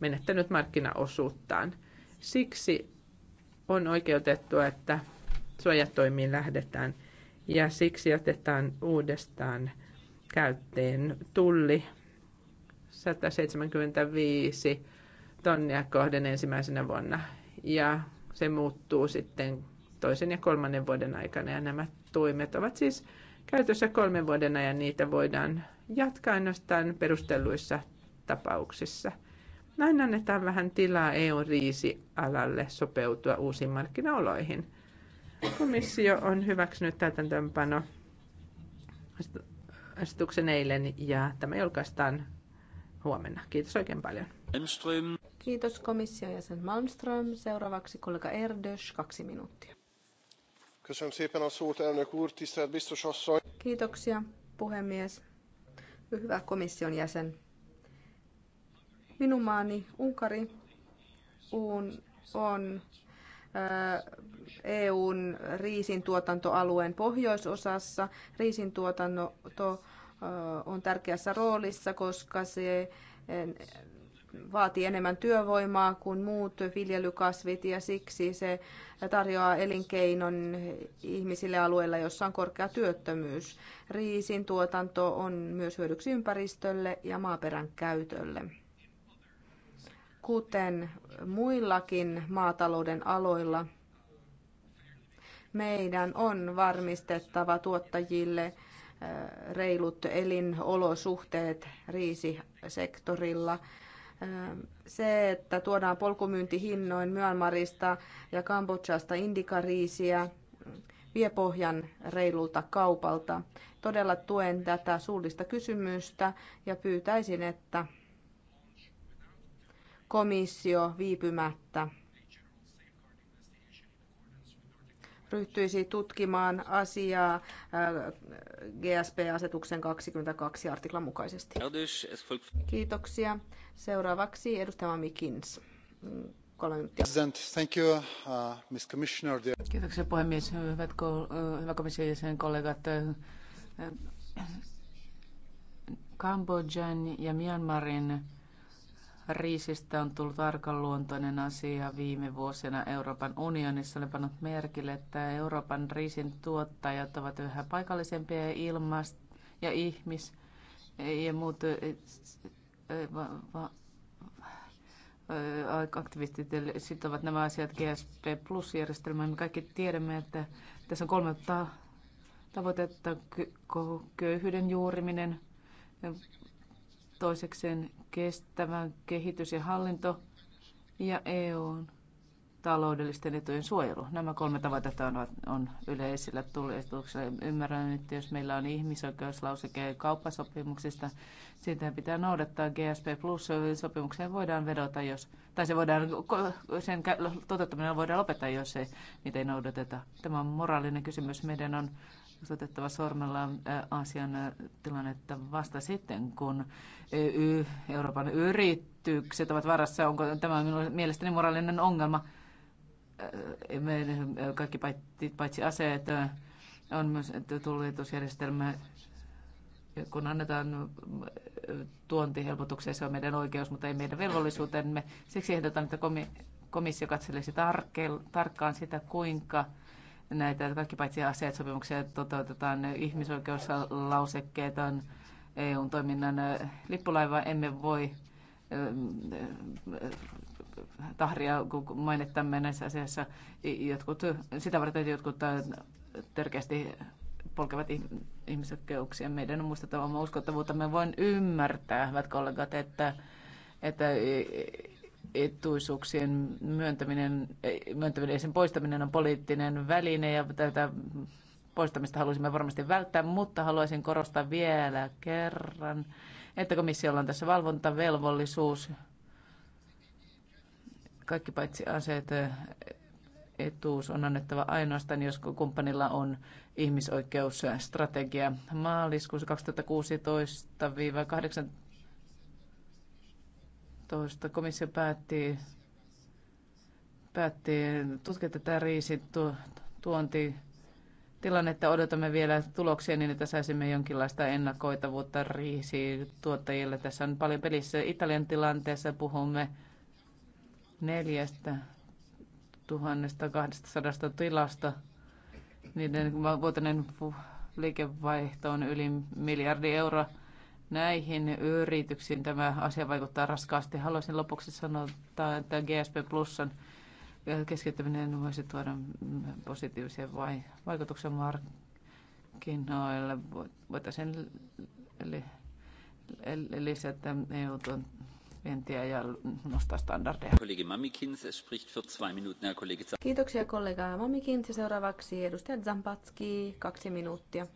menettänyt markkinaosuuttaan. Siksi on oikeutettua, että suojatoimiin lähdetään ja siksi otetaan uudestaan käyttöön tulli 175 tonnia kohden ensimmäisenä vuonna ja se muuttuu sitten toisen ja kolmannen vuoden aikana. Ja nämä toimet ovat siis käytössä kolmen vuoden ajan. Niitä voidaan jatkaa ainoastaan perustelluissa tapauksissa. Näin annetaan vähän tilaa EUn riisialalle sopeutua uusiin markkinaoloihin. Komissio on hyväksynyt täytäntöönpano asetuksen eilen ja tämä julkaistaan huomenna. Kiitos oikein paljon. Malmström. Kiitos komission jäsen Malmström. Seuraavaksi kollega Erdös kaksi minuuttia. Kiitoksia, puhemies. Hyvä komission jäsen. Minun maani Unkari on EUn riisintuotantoalueen pohjoisosassa. Riisintuotanto on tärkeässä roolissa, koska se vaatii enemmän työvoimaa kuin muut viljelykasvit ja siksi se tarjoaa elinkeinon ihmisille alueilla, jossa on korkea työttömyys. Riisin tuotanto on myös hyödyksi ympäristölle ja maaperän käytölle. Kuten muillakin maatalouden aloilla, meidän on varmistettava tuottajille äh, reilut elinolosuhteet riisisektorilla se, että tuodaan polkumyyntihinnoin Myanmarista ja Kambodžasta indikariisiä, vie pohjan reilulta kaupalta. Todella tuen tätä suullista kysymystä ja pyytäisin, että komissio viipymättä ryhtyisi tutkimaan asiaa äh, GSP-asetuksen 22 artiklan mukaisesti. Kiitoksia. Seuraavaksi edustaja Mikins. Thank you, uh, Ms. Commissioner. Kiitoksia puhemies. Hyvät ko- uh, hyvä komission jäsen kollegat. Kambodjan uh, uh, ja Myanmarin Riisistä on tullut arkaluontoinen asia viime vuosina Euroopan unionissa. Olen pannut merkille, että Euroopan riisin tuottajat ovat yhä paikallisempia ja ilmast ja ihmis ja muut eh, eh, eh, aktivistit sitovat nämä asiat GSP Plus-järjestelmään. Me kaikki tiedämme, että tässä on kolme ta- tavoitetta. Köyhyyden juuriminen, toisekseen kestävän kehitys ja hallinto ja EUn taloudellisten etujen suojelu. Nämä kolme tavoitetta on, on yleisillä tulistuksella. Ymmärrän, että jos meillä on ihmisoikeuslauseke kauppasopimuksista, sitä pitää noudattaa GSP Plus sopimukseen voidaan vedota, jos, tai se voidaan, sen toteuttaminen voidaan lopettaa, jos se, niitä ei noudateta. Tämä on moraalinen kysymys. Meidän on osoitettava sormella Aasian tilannetta vasta sitten, kun EU, Euroopan yritykset ovat varassa. Onko tämä minun mielestäni moraalinen ongelma? Me kaikki paitsi aseet on myös tullitusjärjestelmä kun annetaan tuontihelpotuksia, se on meidän oikeus, mutta ei meidän velvollisuutemme. Siksi ehdotan, että komissio katselisi tarkkaan sitä, kuinka näitä kaikki paitsi aseet sopimuksia toteutetaan, ihmisoikeuslausekkeet on eu toiminnan lippulaiva, emme voi tahria mainittamme näissä asiassa. Jotkut, sitä varten, että jotkut törkeästi polkevat ihmisoikeuksia. Meidän on muistettava oma uskottavuutta. Me voin ymmärtää, hyvät kollegat, että, että etuisuuksien myöntäminen, myöntäminen ja sen poistaminen on poliittinen väline ja tätä poistamista haluaisimme varmasti välttää, mutta haluaisin korostaa vielä kerran, että komissiolla on tässä valvontavelvollisuus kaikki paitsi aseet etuus on annettava ainoastaan, jos kumppanilla on ihmisoikeusstrategia. Maaliskuussa 2016 2015 komissio päätti, päätti tutkia tätä tuonti tilannetta odotamme vielä tuloksia niin, että saisimme jonkinlaista ennakoitavuutta tuottajille Tässä on paljon pelissä. Italian tilanteessa puhumme neljästä tuhannesta kahdesta tilasta. Niiden vuotinen liikevaihto on yli miljardi euroa näihin yrityksiin tämä asia vaikuttaa raskaasti. Haluaisin lopuksi sanoa, että GSP on keskittäminen niin voisi tuoda positiivisia vaikutuksia markkinoille. Voitaisiin lisätä EU-tuon vientiä ja nostaa standardeja. Kiitoksia kollega Mamikins ja seuraavaksi edustaja Zampatski, kaksi minuuttia.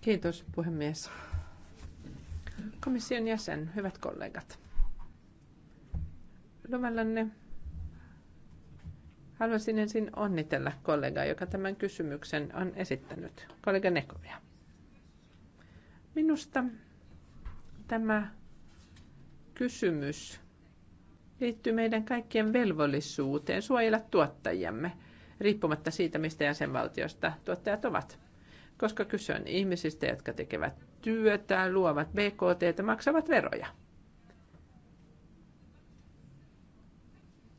Kiitos puhemies. Komission jäsen, hyvät kollegat. Luvallanne haluaisin ensin onnitella kollegaa, joka tämän kysymyksen on esittänyt, kollega Nekovia. Minusta tämä kysymys liittyy meidän kaikkien velvollisuuteen suojella tuottajiamme, riippumatta siitä, mistä jäsenvaltiosta tuottajat ovat. Koska kyse on ihmisistä, jotka tekevät työtä, luovat BKT, maksavat veroja.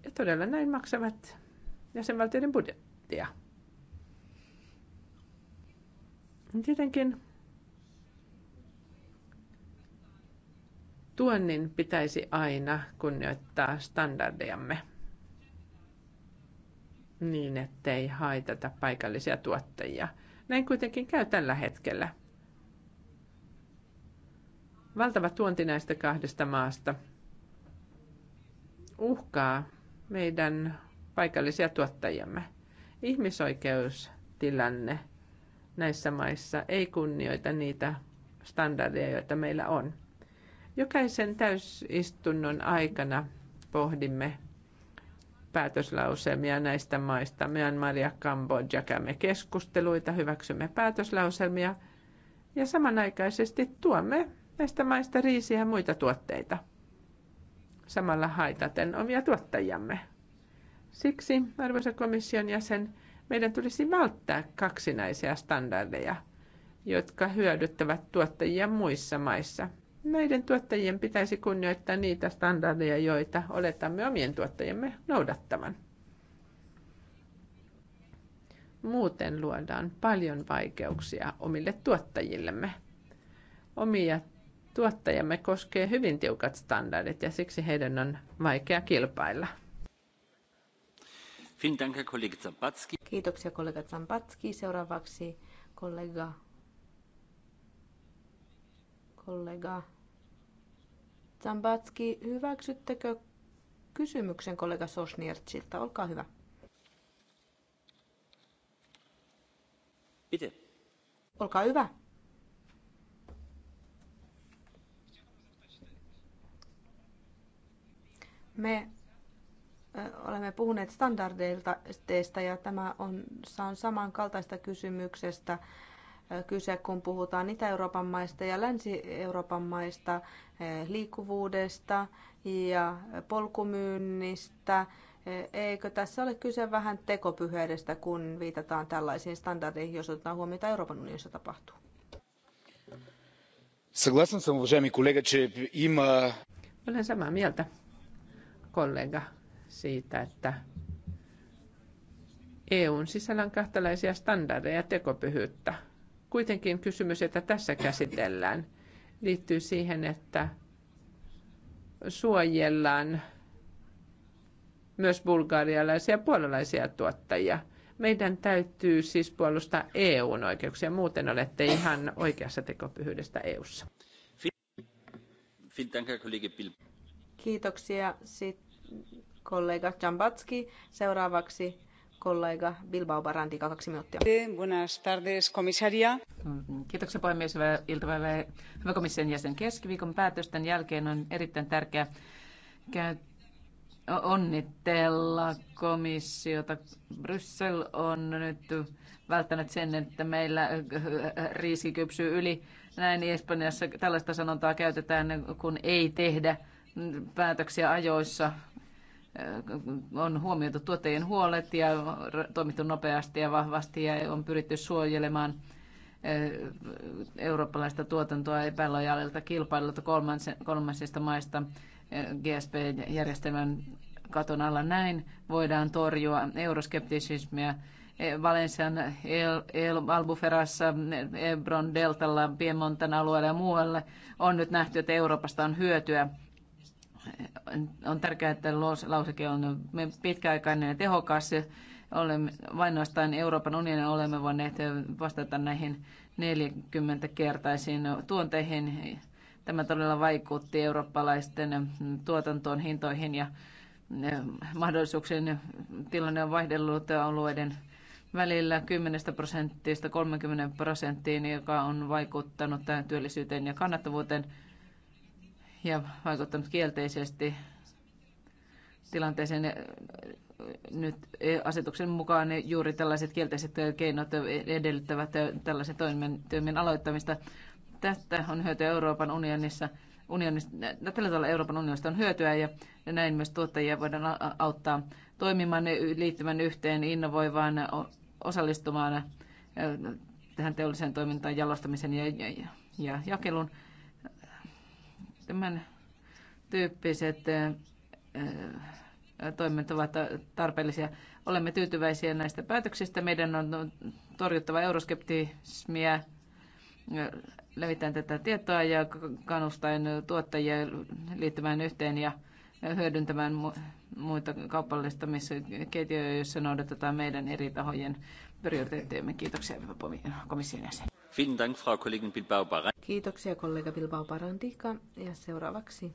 Ja todella näin maksavat jäsenvaltioiden budjettia. Tietenkin tuonnin pitäisi aina kunnioittaa standardejamme niin, ettei haitata paikallisia tuottajia. Näin kuitenkin käy tällä hetkellä valtava tuonti näistä kahdesta maasta uhkaa meidän paikallisia tuottajiamme. Ihmisoikeustilanne näissä maissa ei kunnioita niitä standardeja, joita meillä on. Jokaisen täysistunnon aikana pohdimme päätöslauselmia näistä maista. Myanmaria, Kambodja käymme keskusteluita, hyväksymme päätöslauselmia ja samanaikaisesti tuomme näistä maista riisiä ja muita tuotteita. Samalla haitaten omia tuottajiamme. Siksi, arvoisa komission jäsen, meidän tulisi välttää kaksinaisia standardeja, jotka hyödyttävät tuottajia muissa maissa. Näiden tuottajien pitäisi kunnioittaa niitä standardeja, joita oletamme omien tuottajiemme noudattavan. Muuten luodaan paljon vaikeuksia omille tuottajillemme. Omia Tuottajamme koskee hyvin tiukat standardit ja siksi heidän on vaikea kilpailla. Kiitoksia kollega Zambatski. Seuraavaksi kollega, kollega Zambatski, hyväksyttekö kysymyksen kollega Sosniertsiltä? Olkaa hyvä. Miten? Olkaa hyvä. Me olemme puhuneet standardeista ja tämä on, on samankaltaista kysymyksestä kyse, kun puhutaan Itä-Euroopan maista ja Länsi-Euroopan maista, liikkuvuudesta ja polkumyynnistä. Eikö tässä ole kyse vähän tekopyheydestä, kun viitataan tällaisiin standardeihin, jos otetaan huomioon, mitä Euroopan unionissa tapahtuu? Согласен съм, уважаеми колега, че има... Olen samaa mieltä, kollega siitä, että EUn sisällä on kahtalaisia standardeja ja tekopyhyyttä. Kuitenkin kysymys, jota tässä käsitellään, liittyy siihen, että suojellaan myös bulgarialaisia ja puolalaisia tuottajia. Meidän täytyy siis puolustaa EUn oikeuksia, muuten olette ihan oikeassa tekopyhyydestä EUssa. Kiitoksia sitten kollega Jambatski. Seuraavaksi kollega Bilbao Barandi, kaksi minuuttia. Buenas tardes, komissaria. Kiitoksia puhemies, hyvää iltapäivää. Hyvä komission jäsen keskiviikon päätösten jälkeen on erittäin tärkeää onnitella komissiota. Bryssel on nyt välttänyt sen, että meillä riski kypsyy yli. Näin Espanjassa tällaista sanontaa käytetään, kun ei tehdä – päätöksiä ajoissa. On huomioitu tuottajien huolet ja toimittu nopeasti ja vahvasti ja on pyritty suojelemaan eh, eurooppalaista tuotantoa epälojaalilta kilpailulta kolmansista maista eh, GSP-järjestelmän katon alla. Näin voidaan torjua euroskeptisismiä eh, Valensian El, Albuferassa, Ebron deltalla, Piemontan alueella ja muualla on nyt nähty, että Euroopasta on hyötyä on tärkeää, että lauseke on pitkäaikainen ja tehokas. Olemme, vain Euroopan unionin olemme voineet vastata näihin 40-kertaisiin tuonteihin. Tämä todella vaikutti eurooppalaisten tuotantoon, hintoihin ja eh, mahdollisuuksien tilanne on vaihdellut alueiden välillä 10 prosentista 30 prosenttiin, joka on vaikuttanut työllisyyteen ja kannattavuuteen ja vaikuttanut kielteisesti tilanteeseen. Nyt asetuksen mukaan juuri tällaiset kielteiset keinot edellyttävät tällaisen toimen, aloittamista. Tästä on hyötyä Euroopan unionissa. Unionista, tällä tavalla Euroopan unionista on hyötyä ja näin myös tuottajia voidaan auttaa toimimaan liittymän yhteen innovoivaan osallistumaan tähän teolliseen toimintaan, jalostamisen ja, ja, ja jakelun. Tämän tyyppiset toimet ovat tarpeellisia. Olemme tyytyväisiä näistä päätöksistä. Meidän on torjuttava euroskeptismiä, levitän tätä tietoa ja kannustan tuottajia liittymään yhteen ja hyödyntämään muita kaupallistamisketjuja, joissa noudatetaan meidän eri tahojen prioriteettiemme. Kiitoksia komission jäsen. Kiitoksia kollega Bilbao Barandika. Ja seuraavaksi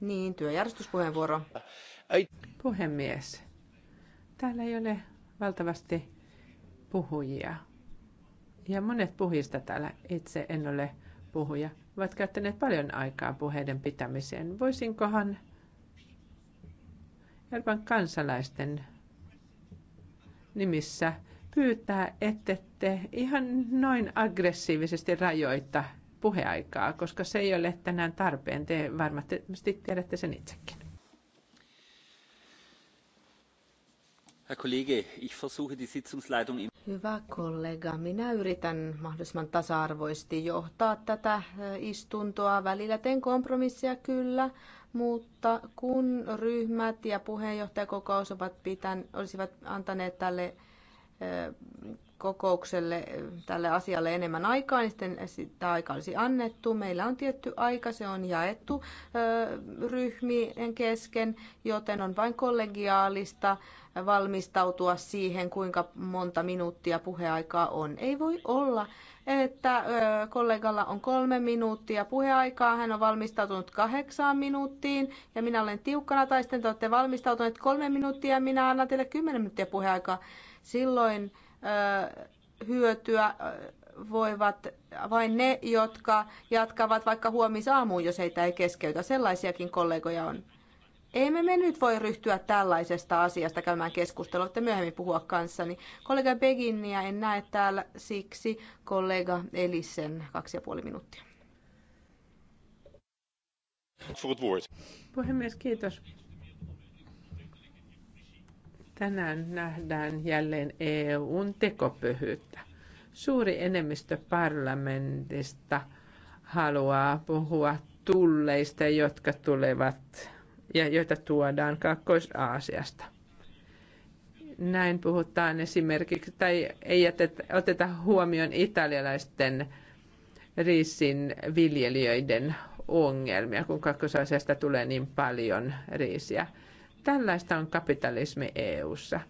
niin, työjärjestyspuheenvuoro. Puhemies, täällä ei ole valtavasti puhujia. Ja monet puhujista täällä, itse en ole puhuja, ovat käyttäneet paljon aikaa puheiden pitämiseen. Voisinkohan Euroopan kansalaisten nimissä pyytää, te ihan noin aggressiivisesti rajoita puheaikaa, koska se ei ole tänään tarpeen. Te varmasti tiedätte sen itsekin. Hyvä kollega, minä yritän mahdollisimman tasa-arvoisesti johtaa tätä äh, istuntoa. Välillä teen kompromissia, kyllä, mutta kun ryhmät ja puheenjohtajakokous ovat pitän, olisivat antaneet tälle kokoukselle tälle asialle enemmän aikaa, niin sitten sitä aikaa olisi annettu. Meillä on tietty aika, se on jaettu ryhmien kesken, joten on vain kollegiaalista valmistautua siihen, kuinka monta minuuttia puheaikaa on. Ei voi olla että kollegalla on kolme minuuttia puheaikaa. Hän on valmistautunut kahdeksaan minuuttiin ja minä olen tiukkana tai sitten te olette valmistautuneet kolme minuuttia ja minä annan teille kymmenen minuuttia puheaikaa. Silloin hyötyä voivat vain ne, jotka jatkavat vaikka huomisaamuun, jos heitä ei keskeytä. Sellaisiakin kollegoja on. Emme me nyt voi ryhtyä tällaisesta asiasta käymään keskustelua, että myöhemmin puhua kanssani. Kollega Beginnia en näe täällä, siksi kollega Elisen kaksi ja puoli minuuttia. Puhemies, kiitos. Tänään nähdään jälleen EUn tekopyhyyttä. Suuri enemmistö parlamentista haluaa puhua tulleista, jotka tulevat ja joita tuodaan Kaakkois-Aasiasta. Näin puhutaan esimerkiksi, tai ei jätetä, oteta huomioon italialaisten riisin viljelijöiden ongelmia, kun Kaakkois-Aasiasta tulee niin paljon riisiä. Tällaista on kapitalismi EU:ssa.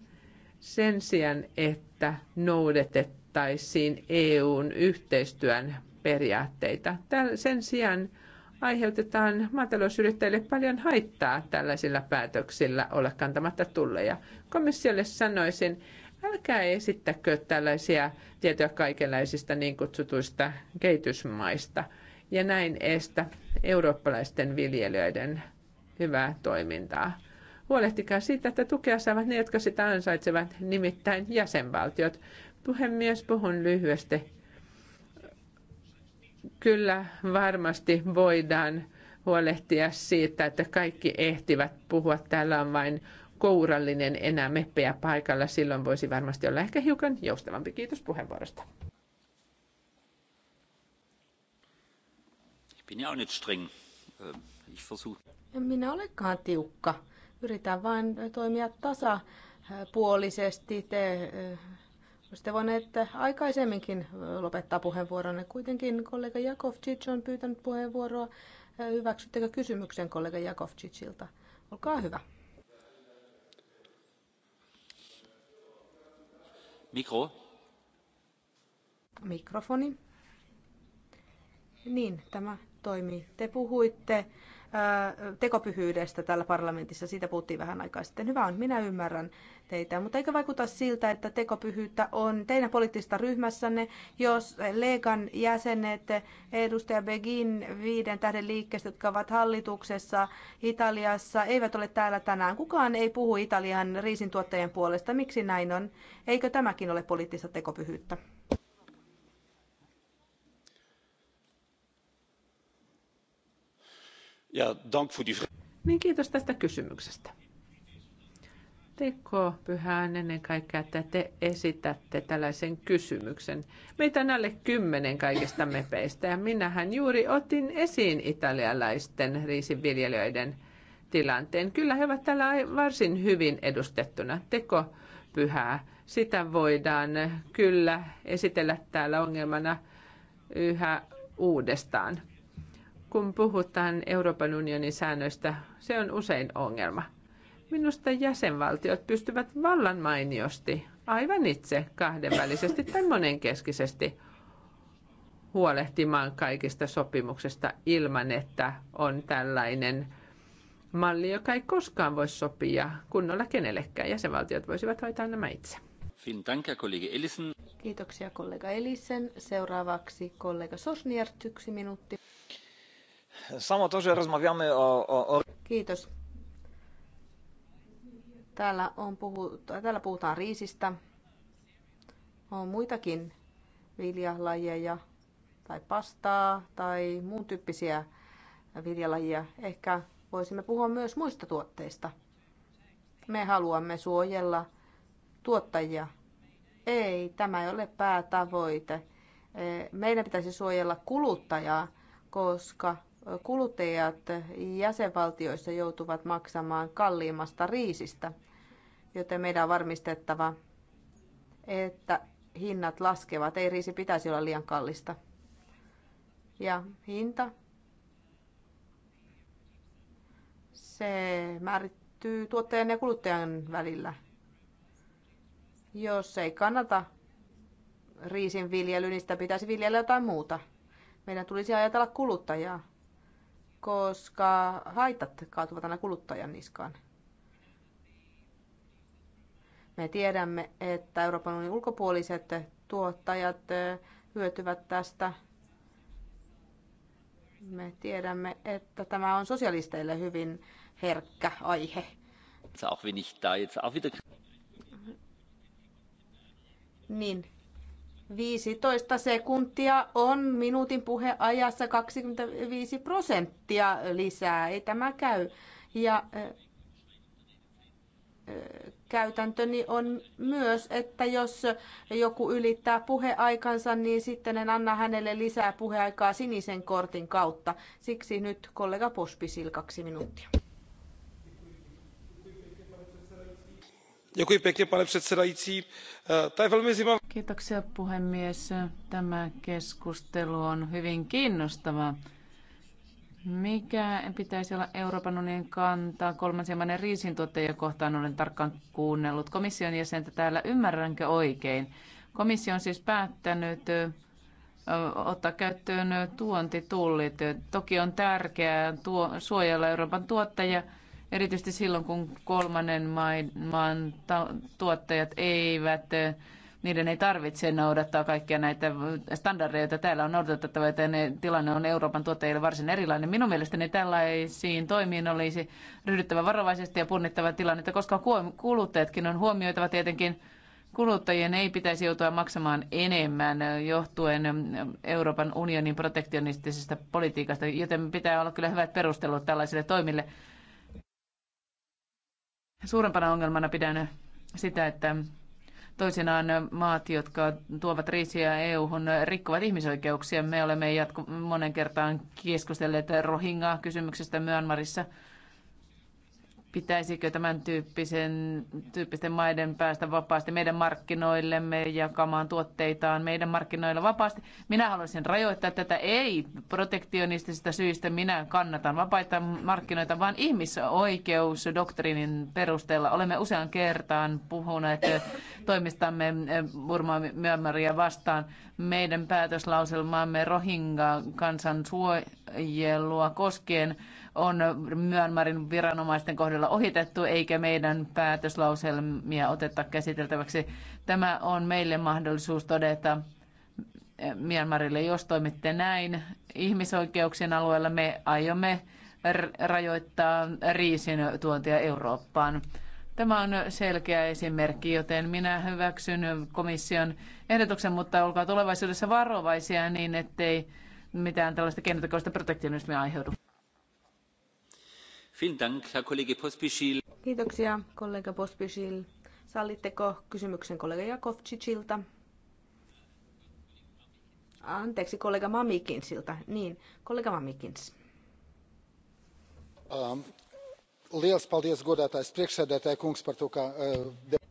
Sen sijaan, että noudatettaisiin EUn yhteistyön periaatteita. Sen sijaan aiheutetaan maatalousyrittäjille paljon haittaa tällaisilla päätöksillä olla kantamatta tulleja. Komissiolle sanoisin, älkää esittäkö tällaisia tietoja kaikenlaisista niin kutsutuista kehitysmaista ja näin estä eurooppalaisten viljelijöiden hyvää toimintaa. Huolehtikaa siitä, että tukea saavat ne, jotka sitä ansaitsevat, nimittäin jäsenvaltiot. Puhemies, puhun lyhyesti kyllä varmasti voidaan huolehtia siitä, että kaikki ehtivät puhua. Täällä on vain kourallinen enää meppejä paikalla. Silloin voisi varmasti olla ehkä hiukan joustavampi. Kiitos puheenvuorosta. Äh, en minä olekaan tiukka. Yritän vain toimia tasapuolisesti. Te äh, Olisitte voineet äh, aikaisemminkin äh, lopettaa puheenvuoronne. Kuitenkin kollega Cic on pyytänyt puheenvuoroa. Äh, hyväksyttekö kysymyksen kollega Cicilta? Olkaa hyvä. Mikro. Mikrofoni. Niin, tämä toimii. Te puhuitte tekopyhyydestä täällä parlamentissa. Siitä puhuttiin vähän aikaa sitten. Hyvä on, minä ymmärrän teitä, mutta eikö vaikuta siltä, että tekopyhyyttä on teidän poliittista ryhmässänne, jos Leekan jäsenet, edustaja Begin viiden tähden liikkeestä, jotka ovat hallituksessa Italiassa, eivät ole täällä tänään. Kukaan ei puhu Italian riisintuottajien puolesta. Miksi näin on? Eikö tämäkin ole poliittista tekopyhyyttä? Ja, dank voor die... Niin kiitos tästä kysymyksestä teko pyhään ennen kaikkea, että te esitätte tällaisen kysymyksen. Meitä on alle kymmenen kaikista mepeistä ja minähän juuri otin esiin italialaisten riisinviljelijöiden tilanteen. Kyllä he ovat täällä varsin hyvin edustettuna. Teko pyhää. Sitä voidaan kyllä esitellä täällä ongelmana yhä uudestaan. Kun puhutaan Euroopan unionin säännöistä, se on usein ongelma Minusta jäsenvaltiot pystyvät vallan mainiosti, aivan itse, kahdenvälisesti tai monenkeskisesti huolehtimaan kaikista sopimuksesta ilman, että on tällainen malli, joka ei koskaan voi sopia kunnolla kenellekään. Jäsenvaltiot voisivat hoitaa nämä itse. Kiitoksia kollega Elisen. Seuraavaksi kollega Sosniert, yksi minuutti. Samo to, że rozmawiamy o... Kiitos. Täällä, on puhuttu, täällä puhutaan riisistä. On muitakin viljalajeja tai pastaa tai muun tyyppisiä viljalajia. Ehkä voisimme puhua myös muista tuotteista. Me haluamme suojella tuottajia. Ei, tämä ei ole päätavoite. Meidän pitäisi suojella kuluttajaa, koska kuluttajat jäsenvaltioissa joutuvat maksamaan kalliimmasta riisistä joten meidän on varmistettava, että hinnat laskevat. Ei riisi pitäisi olla liian kallista. Ja hinta, se määrittyy tuottajan ja kuluttajan välillä. Jos ei kannata riisin viljely, niin sitä pitäisi viljellä jotain muuta. Meidän tulisi ajatella kuluttajaa, koska haitat kaatuvat aina kuluttajan niskaan. Me tiedämme, että Euroopan unionin ulkopuoliset tuottajat hyötyvät tästä. Me tiedämme, että tämä on sosialisteille hyvin herkkä aihe. Niin, 15 sekuntia on minuutin puheajassa 25 prosenttia lisää. Ei tämä käy. Ja käytäntöni niin on myös, että jos joku ylittää puheaikansa, niin sitten en anna hänelle lisää puheaikaa sinisen kortin kautta. Siksi nyt kollega Pospisil kaksi minuuttia. E, Kiitoksia puhemies. Tämä keskustelu on hyvin kiinnostava. Mikä pitäisi olla Euroopan unionin kanta kolmansien maiden riisintuottajia kohtaan? Olen tarkkaan kuunnellut komission jäsentä täällä. Ymmärränkö oikein? Komissio on siis päättänyt ottaa käyttöön tuontitullit. Toki on tärkeää tuo, suojella Euroopan tuottajia, erityisesti silloin kun kolmannen maan tuottajat eivät niiden ei tarvitse noudattaa kaikkia näitä standardeja, joita täällä on noudatettava, että ne, tilanne on Euroopan tuottajille varsin erilainen. Minun mielestäni tällaisiin toimiin olisi ryhdyttävä varovaisesti ja punnittava tilannetta, koska kuluttajatkin on huomioitava tietenkin kuluttajien ei pitäisi joutua maksamaan enemmän johtuen Euroopan unionin protektionistisesta politiikasta, joten pitää olla kyllä hyvät perustelut tällaisille toimille. Suurempana ongelmana pidän sitä, että Toisinaan maat, jotka tuovat riisiä EU-hun, rikkovat ihmisoikeuksia. Me olemme jatku- monen kertaan keskustelleet Rohingya-kysymyksestä Myanmarissa – pitäisikö tämän tyyppisen, tyyppisten maiden päästä vapaasti meidän markkinoillemme jakamaan tuotteitaan meidän markkinoilla vapaasti. Minä haluaisin rajoittaa tätä ei protektionistisista syistä. Minä kannatan vapaita markkinoita, vaan ihmisoikeusdoktriinin perusteella. Olemme usean kertaan puhuneet toimistamme Burma Myanmaria vastaan. Meidän päätöslauselmaamme Rohingya kansan suojelua koskien on Myanmarin viranomaisten kohdalla ohitettu, eikä meidän päätöslauselmia oteta käsiteltäväksi. Tämä on meille mahdollisuus todeta Myanmarille, jos toimitte näin ihmisoikeuksien alueella, me aiomme rajoittaa riisin tuontia Eurooppaan. Tämä on selkeä esimerkki, joten minä hyväksyn komission ehdotuksen, mutta olkaa tulevaisuudessa varovaisia niin, ettei mitään tällaista keinotekoista protektionismia aiheudu. Kiitoksia kollega Pospisil. Sallitteko kysymyksen kollega Jakovcicilta? Anteeksi, kollega Mamikinsilta. Niin, kollega Mamikins. Um, uh,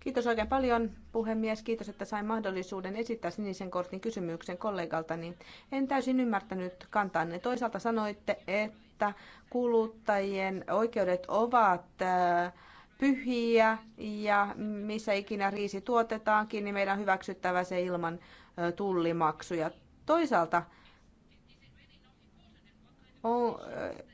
Kiitos oikein paljon, puhemies. Kiitos, että sain mahdollisuuden esittää sinisen kortin kysymyksen kollegaltani. En täysin ymmärtänyt kantanne. Toisaalta sanoitte, että että kuluttajien oikeudet ovat äh, pyhiä ja missä ikinä riisi tuotetaankin, niin meidän on hyväksyttävä se ilman äh, tullimaksuja. Toisaalta on, äh,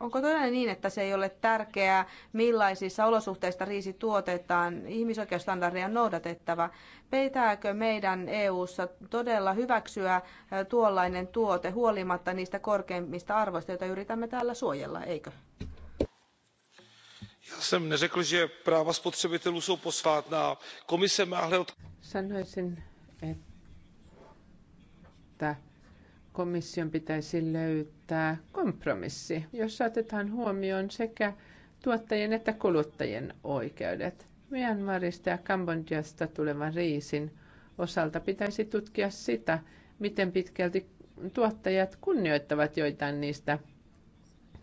Onko todella niin, että se ei ole tärkeää, millaisissa olosuhteissa riisi tuotetaan, ihmisoikeusstandardeja on noudatettava? Peitääkö meidän EU-ssa todella hyväksyä tuollainen tuote huolimatta niistä korkeimmista arvoista, joita yritämme täällä suojella, eikö? Sanoisin, että komission pitäisi löytää kompromissi, jossa otetaan huomioon sekä tuottajien että kuluttajien oikeudet. Myanmarista ja Kambodjasta tulevan riisin osalta pitäisi tutkia sitä, miten pitkälti tuottajat kunnioittavat joitain niistä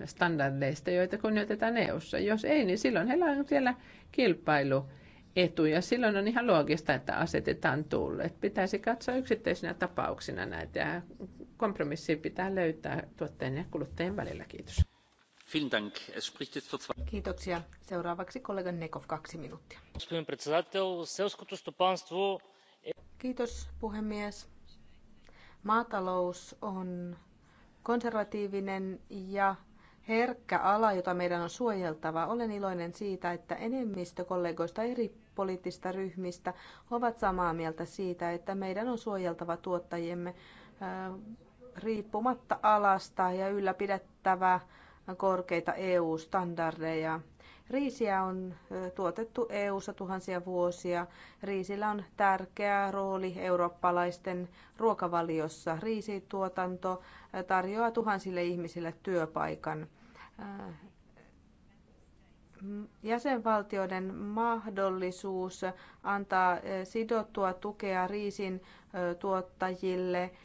standardeista, joita kunnioitetaan EU:ssa. Jos ei, niin silloin heillä on siellä kilpailu etuja. Silloin on ihan loogista, että asetetaan tulleet. Pitäisi katsoa yksittäisinä tapauksina näitä ja kompromissi pitää löytää tuotteen ja kuluttajien välillä. Kiitos. Kiitoksia. Seuraavaksi kollega Nekov, kaksi minuuttia. Kiitos puhemies. Maatalous on konservatiivinen ja herkkä ala, jota meidän on suojeltava. Olen iloinen siitä, että enemmistö kollegoista eri poliittista ryhmistä ovat samaa mieltä siitä, että meidän on suojeltava tuottajiemme riippumatta alasta ja ylläpidettävä korkeita EU-standardeja. Riisiä on tuotettu EU-ssa tuhansia vuosia. Riisillä on tärkeä rooli eurooppalaisten ruokavaliossa. Riisituotanto tarjoaa tuhansille ihmisille työpaikan. Jäsenvaltioiden mahdollisuus antaa sidottua tukea riisin tuottajille –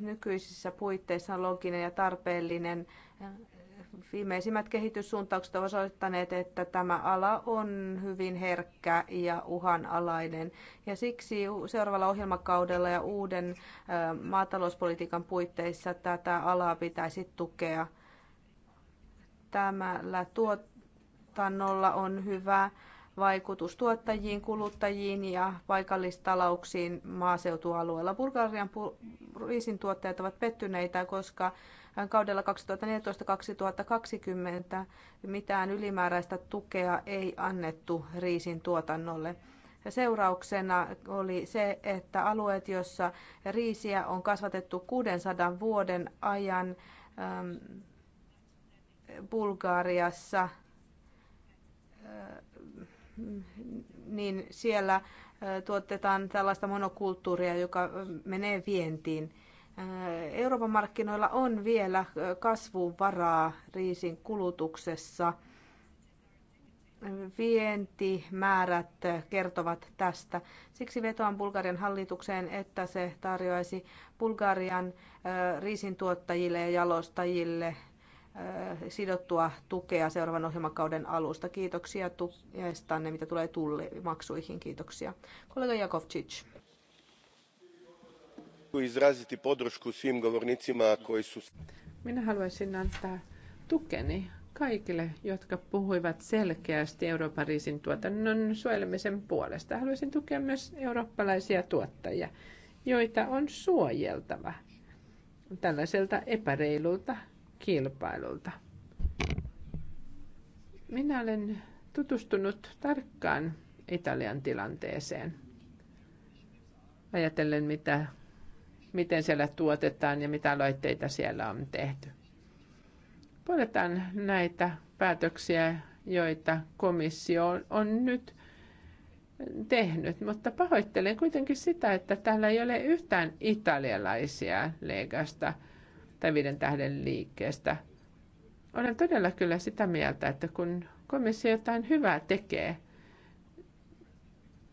nykyisissä puitteissa on ja tarpeellinen. Viimeisimmät kehityssuuntaukset ovat osoittaneet, että tämä ala on hyvin herkkä ja uhanalainen. Ja siksi seuraavalla ohjelmakaudella ja uuden maatalouspolitiikan puitteissa tätä alaa pitäisi tukea. Tämällä tuotannolla on hyvä vaikutus tuottajiin, kuluttajiin ja paikallistalouksiin maaseutualueella. Bulgarian riisin tuottajat ovat pettyneitä, koska kaudella 2014-2020 mitään ylimääräistä tukea ei annettu riisin tuotannolle. Seurauksena oli se, että alueet, joissa riisiä on kasvatettu 600 vuoden ajan Bulgariassa, niin siellä tuotetaan tällaista monokulttuuria, joka menee vientiin. Euroopan markkinoilla on vielä kasvun varaa riisin kulutuksessa. Vientimäärät kertovat tästä. Siksi vetoan Bulgarian hallitukseen, että se tarjoaisi Bulgarian riisintuottajille ja jalostajille sidottua tukea seuraavan ohjelmakauden alusta. Kiitoksia tuestanne, mitä tulee tullimaksuihin. Kiitoksia. Kollega Jakovčić. izraziti podršku svim govornicima koji su... Minä haluaisin antaa tukeni kaikille, jotka puhuivat selkeästi Euroopan tuotannon suojelemisen puolesta. Haluaisin tukea myös eurooppalaisia tuottajia, joita on suojeltava tällaiselta epäreilulta kilpailulta. Minä olen tutustunut tarkkaan Italian tilanteeseen. Ajatellen, mitä, miten siellä tuotetaan ja mitä laitteita siellä on tehty. Puoletaan näitä päätöksiä, joita komissio on nyt tehnyt, mutta pahoittelen kuitenkin sitä, että täällä ei ole yhtään italialaisia Legasta – tai viiden tähden liikkeestä. Olen todella kyllä sitä mieltä, että kun komissio jotain hyvää tekee,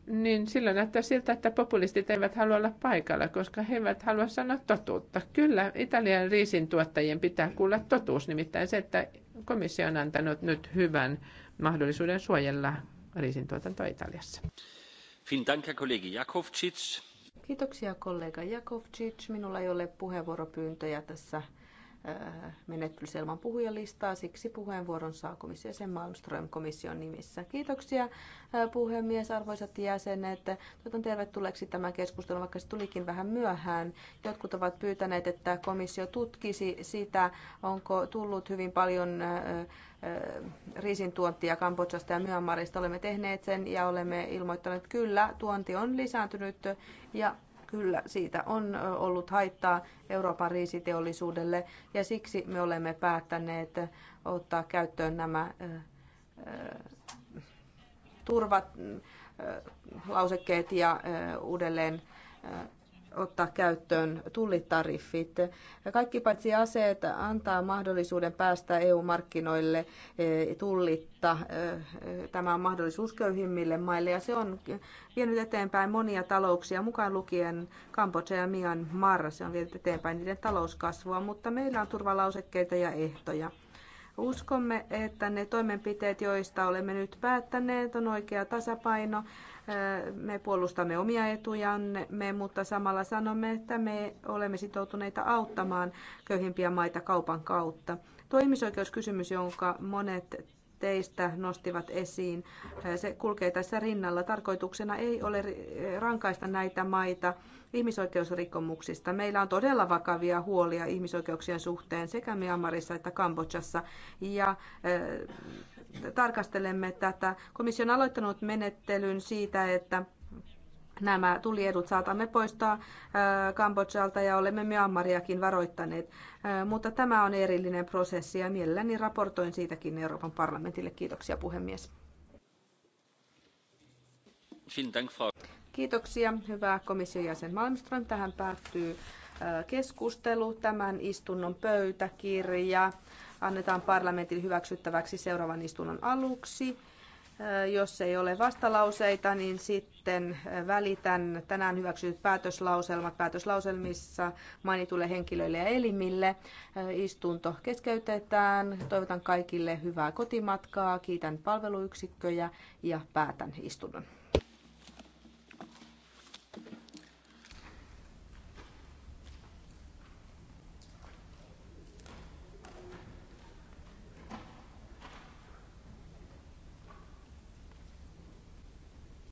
niin silloin näyttää siltä, että populistit eivät halua olla paikalla, koska he eivät halua sanoa totuutta. Kyllä, Italian riisin tuottajien pitää kuulla totuus, nimittäin se, että komissio on antanut nyt hyvän mahdollisuuden suojella tuotantoa Italiassa. Kiitos, Dank, Herr Jakovcic. Kiitoksia kollega Jakovcic. Minulla ei ole puheenvuoropyyntöjä tässä menettelyssä ilman puhujalistaa. Siksi puheenvuoron saa komissiosen Malmström komission nimissä. Kiitoksia puhemies, arvoisat jäsenet. Toivotan tervetulleeksi tämän keskustelun, vaikka se tulikin vähän myöhään. Jotkut ovat pyytäneet, että komissio tutkisi sitä, onko tullut hyvin paljon riisintuontia Kambodsasta ja Myanmarista. Olemme tehneet sen ja olemme ilmoittaneet, että kyllä, tuonti on lisääntynyt ja kyllä siitä on ollut haittaa Euroopan riisiteollisuudelle ja siksi me olemme päättäneet ottaa käyttöön nämä lausekkeet ja uudelleen ottaa käyttöön tullitariffit. Kaikki paitsi aseet antaa mahdollisuuden päästä EU-markkinoille e, tullitta. E, tämä on mahdollisuus köyhimmille maille ja se on vienyt eteenpäin monia talouksia, mukaan lukien Kambodža ja Myanmar. Se on vienyt eteenpäin niiden talouskasvua, mutta meillä on turvalausekkeita ja ehtoja. Uskomme, että ne toimenpiteet, joista olemme nyt päättäneet, on oikea tasapaino me puolustamme omia etujamme, mutta samalla sanomme, että me olemme sitoutuneita auttamaan köyhimpiä maita kaupan kautta. Tuo ihmisoikeuskysymys, jonka monet teistä nostivat esiin. Se kulkee tässä rinnalla. Tarkoituksena ei ole rankaista näitä maita ihmisoikeusrikkomuksista. Meillä on todella vakavia huolia ihmisoikeuksien suhteen sekä Myanmarissa että Kambodžassa. Ja eh, tarkastelemme tätä. Komissio on aloittanut menettelyn siitä, että nämä tuliedut saatamme poistaa äh, Kambodžalta ja olemme Myanmariakin varoittaneet. Äh, mutta tämä on erillinen prosessi ja mielelläni raportoin siitäkin Euroopan parlamentille. Kiitoksia puhemies. Kiitoksia, hyvä komission jäsen Malmström. Tähän päättyy äh, keskustelu, tämän istunnon pöytäkirja annetaan parlamentin hyväksyttäväksi seuraavan istunnon aluksi. Jos ei ole vastalauseita, niin sitten välitän tänään hyväksytyt päätöslauselmat päätöslauselmissa Mainitulle henkilöille ja elimille. Istunto keskeytetään. Toivotan kaikille hyvää kotimatkaa. Kiitän palveluyksikköjä ja päätän istunnon.